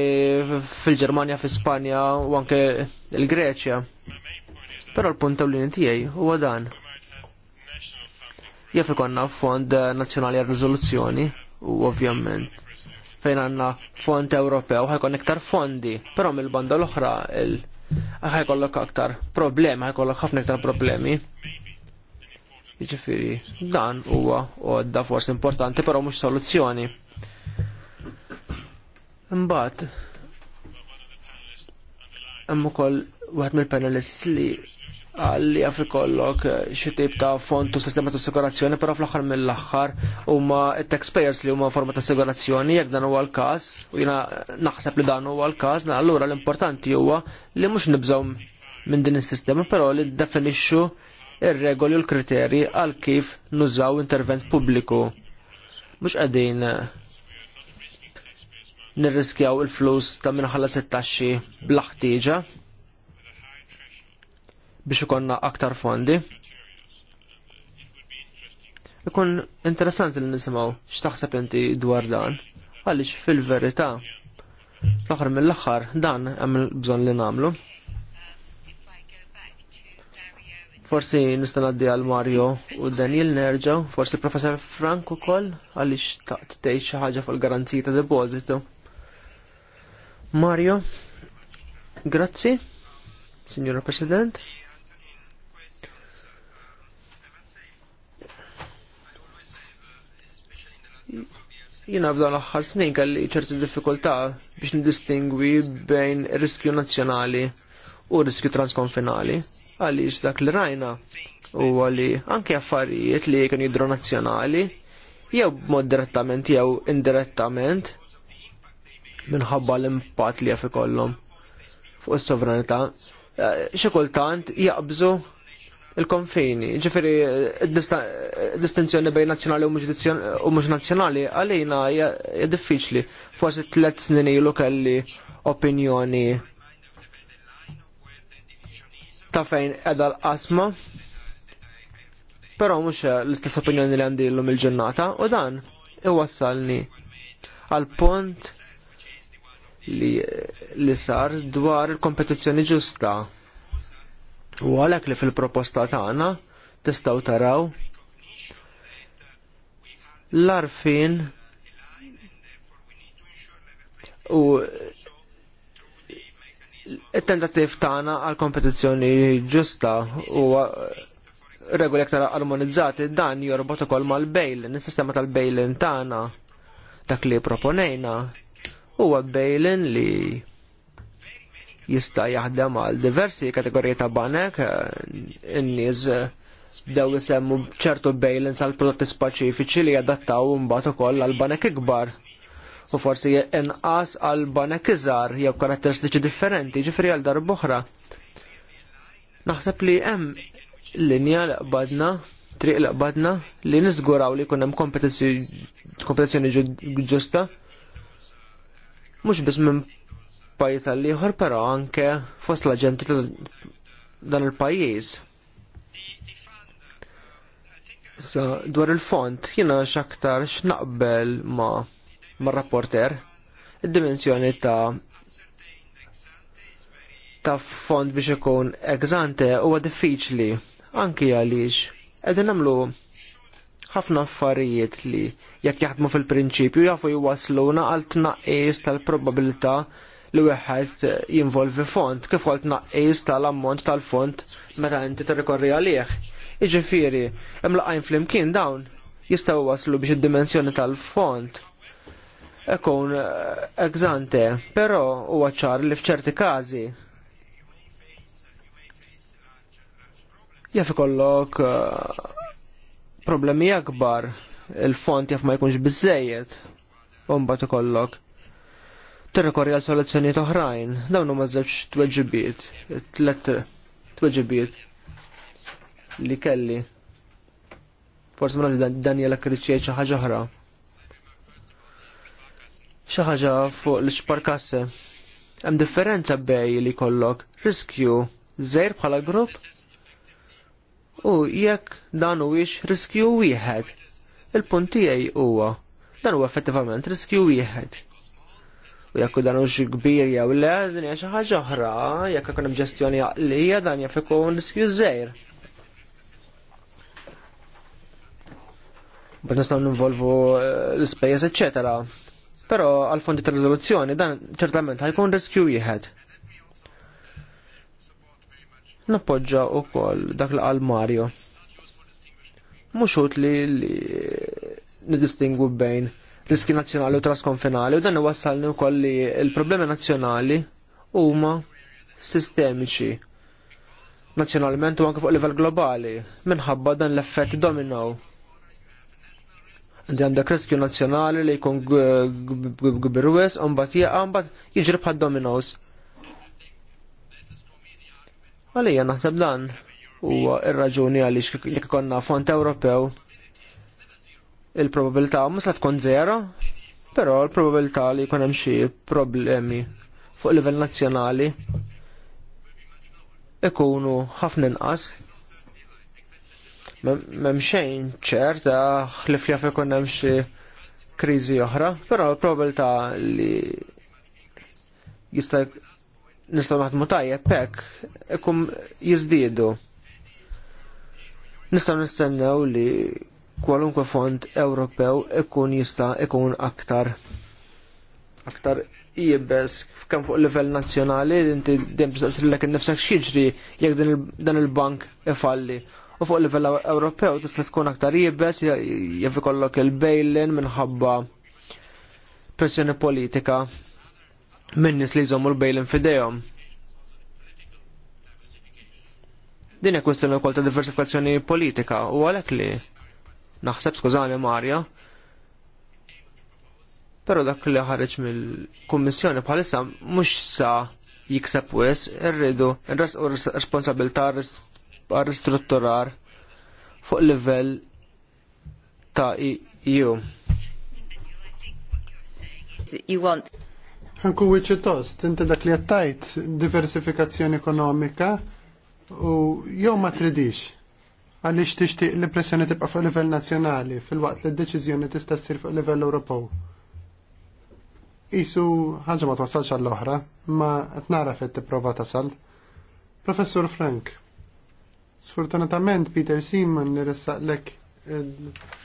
fil-Ġermanja, fil-Spanja u anke il-Greċja. Però l-punt l-linja tiegħi huwa dan. Jaf ikonna fond nazzjonali għal riżoluzzjoni u ovvjament fejn għandna fond Ewropew ħajkun iktar fondi, però mill-banda l-oħra ħajkollok aktar problemi, ħajkollok ħafna iktar problemi. Jiġifieri dan huwa għodda forsi importanti però mhux soluzzjoni. Imbagħad hemm ukoll waħed mill panelist li għalli għafri kollok xi ta' fontu sistema ta' assigurazzjoni, però fl-aħħar mill-aħħar huma taxpayers li huma forma ta' assigurazzjoni jekk dan huwa l-każ, u jiena naħseb li dan huwa l-każ, allura l-importanti huwa li mhux nibżgħu minn din is-sistema, però li definixxu ir-regoli u l-kriterji għal kif nużaw intervent pubbliku. Mhux qegħdin nirriskjaw il-flus ta' minħalla settaxxi bl-ħtieġa biex ikonna aktar fondi. Ikun interessanti li nisimgħu x'taħseb inti dwar dan, għaliex fil-verità fl-aħħar mill-aħħar dan hemm bżonn li nagħmlu. Forsi nistan ngħaddi għal Mario u Daniel nerġa', forsi Professor Frank ukoll għaliex taqt tgħid xi ħaġa fuq il-garanzija ta' depositu. Mario, grazzi, Signor President. Jina għavda l-aħħar snin għalli ċerti diffikulta biex nidistingwi bejn riskju nazzjonali u riskju transkonfinali għaliex dak li rajna u għalli anke affarijiet li kienu jidru nazzjonali jew mod direttament jew indirettament minħabba l-impatt li jaf ikollhom fuq is-sovranità eh, xi kultant jaqbżu il-konfini, ġifiri eh, eh, distinzjoni bejn nazzjonali u mhux nazzjonali għalina hija diffiċli. Forsi tliet snini l kelli opinjoni ta' fejn edha l-qasma, pero mux l-istess opinjoni li għandi l-lum il-ġurnata, u dan iwassalni għal pont li, li sar dwar il kompetizjoni ġusta. U għalek li fil-proposta tagħna tistaw taraw l-arfin u il tentativ tagħna għal kompetizzjoni ġusta u regoli aktar armonizzati dan jorbot ukoll mal-bail-in, is-sistema tal-bail-in tagħna dak li proponejna huwa bail-in li jista' jaħdem għal diversi kategoriji ta' banek, in-nies bdew isemmu ċertu bail-ins għal prodotti speċifiċi li jadattaw mbagħad ukoll għal banek ikbar u forsi inqas għal banek iżgħar jew karatteristiċi differenti ġifri għal darb'oħra. Naħseb li hemm linja li qbadna, triq li qbadna li niżguraw li jkun hemm kompetizzjoni ġusta. Mhux biss minn pajjiż għal ieħor, però anke fost l-aġenti dan il-pajjiż. So, dwar il-font jiena x'aktar x'naqbel ma' mar-rapporter id-dimensjoni ta' ta' fond biex ikun eżante huwa diffiċli anki għaliex qegħdin nagħmlu ħafna affarijiet li jekk jaħdmu fil-prinċipju jafu jwasluna għal tnaqqis tal-probabilità li wieħed jinvolvi fond kif għal tnaqqis tal-ammont tal-fond meta inti tirrikorri għalih. Iġifieri, imlaqajn flimkien dawn jistgħu waslu biex id-dimensjoni tal-fond ikun egzante, eh, però huwa ċar li f'ċerti każi jaf ikollok eh, problemi akbar il-font jaf ma jkunx biżejjed u mbagħad ikollok tirrikorri għal soluzzjonijiet oħrajn dawn huma żewġ tweġibiet tlett tweġibiet li kelli forsi ma nafx Daniela jgħid xi ħaġa oħra xi ħaġa fuq l-xparkasse. Hemm differenza bej li kollok riskju żejr bħala grupp u jekk dan huwiex riskju wieħed. Il-punt tiegħi huwa dan huwa effettivament riskju wieħed. U jekk dan hux kbir jew le, din hija xi ħaġa oħra, jekk ikun hemm ġestjoni għaqlija dan jaf ikun riskju żgħir. Bad nistgħu ninvolvu eh, l-ispejjeż eċetera. Però għal fondi ta' rizoluzzjoni dan ċertament ħajkun riskju jihed. Nappoġġa wkoll dak l qal Mario. Mhux utli li nidistingu bejn riski nazzjonali u trasconfinali u dan u wkoll li l-problemi nazzjonali huma sistemiċi nazzjonalment u anke fuq livell globali minħabba dan l-effett dominaw għandak riskju nazzjonali li jkun gbirwes, unbat jaqa, bat jiġri bħad dominos. Għalija naħseb dan huwa ir-raġuni għaliex jekk konna font Ewropew il-probabilità mhux se tkun zero, però l-probabilità li jkun hemm xi problemi fuq livell nazzjonali ikunu ħafna inqas memxejn ċert, ħlifja fi konna xi kriżi oħra, però ta' li jista' nistaw naħdmu tajjeb hekk ikun jiżdiedu. Nistaw nistennew li kwalunkwe fond Ewropew ikun jista' ikun aktar aktar jibbes kemm fuq livell nazzjonali inti dejjem tistaqsir lek innifsek x'jiġri jekk dan il-bank ifalli u fuq livell Ewropew tista' tkun aktar jibes jef ikollok il-bejlin minħabba pressjoni politika minn nies li jżommu l-bejlin f'idejhom. Din hija kwestjoni wkoll ta' diversifikazzjoni politika u għalhekk li naħseb skużani Marja, pero dak li ħareġ mill-Kummissjoni bħalissa mhux sa jikseb wis irridu nresqu responsabilità ta' ristrutturar fuq livell ta' EU. You want. Ħanku tost, inti dak li għattajt diversifikazzjoni ekonomika u jew ma tridix għaliex tixtieq li pressjoni tibqa' fuq livell nazzjonali fil-waqt li d-deċiżjoni tista' ssir fuq livell Ewropew. Isu ħaġa ma twassalx għall-oħra, ma qed nara fejn tipprova tasal. Professur Frank, Sfortunatament Peter Simon li ressaqlek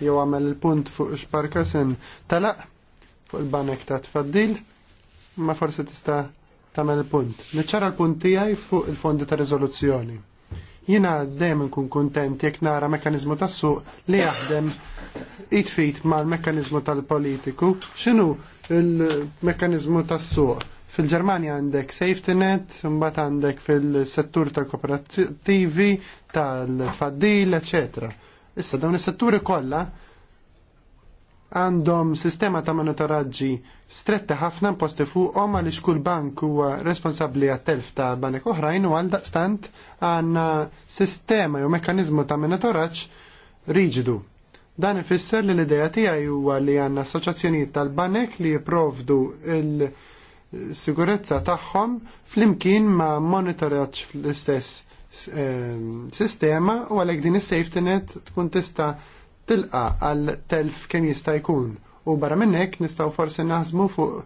jew għamel il-punt fuq xparkasen talaq fuq il-banek ta' tfaddil, ma forse tista' tagħmel il-punt. Niċċara l-punt tiegħi fuq il-fondi ta' riżoluzzjoni. Jiena dejjem nkun kontent jekk nara mekanizmu tas-suq li jaħdem it-fit mal-mekkaniżmu tal-politiku. X'inhu il-mekkaniżmu tas-suq? Fil-Ġermanja għandek safety net, mbata għandek fil-settur tal kooperativi tal-faddil, etc. Issa dawn is-setturi kollha għandhom sistema ta' monitoraġġi stretta ħafna posti fuqhom għaliex kull bank huwa responsabbli għat-telf ta' banek oħrajn u għal daqstant għandna sistema jew mekkaniżmu ta' monitoraġġ riġidu. Dan ifisser li l-idea tiegħi huwa li għandna assoċjazzjonijiet tal-banek li jipprovdu il- sigurezza tagħhom flimkien ma' monitoraġġ fl-istess ehm, sistema u għalhekk din is-safety net tkun tista' tilqa għal telf kemm jista' jkun. U barra minnek nistaw forsi naħsmu fuq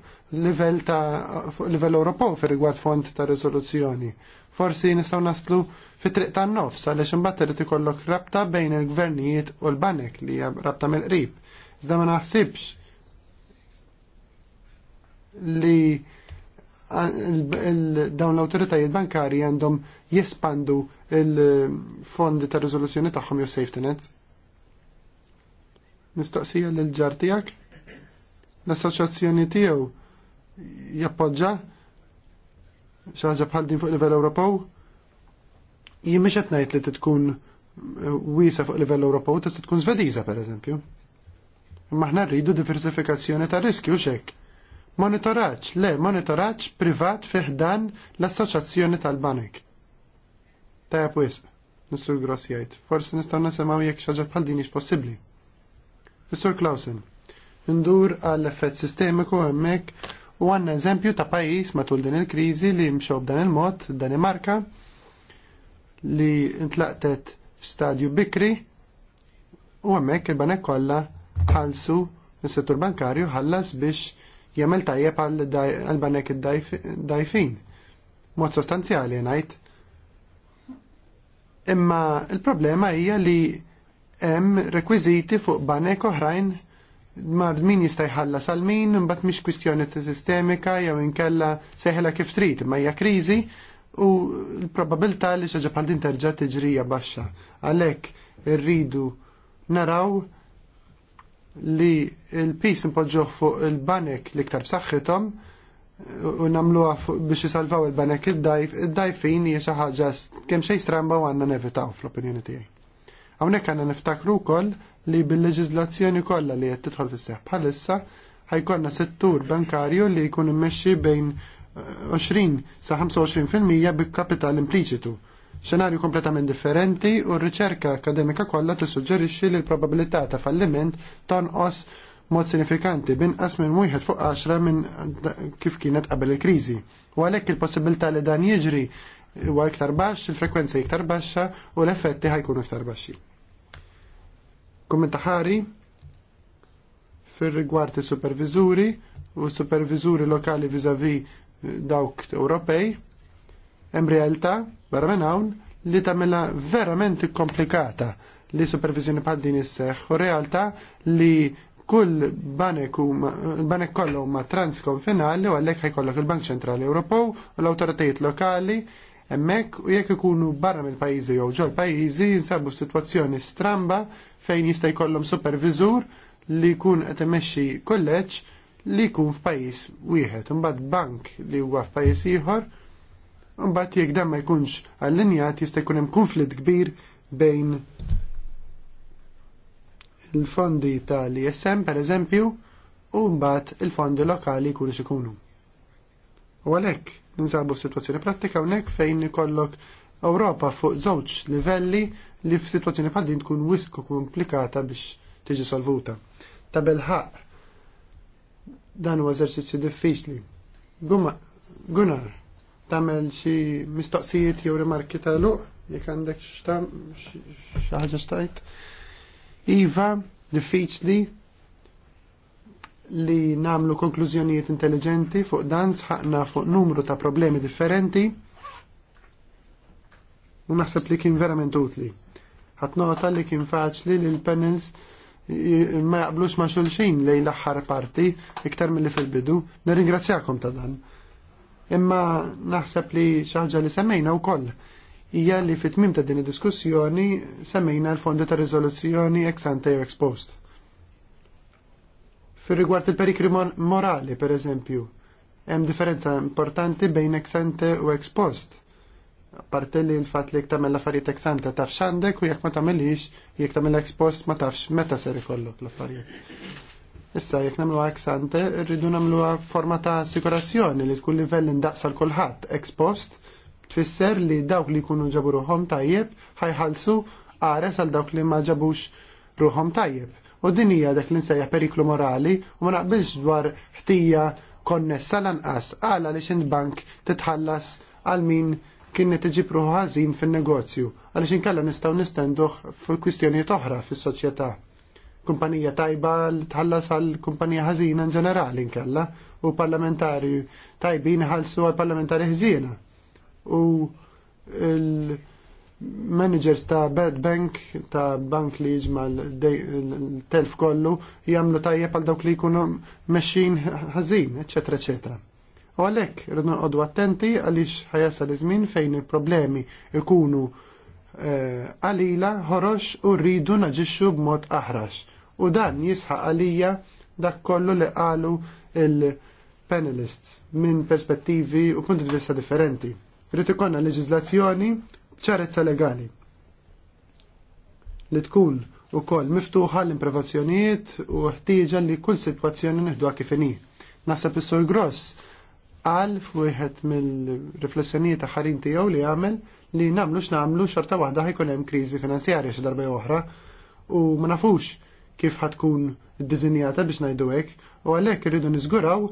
livell ta' fuq livell Ewropew fir rigward fond ta' riżoluzzjoni. Forsi nistaw naslu fit triq tan nofs għaliex imbagħad irid ikollok rabta bejn il-gvernijiet u l-banek li hija rabta mill-qrib. Iżda ma naħsibx li dawn l-autoritajiet bankari għandhom jespandu il-fondi ta' rizoluzjoni tagħhom jew safety nets. Mistoqsija lill ġar tiegħek? L-assoċjazzjoni tiegħu jappoġġa xi ħaġa bħal din fuq livell Ewropew? Jien mhix qed ngħid li tkun wiesa fuq livell Ewropew tista' tkun żvediża pereżempju. Imma aħna rridu diversifikazzjoni ta' riskju x'hekk Monitoraġġ, le, monitoraġġ privat fiħdan l-Assoċjazzjoni tal-Banek. Tajab wisq, Nistur Gross jgħid, forsi nistgħu nasemaw jekk xaġa bħal dinix possibbli. Nistur Clausen, ndur għall effett sistemiku hemmhekk u għandna eżempju ta' pajjiż matul din il-kriżi li mxew b'dan il-mod, Danimarka, li intlaqtet f'stadju bikri u hemmhekk il-banek kollha ħalsu is-settur bankarju ħallas biex Jemmel tajjeb għal banek id-dajfin. Mod sostanzjali ngħid. Imma il-problema hija li hemm rekwiżiti fuq banek oħrajn mar min jista' jħallas għal min, imbagħad mhix kwistjoni sistemika jew inkella seħla kif trid, imma hija kriżi u l-probabilità li xi ġabħal din terġa' tiġrija baxxa. Għalhekk irridu naraw li il-pis impoġġuh fuq il-banek li ktar b'saħħithom u namluha biex jisalvaw il-banek id-dajf, id-dajfin hija xi ħaġa kemm xejn stramba u għandna nevitaw fl-opinjoni tiegħi. Hawnhekk għandna niftakru wkoll li bil-leġiżlazzjoni kollha li qed tidħol fis-seħħ bħalissa ħajkollna settur bankarju li jkun immexxi bejn 20 eh, sa 25% bi kapital impliċitu Xenarju kompletament differenti u r-riċerka akademika kollha tissuġġerixxi li l-probabilità ta' falliment tonqos mod sinifikanti binqas minn wieħed fuq 10 minn kif kienet qabel il-kriżi. U għalhekk il-possibilità li dan jiġri huwa iktar baxx, il-frekwenza iktar baxxa u l-effetti ħajkunu iktar baxxi. Kumment ħari fir-rigward is-superviżuri u superviżuri lokali viżavi dawk Ewropej hemm realtà Barra minn hawn li tagħmilha verament komplikata li supervizjoni bħal din isseħħ u realtà li kull banek kollu ma transkonfinali u għalhekk ħajkollok il-Bank Ċentrali Ewropew u l-awtoritajiet lokali hemmhekk u jekk ikunu barra mill-pajjiżi jew ġol pajjiżi jinsabu f'sitwazzjoni stramba fejn jista' jkollhom supervizur li jkun qed imexxi kulleġġ li jkun f'pajjiż wieħed imbagħad bank li huwa f'pajjiż ieħor Mbagħad jekk dan ma jkunx allinjat jista' jkun hemm konflitt kbir bejn il-fondi tal-ISM pereżempju u mbagħad il-fondi lokali jkunu xikunu. U għalhekk ninsabu f'sitwazzjoni prattika hawnhekk fejn ikollok Ewropa fuq żewġ livelli li f'sitwazzjoni bħal din tkun wisku komplikata biex tiġi solvuta. Ta' belħaq dan huwa eżerċizzju diffiċli. Gunnar, tamel xi mistoqsijiet jew rimarki ta' luq jekk għandek xi ħaġa xtajt. Iva, diffiċli li namlu konklużjonijiet intelligenti fuq dan sħaqna fuq numru ta' problemi differenti u naħseb li kien verament utli. Ħadd nota li kien faċli li l-panels ma jaqblux ma xulxin lej l-aħħar parti iktar mill-li fil-bidu. Nirringrazzjakom ta' dan imma naħseb li xaġa li semmejna wkoll hija li fit tmim ta' din id-diskussjoni semmejna l-fondi ta' riżoluzzjoni ex ante jew ex post. Fir-rigward il-perikri morali, per eżempju, hemm differenza importanti bejn ex ante u ex post. Parte li l-fat li tagħmel l-affarijiet ex ante taf x'għandek u jekk ma tagħmelix, jekk tagħmel ex post ma tafx meta ser ikollok l-affarijiet. Issa, jek namlu għak sante, rridu namlu forma ta' assikurazzjoni li tkun livell indaqsa l-kulħat, ex post, tfisser li dawk li kunu ġabu ruħom tajjeb ħajħalsu għares għal dawk li ma ġabux ruħom tajjeb. U din hija dak li nsejja periklu morali u ma naqbilx dwar ħtija konnessa lanqas għala li xind bank titħallas għal min kien iġib ruħu ħażin fin-negozju għaliex inkella nistgħu nistenduh fuq kwistjonijiet oħra fis-soċjetà kumpanija tajba li tħallas għal kumpanija ħażina in ġenerali nkella u parlamentari tajbin ħalsu għal parlamentari ħżiena. U il-managers ta' bad bank, ta' bank li jġma l-telf kollu, jamlu tajjeb għal dawk li jkunu meċin ħażin, eċetera, eccetera. U għalek, rridu noqogħdu attenti għalix ħajasa l-izmin fejn il-problemi ikunu Eh, għalila ħorox u rridu naġixxu b'mod aħrax. U dan jisħaq għalija dak kollu li qalu il-panelists minn perspettivi u punti di vista differenti. Rrid ikollna leġiżlazzjoni ċarezza legali li tkun u koll miftuħa l-improvazzjonijiet u ħtieġa li kull situazzjoni nihduha kif inhi. Naħseb is-sur Gross qal f'wieħed mill-riflessjonijiet ta' ħarin tiegħu li għamel li namlu x'namlu xorta waħda ħajkun hemm kriżi finanzjarja xi darba oħra u ma nafux kif ħatkun iddiżinjata biex ngħidu hekk u għalhekk irridu niżguraw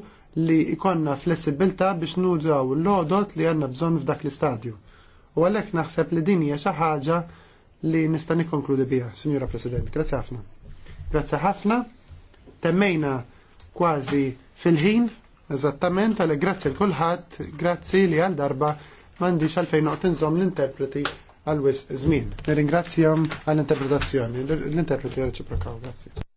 li ikonna flessibilta biex nudaw l-odot li għanna bżonn f'dak l-istadju. U għalhekk naħseb li din hija xi ħaġa li nista' nikkonkludi biha, Sinjura President. Grazzi ħafna. Grazzi ħafna. Temmejna kważi fil-ħin, eżattament, għal grazzi l-kulħadd, grazzi li għal darba m'għandix għalfejn noqt nżom l-interpreti għal wis żmien. Nirringrazzjam għall-interpretazzjoni, l-interpreti għar-ċiprokaw. grazzi.